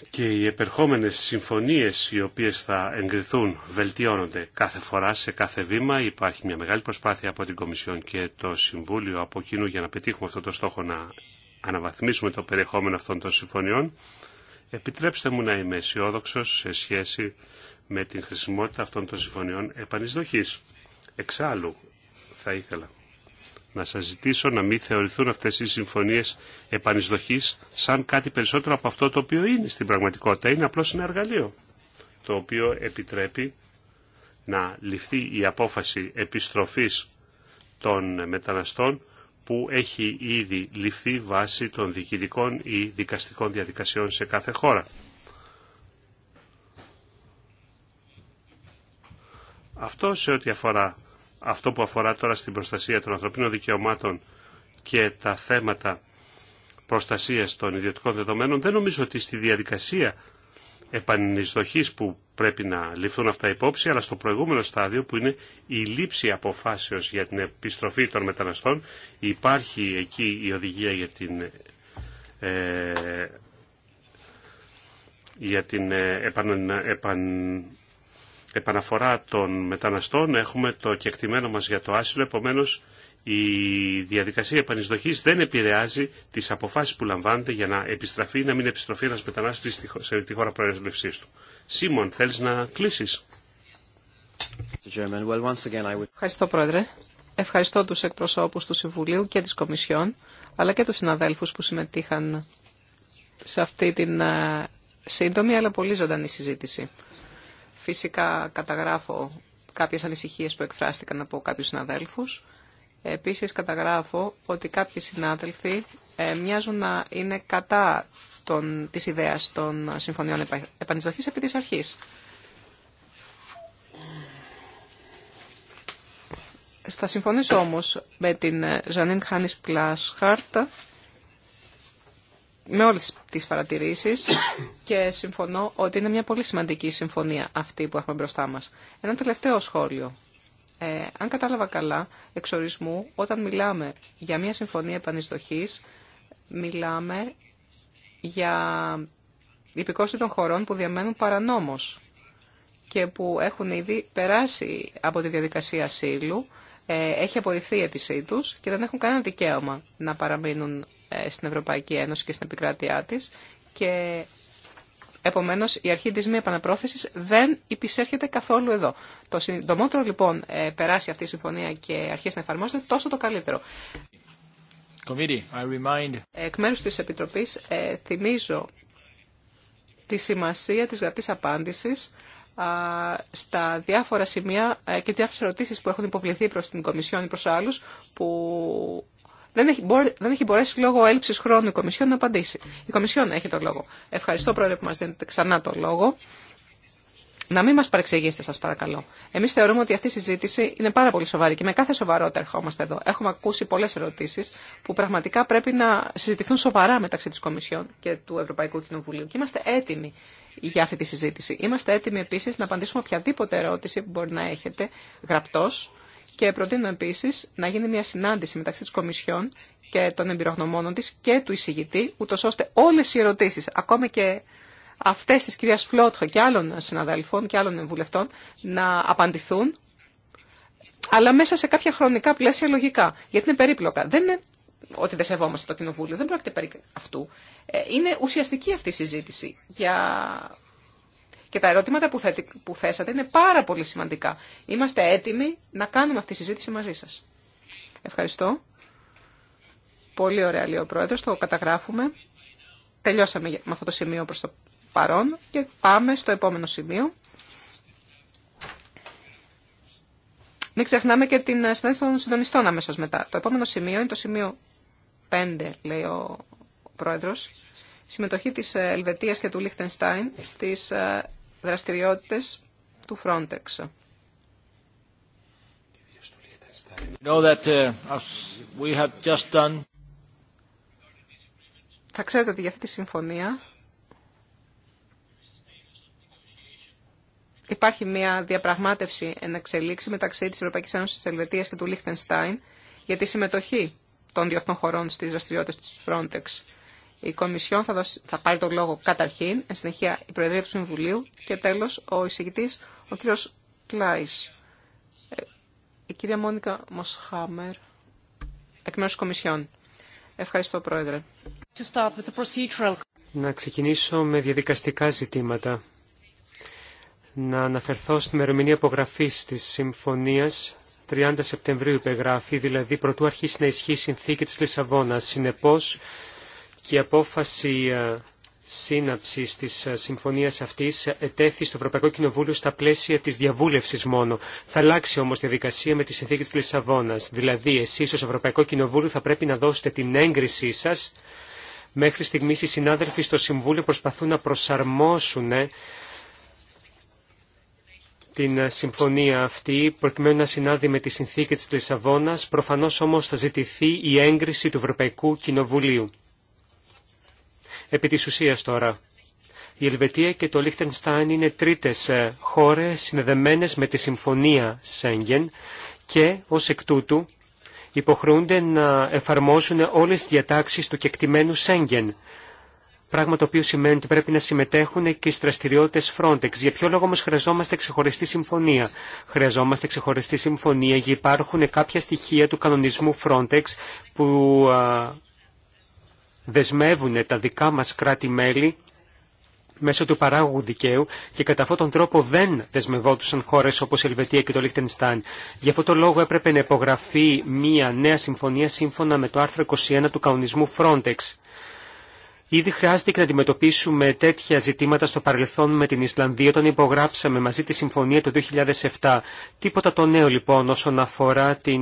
και οι επερχόμενες συμφωνίες οι οποίες θα εγκριθούν βελτιώνονται κάθε φορά σε κάθε βήμα. Υπάρχει μια μεγάλη προσπάθεια από την Κομισιόν και το Συμβούλιο από κοινού για να πετύχουμε αυτό το στόχο να αναβαθμίσουμε το περιεχόμενο αυτών των συμφωνιών. Επιτρέψτε μου να είμαι αισιόδοξο σε σχέση με την χρησιμότητα αυτών των συμφωνιών επανεισδοχής. Εξάλλου θα ήθελα να σας ζητήσω να μην θεωρηθούν αυτές οι συμφωνίες επανεισδοχής σαν κάτι περισσότερο από αυτό το οποίο είναι στην πραγματικότητα. Είναι απλώς ένα εργαλείο το οποίο επιτρέπει να ληφθεί η απόφαση επιστροφής των μεταναστών που έχει ήδη ληφθεί βάσει των διοικητικών ή δικαστικών διαδικασιών σε κάθε χώρα. Αυτό σε ό,τι αφορά αυτό που αφορά τώρα στην προστασία των ανθρωπίνων δικαιωμάτων και τα θέματα προστασίας των ιδιωτικών δεδομένων, δεν νομίζω ότι στη διαδικασία επανεισδοχής που πρέπει να ληφθούν αυτά υπόψη, αλλά στο προηγούμενο στάδιο που είναι η λήψη αποφάσεως για την επιστροφή των μεταναστών, υπάρχει εκεί η οδηγία για την, ε, για την επαν, επαν, επαναφορά των μεταναστών, έχουμε το κεκτημένο μας για το άσυλο, επομένως η διαδικασία επανεισδοχής δεν επηρεάζει τις αποφάσεις που λαμβάνονται για να επιστραφεί ή να μην επιστροφεί ένας μετανάστης σε τη χώρα προέλευσή του. Σίμων, θέλεις να κλείσεις. Ευχαριστώ Πρόεδρε. Ευχαριστώ τους εκπροσώπους του Συμβουλίου και της Κομισιόν, αλλά και τους συναδέλφους που συμμετείχαν σε αυτή την ε, σύντομη αλλά πολύ ζωντανή συζήτηση. Φυσικά καταγράφω κάποιες ανησυχίες που εκφράστηκαν από κάποιους συναδέλφους. Επίσης καταγράφω ότι κάποιοι συνάδελφοι ε, μοιάζουν να είναι κατά των, της ιδέας των συμφωνιών επανεισδοχής επί της αρχής. Θα συμφωνήσω όμως με την Ζανίν Χάνης Πλάσχαρτα με όλες τις παρατηρήσεις [COUGHS] και συμφωνώ ότι είναι μια πολύ σημαντική συμφωνία αυτή που έχουμε μπροστά μας. Ένα τελευταίο σχόλιο. Ε, αν κατάλαβα καλά, εξορισμού, όταν μιλάμε για μια συμφωνία επανειστοχής, μιλάμε για υπηκόστη των χωρών που διαμένουν παρανόμως και που έχουν ήδη περάσει από τη διαδικασία ασύλου, ε, έχει απορριφθεί η αίτησή τους και δεν έχουν κανένα δικαίωμα να παραμείνουν ε, στην Ευρωπαϊκή Ένωση και στην επικράτειά της και επομένως η αρχή τη μη επαναπρόθεση δεν υπησέρχεται καθόλου εδώ. Το συντομότερο λοιπόν ε, περάσει αυτή η συμφωνία και αρχίσει να εφαρμόζεται τόσο το καλύτερο. Εκ μέρου τη Επιτροπής ε, θυμίζω τη σημασία της γραπτής απάντησης στα διάφορα σημεία και διάφορε ερωτήσεις που έχουν υποβληθεί προς την Κομισιόν ή προς άλλους που δεν έχει, δεν έχει μπορέσει λόγω έλλειψη χρόνου η Κομισιόν να απαντήσει. Η Κομισιόν έχει το λόγο. Ευχαριστώ, Πρόεδρε, που μα δίνετε ξανά το λόγο. Να μην μα παρεξηγήσετε, σα παρακαλώ. Εμεί θεωρούμε ότι αυτή η συζήτηση είναι πάρα πολύ σοβαρή και με κάθε σοβαρότητα ερχόμαστε εδώ. Έχουμε ακούσει πολλέ ερωτήσει που πραγματικά πρέπει να συζητηθούν σοβαρά μεταξύ τη Κομισιόν και του Ευρωπαϊκού Κοινοβουλίου. Και είμαστε έτοιμοι για αυτή τη συζήτηση. Είμαστε έτοιμοι επίση να απαντήσουμε οποιαδήποτε ερώτηση που μπορεί να έχετε γραπτό και προτείνω επίση να γίνει μια συνάντηση μεταξύ της Κομισιόν και των εμπειρογνωμόνων της και του εισηγητή, ούτω ώστε όλες οι ερωτήσεις, ακόμα και αυτές τη κυρία Φλότχο και άλλων συναδελφών και άλλων βουλευτών, να απαντηθούν, αλλά μέσα σε κάποια χρονικά πλαίσια λογικά. Γιατί είναι περίπλοκα. Δεν είναι ότι δεν σεβόμαστε το Κοινοβούλιο, δεν πρόκειται περί αυτού. Ε, είναι ουσιαστική αυτή η συζήτηση για και τα ερωτήματα που, που θέσατε είναι πάρα πολύ σημαντικά. Είμαστε έτοιμοι να κάνουμε αυτή τη συζήτηση μαζί σας. Ευχαριστώ. Πολύ ωραία λέει ο Πρόεδρος, το καταγράφουμε. Τελειώσαμε με αυτό το σημείο προς το παρόν και πάμε στο επόμενο σημείο. Μην ξεχνάμε και την συνέντευξη των συντονιστών αμέσως μετά. Το επόμενο σημείο είναι το σημείο 5, λέει ο Πρόεδρος, συμμετοχή της Ελβετίας και του Λίχτενστάιν στις ε, δραστηριότητες του Frontex. Uh, Θα ξέρετε ότι για αυτή τη συμφωνία υπάρχει μια διαπραγμάτευση εν εξελίξη μεταξύ της Ευρωπαϊκής Ένωσης της Ελβετίας και του Λίχτενστάιν για τη συμμετοχή των διεθνών χωρών στις δραστηριότητες της Frontex. Η Κομισιόν θα, θα πάρει τον λόγο καταρχήν, εν συνεχεία η Προεδρία του Συμβουλίου και τέλος ο εισηγητής, ο κύριος Κλάης. Ε, η κυρία Μόνικα Μοσχάμερ, εκ μέρους Κομισιόν. Ευχαριστώ, Πρόεδρε. Να ξεκινήσω με διαδικαστικά ζητήματα. Να αναφερθώ στην ημερομηνία απογραφή τη συμφωνία 30 Σεπτεμβρίου υπεγράφει, δηλαδή πρωτού αρχίσει να ισχύει η συνθήκη τη Λισαβόνα και η απόφαση ε, σύναψης της ε, συμφωνίας αυτής ε, ετέθη στο Ευρωπαϊκό Κοινοβούλιο στα πλαίσια της διαβούλευσης μόνο. Θα αλλάξει όμως τη διαδικασία με τη συνθήκη της Λισαβόνας. Δηλαδή εσείς ως Ευρωπαϊκό Κοινοβούλιο θα πρέπει να δώσετε την έγκρισή σας. Μέχρι στιγμής οι συνάδελφοι στο Συμβούλιο προσπαθούν να προσαρμόσουν την συμφωνία αυτή προκειμένου να συνάδει με τη συνθήκη της Λισαβόνας. Προφανώς όμως θα ζητηθεί η έγκριση του Ευρωπαϊκού Κοινοβουλίου. Επί της ουσίας τώρα, η Ελβετία και το Λίχτενστάιν είναι τρίτες ε, χώρες συνδεμένες με τη Συμφωνία Σέγγεν και ως εκ τούτου υποχρεούνται να εφαρμόσουν όλες τις διατάξεις του κεκτημένου Σέγγεν. Πράγμα το οποίο σημαίνει ότι πρέπει να συμμετέχουν και οι δραστηριότητε Frontex. Για ποιο λόγο όμω χρειαζόμαστε ξεχωριστή συμφωνία. Χρειαζόμαστε ξεχωριστή συμφωνία γιατί υπάρχουν κάποια στοιχεία του κανονισμού Frontex που δεσμεύουν τα δικά μας κράτη-μέλη μέσω του παράγου δικαίου και κατά αυτόν τον τρόπο δεν δεσμευόντουσαν χώρες όπως η Ελβετία και το Λιχτενστάν. Γι' αυτό το λόγο έπρεπε να υπογραφεί μία νέα συμφωνία σύμφωνα με το άρθρο 21 του καονισμού Frontex. Ήδη χρειάστηκε να αντιμετωπίσουμε τέτοια ζητήματα στο παρελθόν με την Ισλανδία όταν υπογράψαμε μαζί τη συμφωνία το 2007. Τίποτα το νέο λοιπόν όσον αφορά την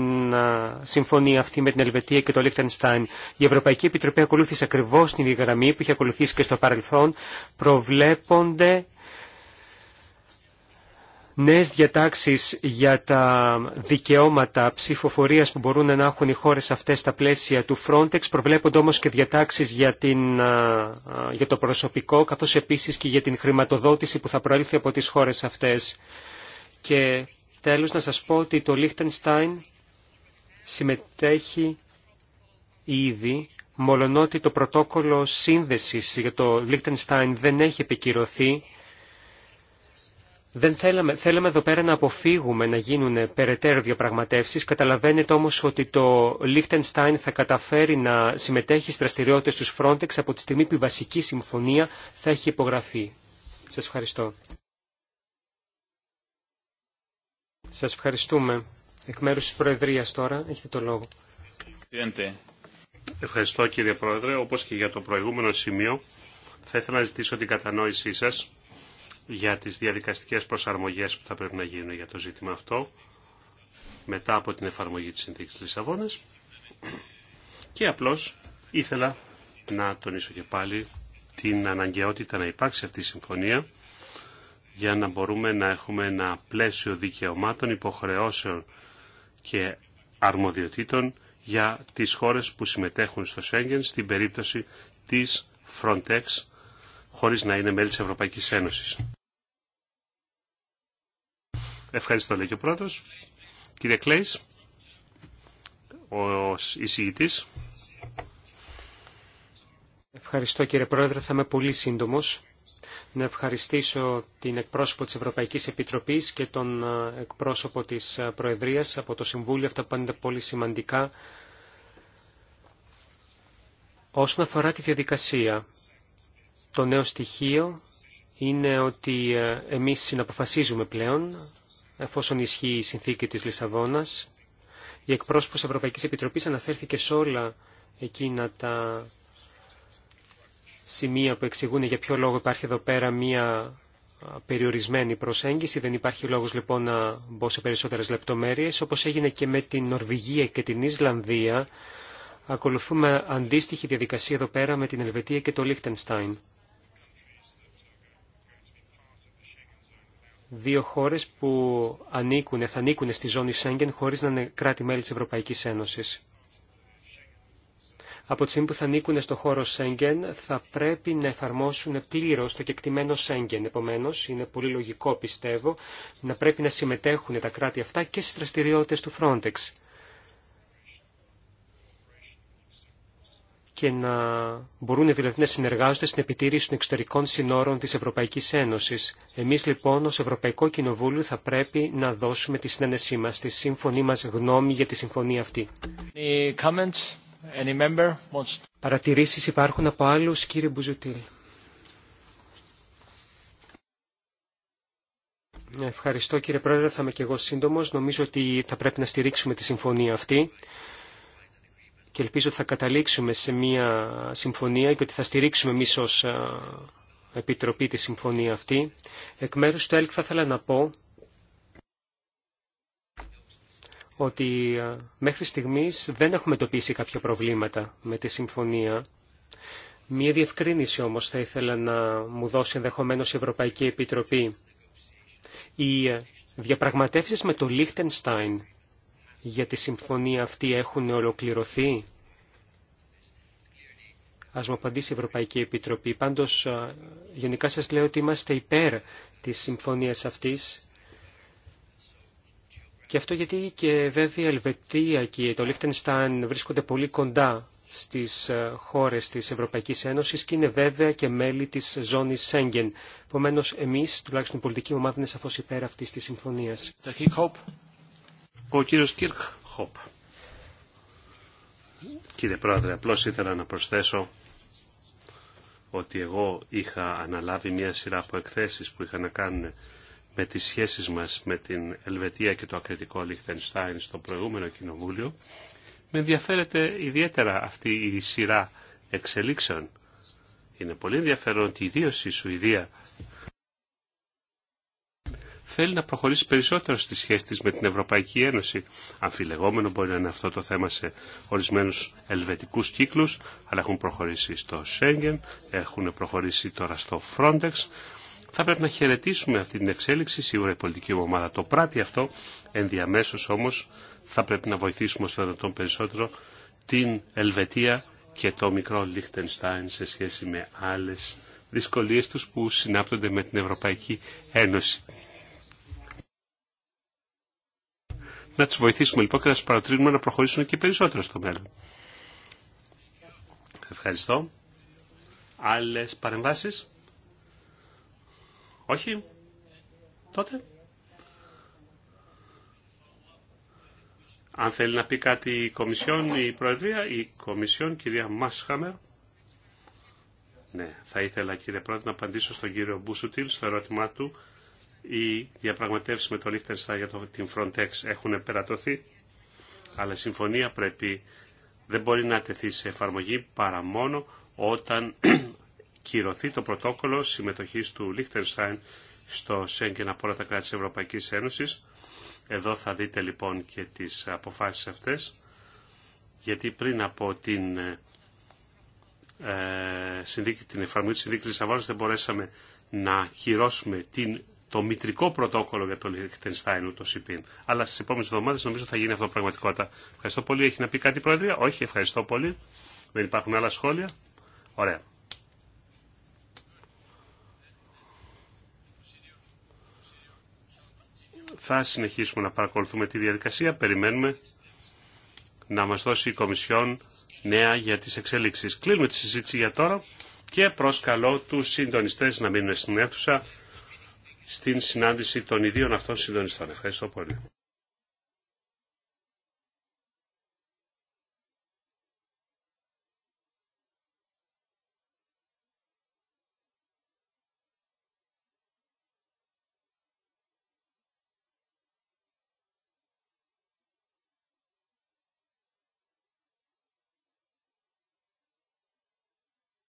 συμφωνία αυτή με την Ελβετία και το Λίχτενστάιν. Η Ευρωπαϊκή Επιτροπή ακολούθησε ακριβώ την ίδια γραμμή που είχε ακολουθήσει και στο παρελθόν. Προβλέπονται νέες διατάξεις για τα δικαιώματα ψηφοφορίας που μπορούν να έχουν οι χώρες αυτές στα πλαίσια του Frontex, προβλέπονται όμως και διατάξεις για, για το προσωπικό, καθώς επίσης και για την χρηματοδότηση που θα προέλθει από τις χώρες αυτές. Και τέλος να σας πω ότι το Liechtenstein συμμετέχει ήδη μολονότι το πρωτόκολλο σύνδεσης για το Liechtenstein δεν έχει επικυρωθεί δεν θέλαμε, θέλαμε εδώ πέρα να αποφύγουμε να γίνουν περαιτέρω διαπραγματεύσει. Καταλαβαίνετε όμως ότι το Λίχτενστάιν θα καταφέρει να συμμετέχει στις δραστηριότητες του Frontex από τη στιγμή που η βασική συμφωνία θα έχει υπογραφεί. Σας ευχαριστώ. Σας ευχαριστούμε. Εκ μέρους της Προεδρίας τώρα έχετε το λόγο. Ευχαριστώ κύριε Πρόεδρε. Όπως και για το προηγούμενο σημείο θα ήθελα να ζητήσω την κατανόησή σας για τις διαδικαστικές προσαρμογές που θα πρέπει να γίνουν για το ζήτημα αυτό μετά από την εφαρμογή της συνθήκης Λισαβόνας και απλώς ήθελα να τονίσω και πάλι την αναγκαιότητα να υπάρξει αυτή η συμφωνία για να μπορούμε να έχουμε ένα πλαίσιο δικαιωμάτων, υποχρεώσεων και αρμοδιοτήτων για τις χώρες που συμμετέχουν στο Σέγγεν στην περίπτωση της Frontex χωρίς να είναι μέλη της Ευρωπαϊκής Ένωσης. Ευχαριστώ, λέει και ο πρόεδρος. Κύριε Κλέης, ο εισηγητής. Ευχαριστώ κύριε Πρόεδρε, θα είμαι πολύ σύντομος. Να ευχαριστήσω την εκπρόσωπο της Ευρωπαϊκής Επιτροπής και τον ε, εκπρόσωπο της ε, Προεδρίας από το Συμβούλιο. Αυτά πάντα πολύ σημαντικά. Όσον αφορά τη διαδικασία, το νέο στοιχείο είναι ότι ε, εμείς συναποφασίζουμε πλέον εφόσον ισχύει η συνθήκη της Λισαβόνας. Η εκπρόσωπος Ευρωπαϊκής Επιτροπής αναφέρθηκε σε όλα εκείνα τα σημεία που εξηγούν για ποιο λόγο υπάρχει εδώ πέρα μία περιορισμένη προσέγγιση. Δεν υπάρχει λόγος λοιπόν να μπω σε περισσότερες λεπτομέρειες. Όπως έγινε και με την Νορβηγία και την Ισλανδία, ακολουθούμε αντίστοιχη διαδικασία εδώ πέρα με την Ελβετία και το Λίχτενστάιν. δύο χώρες που ανήκουν, θα ανήκουν στη ζώνη Σέγγεν χωρίς να είναι κράτη-μέλη τη Ευρωπαϊκής Ένωσης. Από τη στιγμή που θα ανήκουν στο χώρο Σέγγεν θα πρέπει να εφαρμόσουν πλήρω το κεκτημένο Σέγγεν. Επομένως, είναι πολύ λογικό πιστεύω να πρέπει να συμμετέχουν τα κράτη αυτά και στις δραστηριότητε του Frontex. και να μπορούν δηλαδή να συνεργάζονται στην επιτήρηση των εξωτερικών συνόρων της Ευρωπαϊκής Ένωσης. Εμείς λοιπόν ως Ευρωπαϊκό Κοινοβούλιο θα πρέπει να δώσουμε τη συνένεσή μας, τη σύμφωνή μας γνώμη για τη συμφωνία αυτή. Any Παρατηρήσεις υπάρχουν από άλλους, κύριε Μπουζουτήλ. Ευχαριστώ κύριε Πρόεδρε, θα είμαι και εγώ σύντομος. Νομίζω ότι θα πρέπει να στηρίξουμε τη συμφωνία αυτή και ελπίζω ότι θα καταλήξουμε σε μια συμφωνία και ότι θα στηρίξουμε εμεί ω ε, Επιτροπή τη συμφωνία αυτή. Εκ μέρους του ΕΛΚ θα ήθελα να πω ότι ε, μέχρι στιγμής δεν έχουμε τοπίσει κάποια προβλήματα με τη συμφωνία. Μία διευκρίνηση όμως θα ήθελα να μου δώσει ενδεχομένω η Ευρωπαϊκή Επιτροπή. Οι ε, διαπραγματεύσεις με το Λίχτενστάιν για τη συμφωνία αυτή έχουν ολοκληρωθεί. Ας μου απαντήσει η Ευρωπαϊκή Επιτροπή. Πάντως, γενικά σας λέω ότι είμαστε υπέρ της συμφωνίας αυτής. Και αυτό γιατί και βέβαια η Ελβετία και το Λίχτενστάιν βρίσκονται πολύ κοντά στις χώρες της Ευρωπαϊκής Ένωσης και είναι βέβαια και μέλη της ζώνης Σέγγεν. Επομένω, εμείς, τουλάχιστον η πολιτική ομάδα, είναι σαφώς υπέρ αυτής της συμφωνίας. Ο κύριος Κίρκ Χοπ. Κύριε Πρόεδρε, απλώς ήθελα να προσθέσω ότι εγώ είχα αναλάβει μια σειρά από εκθέσεις που είχαν να κάνουν με τις σχέσεις μας με την Ελβετία και το ακριτικό Λιχτενστάιν στο προηγούμενο κοινοβούλιο. Με ενδιαφέρεται ιδιαίτερα αυτή η σειρά εξελίξεων. Είναι πολύ ενδιαφέρον ότι ιδίω η Σουηδία θέλει να προχωρήσει περισσότερο στη σχέση της με την Ευρωπαϊκή Ένωση. Αμφιλεγόμενο μπορεί να είναι αυτό το θέμα σε ορισμένους ελβετικούς κύκλους, αλλά έχουν προχωρήσει στο Σέγγεν, έχουν προχωρήσει τώρα στο Frontex. Θα πρέπει να χαιρετήσουμε αυτή την εξέλιξη, σίγουρα η πολιτική ομάδα το πράττει αυτό, ενδιαμέσως όμως θα πρέπει να βοηθήσουμε ως δυνατόν περισσότερο την Ελβετία και το μικρό Λίχτενστάιν σε σχέση με άλλες δυσκολίες τους που συνάπτονται με την Ευρωπαϊκή Ένωση. να τους βοηθήσουμε λοιπόν και να τους παρατηρήσουμε να προχωρήσουν και περισσότερο στο μέλλον. Ευχαριστώ. Άλλες παρεμβάσεις. Όχι. Τότε. Αν θέλει να πει κάτι η Κομισιόν, η Προεδρία, η Κομισιόν, κυρία Μάσχαμερ. Ναι, θα ήθελα κύριε Πρόεδρε να απαντήσω στον κύριο Μπούσουτιλ στο ερώτημά του οι διαπραγματεύσει με το Λίχτενστάιν για την Frontex έχουν περατωθεί, αλλά η συμφωνία πρέπει, δεν μπορεί να τεθεί σε εφαρμογή παρά μόνο όταν [CLEARS THROAT] κυρωθεί το πρωτόκολλο συμμετοχής του Λίχτενστάιν στο Σέγγεν από όλα τα κράτη της Ευρωπαϊκής Ένωσης. Εδώ θα δείτε λοιπόν και τις αποφάσεις αυτές, γιατί πριν από την, ε, ε, την εφαρμογή της συνδίκης δεν μπορέσαμε να κυρώσουμε την το μητρικό πρωτόκολλο για το Λιχτενστάιν ούτω ή Αλλά στι επόμενε εβδομάδε νομίζω θα γίνει αυτό πραγματικότητα. Ευχαριστώ πολύ. Έχει να πει κάτι η Πρόεδρε? Όχι, ευχαριστώ πολύ. Δεν υπάρχουν άλλα σχόλια. Ωραία. Θα συνεχίσουμε να παρακολουθούμε τη διαδικασία. Περιμένουμε να μας δώσει η Κομισιόν νέα για τις εξέλιξεις. Κλείνουμε τη συζήτηση για τώρα και προσκαλώ τους συντονιστές να μείνουν στην αίθουσα στην συνάντηση των ιδίων αυτών συντονιστών. Ευχαριστώ πολύ.